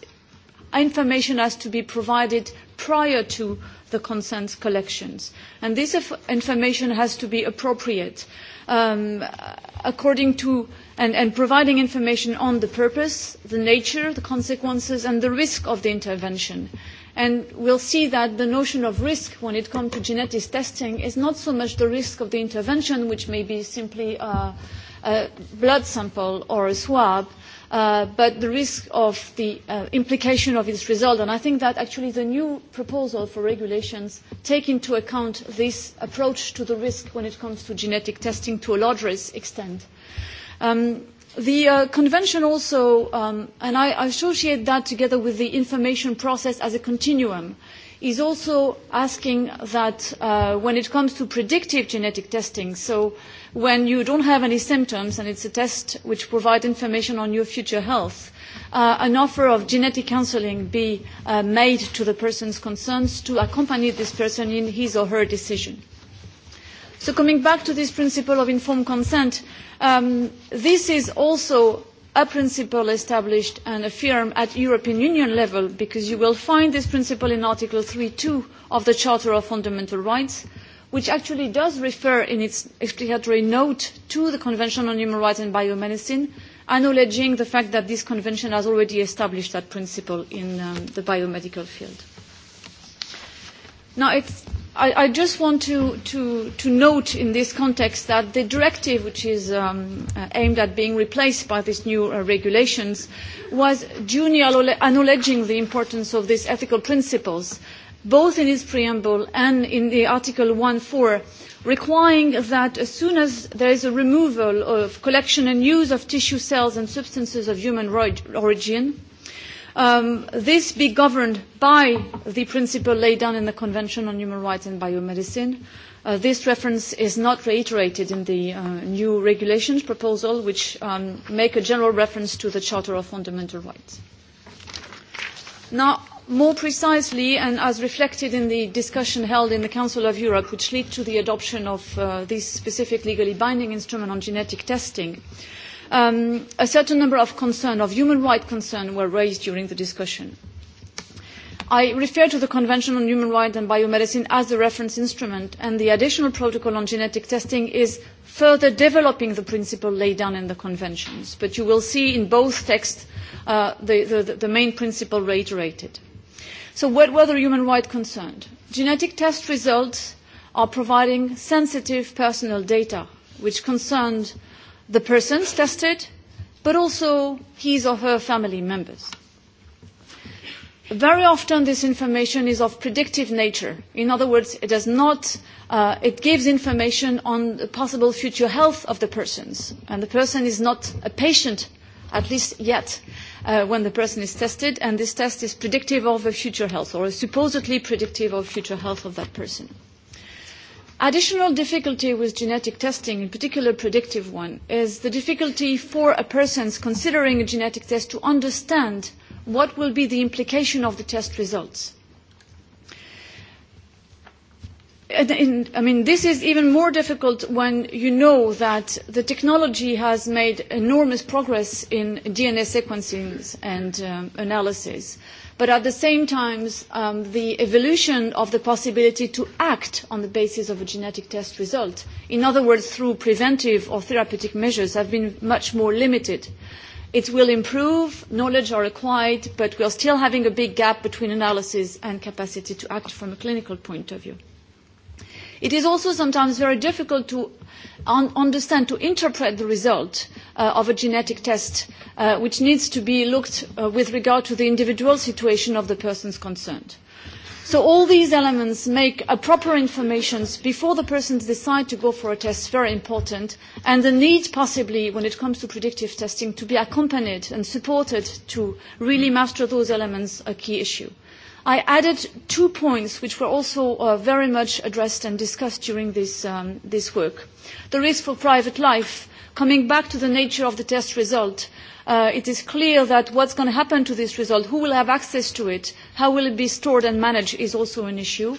information has to be provided prior to the consent collections. And this information has to be appropriate um, according to and, and providing information on the purpose, the nature, the consequences and the risk of the intervention. Uh, And we'll see that the notion of risk when it comes to genetics testing is not so much the risk of the intervention, which may be simply uh, a blood sample or a swab, uh, but the risk of the uh, implication of its result. And I think that actually the new proposal for regulations take into account this approach to the risk when it comes to genetic testing to a larger extent. Um, The uh, convention also, um, and I associate that together with the information process as a continuum, is also asking that uh, when it comes to predictive genetic testing, so when you don't have any symptoms and it's a test which provides information on your future health, uh, an offer of genetic counseling be uh, made to the person's concerns to accompany this person in his or her decision. So coming back to this principle of informed consent, um, this is also a principle established and affirmed at European Union level because you will find this principle in Article 3.2 of the Charter of Fundamental Rights, which actually does refer in its explanatory note to the Convention on Human Rights and Biomedicine, acknowledging the fact that this convention has already established that principle in um, the biomedical field. Now, it's I, I just want to, to, to note in this context that the directive, which is um, uh, aimed at being replaced by these new uh, regulations, was duly acknowledging the importance of these ethical principles, both in its preamble and in the Article 1.4, requiring that as soon as there is a removal of collection and use of tissue cells and substances of human origin, um, this be governed by the principle laid down in the Convention on Human Rights and Biomedicine. Uh, this reference is not reiterated in the uh, new regulations proposal, which um, make a general reference to the Charter of Fundamental Rights. Now, more precisely, and as reflected in the discussion held in the Council of Europe, which led to the adoption of uh, this specific legally binding instrument on genetic testing, uh, um, a certain number of concerns, of human rights concerns, were raised during the discussion. I refer to the Convention on Human Rights and Biomedicine as the reference instrument, and the additional protocol on genetic testing is further developing the principle laid down in the conventions. But you will see in both texts uh, the, the, the main principle reiterated. So what were the human rights concerned? Genetic test results are providing sensitive personal data, which concerned uh, the persons tested, but also his or her family members. Very often this information is of predictive nature. In other words, it does not, uh, it gives information on the possible future health of the persons. And the person is not a patient, at least yet, uh, when the person is tested, and this test is predictive of a future health, or supposedly predictive of future health of that person. Uh, Additional difficulty with genetic testing, in particular predictive one, is the difficulty for a person considering a genetic test to understand what will be the implication of the test results. In, I mean, this is even more difficult when you know that the technology has made enormous progress in DNA sequencing and um, analysis. Uh, but at the same time, um, the evolution of the possibility to act on the basis of a genetic test result, in other words, through preventive or therapeutic measures, have been much more limited. It will improve, knowledge are acquired, but we are still having a big gap between analysis and capacity to act from a clinical point of view. It is also sometimes very difficult to un understand, to interpret the result uh, of a genetic test, uh, which needs to be looked uh, with regard to the individual situation of the persons concerned. So all these elements make a proper information before the persons decide to go for a test very important, and the need possibly, when it comes to predictive testing, to be accompanied and supported to really master those elements a key issue. I added two points which were also uh, very much addressed and discussed during this, um, this work. The risk for private life, coming back to the nature of the test result, uh, it is clear that what's going to happen to this result, who will have access to it, how will it be stored and managed is also an issue.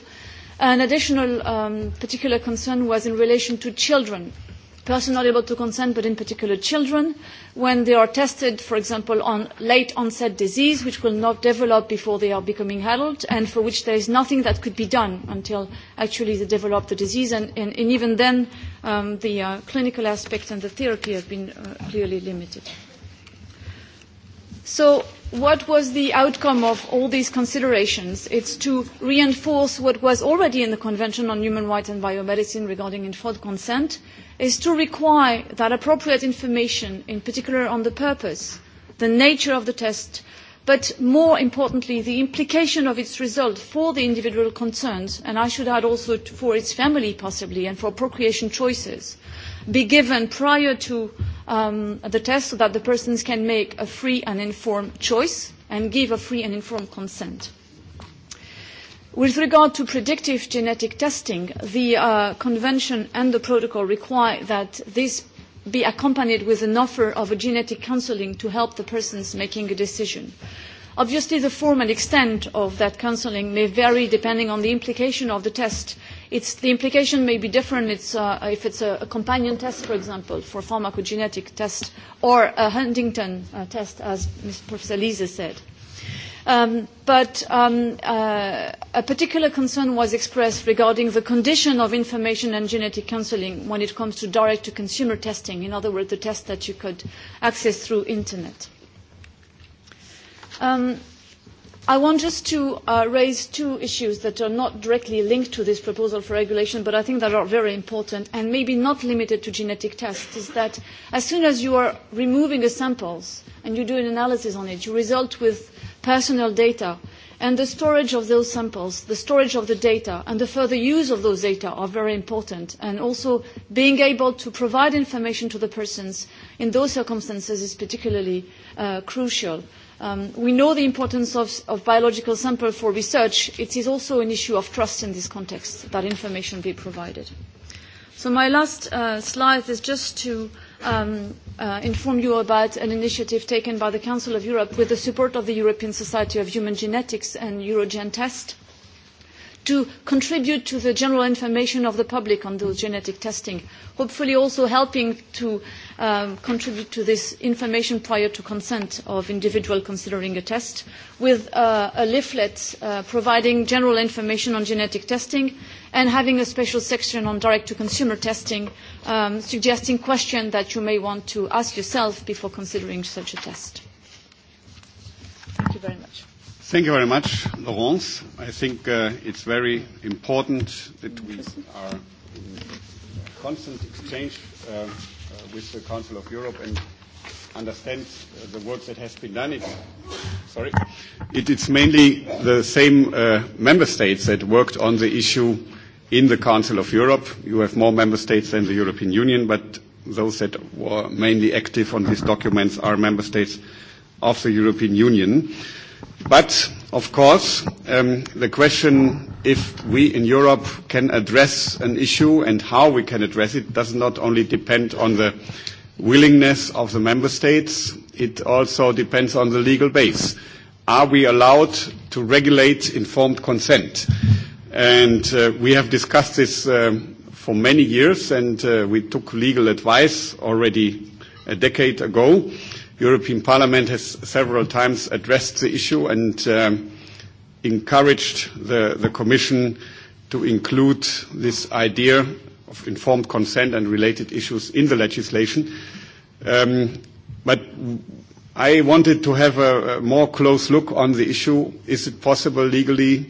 An additional um, particular concern was in relation to children person not able to consent, but in particular children, when they are tested, for example, on late onset disease, which will not develop before they are becoming adult, and for which there is nothing that could be done until actually they develop the disease. And, and, and even then, um, the uh, clinical aspect and the therapy have been uh, clearly limited. Uh, So what was the outcome of all these considerations? It's to reinforce what was already in the Convention on Human Rights and Biomedicine regarding informed consent, is to require that appropriate information, in particular on the purpose, the nature of the test, but more importantly, the implication of its result for the individual concerned, and I should add also for its family possibly, and for procreation choices. Uh, be given prior to um, the test so that the persons can make a free and informed choice and give a free and informed consent. With regard to predictive genetic testing, the uh, convention and the protocol require that this be accompanied with an offer of a genetic counselling to help the persons making a decision. Obviously, the form and extent of that counselling may vary depending on the implication of the test It's, the implication may be different it's, uh, if it's a, a companion test, for example, for pharmacogenetic test or a Huntington uh, test, as Ms. Professor Lise said. Um, but um, uh, a particular concern was expressed regarding the condition of information and genetic counseling when it comes to direct-to-consumer testing, in other words, the test that you could access through Internet. Um, I want just to uh, raise two issues that are not directly linked to this proposal for regulation, but I think that are very important and maybe not limited to genetic tests, is that as soon as you are removing a samples and you do an analysis on it, you result with personal data. And the storage of those samples, the storage of the data, and the further use of those data are very important. And also being able to provide information to the persons in those circumstances is particularly uh, crucial. Uh, Um, we know the importance of, of biological sample for research. It is also an issue of trust in this context, that information be provided. So my last uh, slide is just to um, uh, inform you about an initiative taken by the Council of Europe with the support of the European Society of Human Genetics and Eurogen Test to contribute to the general information of the public on those genetic testing, hopefully also helping to um, contribute to this information prior to consent of individual considering a test, with uh, a leaflet uh, providing general information on genetic testing and having a special section on direct-to-consumer testing, um, suggesting questions that you may want to ask yourself before considering such a test. Thank you very much. Thank you very much, Laurence. I think uh, it's very important that we are in constant exchange uh, uh, with the Council of Europe and understand uh, the work that has been done. It's, sorry. It, it's mainly the same uh, member states that worked on the issue in the Council of Europe. You have more member states than the European Union, but those that were mainly active on these documents are member states of the European Union. Uh, But of course, um, the question if we in Europe can address an issue and how we can address it does not only depend on the willingness of the member states, it also depends on the legal base. Are we allowed to regulate informed consent? And uh, we have discussed this um, for many years, and uh, we took legal advice already a decade ago. Uh, European Parliament has several times addressed the issue and um, encouraged the, the Commission to include this idea of informed consent and related issues in the legislation. Um, but I wanted to have a, a more close look on the issue. Is it possible legally?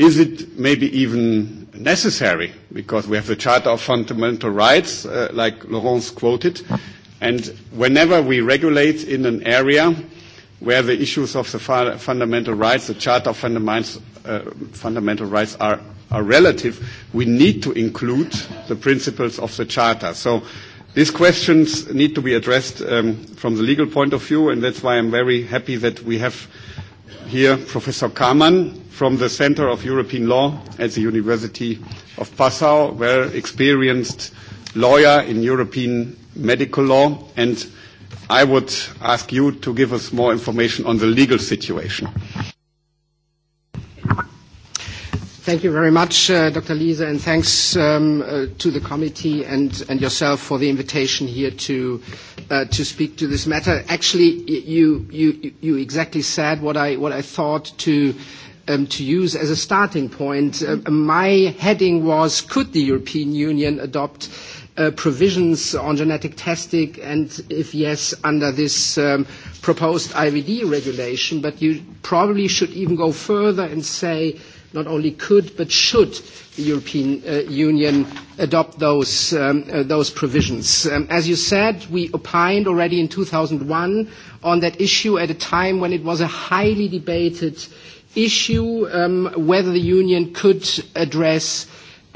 Is it maybe even necessary? Because we have the Charter of Fundamental Rights, uh, like Laurence quoted. And whenever we regulate in an area where the issues of the fundamental rights, the Charter of Fundamental, uh, fundamental Rights are, are relative, we need to include the principles of the Charter. So These questions need to be addressed um, from the legal point of view, and that's why I'm very happy that we have here Professor Kamann from the Center of European Law at the University of Passau, very experienced lawyer in European medical law, and I would ask you to give us more information on the legal situation. Thank you very much, uh, Dr. Liese, and thanks um, uh, to the committee and, and yourself for the invitation here to, uh, to speak to this matter. Actually, you, you, you exactly said what I, what I thought to, um, to use as a starting point. Uh, my heading was, could the European Union adopt uh, uh, provisions on genetic testing, and if yes, under this um, proposed IVD regulation. But you probably should even go further and say not only could but should the European uh, Union adopt those, um, uh, those provisions. Um, as you said, we opined already in 2001 on that issue at a time when it was a highly debated issue um, whether the Union could address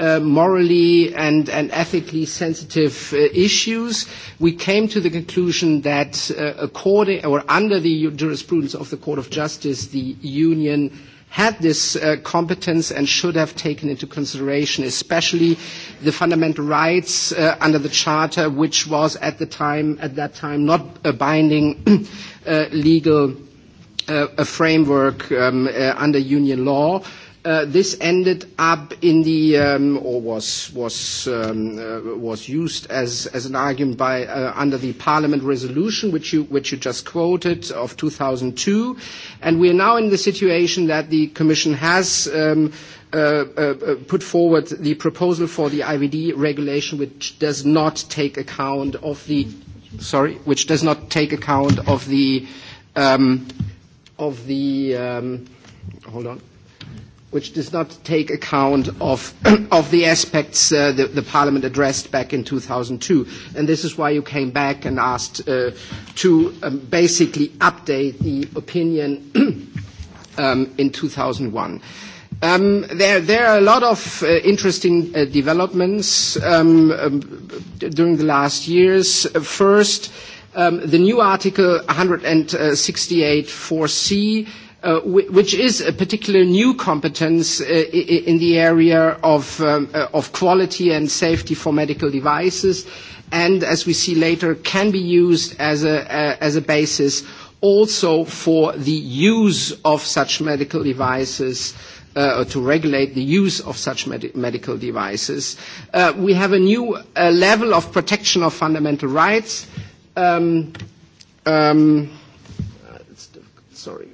uh, morally and, and ethically sensitive uh, issues, we came to the conclusion that uh, according or under the jurisprudence of the Court of Justice, the Union had this uh, competence and should have taken into consideration, especially the fundamental rights uh, under the Charter, which was at the time, at that time, not a binding uh, legal uh, a framework um, uh, under Union law. Uh, Uh, this ended up in the um, or was was um, uh, was used as as an argument by uh, under the Parliament resolution which you which you just quoted of 2002, and we are now in the situation that the Commission has. Um, uh, uh, uh put forward the proposal for the IVD regulation, which does not take account of the, sorry, which does not take account of the, um, of the, um, hold on, which does not take account of, of the aspects uh, the, the Parliament addressed back in 2002. And this is why you came back and asked uh, to um, basically update the opinion um, in 2001. Um, there, there are a lot of uh, interesting uh, developments um, um, during the last years. First, um, the new Article 168 4C Uh, which is a particular new competence uh, in the area of, um, uh, of quality and safety for medical devices, and as we see later, can be used as a, as a basis also for the use of such medical devices uh, to regulate the use of such med- medical devices. Uh, we have a new uh, level of protection of fundamental rights. Um, um, uh, it's difficult, sorry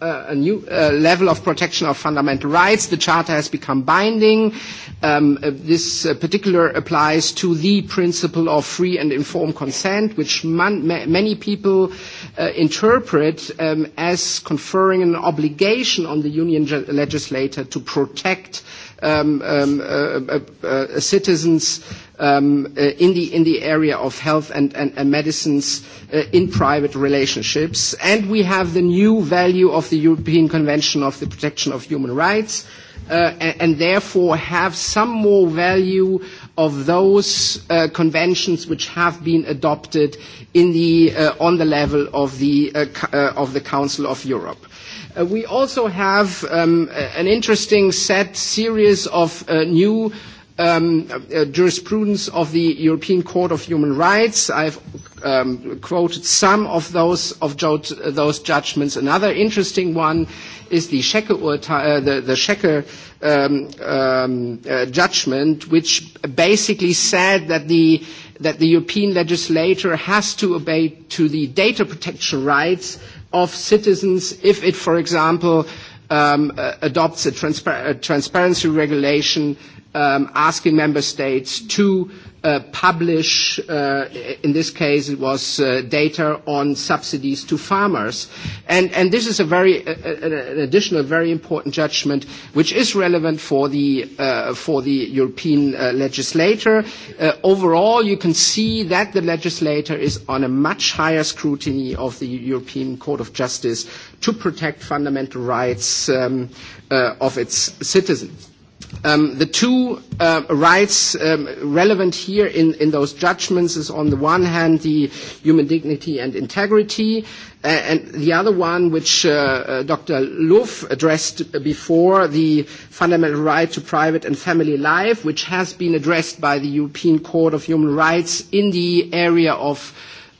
uh, a new uh, level of protection of fundamental rights. The Charter has become binding. Um, uh, this uh, particular applies to the principle of free and informed consent, which man, ma- many people uh, interpret um, as conferring an obligation on the Union legislator to protect uh, um, um, uh, uh, uh, citizens um, uh, in, the, in the area of health and, and, and medicines uh, in private relationships. And we have the new value of the European Convention of the Protection of Human Rights, uh, and, and therefore have some more value of those uh, conventions which have been adopted in the, uh, on the level of the, uh, uh, of the Council of Europe. Uh, we also have um, an interesting set series of uh, new um, uh, jurisprudence of the European Court of Human Rights. I've um, quoted some of those of jo- those judgments. Another interesting one is the Schecke, uh, the, the Schecke um, um, uh, judgment, which basically said that the that the European legislator has to obey to the data protection rights uh, of citizens if it, for example, um, uh, adopts a, transpar- a transparency regulation um, asking member states to uh, uh, publish, uh, in this case it was uh, data on subsidies to farmers. And, and this is a very, uh, an additional very important judgment which is relevant for the, uh, for the European uh, legislator. Uh, overall, you can see that the legislator is on a much higher scrutiny of the European Court of Justice to protect fundamental rights um, uh, of its citizens. Um, the two uh, rights um, relevant here in, in those judgments is on the one hand the human dignity and integrity, uh, and the other one, which uh, uh, Dr. Luff addressed before, the fundamental right to private and family life, which has been addressed by the European Court of Human Rights in the area of uh,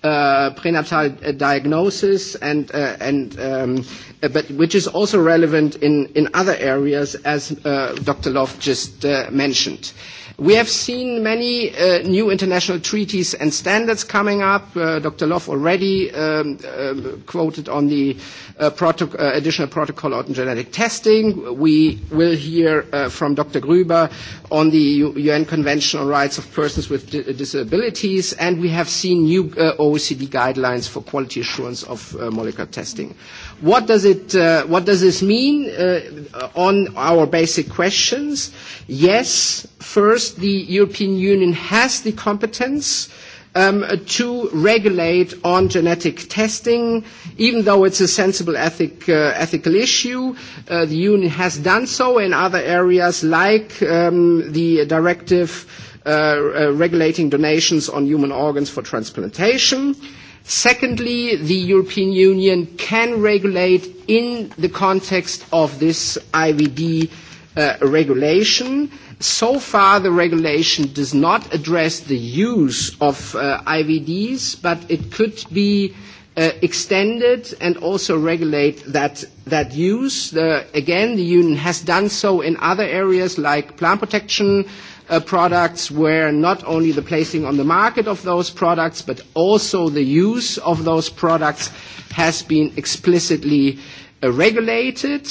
uh, prenatal uh, diagnosis, and uh, and um, uh, but which is also relevant in in other areas, as uh, Dr. Love just uh, mentioned. We have seen many uh, new international treaties and standards coming up. Uh, Dr. Love already um, uh, quoted on the uh, protoc- uh, additional protocol on genetic testing. We will hear uh, from Dr. Gruber on the U- UN Convention on Rights of Persons with D- Disabilities, and we have seen new uh, OECD guidelines for quality assurance of uh, molecular testing. What does, it, uh, what does this mean uh, on our basic questions? Yes, first, the European Union has the competence um, to regulate on genetic testing, even though it's a sensible ethic, uh, ethical issue. Uh, the Union has done so in other areas like um, the directive uh, uh, regulating donations on human organs for transplantation. Secondly, the European Union can regulate in the context of this IVD uh, regulation. So far, the regulation does not address the use of uh, IVDs, but it could be uh, extended and also regulate that, that use. The, again, the Union has done so in other areas like plant protection, uh, uh, products where not only the placing on the market of those products, but also the use of those products has been explicitly uh, regulated.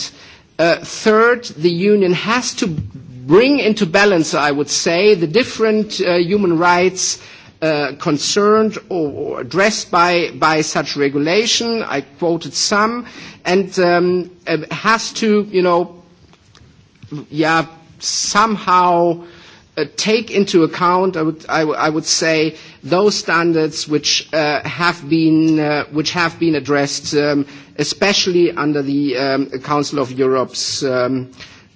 Uh, third, the union has to bring into balance, I would say, the different uh, human rights uh, concerned or, or addressed by, by such regulation. I quoted some, and um, uh, has to, you know, yeah, somehow uh, take into account, I would, I, w- I would say, those standards which uh, have been uh, which have been addressed, um, especially under the um, Council of Europe's um,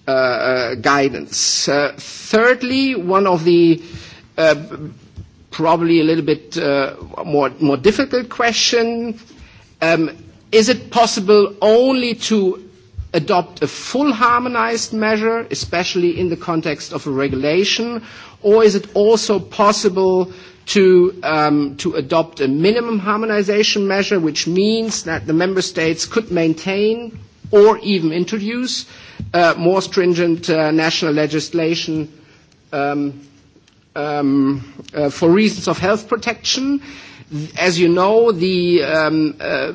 uh, uh, guidance. Uh, thirdly, one of the uh, probably a little bit uh, more more difficult question: um, Is it possible only to adopt a full harmonized measure, especially in the context of a regulation, or is it also possible to, um, to adopt a minimum harmonization measure, which means that the member states could maintain or even introduce uh, more stringent uh, national legislation um, um, uh, for reasons of health protection? Uh, As you know, the, um, uh,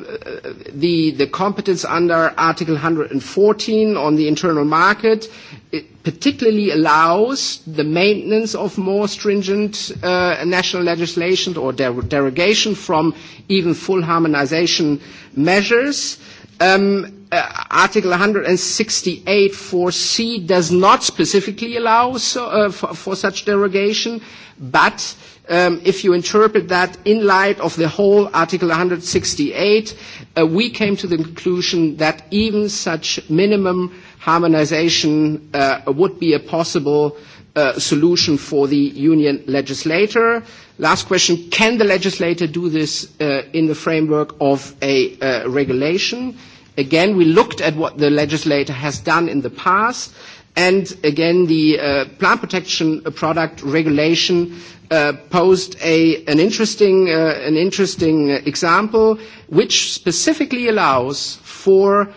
the, the competence under Article 114 on the internal market it particularly allows the maintenance of more stringent uh, national legislation or der- derogation from even full harmonization measures. Um, uh, Article 168 4C does not specifically allow so, uh, for, for such derogation, but uh, um, if you interpret that in light of the whole Article 168, uh, we came to the conclusion that even such minimum harmonization uh, would be a possible uh, solution for the union legislator. Last question, can the legislator do this uh, in the framework of a uh, regulation? Again, we looked at what the legislator has done in the past, and again, the uh, plant protection product regulation uh, posed a, an, interesting, uh, an interesting example which specifically allows for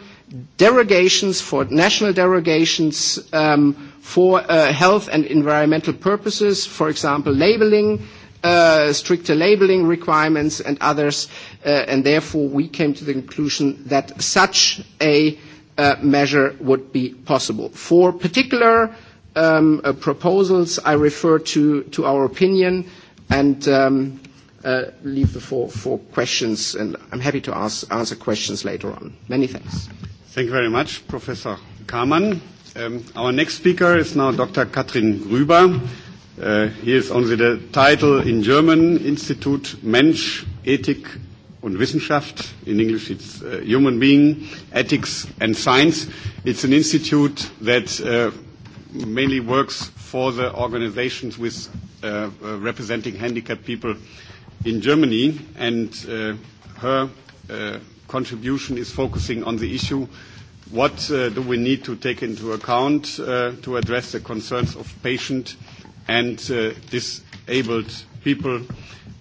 derogations, for national derogations um, for uh, health and environmental purposes, for example, labeling, uh, stricter labeling requirements and others, uh, and therefore we came to the conclusion that such a uh, measure would be possible. For particular um, uh, proposals. I refer to, to our opinion and um, uh, leave the floor for questions, and I'm happy to ask, answer questions later on. Many thanks. Thank you very much, Professor Kamann. Um, our next speaker is now Dr. Katrin Grüber. Uh, hier ist only the title in German, Institut Mensch, Ethik und Wissenschaft. In English, it's uh, Human Being, Ethics and Science. It's an institute that uh, mainly works for the organizations with uh, uh, representing handicapped people in Germany, and uh, her uh, contribution is focusing on the issue what uh, do we need to take into account uh, to address the concerns of patient and uh, disabled people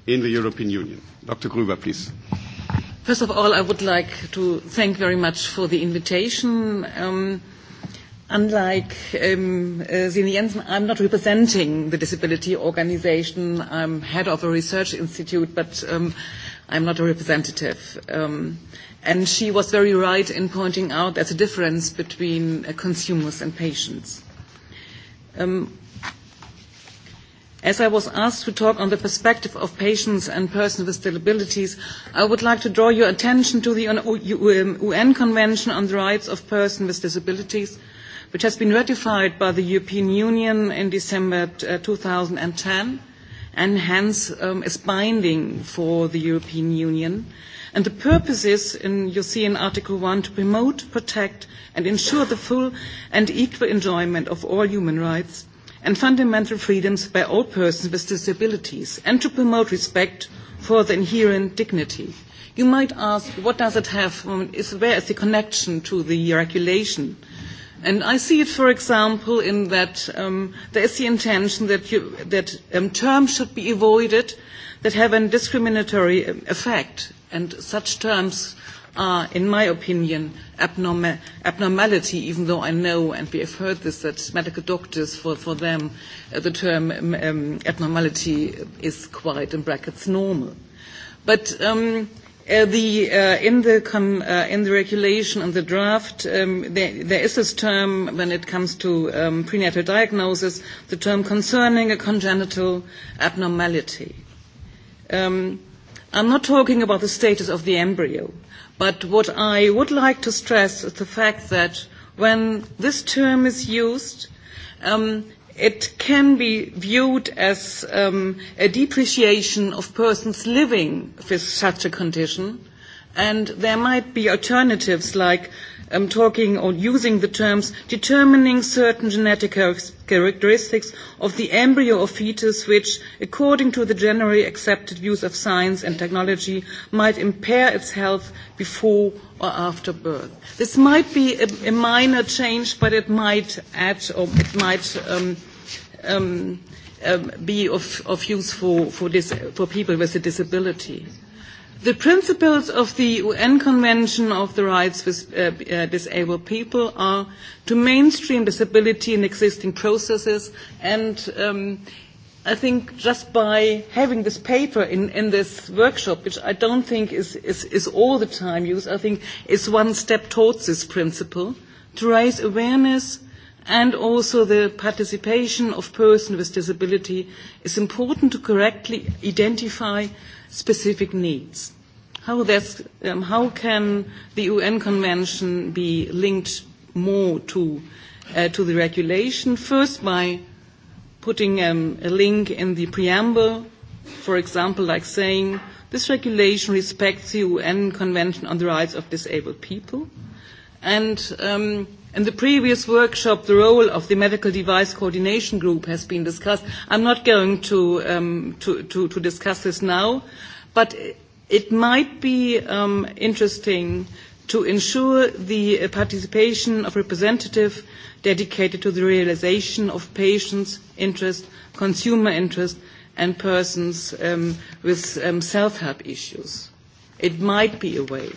in the European Union. Dr. Gruber, please. First of all, I would like to thank very much for the invitation. Um, Unlike um, uh, Zine Jensen, I'm not representing the disability organization. I'm head of a research institute, but um, I'm not a representative. Um, and she was very right in pointing out there's a difference between uh, consumers and patients. Um, as I was asked to talk on the perspective of patients and persons with disabilities, I would like to draw your attention to the UN Convention on the Rights of Persons with Disabilities – which has been ratified by the European Union in December t- uh, 2010 and hence um, is binding for the European Union. And the purpose is, in, you see in Article 1, to promote, protect and ensure the full and equal enjoyment of all human rights and fundamental freedoms by all persons with disabilities and to promote respect for the inherent dignity. You might ask, what does it have, um, is, where is the connection to the regulation? And I see it, for example, in that um, there is the intention that, you, that um, terms should be avoided that have a discriminatory um, effect. And such terms are, in my opinion, abnorma- abnormality, even though I know, and we have heard this, that medical doctors, for, for them, uh, the term um, um, abnormality is quite, in brackets, normal. But... Um, Uh, the, uh, in, the com, uh, in the regulation, in the draft, um, there, there is this term when it comes to um, prenatal diagnosis, the term concerning a congenital abnormality. Um, I'm not talking about the status of the embryo, but what I would like to stress is the fact that when this term is used, um, it can be viewed as um, a depreciation of persons living with such a condition. And there might be alternatives like um, talking or using the terms determining certain genetic characteristics of the embryo or fetus which, according to the generally accepted views of science and technology, might impair its health before or after birth. This might be a, a minor change, but it might add or it might um, um, um, be of, of use for, for, dis- for people with a disability. The principles of the UN Convention of the Rights of uh, uh, Disabled People are to mainstream disability in existing processes and um, I think just by having this paper in, in this workshop, which I don't think is, is, is all the time used, I think is one step towards this principle, to raise awareness and also the participation of persons with disability is important to correctly identify specific needs. How, this, um, how can the UN Convention be linked more to, uh, to the regulation? First, by putting um, a link in the preamble, for example, like saying, this regulation respects the UN Convention on the Rights of Disabled People. And um, In the previous workshop, the role of the Medical Device Coordination Group has been discussed. I'm not going to, um, to, to, to discuss this now, but it might be um, interesting to ensure the participation of representatives dedicated to the realization of patients' interest, consumer interest, and persons um, with um, self-help issues. It might be a way.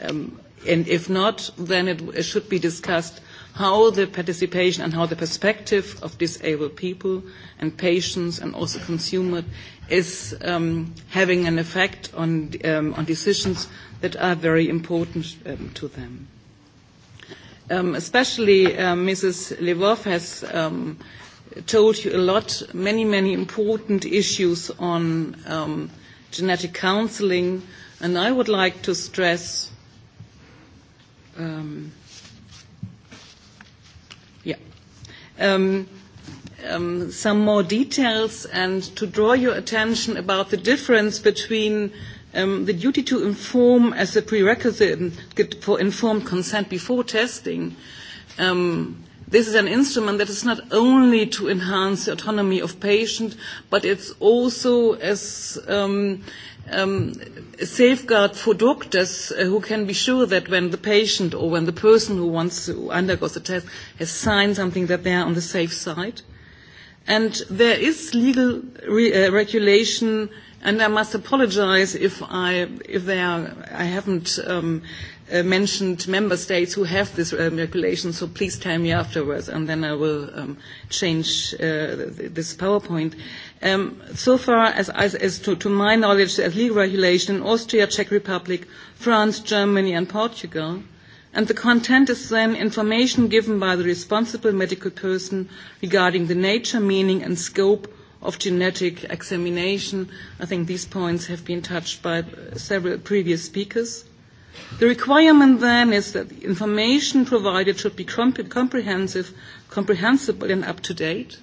Um, And if not, then it, it should be discussed how the participation and how the perspective of disabled people and patients and also consumers is um, having an effect on, um, on decisions that are very important um, to them. Um, especially uh, Mrs. Levov has um, told you a lot, many, many important issues on um, genetic counseling, and I would like to stress Um, yeah. Um, um, some more details and to draw your attention about the difference between um, the duty to inform as a prerequisite for informed consent before testing. Um, this is an instrument that is not only to enhance the autonomy of patient, but it's also as um, uh, um, safeguard for doctors uh, who can be sure that when the patient or when the person who wants to undergoes the test has signed something that they are on the safe side. And there is legal re- uh, regulation, and I must apologize if I if they are I haven't um, uh, mentioned member states who have this um, regulation, so please tell me afterwards, and then I will um, change uh, this PowerPoint. Um, so far, as, as, as to, to my knowledge, there's legal regulation in Austria, Czech Republic, France, Germany, and Portugal. And the content is then information given by the responsible medical person regarding the nature, meaning, and scope of genetic examination. I think these points have been touched by several previous speakers. The requirement then is that the information provided should be comp- comprehensive, comprehensible, and up to date.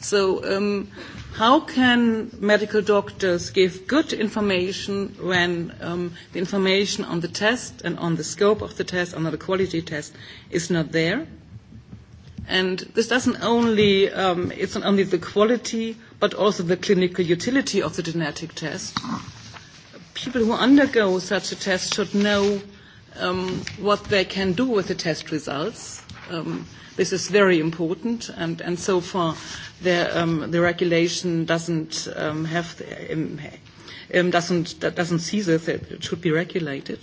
So, um, how can medical doctors give good information when um, the information on the test and on the scope of the test, on the quality test, is not there? And this doesn't only, um, it's not only the quality, but also the clinical utility of the genetic test people who undergo such a test should know um, what they can do with the test results. Um, this is very important, and, and so far the, um, the regulation doesn't um, have the, um, um, doesn't doesn't see this. It should be regulated,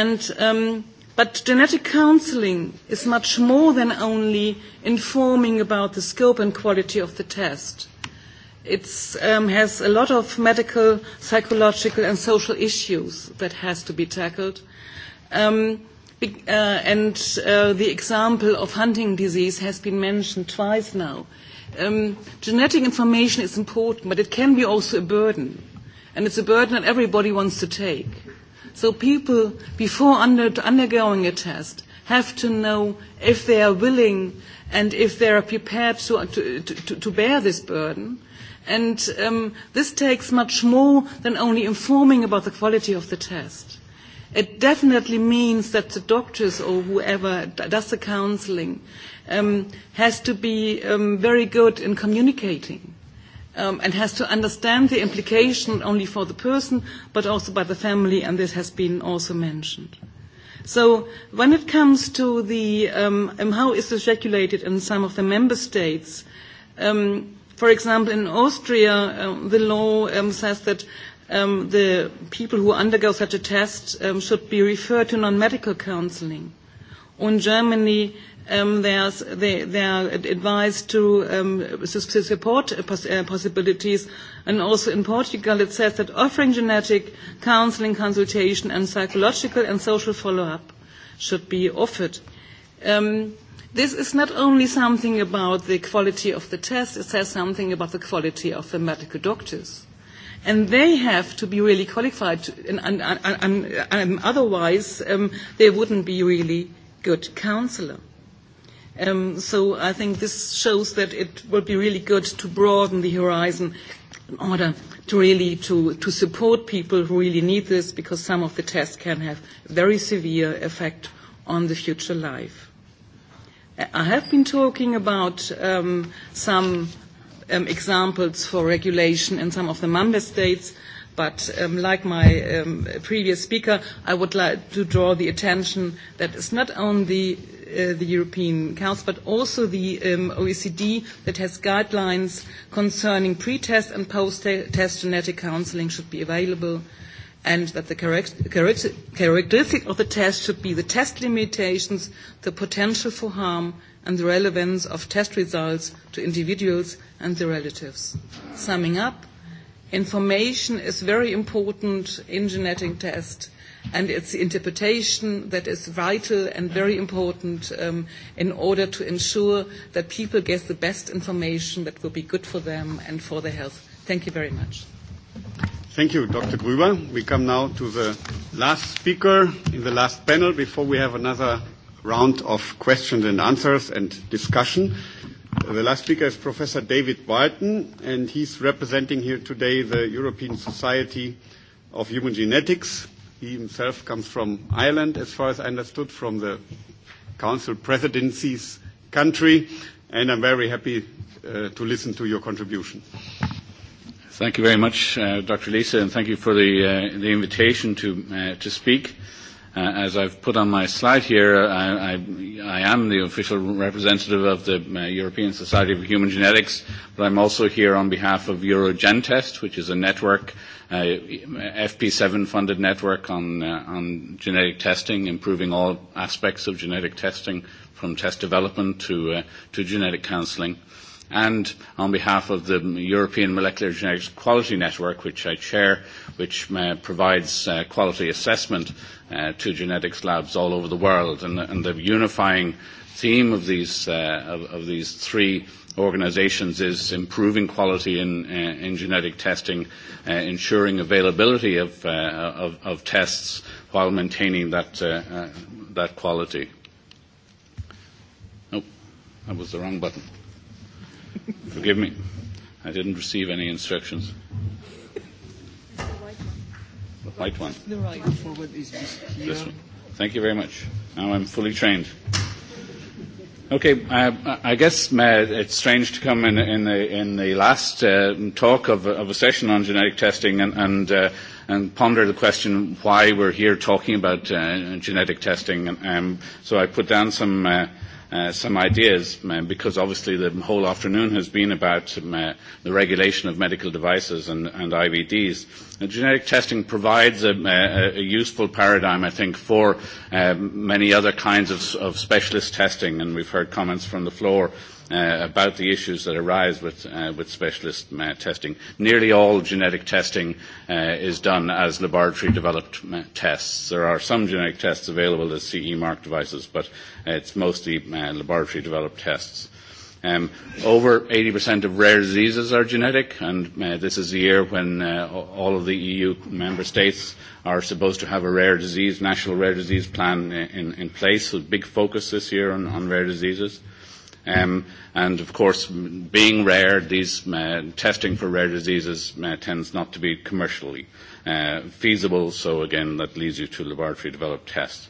and. Um, But genetic counseling is much more than only informing about the scope and quality of the test it um, has a lot of medical, psychological, and social issues that has to be tackled. Um, be, uh, and uh, the example of hunting disease has been mentioned twice now. Um, genetic information is important, but it can be also a burden. And it's a burden that everybody wants to take. So people, before under, undergoing a test, have to know if they are willing and if they are prepared to, to, to, to bear this burden And um, this takes much more than only informing about the quality of the test. It definitely means that the doctors or whoever does the counseling um, has to be um, very good in communicating um, and has to understand the implication only for the person but also by the family, and this has been also mentioned. So when it comes to the um, um, how is this regulated in some of the member states, um, For example, in Austria, um, the law um, says that um, the people who undergo such a test um, should be referred to non-medical counseling. Or in Germany, um, there's, they, they are advised to, um, to support uh, pos- uh, possibilities. And also in Portugal, it says that offering genetic counseling, consultation, and psychological and social follow-up should be offered. Um, This is not only something about the quality of the test, it says something about the quality of the medical doctors. And they have to be really qualified, and, and, and, and, and otherwise um, they wouldn't be really good counselor. Um, so I think this shows that it would be really good to broaden the horizon in order to really to, to support people who really need this because some of the tests can have very severe effect on the future life. I have been talking about um, some um, examples for regulation in some of the member states, but um, like my um, previous speaker, I would like to draw the attention that it's not only uh, the European Council, but also the um, OECD that has guidelines concerning pre-test and post-test genetic counseling should be available. Uh, and that the characteristic of the test should be the test limitations, the potential for harm, and the relevance of test results to individuals and their relatives. Summing up, information is very important in genetic tests, and it's the interpretation that is vital and very important um, in order to ensure that people get the best information that will be good for them and for their health. Thank you very much. Thank you, Dr. Gruber. We come now to the last speaker in the last panel before we have another round of questions and answers and discussion. The last speaker is Professor David Barton, and he's representing here today the European Society of Human Genetics. He himself comes from Ireland, as far as I understood, from the Council Presidency's country, and I'm very happy uh, to listen to your contribution. Thank you. Thank you very much, uh, Dr. Lisa, and thank you for the, uh, the invitation to, uh, to speak. Uh, as I've put on my slide here, I, uh, I, I am the official representative of the uh, European Society of Human Genetics, but I'm also here on behalf of Eurogentest, which is a network, uh, FP7-funded network on, uh, on genetic testing, improving all aspects of genetic testing, from test development to, uh, to genetic counseling. Uh, and on behalf of the European Molecular Genetics Quality Network, which I chair, which uh, provides uh, quality assessment uh, to genetics labs all over the world. And, and the unifying theme of these, uh, of, of these three organizations is improving quality in, uh, in genetic testing, uh, ensuring availability of, uh, of, of tests while maintaining that, uh, uh, that quality. Nope, that was the wrong button. Forgive me. I didn't receive any instructions. The white one. The right one. forward is this here. This one. Thank you very much. Now I'm fully trained. Okay, I, I guess it's strange to come in, in, the, in the last uh, talk of, of a session on genetic testing and, and, uh, and ponder the question why we're here talking about uh, genetic testing. And, um, so I put down some. Uh, uh, some ideas, um, because obviously the whole afternoon has been about um, uh, the regulation of medical devices and, and IVDs. And genetic testing provides a, a, a useful paradigm, I think, for um, many other kinds of, of specialist testing, and we've heard comments from the floor uh, about the issues that arise with, uh, with specialist uh, testing. Nearly all genetic testing uh, is done as laboratory developed uh, tests. There are some genetic tests available as CE mark devices, but uh, it's mostly uh, laboratory developed tests. Um, over 80% of rare diseases are genetic, and uh, this is the year when uh, all of the EU member states are supposed to have a rare disease, national rare disease plan uh, in, in place, with big focus this year on, on rare diseases. Um, and of course, being rare, these uh, testing for rare diseases uh, tends not to be commercially uh, feasible. So again, that leads you to laboratory developed tests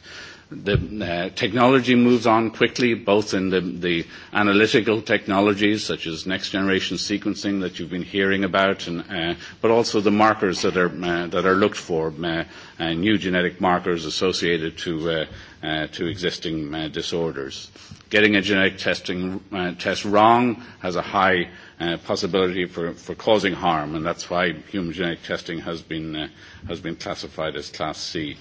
the uh, technology moves on quickly, both in the, the analytical technologies such as next generation sequencing that you've been hearing about, and, uh, but also the markers that are, uh, that are looked for, uh, uh, new genetic markers associated to, uh, uh, to existing uh, disorders. Getting a genetic testing uh, test wrong has a high uh, possibility for, for causing harm, and that's why human genetic testing has been, uh, has been classified as Class C.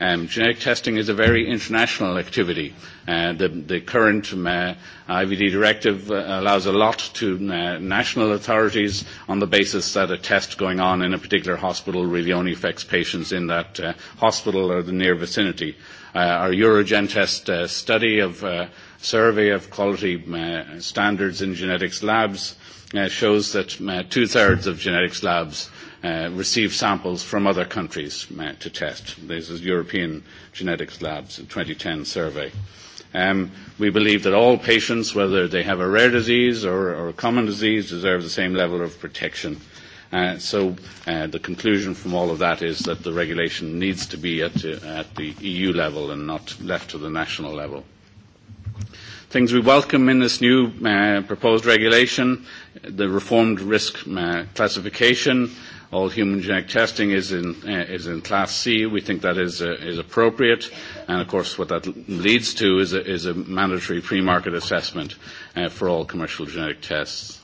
Um, genetic testing is a very international activity. Uh, the, the current um, uh, IVD directive uh, allows a lot to uh, national authorities on the basis that a test going on in a particular hospital really only affects patients in that uh, hospital or the near vicinity. Uh, our Eurogen test uh, study of uh, survey of quality uh, standards in genetics labs uh, shows that uh, two-thirds of genetics labs uh, receive samples from other countries uh, to test. This is European Genetics Labs 2010 survey. Um, we believe that all patients, whether they have a rare disease or, or a common disease, deserve the same level of protection. Uh, so uh, the conclusion from all of that is that the regulation needs to be at, uh, at the EU level and not left to the national level things we welcome in this new uh, proposed regulation, the reformed risk uh, classification. All human genetic testing is in, uh, is in Class C. We think that is, uh, is appropriate. And of course, what that leads to is a, is a mandatory pre-market assessment uh, for all commercial genetic tests.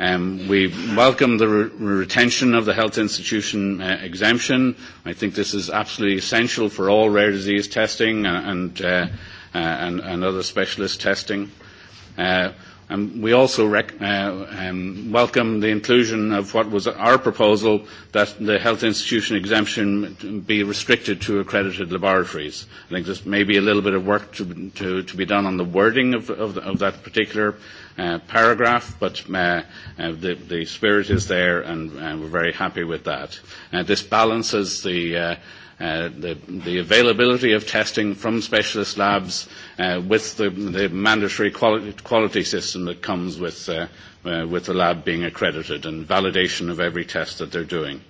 Um, we welcome the re- retention of the health institution uh, exemption. I think this is absolutely essential for all rare disease testing and, uh, and uh, uh, and, and other specialist testing. Uh, and we also rec- uh, um, welcome the inclusion of what was our proposal that the health institution exemption be restricted to accredited laboratories. I think there's maybe a little bit of work to, to, to be done on the wording of, of, of that particular uh, paragraph, but uh, uh, the, the spirit is there, and uh, we're very happy with that. Uh, this balances the uh, uh, the, the availability of testing from specialist labs uh, with the, the mandatory quality, quality system that comes with, uh, uh, with the lab being accredited and validation of every test that they're doing.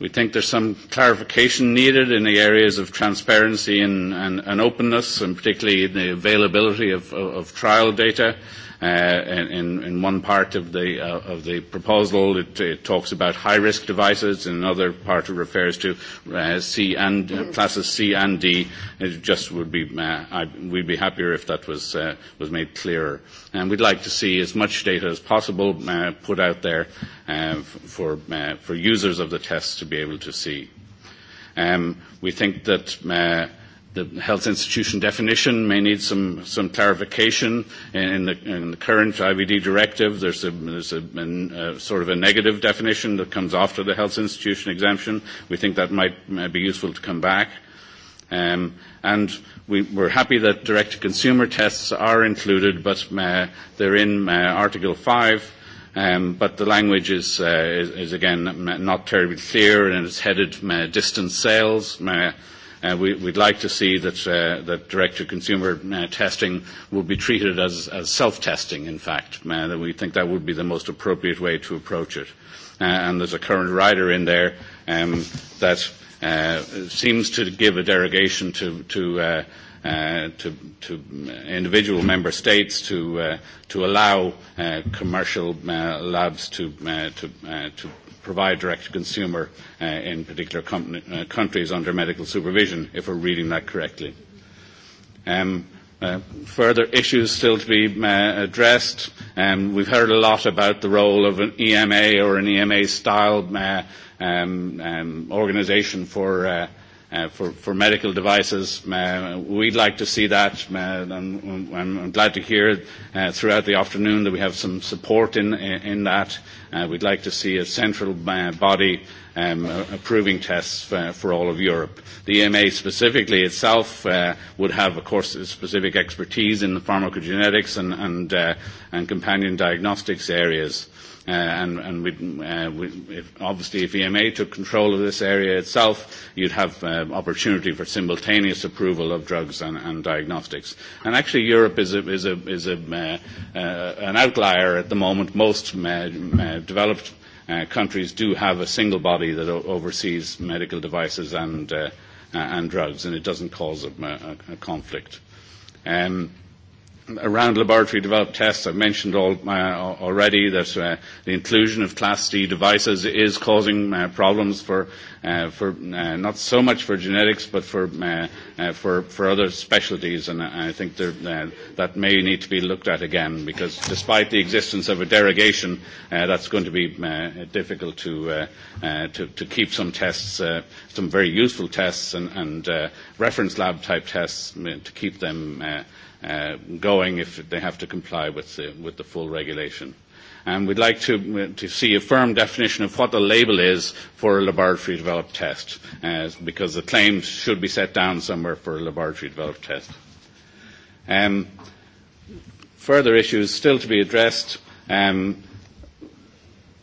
We think there's some clarification needed in the areas of transparency and, and, and openness, and particularly the availability of, of, of trial data. Uh, Uh, in, in one part of the, uh, of the proposal, it, it talks about high-risk devices. In another part, it refers to uh, C and uh, classes C and D. It just would be, uh, I, we'd be happier if that was, uh, was made clearer. And we'd like to see as much data as possible uh, put out there uh, for, uh, for users of the tests to be able to see. Um, we think that uh, the health institution definition may need some, some clarification in the, in the current IVD directive. There's, a, there's a, an, a uh, sort of a negative definition that comes after the health institution exemption. We think that might, might be useful to come back. Um, and we, we're happy that direct-to-consumer tests are included, but uh, they're in uh, Article 5, um, but the language is, uh, is, is again not terribly clear, and it's headed uh, distance sales. Uh, Uh, we, we'd like to see that, uh, that direct-to-consumer uh, testing would be treated as, as self-testing, in fact. Uh, that we think that would be the most appropriate way to approach it. Uh, and there's a current rider in there um, that uh, seems to give a derogation to, to uh, Uh, to, to individual member states to, uh, to allow uh, commercial uh, labs to, uh, to, uh, to provide direct-to-consumer uh, in particular com- uh, countries under medical supervision, if we're reading that correctly. Um, Uh, further issues still to be uh, addressed. Um, we've heard a lot about the role of an EMA or an EMA-style uh, um, um, organisation for uh, Uh, for, for medical devices. Uh, we'd like to see that, uh, and I'm glad to hear uh, throughout the afternoon that we have some support in, in that. Uh, we'd like to see a central uh, body um, approving tests for, for all of Europe. The EMA specifically itself uh, would have, of course, specific expertise in the pharmacogenetics and, and, uh, and companion diagnostics areas. Uh, and and we'd, uh, we'd, if, obviously, if EMA took control of this area itself, you'd have uh, opportunity for simultaneous approval of drugs and, and diagnostics. And actually, Europe is, a, is, a, is a, uh, uh, an outlier at the moment. Most uh, uh, developed uh, countries do have a single body that o- oversees medical devices and, uh, uh, and drugs, and it doesn't cause a, a, a conflict. Um, around laboratory developed tests, I've mentioned all, uh, already that uh, the inclusion of Class D devices is causing uh, problems for, uh, for uh, not so much for genetics, but for, uh, uh, for, for other specialties. And I think there, uh, that may need to be looked at again, because despite the existence of a derogation, uh, that's going to be uh, difficult to, uh, uh, to, to keep some tests, uh, some very useful tests and, and uh, reference lab type tests uh, to keep them uh, uh, going if they have to comply with the, with the full regulation. And we'd like to, to see a firm definition of what the label is for a laboratory developed test, uh, because the claims should be set down somewhere for a laboratory developed test. Um, further issues still to be addressed. Um,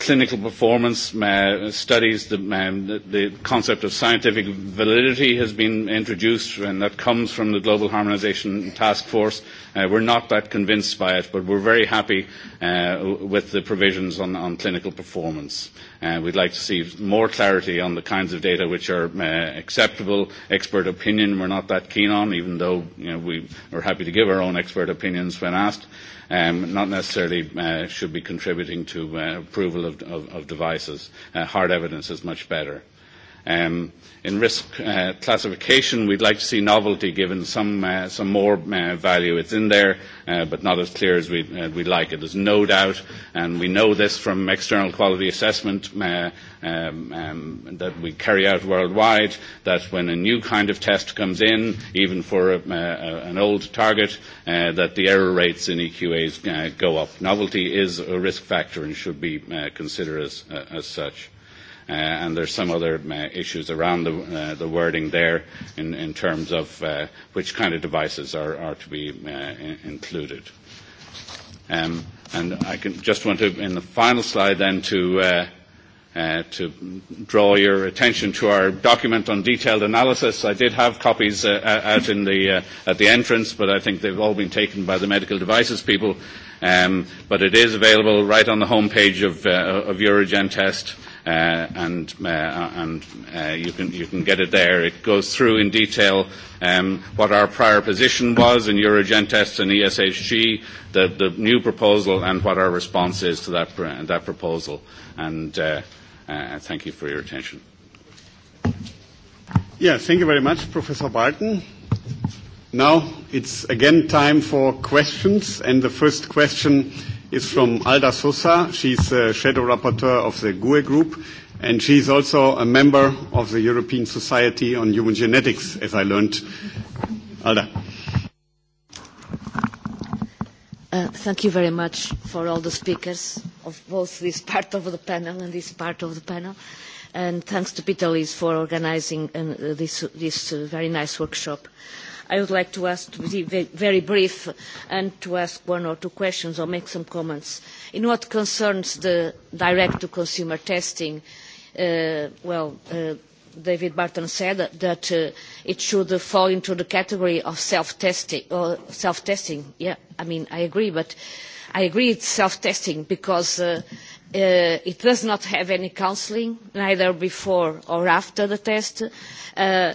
clinical performance uh, studies, the, um, the, the concept of scientific validity has been introduced, and that comes from the Global Harmonization Task Force. Uh, we're not that convinced by it, but we're very happy uh, with the provisions on, on clinical performance. Uh, we'd like to see more clarity on the kinds of data which are uh, acceptable. Expert opinion we're not that keen on, even though you know, we are happy to give our own expert opinions when asked. Um, not necessarily uh, should be contributing to uh, approval of, of, of devices. Uh, hard evidence is much better. Um, in risk uh, classification, we'd like to see novelty given some, uh, some more uh, value. It's in there, uh, but not as clear as we'd, uh, we'd like it. There's no doubt, and we know this from external quality assessment uh, um, um, that we carry out worldwide, that when a new kind of test comes in, even for a, uh, a, an old target, uh, that the error rates in EQAs uh, go up. Novelty is a risk factor and should be uh, considered as, uh, as such. Uh, and there's some other uh, issues around the, uh, the wording there in, in terms of uh, which kind of devices are, are to be uh, in, included. Um, and I can just want to, in the final slide then, to uh, Uh, to draw your attention to our document on detailed analysis. I did have copies uh, out in the, uh, at the entrance, but I think they've all been taken by the medical devices people. Um, but it is available right on the homepage of, uh, of Eurogen Test. Uh, uh, and, uh, uh, and uh, you, can, you can get it there. It goes through in detail um, what our prior position was in Eurogentest and ESHG, the, the new proposal, and what our response is to that, uh, that proposal. And uh, uh, thank you for your attention. Yeah, thank you very much, Professor Barton. Now it's again time for questions, and the first question is from Alda Sosa. She's a shadow rapporteur of the GUE group, and she's also a member of the European Society on Human Genetics, as I learned. Alda. Uh, thank you very much for all the speakers of both this part of the panel and this part of the panel. And thanks to Peter Lees for organizing uh, this, this uh, very nice workshop. Uh, I would like to ask to be very brief and to ask one or two questions or make some comments. In what concerns the direct-to-consumer testing, uh, well, uh, David Barton said that uh, it should fall into the category of self-testing. Or self-testing. Yeah, I mean, I agree, but I agree it's self-testing because uh, uh, it does not have any counseling, neither before or after the test. Uh,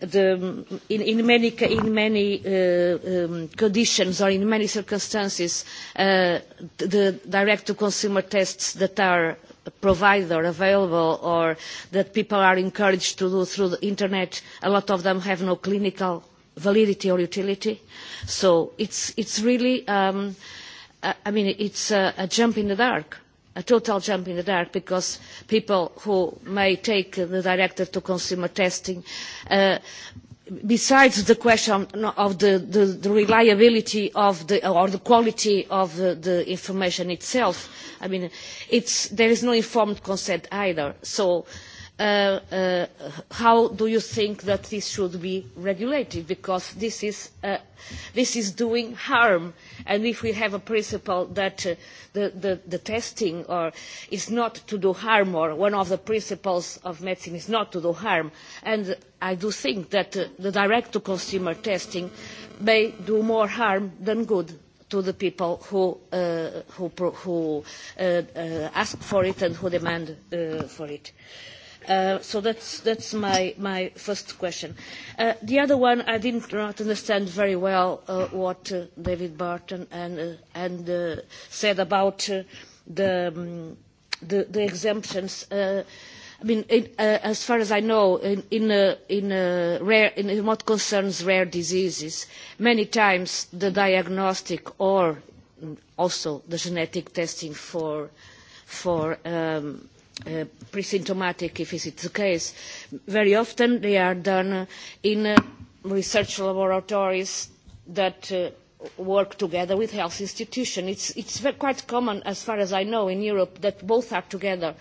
the, in, in many, in many uh, um, conditions or in many circumstances, uh, the direct-to-consumer tests that are provided or available or that people are encouraged to do through the internet, a lot of them have no clinical validity or utility. So it's, it's really, um, I mean, it's a, a jump in the dark a total jump in the dark because people who may take the directive to consumer testing uh, besides the question of the, the, the reliability of the, or the quality of the, the information itself, I mean, it's, there is no informed consent either. So uh, uh, how do you think that this should be regulated? Because this is, uh, this is doing harm. And if we have a principle that uh, the, the, the testing or is not to do harm, or one of the principles of medicine is not to do harm, and I do think that uh, the direct-to-consumer testing may do more harm than good to the people who, uh, who, who uh, uh, ask for it and who demand uh, for it. Uh, Uh, so that's, that's my, my first question. Uh, the other one, I did not understand very well uh, what uh, David Barton and, uh, and uh, said about uh, the, um, the, the exemptions. Uh, I mean, in, uh, as far as I know, in, in, uh, in, uh, rare, in, in what concerns rare diseases, many times the diagnostic or also the genetic testing for, for um, uh, pre-symptomatic, if it's the case. Very often they are done in uh, research laboratories that uh, work together with health institutions. It's, it's quite common, as far as I know, in Europe that both are together.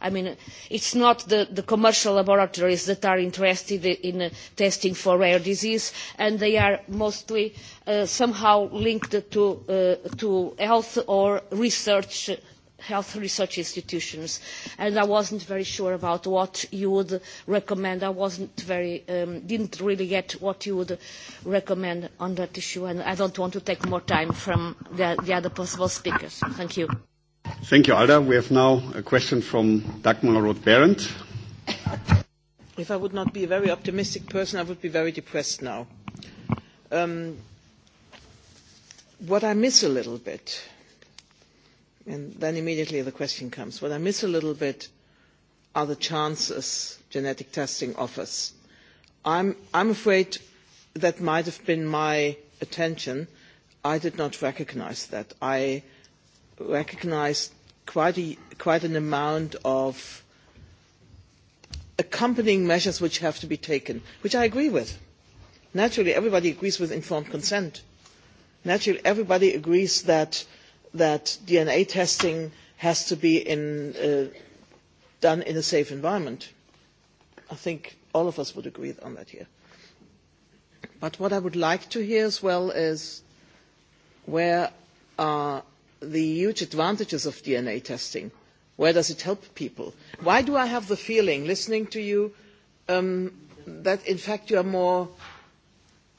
I mean, it's not the, the commercial laboratories that are interested in uh, testing for rare disease, and they are mostly uh, somehow linked to, uh, to health or research health research institutions, and I wasn't very sure about what you would recommend. I wasn't very, um, didn't really get what you would recommend on that issue, and I don't want to take more time from the, the other possible speakers. Thank you. Thank you, Alda. We have now a question from Dagmar Roth-Berendt. If I would not be a very optimistic person, I would be very depressed now. Um, what I miss a little bit And then immediately the question comes. What I miss a little bit are the chances genetic testing offers. I'm, I'm afraid that might have been my attention. I did not recognize that. I recognized quite, a, quite an amount of accompanying measures which have to be taken, which I agree with. Naturally, everybody agrees with informed consent. Naturally, everybody agrees that uh, that DNA testing has to be in, uh, done in a safe environment. I think all of us would agree on that here. But what I would like to hear as well is where are the huge advantages of DNA testing? Where does it help people? Why do I have the feeling, listening to you, um, that in fact you are more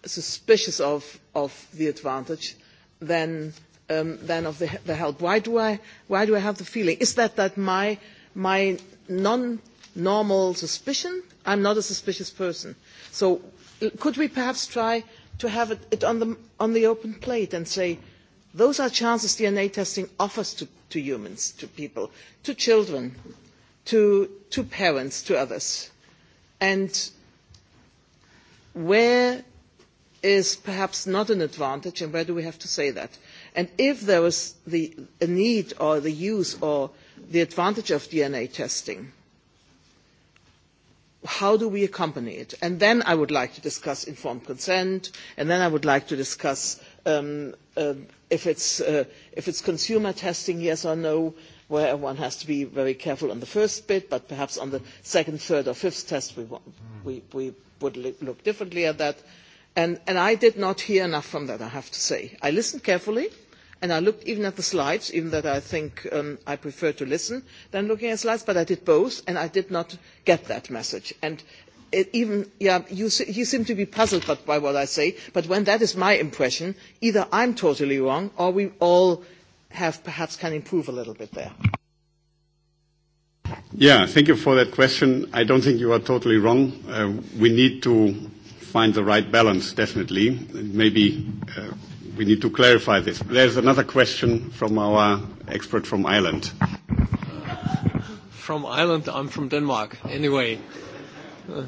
suspicious of, of the advantage than um, than of the, the help. Why do, I, why do I have the feeling? Is that that my, my non-normal suspicion? I'm not a suspicious person. So could we perhaps try to have it, it on, the, on the open plate and say, those are chances DNA testing offers to, to humans, to people, to children, to, to parents, to others. And where is perhaps not an advantage and where do we have to say that? And if there was the a need or the use or the advantage of DNA testing, how do we accompany it? And then I would like to discuss informed consent, and then I would like to discuss um, uh, if, it's, uh, if it's consumer testing, yes or no, where one has to be very careful on the first bit, but perhaps on the second, third, or fifth test, we, hmm. we, we would look differently at that. And, and I did not hear enough from that, I have to say. I listened carefully, and I looked even at the slides, even that I think um, I prefer to listen than looking at slides, but I did both, and I did not get that message. And it even, yeah, you, you seem to be puzzled by, by what I say, but when that is my impression, either I'm totally wrong, or we all have perhaps can improve a little bit there. Yeah, thank you for that question. I don't think you are totally wrong. Uh, we need to find the right balance, definitely. Maybe uh, we need to clarify this. There's another question from our expert from Ireland. From Ireland? I'm from Denmark. Anyway. Uh,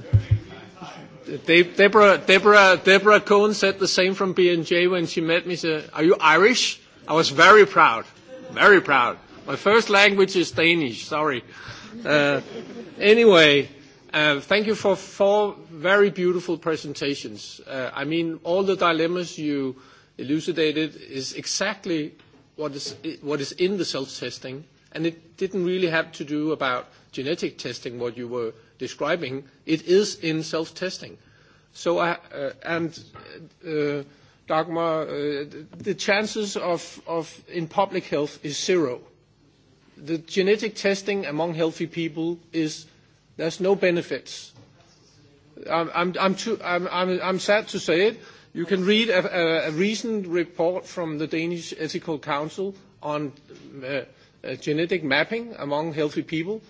De Deborah, Deborah, Deborah Cohen said the same from B&J when she met me. She said, are you Irish? I was very proud. Very proud. My first language is Danish. Sorry. Uh, anyway, uh, thank you for four very beautiful presentations. Uh, I mean, all the dilemmas you uh, elucidated is exactly what is, what is in the self-testing, and it didn't really have to do about genetic testing, what you were describing. It is in self-testing. So, uh, uh, and uh, Dagmar, uh, the chances of, of in public health is zero. The genetic testing among healthy people is there's no benefits. I'm, I'm, I'm, too, I'm, I'm, I'm sad to say it, You can read a, a, a recent report from the Danish Ethical Council on uh, uh, genetic mapping among healthy people.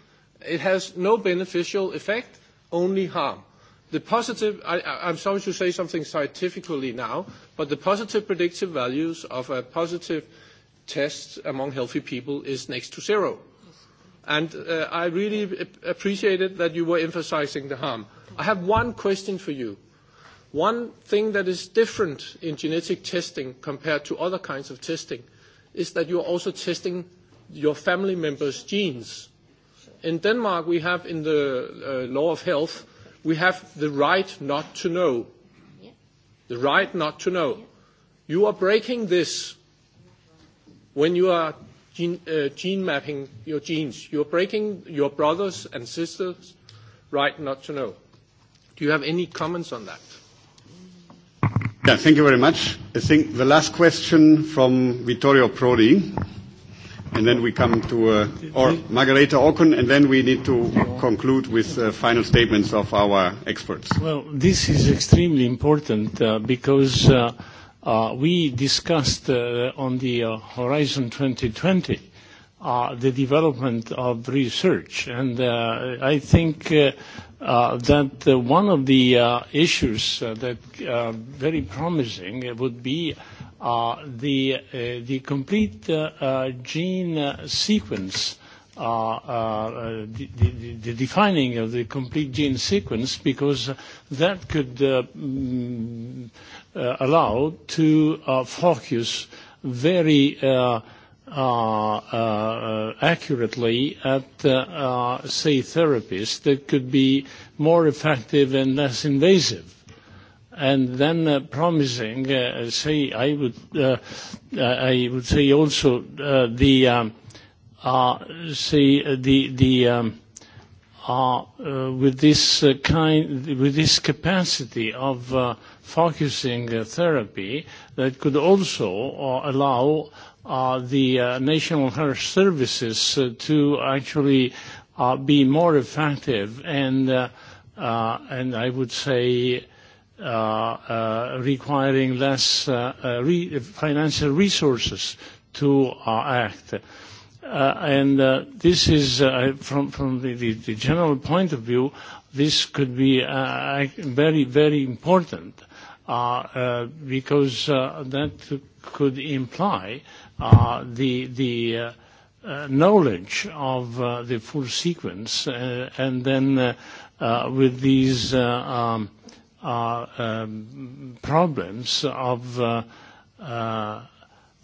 It has no beneficial effect, only harm. The positive, I, I, I'm sorry to say something scientifically now, but the positive predictive values of a positive test among healthy people is next to zero. And uh, I really appreciated that you were emphasizing the harm. I have one question for you. One thing that is different in genetic testing compared to other kinds of testing is that you're also testing your family members' genes. In Denmark, we have in the uh, law of health, we have the right not to know. Yeah. The right not to know. Yeah. You are breaking this when you are gene, uh, gene mapping your genes. You are breaking your brothers and sisters' right not to know. Do you have any comments on that? Yeah, thank you very much. I think the last question from Vittorio Prodi, and then we come to uh, or Margherita Auken, and then we need to conclude with uh, final statements of our experts. Well, this is extremely important uh, because uh, uh, we discussed uh, on the Horizon 2020 uh, the development of research. And uh, I think uh, uh, that uh, one of the uh, issues uh, that uh, very promising uh, would be uh, the, uh, the complete uh, uh, gene uh, sequence uh, uh, the, the, the defining of the complete gene sequence because that could uh, mm, uh, allow to uh, focus very uh, uh, uh, accurately at, uh, uh, say, therapies that could be more effective and less invasive. And then uh, promising, uh, say, I would, uh, uh I would say also uh, the, um, uh, say, uh, the, the um, uh, uh, with this uh, kind, with this capacity of uh, focusing uh, therapy that could also uh, allow uh, the uh, National Health Services uh, to actually uh, be more effective and, uh, uh, and I would say, uh, uh, requiring less uh, uh, re- financial resources to uh, act. Uh, and uh, this is, uh, from, from the, the, the general point of view, this could be uh, very, very important uh, uh, because uh, that could imply uh, uh, the, the uh, uh, knowledge of uh, the full sequence uh, and then uh, uh, with these uh, um, uh, um, problems of uh, uh,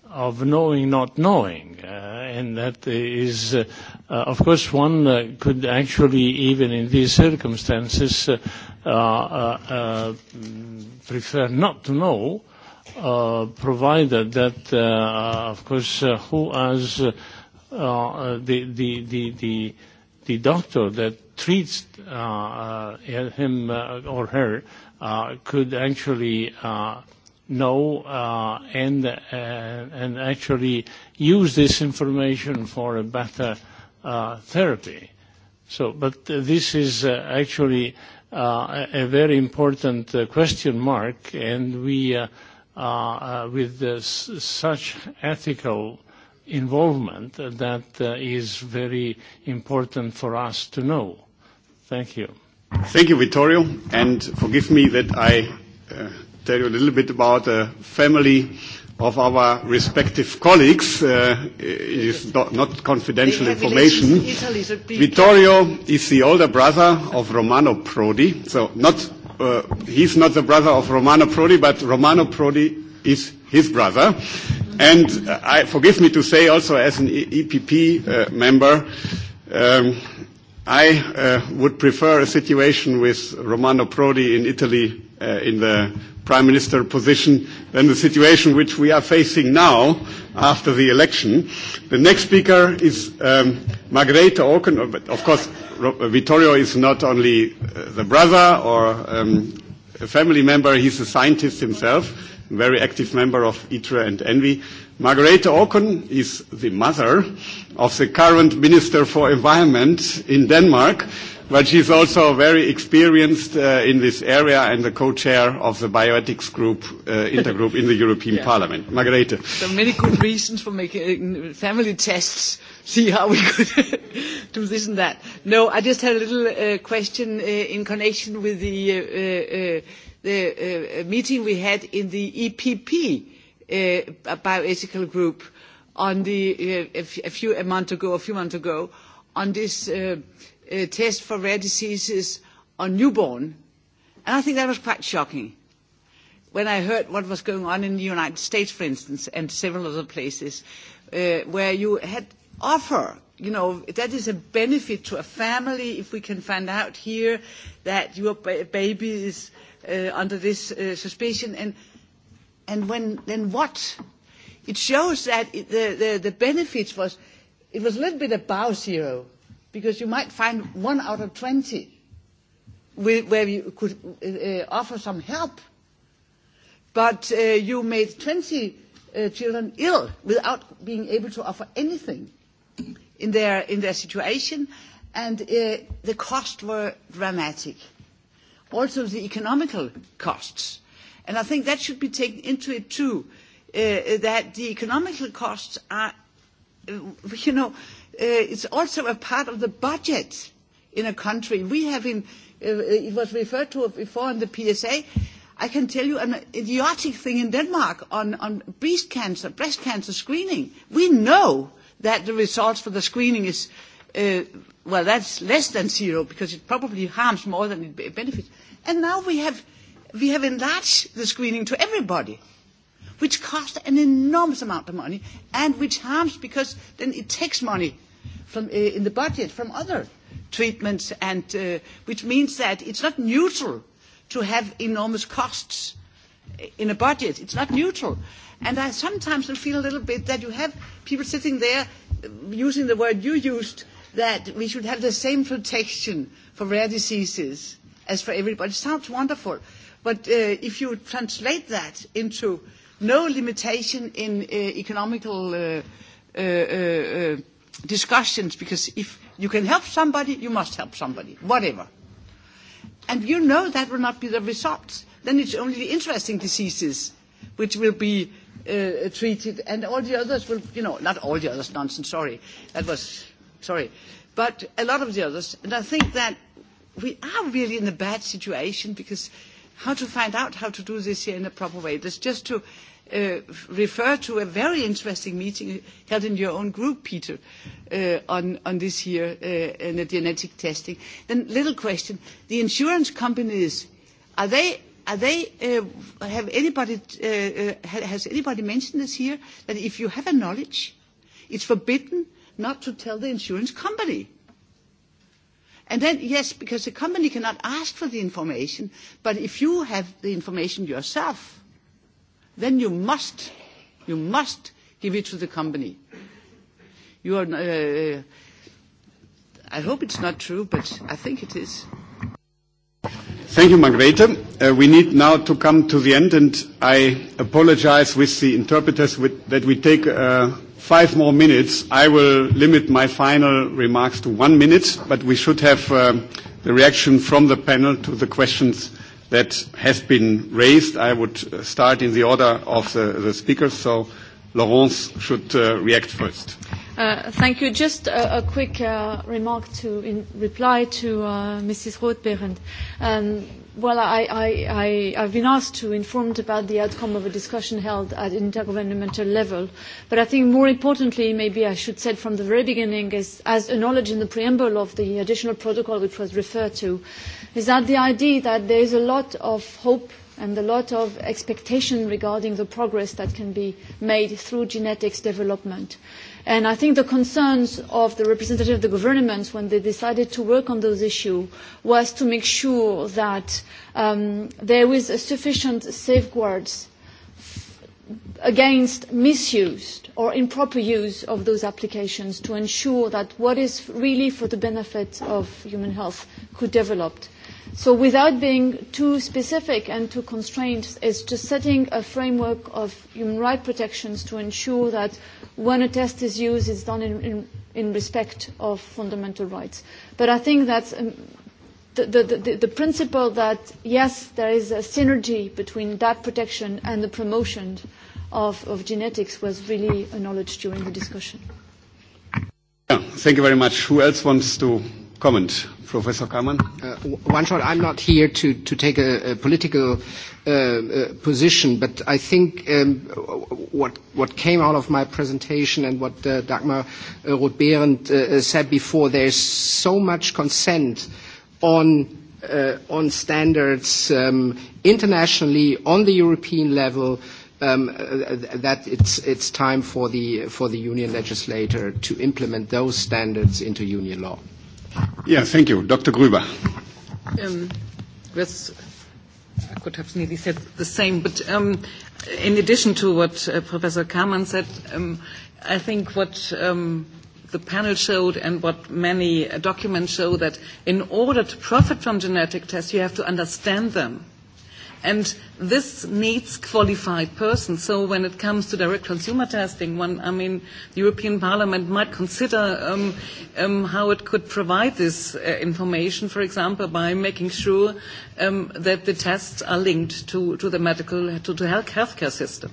of knowing not knowing uh, and that is uh, uh, of course one uh, could actually even in these circumstances uh, uh, uh, prefer not to know uh, provider that, uh, of course, uh, who as uh, uh, the, the, the, the, the doctor that treats uh, uh, him uh, or her uh, could actually uh, know uh, and, uh, and actually use this information for a better uh, therapy. So, but uh, this is uh, actually uh, a very important uh, question mark, and we uh, uh, uh, with uh, s- such ethical involvement that uh, is very important for us to know. Thank you. Thank you, Vittorio, and forgive me that I uh, tell you a little bit about the family of our respective colleagues. Uh, it is not, not confidential information. In Italy, so Vittorio is the older brother of Romano Prodi, so not uh, he's not the brother of Romano Prodi, but Romano Prodi is his brother. And uh, I, forgive me to say also as an e- EPP uh, member, um, I uh, would prefer a situation with Romano Prodi in Italy uh, in the prime minister position than the situation which we are facing now after the election. The next speaker is um, Margrethe Auken, of course, Vittorio is not only uh, the brother or um, a family member, he's a scientist himself, a very active member of ITRE and ENVI. Margarete Auken is the mother of the current Minister for Environment in Denmark, But she's also very experienced uh, in this area and the co-chair of the bioethics group, uh, intergroup in the European yeah. Parliament. Margarete. So many good reasons for making uh, family tests, see how we could do this and that. No, I just had a little uh, question uh, in connection with the, uh, uh, uh the uh, uh, meeting we had in the EPP uh, bioethical group on the, uh, a, f- a few a month ago, a few months ago, on this uh, uh, test for rare diseases on newborn. And I think that was quite shocking. When I heard what was going on in the United States, for instance, and several other places, uh, where you had offer, you know, that is a benefit to a family if we can find out here that your ba- baby is uh, under this uh, suspicion. And, and when, then what? It shows that it, the, the, the benefits was, it was a little bit above zero. Uh, because you might find one out of 20 with, where you could uh, uh, offer some help. But uh, you made 20 uh, children ill without being able to offer anything in their, in their situation, and uh, the costs were dramatic. Also, the economical costs. And I think that should be taken into it too, uh, that the economical costs are Uh, you know, uh, it's also a part of the budget in a country. We have in, uh, uh it was referred to before in the PSA, I can tell you an idiotic thing in Denmark on, on breast cancer, breast cancer screening. We know that the results for the screening is, uh, well, that's less than zero because it probably harms more than it benefits. And now we have, we have enlarged the screening to everybody which cost an enormous amount of money and which harms because then it takes money from, uh, in the budget from other treatments, and, uh, which means that it's not neutral to have enormous costs eh, in a budget. It's not neutral. And I sometimes feel a little bit that you have people sitting there using the word you used that we should have the same protection for rare diseases as for everybody. It sounds wonderful. But uh, if you translate that into uh, no limitation in uh, economical uh, uh, uh, uh, discussions because if you can help somebody, you must help somebody, whatever. And you know that will not be the result. Then it's only the interesting diseases which will be uh, treated, and all the others will, you know, not all the others, nonsense, sorry. That was, sorry. But a lot of the others. And I think that we are really in a bad situation because how to find out how to do this here in a proper way. There's just to uh, refer to a very interesting meeting held in your own group, Peter, uh, on, on this here uh, in the genetic testing. Then, little question: the insurance companies are they? Are they, uh, have anybody, uh, uh, has anybody mentioned this here, that if you have a knowledge, it's forbidden not to tell the insurance company? And then, yes, because the company cannot ask for the information, but if you have the information yourself, then you must, you must give it to the company. You are, uh, uh, I hope it's not true, but I think it is. Thank you, Margrethe. Uh, we need now to come to the end, and I apologize with the interpreters with, that we take uh, five more minutes. I will limit my final remarks to one minute, but we should have uh, the reaction from the panel to the questions that have been raised. I would uh, start in the order of the, the speakers, so Laurence should uh, react first. Uh, thank you. Just a, a quick uh, remark to in reply to uh, Mrs. Roth-Behrendt. Um, Well, I, I, I, I've been asked to informed about the outcome of a discussion held at intergovernmental level. But I think more importantly, maybe I should said from the very beginning, is, as acknowledged in the preamble of the additional protocol which was referred to, is that the idea that there is a lot of hope and a lot of expectation regarding the progress that can be made through genetics development. Uh, And I think the concerns of the representative of the government when they decided to work on those issues was to make sure that um, there is a sufficient safeguards against misuse or improper use of those applications to ensure that what is really for the benefit of human health could develop So without being too specific and too constrained, it's just setting a framework of human rights protections to ensure that when a test is used, it's done in, in, in respect of fundamental rights. But I think that's um, the, the, the, the principle that, yes, there is a synergy between that protection and the promotion of, of genetics was really acknowledged during the discussion. Yeah, thank you very much. Who else wants to comment, Professor Kamann? Uh, one shot. I'm not here to, to take a, a political uh, uh, position, but I think um, what, what came out of my presentation and what uh, Dagmar uh, Roth-Behrendt uh, uh, said before, there's so much consent on uh, on standards um, internationally, on the European level, um, uh, that it's, it's time for the, for the union legislator to implement those standards into union law. Yeah, thank you. Dr. Gruber. Um, with, I could have nearly said the same, but um, in addition to what uh, Professor Kamen said, um, I think what um, the panel showed and what many uh, documents show that in order to profit from genetic tests, you have to understand them. And this needs qualified persons. So when it comes to direct consumer testing, one, I mean, the European Parliament might consider um, um, how it could provide this uh, information, for example, by making sure um, that the tests are linked to, to the medical, to the health healthcare system.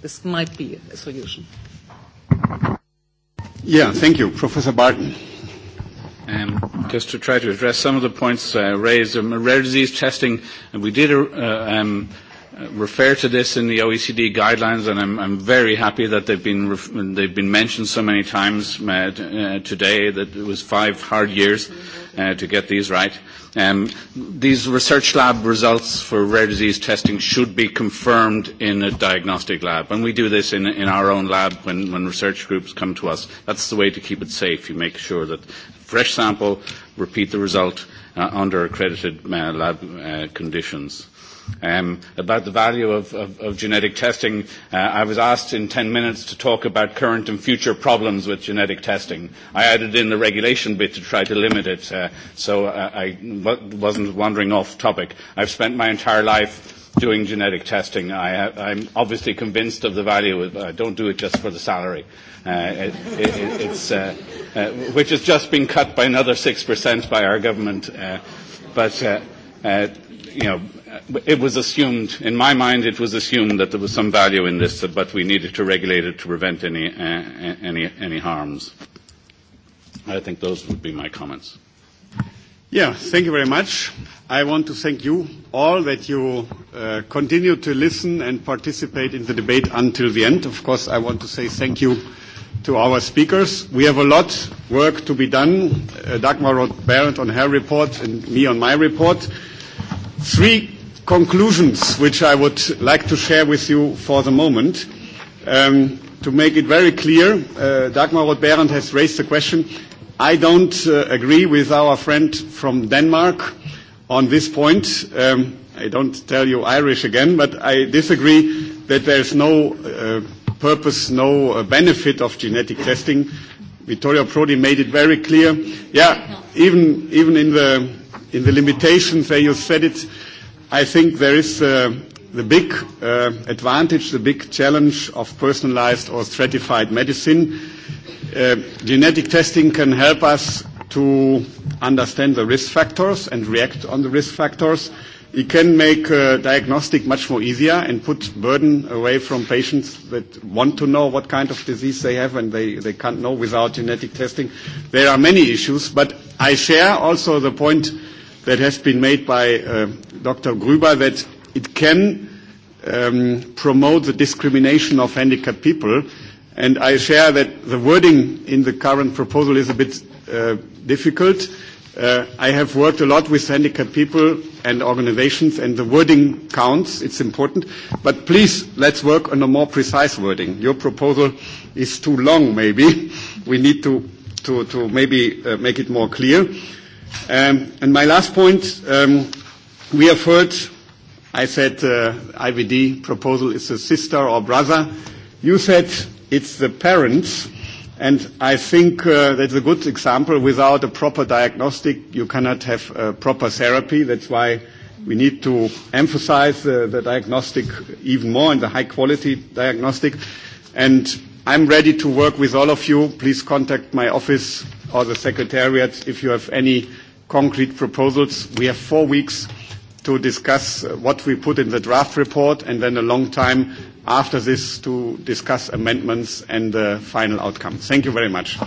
This might be a solution. Yeah, thank you. Professor Barton. Um, just to try to address some of the points uh, raised, um, rare disease testing, we did a, uh, um, Uh, refer to this in the OECD guidelines, and I'm, I'm very happy that they've been, ref- they've been mentioned so many times uh, t- uh, today that it was five hard years uh, to get these right. Um, these research lab results for rare disease testing should be confirmed in a diagnostic lab, and we do this in, in our own lab when, when research groups come to us. That's the way to keep it safe. You make sure that fresh sample, repeat the result uh, under accredited uh, lab uh, conditions um, about the value of, of, of genetic testing. Uh, I was asked in 10 minutes to talk about current and future problems with genetic testing. I added in the regulation bit to try to limit it, uh, so uh, I, I w- wasn't wandering off topic. I've spent my entire life doing genetic testing. I, I'm obviously convinced of the value. Of, I uh, don't do it just for the salary, uh, it, it, it's, uh, uh, which has just been cut by another six percent by our government. Uh, but uh, uh, you know it was assumed, in my mind, it was assumed that there was some value in this, but we needed to regulate it to prevent any, uh, any, any harms. I think those would be my comments. Yeah, thank you very much. I want to thank you all that you uh, continue to listen and participate in the debate until the end. Of course, I want to say thank you to our speakers. We have a lot work to be done. Uh, Dagmar wrote Berend on her report and me on my report. Three conclusions which I would like to share with you for the moment. Um, to make it very clear, uh, Dagmar Roth-Behrendt has raised the question. I don't uh, agree with our friend from Denmark on this point. Um, I don't tell you Irish again, but I disagree that there's no uh, purpose, no uh, benefit of genetic testing. Vittorio Prodi made it very clear. Yeah, even, even in, the, in the limitations where you said it, uh, I think there is uh, the big uh, advantage, the big challenge of personalized or stratified medicine. Uh, genetic testing can help us to understand the risk factors and react on the risk factors. It can make uh, diagnostic much more easier and put burden away from patients that want to know what kind of disease they have and they, they can't know without genetic testing. There are many issues, but I share also the point uh, that has been made by uh, Dr. Gruber that it can um, promote the discrimination of handicapped people. And I share that the wording in the current proposal is a bit uh, difficult. Uh, I have worked a lot with handicapped people and organizations, and the wording counts. It's important. But please, let's work on a more precise wording. Your proposal is too long, maybe. We need to, to, to maybe uh, make it more clear. Uh, Um, and my last point, um, we have heard, I said uh, IVD proposal is a sister or brother. You said it's the parents. And I think uh, that's a good example. Without a proper diagnostic, you cannot have uh, proper therapy. That's why we need to emphasize uh, the diagnostic even more and the high quality diagnostic. And I'm ready to work with all of you. Please contact my office or the secretariat if you have any concrete proposals. We have four weeks to discuss uh, what we put in the draft report and then a long time after this to discuss amendments and the final outcome. Thank you very much.